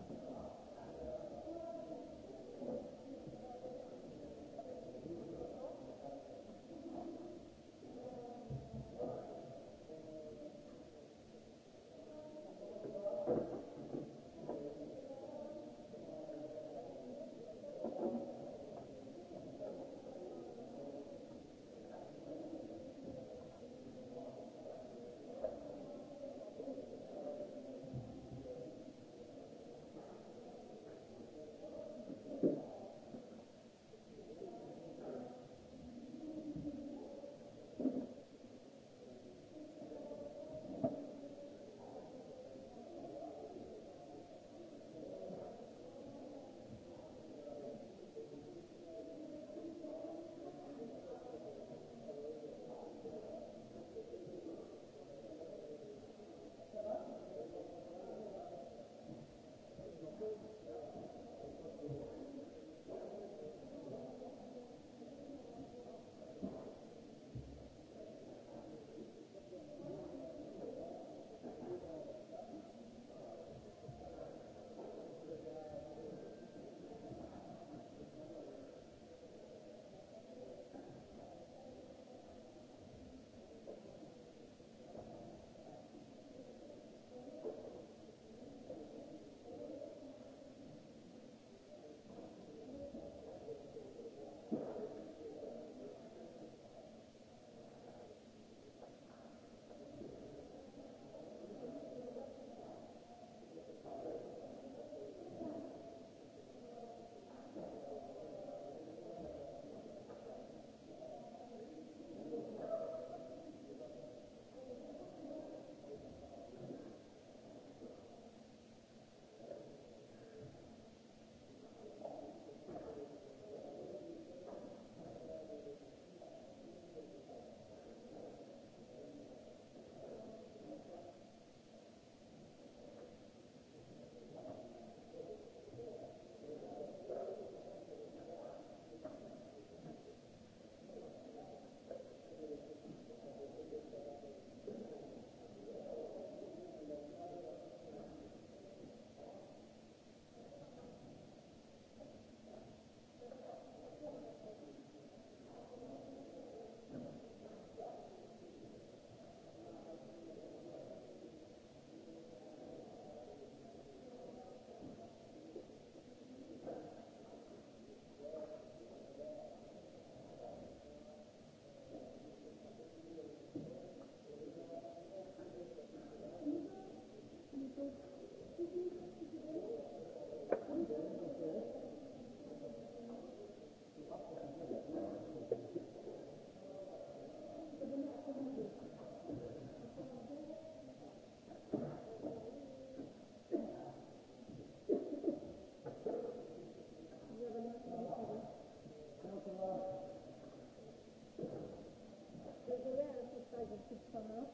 ledamöter.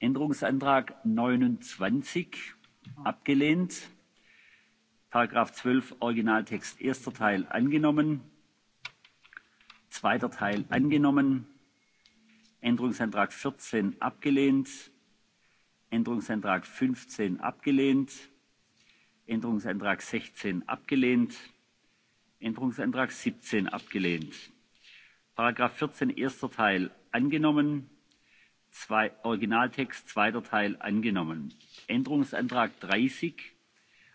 Änderungsantrag neunundzwanzig abgelehnt. Paragraph zwölf Originaltext erster Teil angenommen. Zweiter Teil angenommen. Änderungsantrag vierzehn abgelehnt. Änderungsantrag fünfzehn abgelehnt. Änderungsantrag sechzehn abgelehnt. Änderungsantrag siebzehn abgelehnt. Paragraph vierzehn erster Teil angenommen. Originaltext zweiter Teil angenommen. Änderungsantrag 30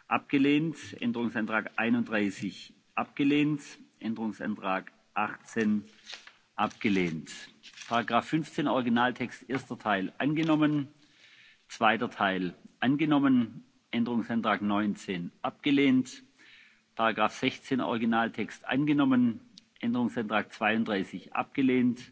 abgelehnt, Änderungsantrag 31 abgelehnt, Änderungsantrag 18 abgelehnt. Paragraph 15 Originaltext erster Teil angenommen, zweiter Teil angenommen, Änderungsantrag 19 abgelehnt, Paragraph 16 Originaltext angenommen, Änderungsantrag 32 abgelehnt,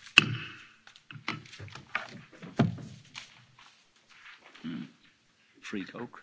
freak oak.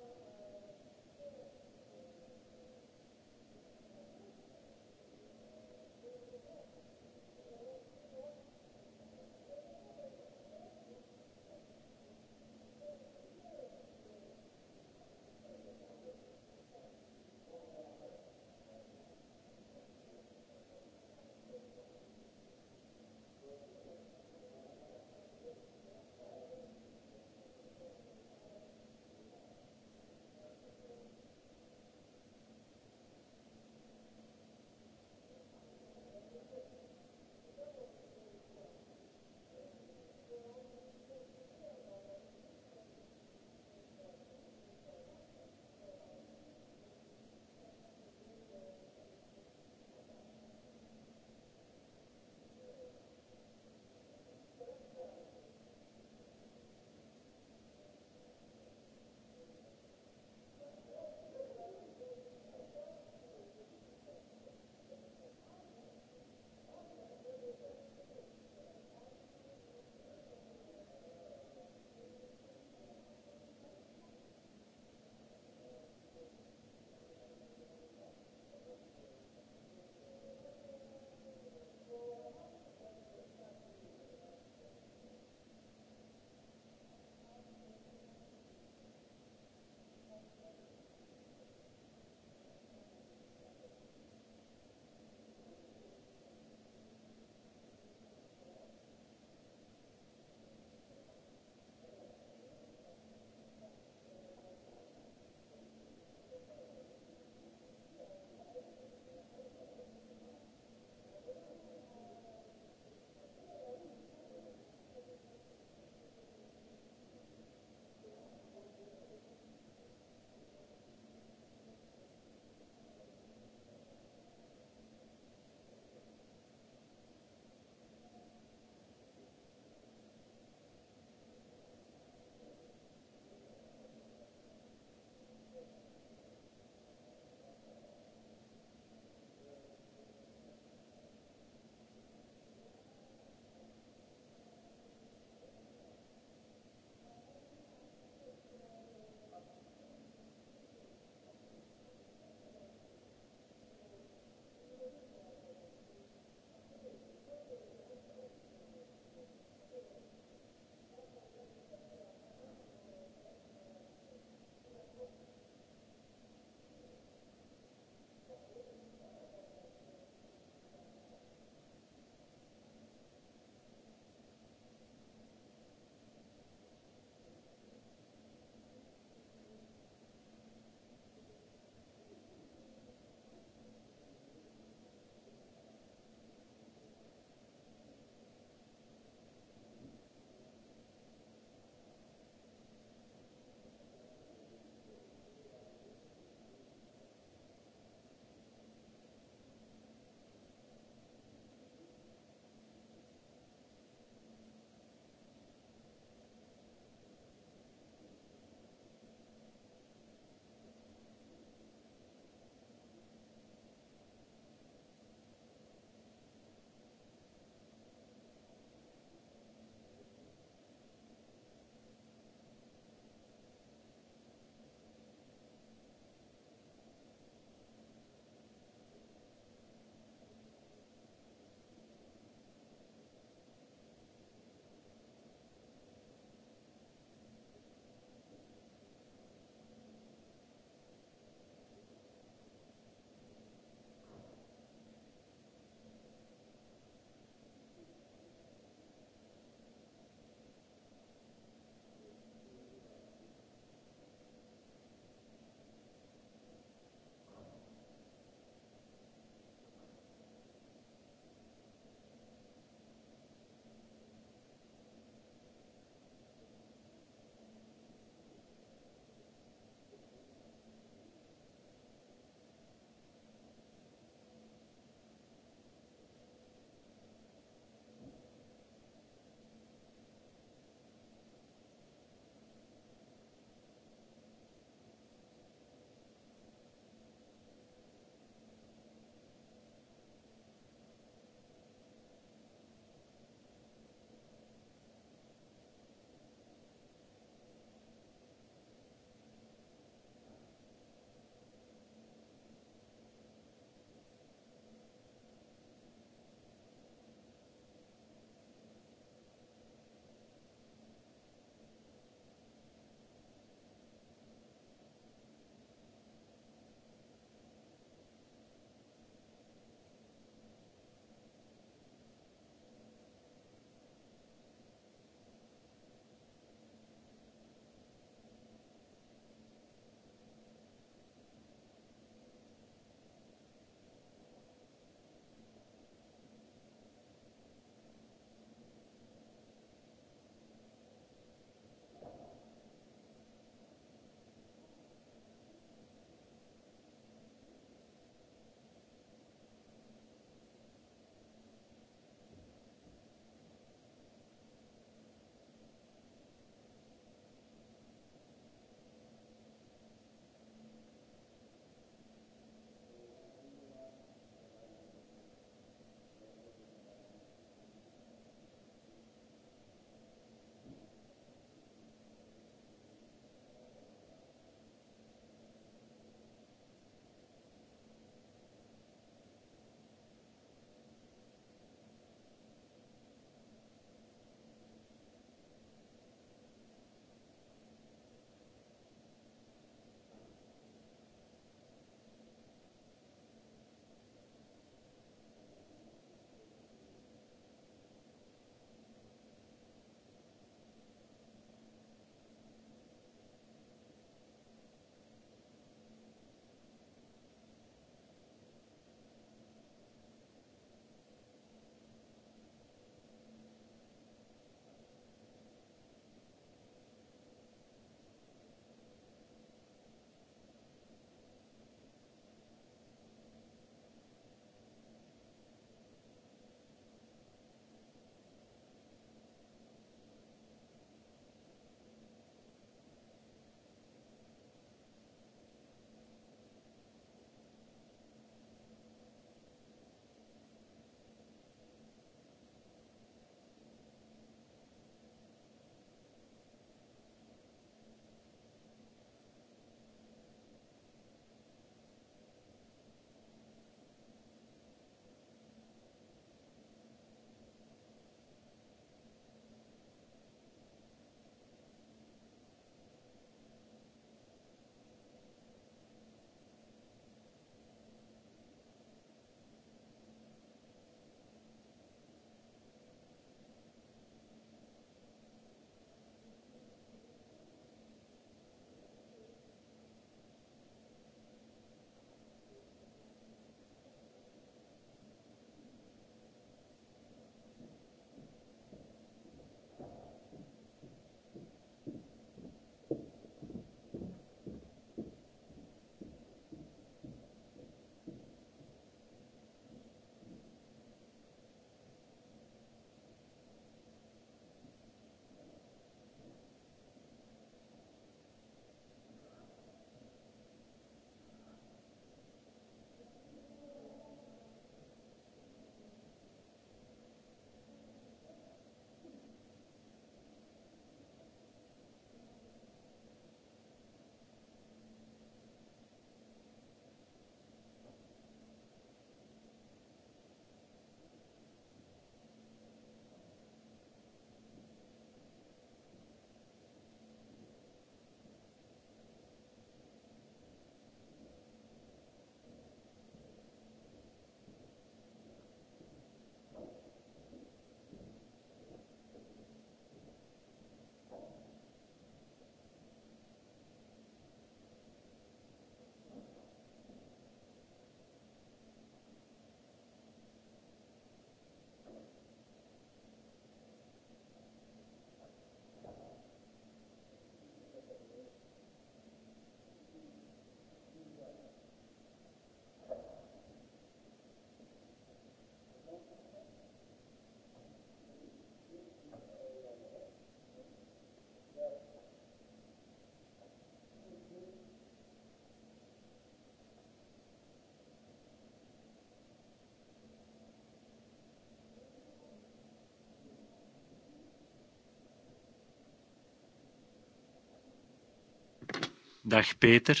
dag peter.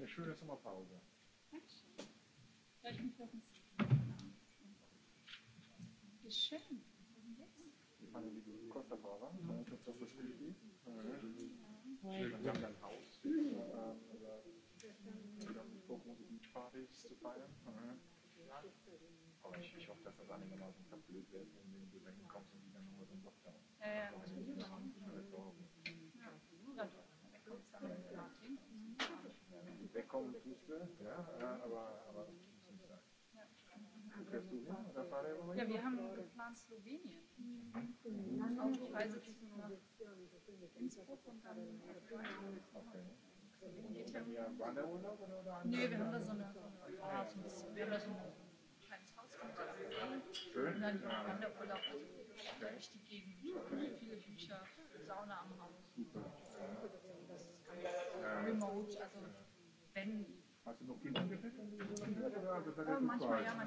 eine schöne Sommerpause. Dankeschön. Soll ich schön. Ich Wir haben ein Haus, wir nicht wegkommen müsste, ja, aber, aber Fährst du er hin? Das war der Moment. Ja, wir haben geplant Slowenien. Mhm. Auf die Reise zu Innsbruck und dann Okay. Geht ja. Nee, wir haben da so eine, ja, so ein bisschen, wir haben da so ein kleines Haus gemacht. Ah, schön. Und dann ja. Wanderurlaub okay. durch die Gegend. Okay. Viele Bücher, Sauna am Haus. Remote, also. Ja wenn. Hast du noch Kinder gefüttert? Äh, manchmal ja, Ja.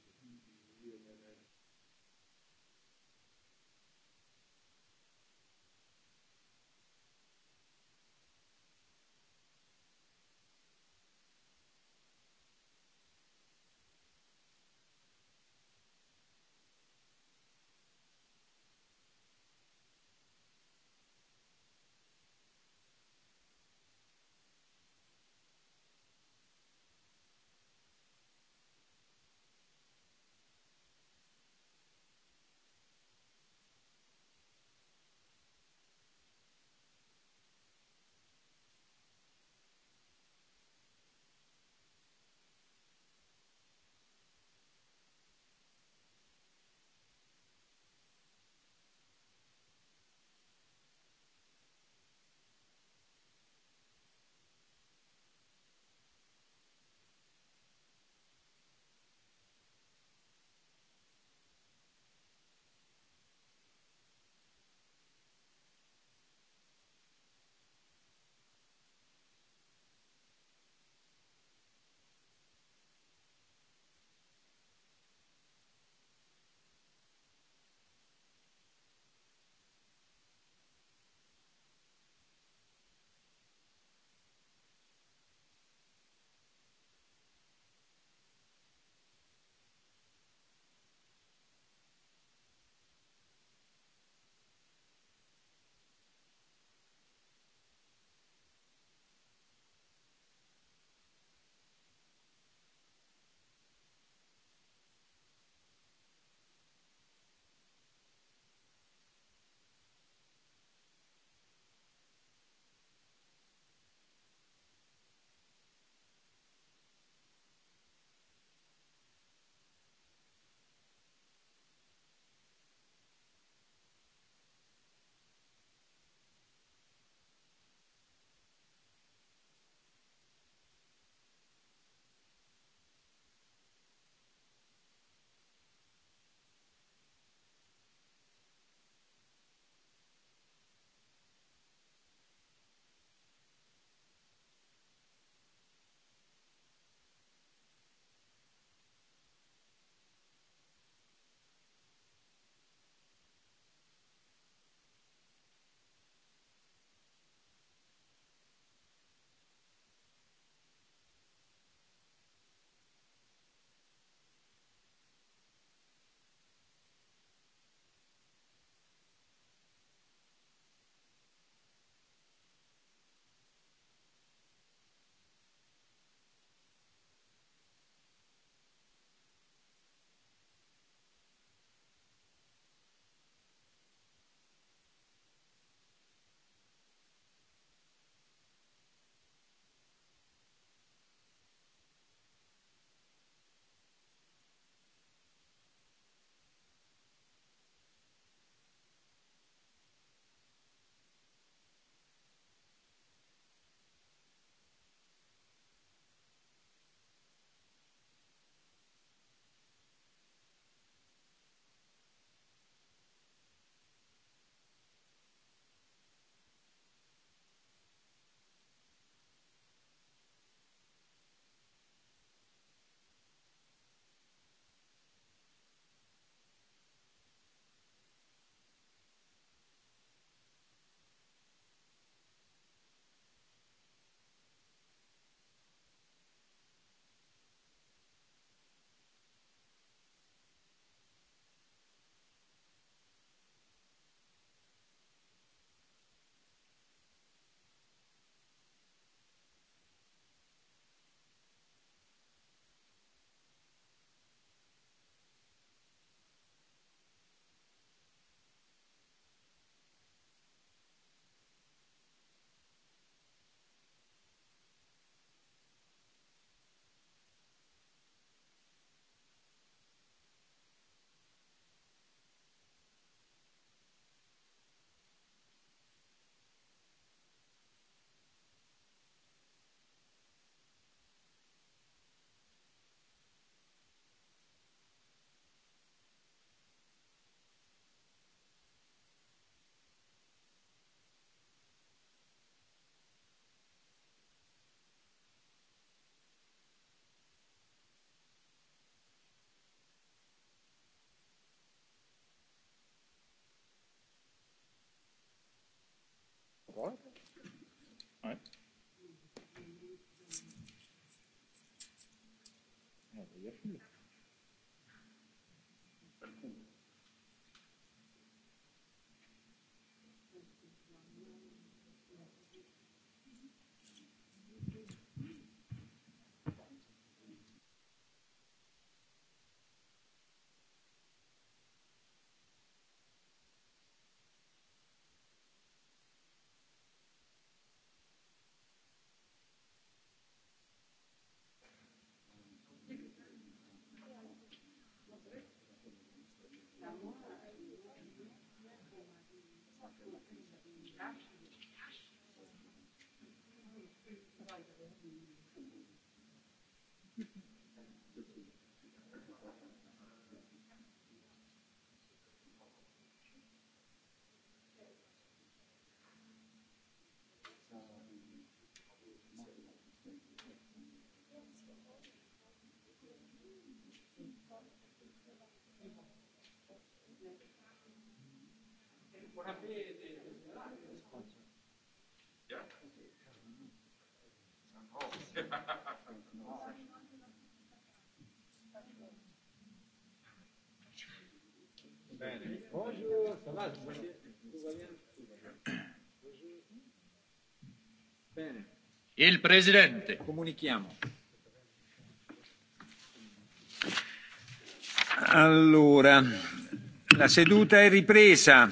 Yes, miss. Il Presidente. Comunichiamo. Allora, la seduta è ripresa.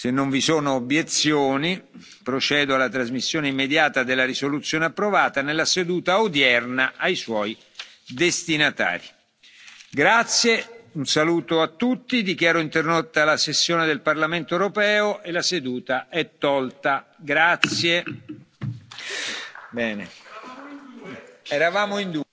se non vi sono obiezioni procedo alla trasmissione immediata della risoluzione approvata nella seduta odierna ai suoi destinatari. grazie un saluto a tutti dichiaro interrotta la sessione del parlamento europeo e la seduta è tolta. eravamo in.